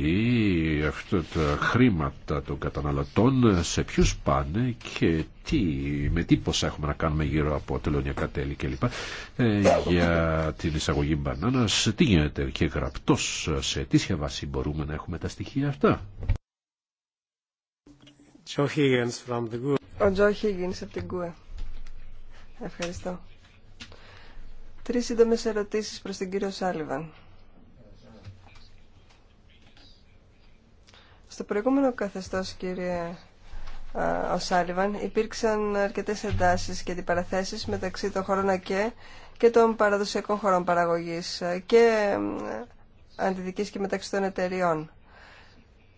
S4: αυτά τα χρήματα των καταναλωτών ε, σε ποιους πάνε και τι, με τι ποσά έχουμε να κάνουμε γύρω από τελωνιακά τέλη κλπ. Ε, για την εισαγωγή μπανάνας, τι γίνεται και γραπτός σε αιτήσια βάση μπορούμε να έχουμε τα στοιχεία αυτά. E.
S1: Ο Τζο Higgins από την ΚΟΕ. E. Ευχαριστώ. Τρεις σύντομες ερωτήσεις προς τον κύριο Σάλιβαν. Στο προηγούμενο καθεστώς, κύριε ο Σάλιβαν, υπήρξαν αρκετές εντάσεις και αντιπαραθέσεις μεταξύ των χωρών ΑΚΕ και των παραδοσιακών χωρών παραγωγής και αντιδικής και μεταξύ των εταιριών.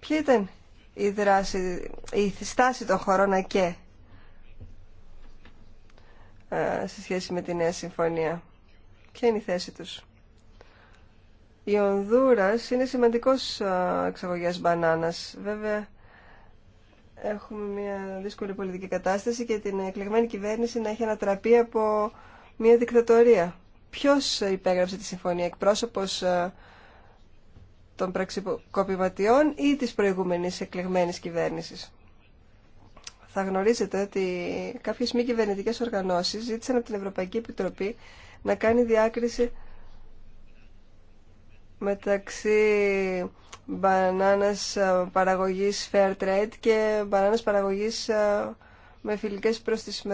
S1: Ποια ήταν η δράση, η στάση των χωρών ΑΚΕ σε σχέση με τη νέα συμφωνία. Ποια είναι η θέση τους. Η Ονδούρας είναι σημαντικός εξαγωγές μπανάνας. Βέβαια, έχουμε μια δύσκολη πολιτική κατάσταση και την εκλεγμένη κυβέρνηση να έχει ανατραπεί από μια δικτατορία. Ποιος υπέγραψε τη συμφωνία, εκπρόσωπος των πραξικοπηματιών ή της προηγούμενης εκλεγμένης κυβέρνησης. Θα γνωρίζετε ότι κάποιες μη κυβερνητικές οργανώσεις ζήτησαν από την Ευρωπαϊκή Επιτροπή να κάνει διάκριση μεταξύ μπανάνας ε, παραγωγής fair trade και μπανάνας παραγωγής ε, με φιλικές προς, τις,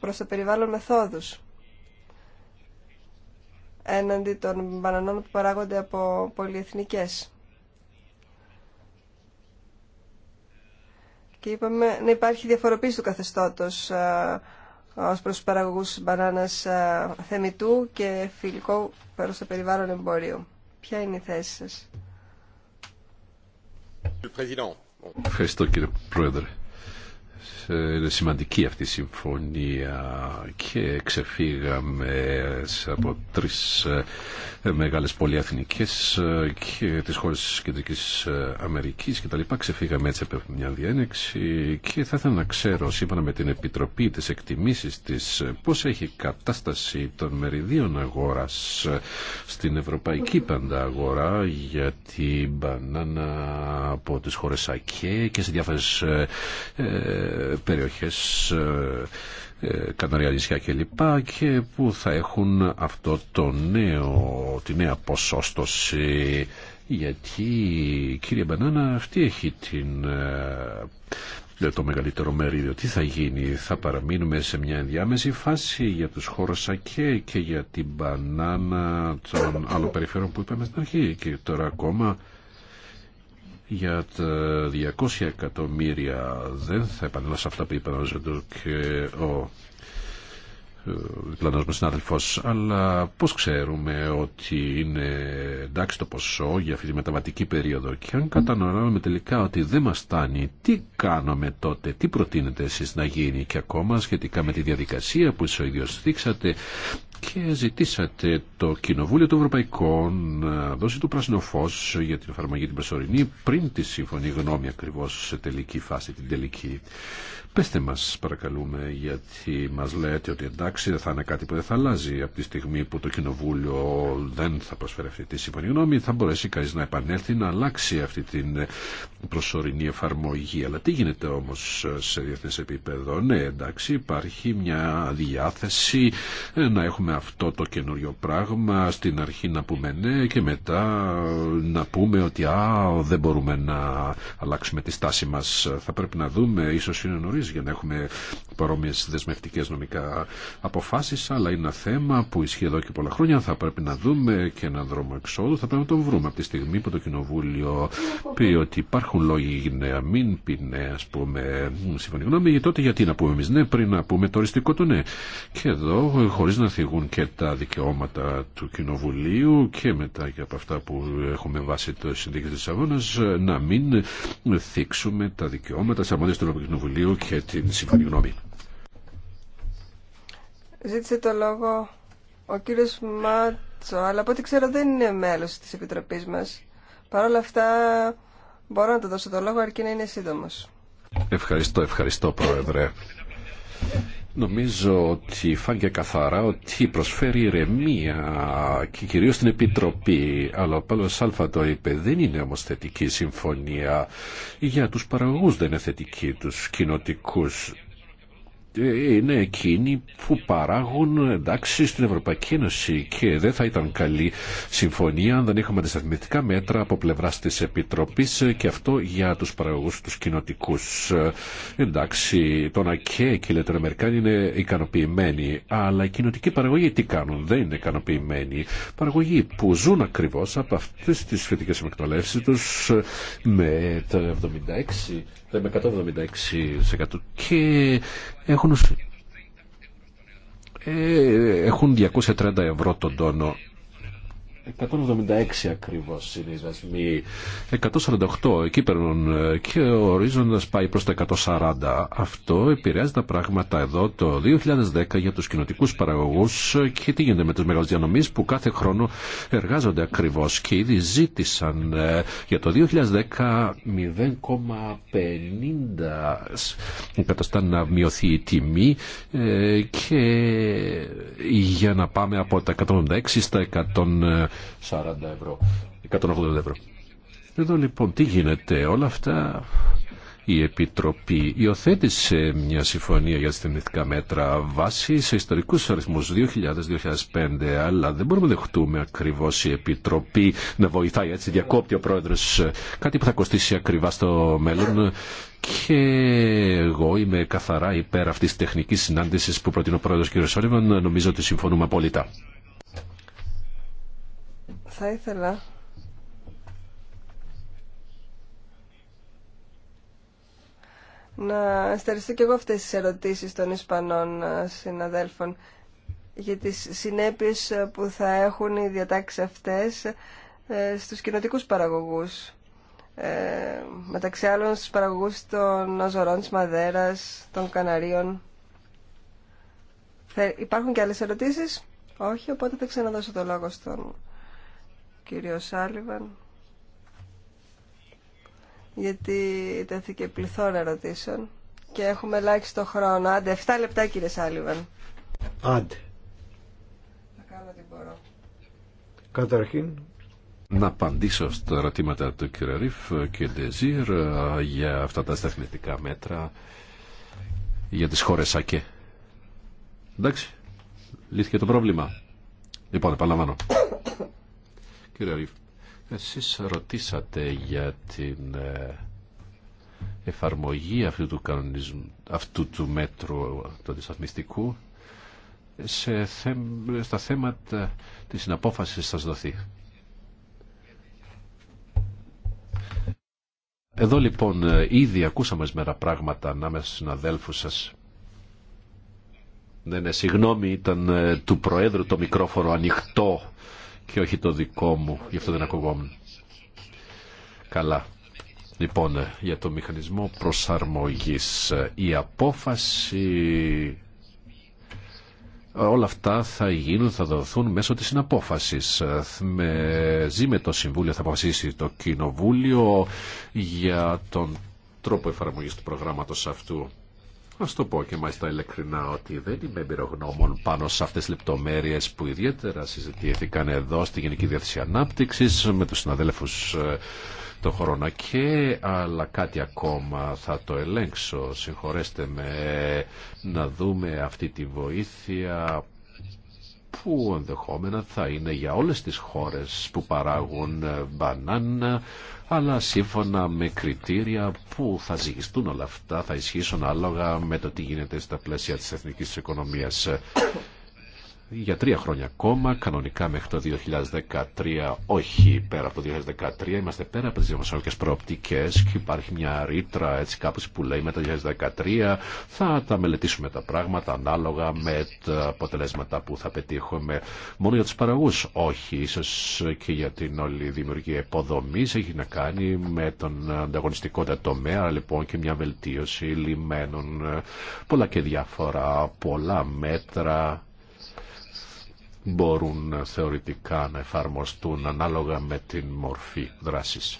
S1: προς το περιβάλλον μεθόδους έναντι των μπανανών που παράγονται από πολυεθνικές. Και είπαμε να υπάρχει διαφοροποίηση του καθεστώτος ε, ως προς παραγωγούς μπανάνας ε, θεμητού και φιλικό προς το περιβάλλον εμπορίου. Ποια είναι η θέση σας.
S4: Ευχαριστώ κύριε Πρόεδρε είναι σημαντική αυτή η συμφωνία και ξεφύγαμε από τρεις ε, μεγάλες πολυεθνικές ε, και τις χώρες της Κεντρικής ε, Αμερικής και τα λοιπά. Ξεφύγαμε έτσι από μια διένεξη και θα ήθελα να ξέρω σύμφωνα με την Επιτροπή της Εκτιμήσεις της πώς έχει κατάσταση των μεριδίων αγόρας στην ευρωπαϊκή Πανταγορά για την μπανάνα από τις χώρες ΑΚΕ και σε διάφορες περιοχές ε, ε, Καναρία νησιά κλπ και που θα έχουν αυτό το νέο, τη νέα ποσόστοση γιατί κύριε Μπανάνα αυτή έχει την ε, το μεγαλύτερο μερίδιο. Τι θα γίνει, θα παραμείνουμε σε μια ενδιάμεση φάση για τους χώρους ΑΚΕ και για την μπανάνα των άλλων περιφέρων που είπαμε στην αρχή και τώρα ακόμα για τα 200 εκατομμύρια δεν θα επανέλθω αυτά που είπε ο Ζεντού και ο διπλανός μου συνάδελφος αλλά πώς ξέρουμε ότι είναι εντάξει το ποσό για αυτή τη μεταβατική περίοδο και αν κατανοράμε τελικά ότι δεν μας στάνει τι κάνουμε τότε, τι προτείνετε εσείς να γίνει και ακόμα σχετικά με τη διαδικασία που εσείς ο ίδιος δείξατε και ζητήσατε το Κοινοβούλιο του Ευρωπαϊκών να δώσει το πράσινο φως για την εφαρμογή την προσωρινή πριν τη σύμφωνη γνώμη ακριβώς σε τελική φάση, την τελική. Πεστε μας παρακαλούμε γιατί μας λέτε ότι εντάξει δεν θα είναι κάτι που δεν θα αλλάζει από τη στιγμή που το Κοινοβούλιο δεν θα προσφέρει αυτή τη σύμφωνη γνώμη θα μπορέσει κανείς να επανέλθει να αλλάξει αυτή την προσωρινή εφαρμογή. Αλλά τι γίνεται όμως σε διεθνές επίπεδο. Ναι εντάξει υπάρχει μια διάθεση να έχουμε αυτό το καινούριο πράγμα στην αρχή να πούμε ναι και μετά να πούμε ότι α, δεν μπορούμε να αλλάξουμε τη στάση μας. Θα πρέπει να δούμε ίσως είναι νωρίς για να έχουμε παρόμοιε δεσμευτικέ νομικά αποφάσει, αλλά είναι ένα θέμα που ισχύει εδώ και πολλά χρόνια. Θα πρέπει να δούμε και έναν δρόμο εξόδου. Θα πρέπει να τον βρούμε από τη στιγμή που το Κοινοβούλιο πει ότι υπάρχουν λόγοι να μην πει ναι, α πούμε, συμφωνή γνώμη. Τότε γιατί να πούμε εμεί ναι, πριν να πούμε το οριστικό του ναι. Και εδώ, χωρί να θυγούν και τα δικαιώματα του Κοινοβουλίου και μετά και από αυτά που έχουμε βάσει το συνδίκη τη Αγώνα, να μην θίξουμε τα δικαιώματα τη αρμόδια του Ευρωπαϊκού Κοινοβουλίου είχε την σύμφωνη γνώμη.
S1: Ζήτησε το λόγο ο κύριος Μάτσο, αλλά από ό,τι ξέρω δεν είναι μέλος της Επιτροπής μας. Παρ' όλα αυτά μπορώ να του δώσω το λόγο αρκεί να είναι σύντομος.
S4: Ευχαριστώ, ευχαριστώ Πρόεδρε. Νομίζω ότι φάνηκε καθαρά ότι προσφέρει ηρεμία και κυρίως στην Επιτροπή. Αλλά ο Πάλος Αλφα το είπε, δεν είναι όμως θετική συμφωνία. Για τους παραγωγούς δεν είναι θετική, τους κοινοτικούς. Ε, είναι εκείνοι που παράγουν εντάξει στην Ευρωπαϊκή Ένωση και δεν θα ήταν καλή συμφωνία αν δεν είχαμε αντισταθμιστικά μέτρα από πλευρά τη Επιτροπή και αυτό για του παραγωγού του κοινοτικού. Εντάξει, το να και, και οι Λετροαμερικάνοι είναι ικανοποιημένοι, αλλά οι κοινοτικοί παραγωγοί τι κάνουν, δεν είναι ικανοποιημένοι. Παραγωγοί που ζουν ακριβώ από αυτέ τι φοιτητικέ εκτολέψει του με το 76, με 176% και έχουν έχουν, 230 ε, ευρώ τον τόνο 176 ακριβώς είναι οι δασμοί. 148 εκεί παίρνουν ε, και ο ορίζοντα πάει προς τα 140. Αυτό επηρεάζει τα πράγματα εδώ το 2010 για τους κοινοτικού παραγωγούς ε, και τι γίνεται με τους μεγάλους διανομή που κάθε χρόνο εργάζονται ακριβώ και ήδη ζήτησαν ε, για το 2010 0,50 καταστά να μειωθεί η τιμή και για να πάμε από τα 186 στα 100 40 ευρώ, 180 ευρώ. Εδώ λοιπόν τι γίνεται, όλα αυτά η Επιτροπή υιοθέτησε μια συμφωνία για τα μέτρα βάσει σε ιστορικούς αριθμούς 2000-2005, αλλά δεν μπορούμε να δεχτούμε ακριβώς η Επιτροπή να βοηθάει έτσι, διακόπτει ο Πρόεδρος, κάτι που θα κοστίσει ακριβά στο μέλλον και εγώ είμαι καθαρά υπέρ αυτής της τεχνικής συνάντησης που προτείνει ο Πρόεδρος κ. Σόριβαν νομίζω ότι συμφωνούμε απόλυτα.
S1: Θα ήθελα να στεριστώ και εγώ αυτές τις ερωτήσεις των Ισπανών ε, συναδέλφων για τις συνέπειες ε, που θα έχουν οι διατάξεις αυτές ε, στους κοινοτικούς παραγωγούς. μεταξύ άλλων στους παραγωγούς των Αζωρών, της Μαδέρας, των Καναρίων. υπάρχουν και άλλες ερωτήσεις? Όχι, οπότε θα ξαναδώσω το λόγο στον κύριο Σάλιβαν γιατί τέθηκε πληθώρα ερωτήσεων και έχουμε ελάχιστο χρόνο. Άντε, 7 λεπτά κύριε Σάλιβαν.
S2: Άντε. Θα κάνω ό,τι μπορώ. Καταρχήν,
S4: να απαντήσω στα ερωτήματα του κ. Ρίφ και Ντεζίρ ε, για αυτά τα σταθμιστικά μέτρα για τις χώρες ΑΚΕ. Εντάξει, λύθηκε το πρόβλημα. Λοιπόν, επαναλαμβάνω. Κύριε Ρίφ, εσείς ρωτήσατε για την ε, εφαρμογή αυτού του, κανονισμού, αυτού του μέτρου του αντισταθμιστικού σε, στα θέματα της συναπόφασης σας δοθεί. Εδώ λοιπόν ε, ήδη ακούσαμε σήμερα πράγματα ανάμεσα στους συναδέλφους σας. Ναι, ναι, συγγνώμη, ήταν ε, του Προέδρου το μικρόφωνο ανοιχτό και όχι το δικό μου, γι' αυτό δεν ακουγόμουν. Καλά. Λοιπόν, ε, για το μηχανισμό προσαρμογής, ε, η απόφαση, ε, όλα αυτά θα γίνουν, θα δοθούν μέσω της συναπόφασης. Με, ζει με το Συμβούλιο θα αποφασίσει το Κοινοβούλιο για τον τρόπο εφαρμογής του προγράμματος αυτού. Α το πω και μάλιστα ειλικρινά ότι δεν είμαι εμπειρογνώμων πάνω σε αυτές τις λεπτομέρειες που ιδιαίτερα συζητήθηκαν εδώ στη Γενική Διεύθυνση Ανάπτυξης με τους συναδέλφους ε, το χρόνο και αλλά κάτι ακόμα θα το ελέγξω συγχωρέστε με να δούμε αυτή τη βοήθεια που ενδεχόμενα θα είναι για όλες τις χώρες που παράγουν ε, μπανάνα αλλά σύμφωνα με κριτήρια που θα ζυγιστούν όλα αυτά θα ισχύσουν άλογα με το τι γίνεται στα πλαίσια της εθνικής οικονομίας για τρία χρόνια ακόμα, κανονικά μέχρι το 2013, όχι πέρα από το 2013, είμαστε πέρα από τις δημοσιογραφικές προοπτικές και υπάρχει μια ρήτρα έτσι κάπως που λέει με το 2013 θα τα μελετήσουμε τα πράγματα ανάλογα με τα αποτελέσματα που θα πετύχουμε μόνο για τους παραγούς, όχι ίσως και για την όλη δημιουργία υποδομή έχει να κάνει με τον ανταγωνιστικό τομέα λοιπόν και μια βελτίωση λιμένων πολλά και διάφορα, πολλά μέτρα μπορούν θεωρητικά να εφαρμοστούν ανάλογα με την μορφή δράσης.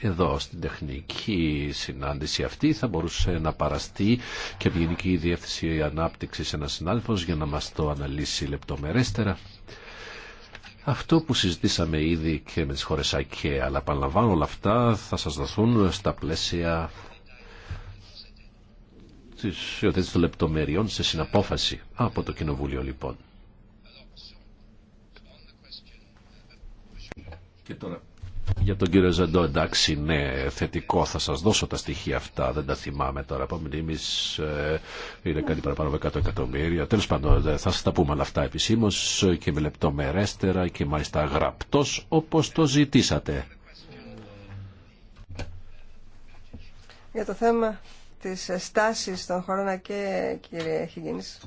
S4: Εδώ στην τεχνική συνάντηση αυτή θα μπορούσε να παραστεί και από Γενική Διεύθυνση Ανάπτυξης ένας συνάδελφος για να μας το αναλύσει λεπτομερέστερα. Αυτό που συζητήσαμε ήδη και με τις χώρες ΑΚΕ, αλλά παραλαμβάνω όλα αυτά θα σας δοθούν στα πλαίσια της υιοθέτησης των λεπτομεριών σε συναπόφαση από το Κοινοβούλιο λοιπόν. για τον κύριο Ζαντό, εντάξει, ναι, θετικό, θα σας δώσω τα στοιχεία αυτά, δεν τα θυμάμαι τώρα, από μνήμης ε, είναι κάτι παραπάνω από 100 εκατομμύρια. Τέλος πάντων, ε, θα σας τα πούμε όλα αυτά επισήμως ε, και με λεπτομερέστερα και μάλιστα γραπτός όπως το ζητήσατε.
S1: Για το θέμα της στάσης των χωρών και κύριε Χιγίνης.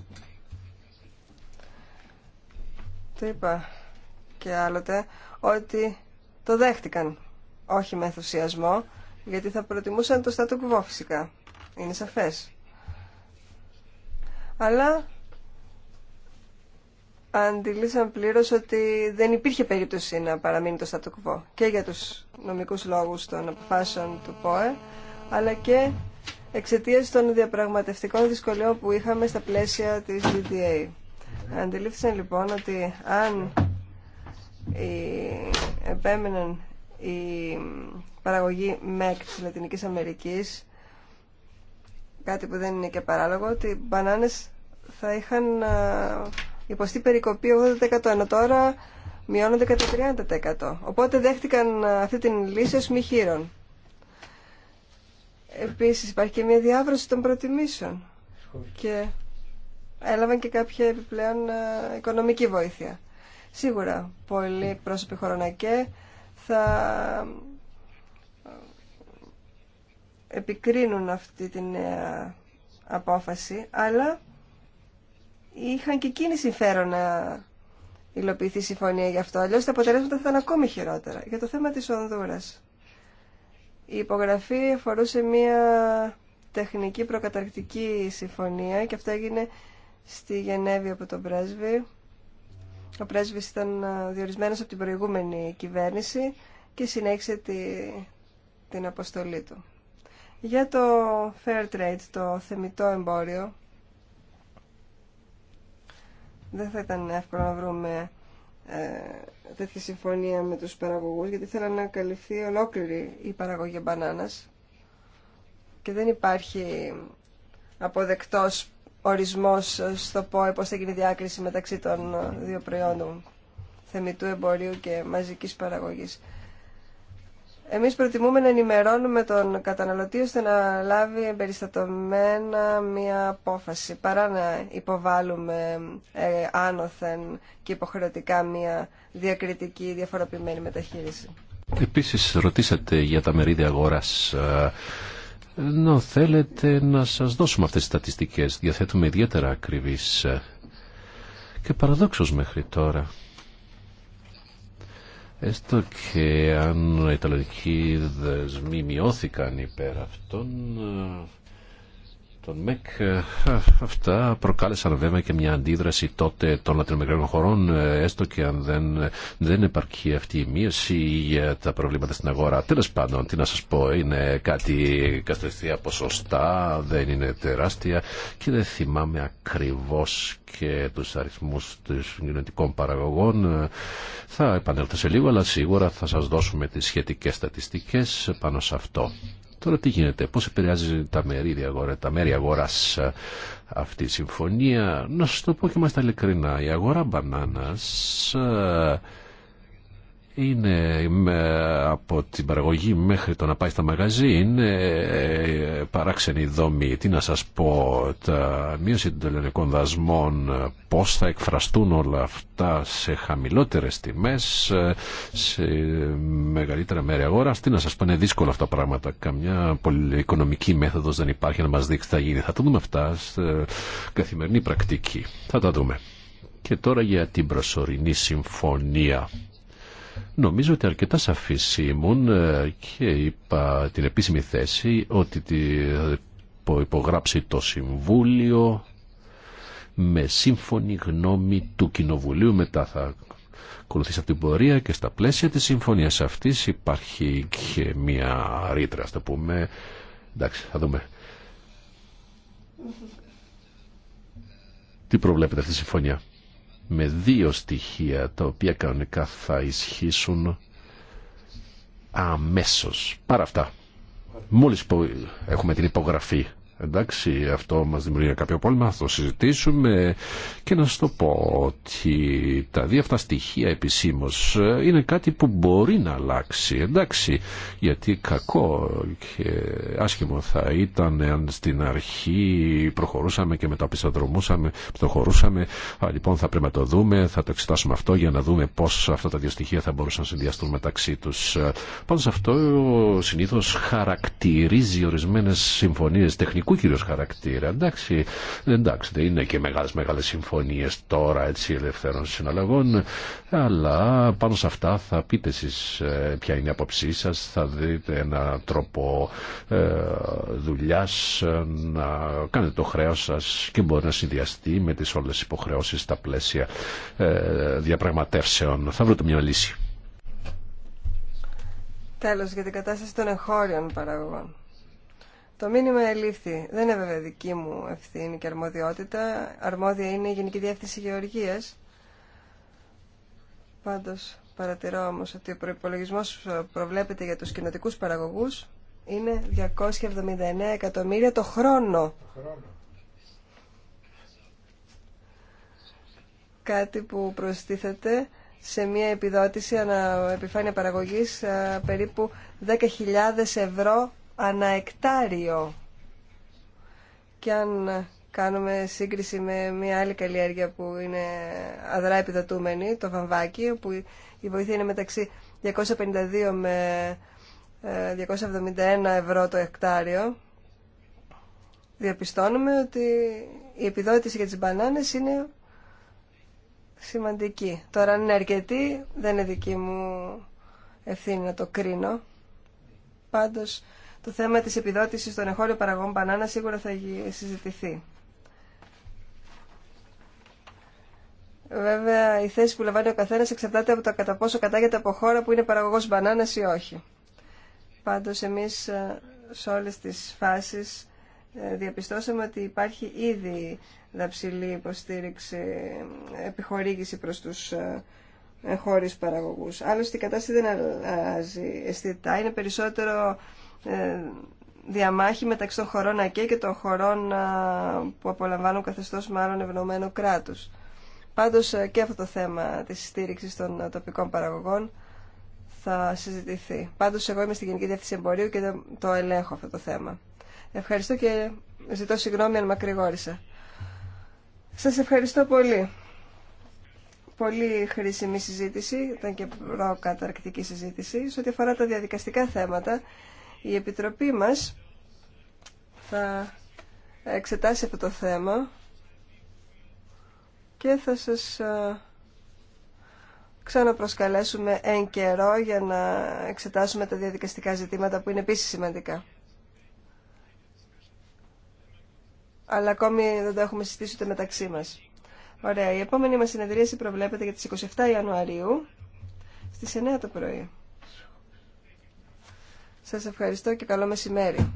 S1: Το είπα και άλλοτε ότι το δέχτηκαν. Όχι με ενθουσιασμό, γιατί θα προτιμούσαν το στάτο κουβό φυσικά. Είναι σαφές. Αλλά αντιλήσαν πλήρως ότι δεν υπήρχε περίπτωση να παραμείνει το στάτο κουβό. Και για τους νομικούς λόγους των αποφάσεων του ΠΟΕ, αλλά και εξαιτία των διαπραγματευτικών δυσκολιών που είχαμε στα πλαίσια της DDA. Αντιλήφθησαν λοιπόν ότι αν επέμεναν η παραγωγή ΜΕΚ της Λατινικής Αμερικής κάτι που δεν είναι και παράλογο ότι οι μπανάνες θα είχαν ε, υποστεί περικοπή 80% ενώ τώρα μειώνονται κατά 30%. Οπότε δέχτηκαν ε, αυτή την λύση ως μη χείρον. Επίσης υπάρχει και μια διάβρωση των προτιμήσεων και έλαβαν και κάποια επιπλέον ε, οικονομική βοήθεια. Σίγουρα πολλοί πρόσωποι χωρονακέ θα ε, επικρίνουν αυτή την νέα ε, απόφαση, αλλά είχαν και εκείνοι συμφέρον να υλοποιηθεί συμφωνία γι' αυτό. Αλλιώ τα αποτελέσματα θα ήταν ακόμη χειρότερα. Για το θέμα της Ονδούρας, Η υπογραφή αφορούσε μια τεχνική προκαταρκτική συμφωνία και αυτό έγινε στη Γενέβη από τον πρέσβη ο πρέσβης ήταν ε, διορισμένος από την προηγούμενη κυβέρνηση και συνέχισε τη, την αποστολή του. Για το fair trade, το θεμητό εμπόριο, δεν θα ήταν εύκολο να βρούμε ε, τέτοια συμφωνία με τους παραγωγούς, γιατί θέλανε να καλυφθεί ολόκληρη η παραγωγή μπανάνας και δεν υπάρχει αποδεκτός ορισμός στο πω πώς θα γίνει η διάκριση μεταξύ των ε, δύο προϊόντων θεμητού εμπορίου και μαζικής παραγωγής. Εμείς προτιμούμε να ενημερώνουμε τον καταναλωτή ώστε να λάβει εμπεριστατωμένα μία απόφαση παρά να υποβάλουμε ε, άνοθεν και υποχρεωτικά μία διακριτική διαφοροποιημένη μεταχείριση.
S4: Επίσης ρωτήσατε για τα μερίδια αγοράς ε, ενώ θέλετε να σας δώσουμε αυτές τις στατιστικές. Διαθέτουμε ιδιαίτερα ακριβείς και παραδόξως μέχρι τώρα. Έστω και αν οι Ιταλογικοί δεσμοί μειώθηκαν υπέρ αυτών, τον ΜΕΚ ε, αυτά προκάλεσαν βέβαια και μια αντίδραση τότε των λατινοαμερικανικών χωρών ε, έστω και αν δεν, δεν αυτή η μείωση για τα προβλήματα στην αγορά. τέλο πάντων, τι να σα πω, είναι κάτι καστοριστικά ποσοστά, δεν είναι τεράστια και δεν θυμάμαι ακριβώ και τους αριθμού των γενετικών παραγωγών. Θα επανέλθω σε λίγο, αλλά σίγουρα θα σα δώσουμε τι σχετικέ στατιστικέ πάνω σε αυτό. Τώρα τι γίνεται, πώς επηρεάζει τα, μέρη αγορά, τα μέρη αγοράς ε, αυτή η συμφωνία. Να σας το πω και μας τα ειλικρινά, η αγορά μπανάνας ε, είναι από την παραγωγή μέχρι το να πάει στα μαγαζί είναι ε, παράξενη δομή. Τι να σας πω, τα μείωση των τελευταίων δασμών, πώς θα εκφραστούν όλα αυτά σε χαμηλότερες τιμές, σε μεγαλύτερα μέρη αγοράς. Τι να σας πω, είναι δύσκολα αυτά τα πράγματα. Καμιά πολυοικονομική μέθοδος δεν υπάρχει να μας δείξει τι θα γίνει. Θα το δούμε αυτά σε καθημερινή πρακτική. Θα τα δούμε. Και τώρα για την προσωρινή συμφωνία. Νομίζω ότι αρκετά σαφής ήμουν ε, και είπα την επίσημη θέση ότι ε, υπογράψει το Συμβούλιο με σύμφωνη γνώμη του Κοινοβουλίου μετά θα ακολουθήσει αυτή την πορεία και στα πλαίσια της συμφωνίας αυτής υπάρχει και μια ρήτρα, ας το πούμε. Εντάξει, θα δούμε. Τι προβλέπετε αυτή τη συμφωνία με δύο στοιχεία τα οποία κανονικά θα ισχύσουν αμέσως. Παρά αυτά, μόλις έχουμε την υπογραφή Εντάξει, αυτό μας δημιουργεί κάποιο πρόβλημα, θα το συζητήσουμε και να σας το πω ότι τα δύο αυτά στοιχεία επισήμως είναι κάτι που μπορεί να αλλάξει, εντάξει, γιατί κακό και άσχημο θα ήταν αν στην αρχή προχωρούσαμε και μετά πισαδρομούσαμε, προχωρούσαμε, Α, λοιπόν θα πρέπει να το δούμε, θα το εξετάσουμε αυτό για να δούμε πώς αυτά τα δύο στοιχεία θα μπορούσαν να συνδυαστούν μεταξύ τους. Πάντως αυτό συνήθως χαρακτηρίζει ορισμένες συμφωνίες τεχνικού πολιτικού χαρακτήρα. Εντάξει, εντάξει, δεν είναι και μεγάλε μεγάλες συμφωνίε τώρα έτσι ελευθέρων συναλλαγών, αλλά πάνω σε αυτά θα πείτε εσεί ε, ποια είναι η άποψή σα, θα δείτε ένα τρόπο ε, δουλειά ε, να κάνετε το χρέο σα και μπορεί να συνδυαστεί με τι όλε τι υποχρεώσει στα πλαίσια ε, διαπραγματεύσεων. Θα βρείτε μια λύση.
S1: Τέλος, για την κατάσταση των εγχώριων παραγωγών. Το μήνυμα ελήφθη. Δεν είναι βέβαια δική μου ευθύνη και αρμοδιότητα. Αρμόδια είναι η Γενική Διεύθυνση Γεωργίας. Πάντως παρατηρώ όμως ότι ο προϋπολογισμός που προβλέπεται για τους κοινοτικούς παραγωγούς είναι 279 εκατομμύρια το χρόνο. Κάτι που προστίθεται σε μια επιδότηση ανά επιφάνεια παραγωγής περίπου 10.000 ευρώ αναεκτάριο και αν κάνουμε σύγκριση με μια άλλη καλλιέργεια που είναι αδρά επιδοτούμενη, το βαμβάκι, που η βοήθεια είναι μεταξύ 252 με 271 ε, ευρώ το εκτάριο, διαπιστώνουμε ότι η επιδότηση για τις μπανάνες είναι σημαντική. Τώρα αν είναι αρκετή, δεν είναι δική μου ευθύνη να το κρίνω. Πάντως το θέμα της επιδότησης των εγχώριων παραγών μπανάνα σίγουρα θα συζητηθεί. Βέβαια, η θέση που λαμβάνει ο καθένα εξαρτάται από το κατά πόσο κατάγεται από χώρα που είναι παραγωγό μπανάνα ή όχι. Πάντω, εμεί ε, σε όλε τι φάσει ε, διαπιστώσαμε ότι υπάρχει ήδη δαψιλή υποστήριξη, ε, επιχορήγηση προ του χώρου παραγωγού. Άλλωστε η κατάσταση δεν αλλάζει αισθητά, είναι περισσότερο ε, διαμάχη μεταξύ των χωρών ΑΚΕ και των χωρών που απολαμβάνουν καθεστώς μάλλον ευνομένο κράτους. Πάντως ε, και αυτό το θέμα της στήριξης των ε, τοπικών παραγωγών θα συζητηθεί. Πάντως εγώ είμαι στην Γενική Διεύθυνση Εμπορίου και το ελέγχω αυτό το θέμα. Ευχαριστώ και ζητώ συγγνώμη αν μακρηγόρησα. Σας ευχαριστώ πολύ. Πολύ χρήσιμη συζήτηση, ήταν και προκαταρκτική συζήτηση, σε ό,τι αφορά τα διαδικαστικά θέματα. Η Επιτροπή μας θα εξετάσει αυτό το θέμα και θα σας ε, ξαναπροσκαλέσουμε εν καιρό για να εξετάσουμε τα διαδικαστικά ζητήματα που είναι επίσης σημαντικά. Αλλά ακόμη δεν το έχουμε συστήσει ούτε μεταξύ μας. Ωραία, η επόμενη μας συνεδρίαση προβλέπεται για τις 27 Ιανουαρίου στις 9 το πρωί. Σας ευχαριστώ και καλό μεσημέρι.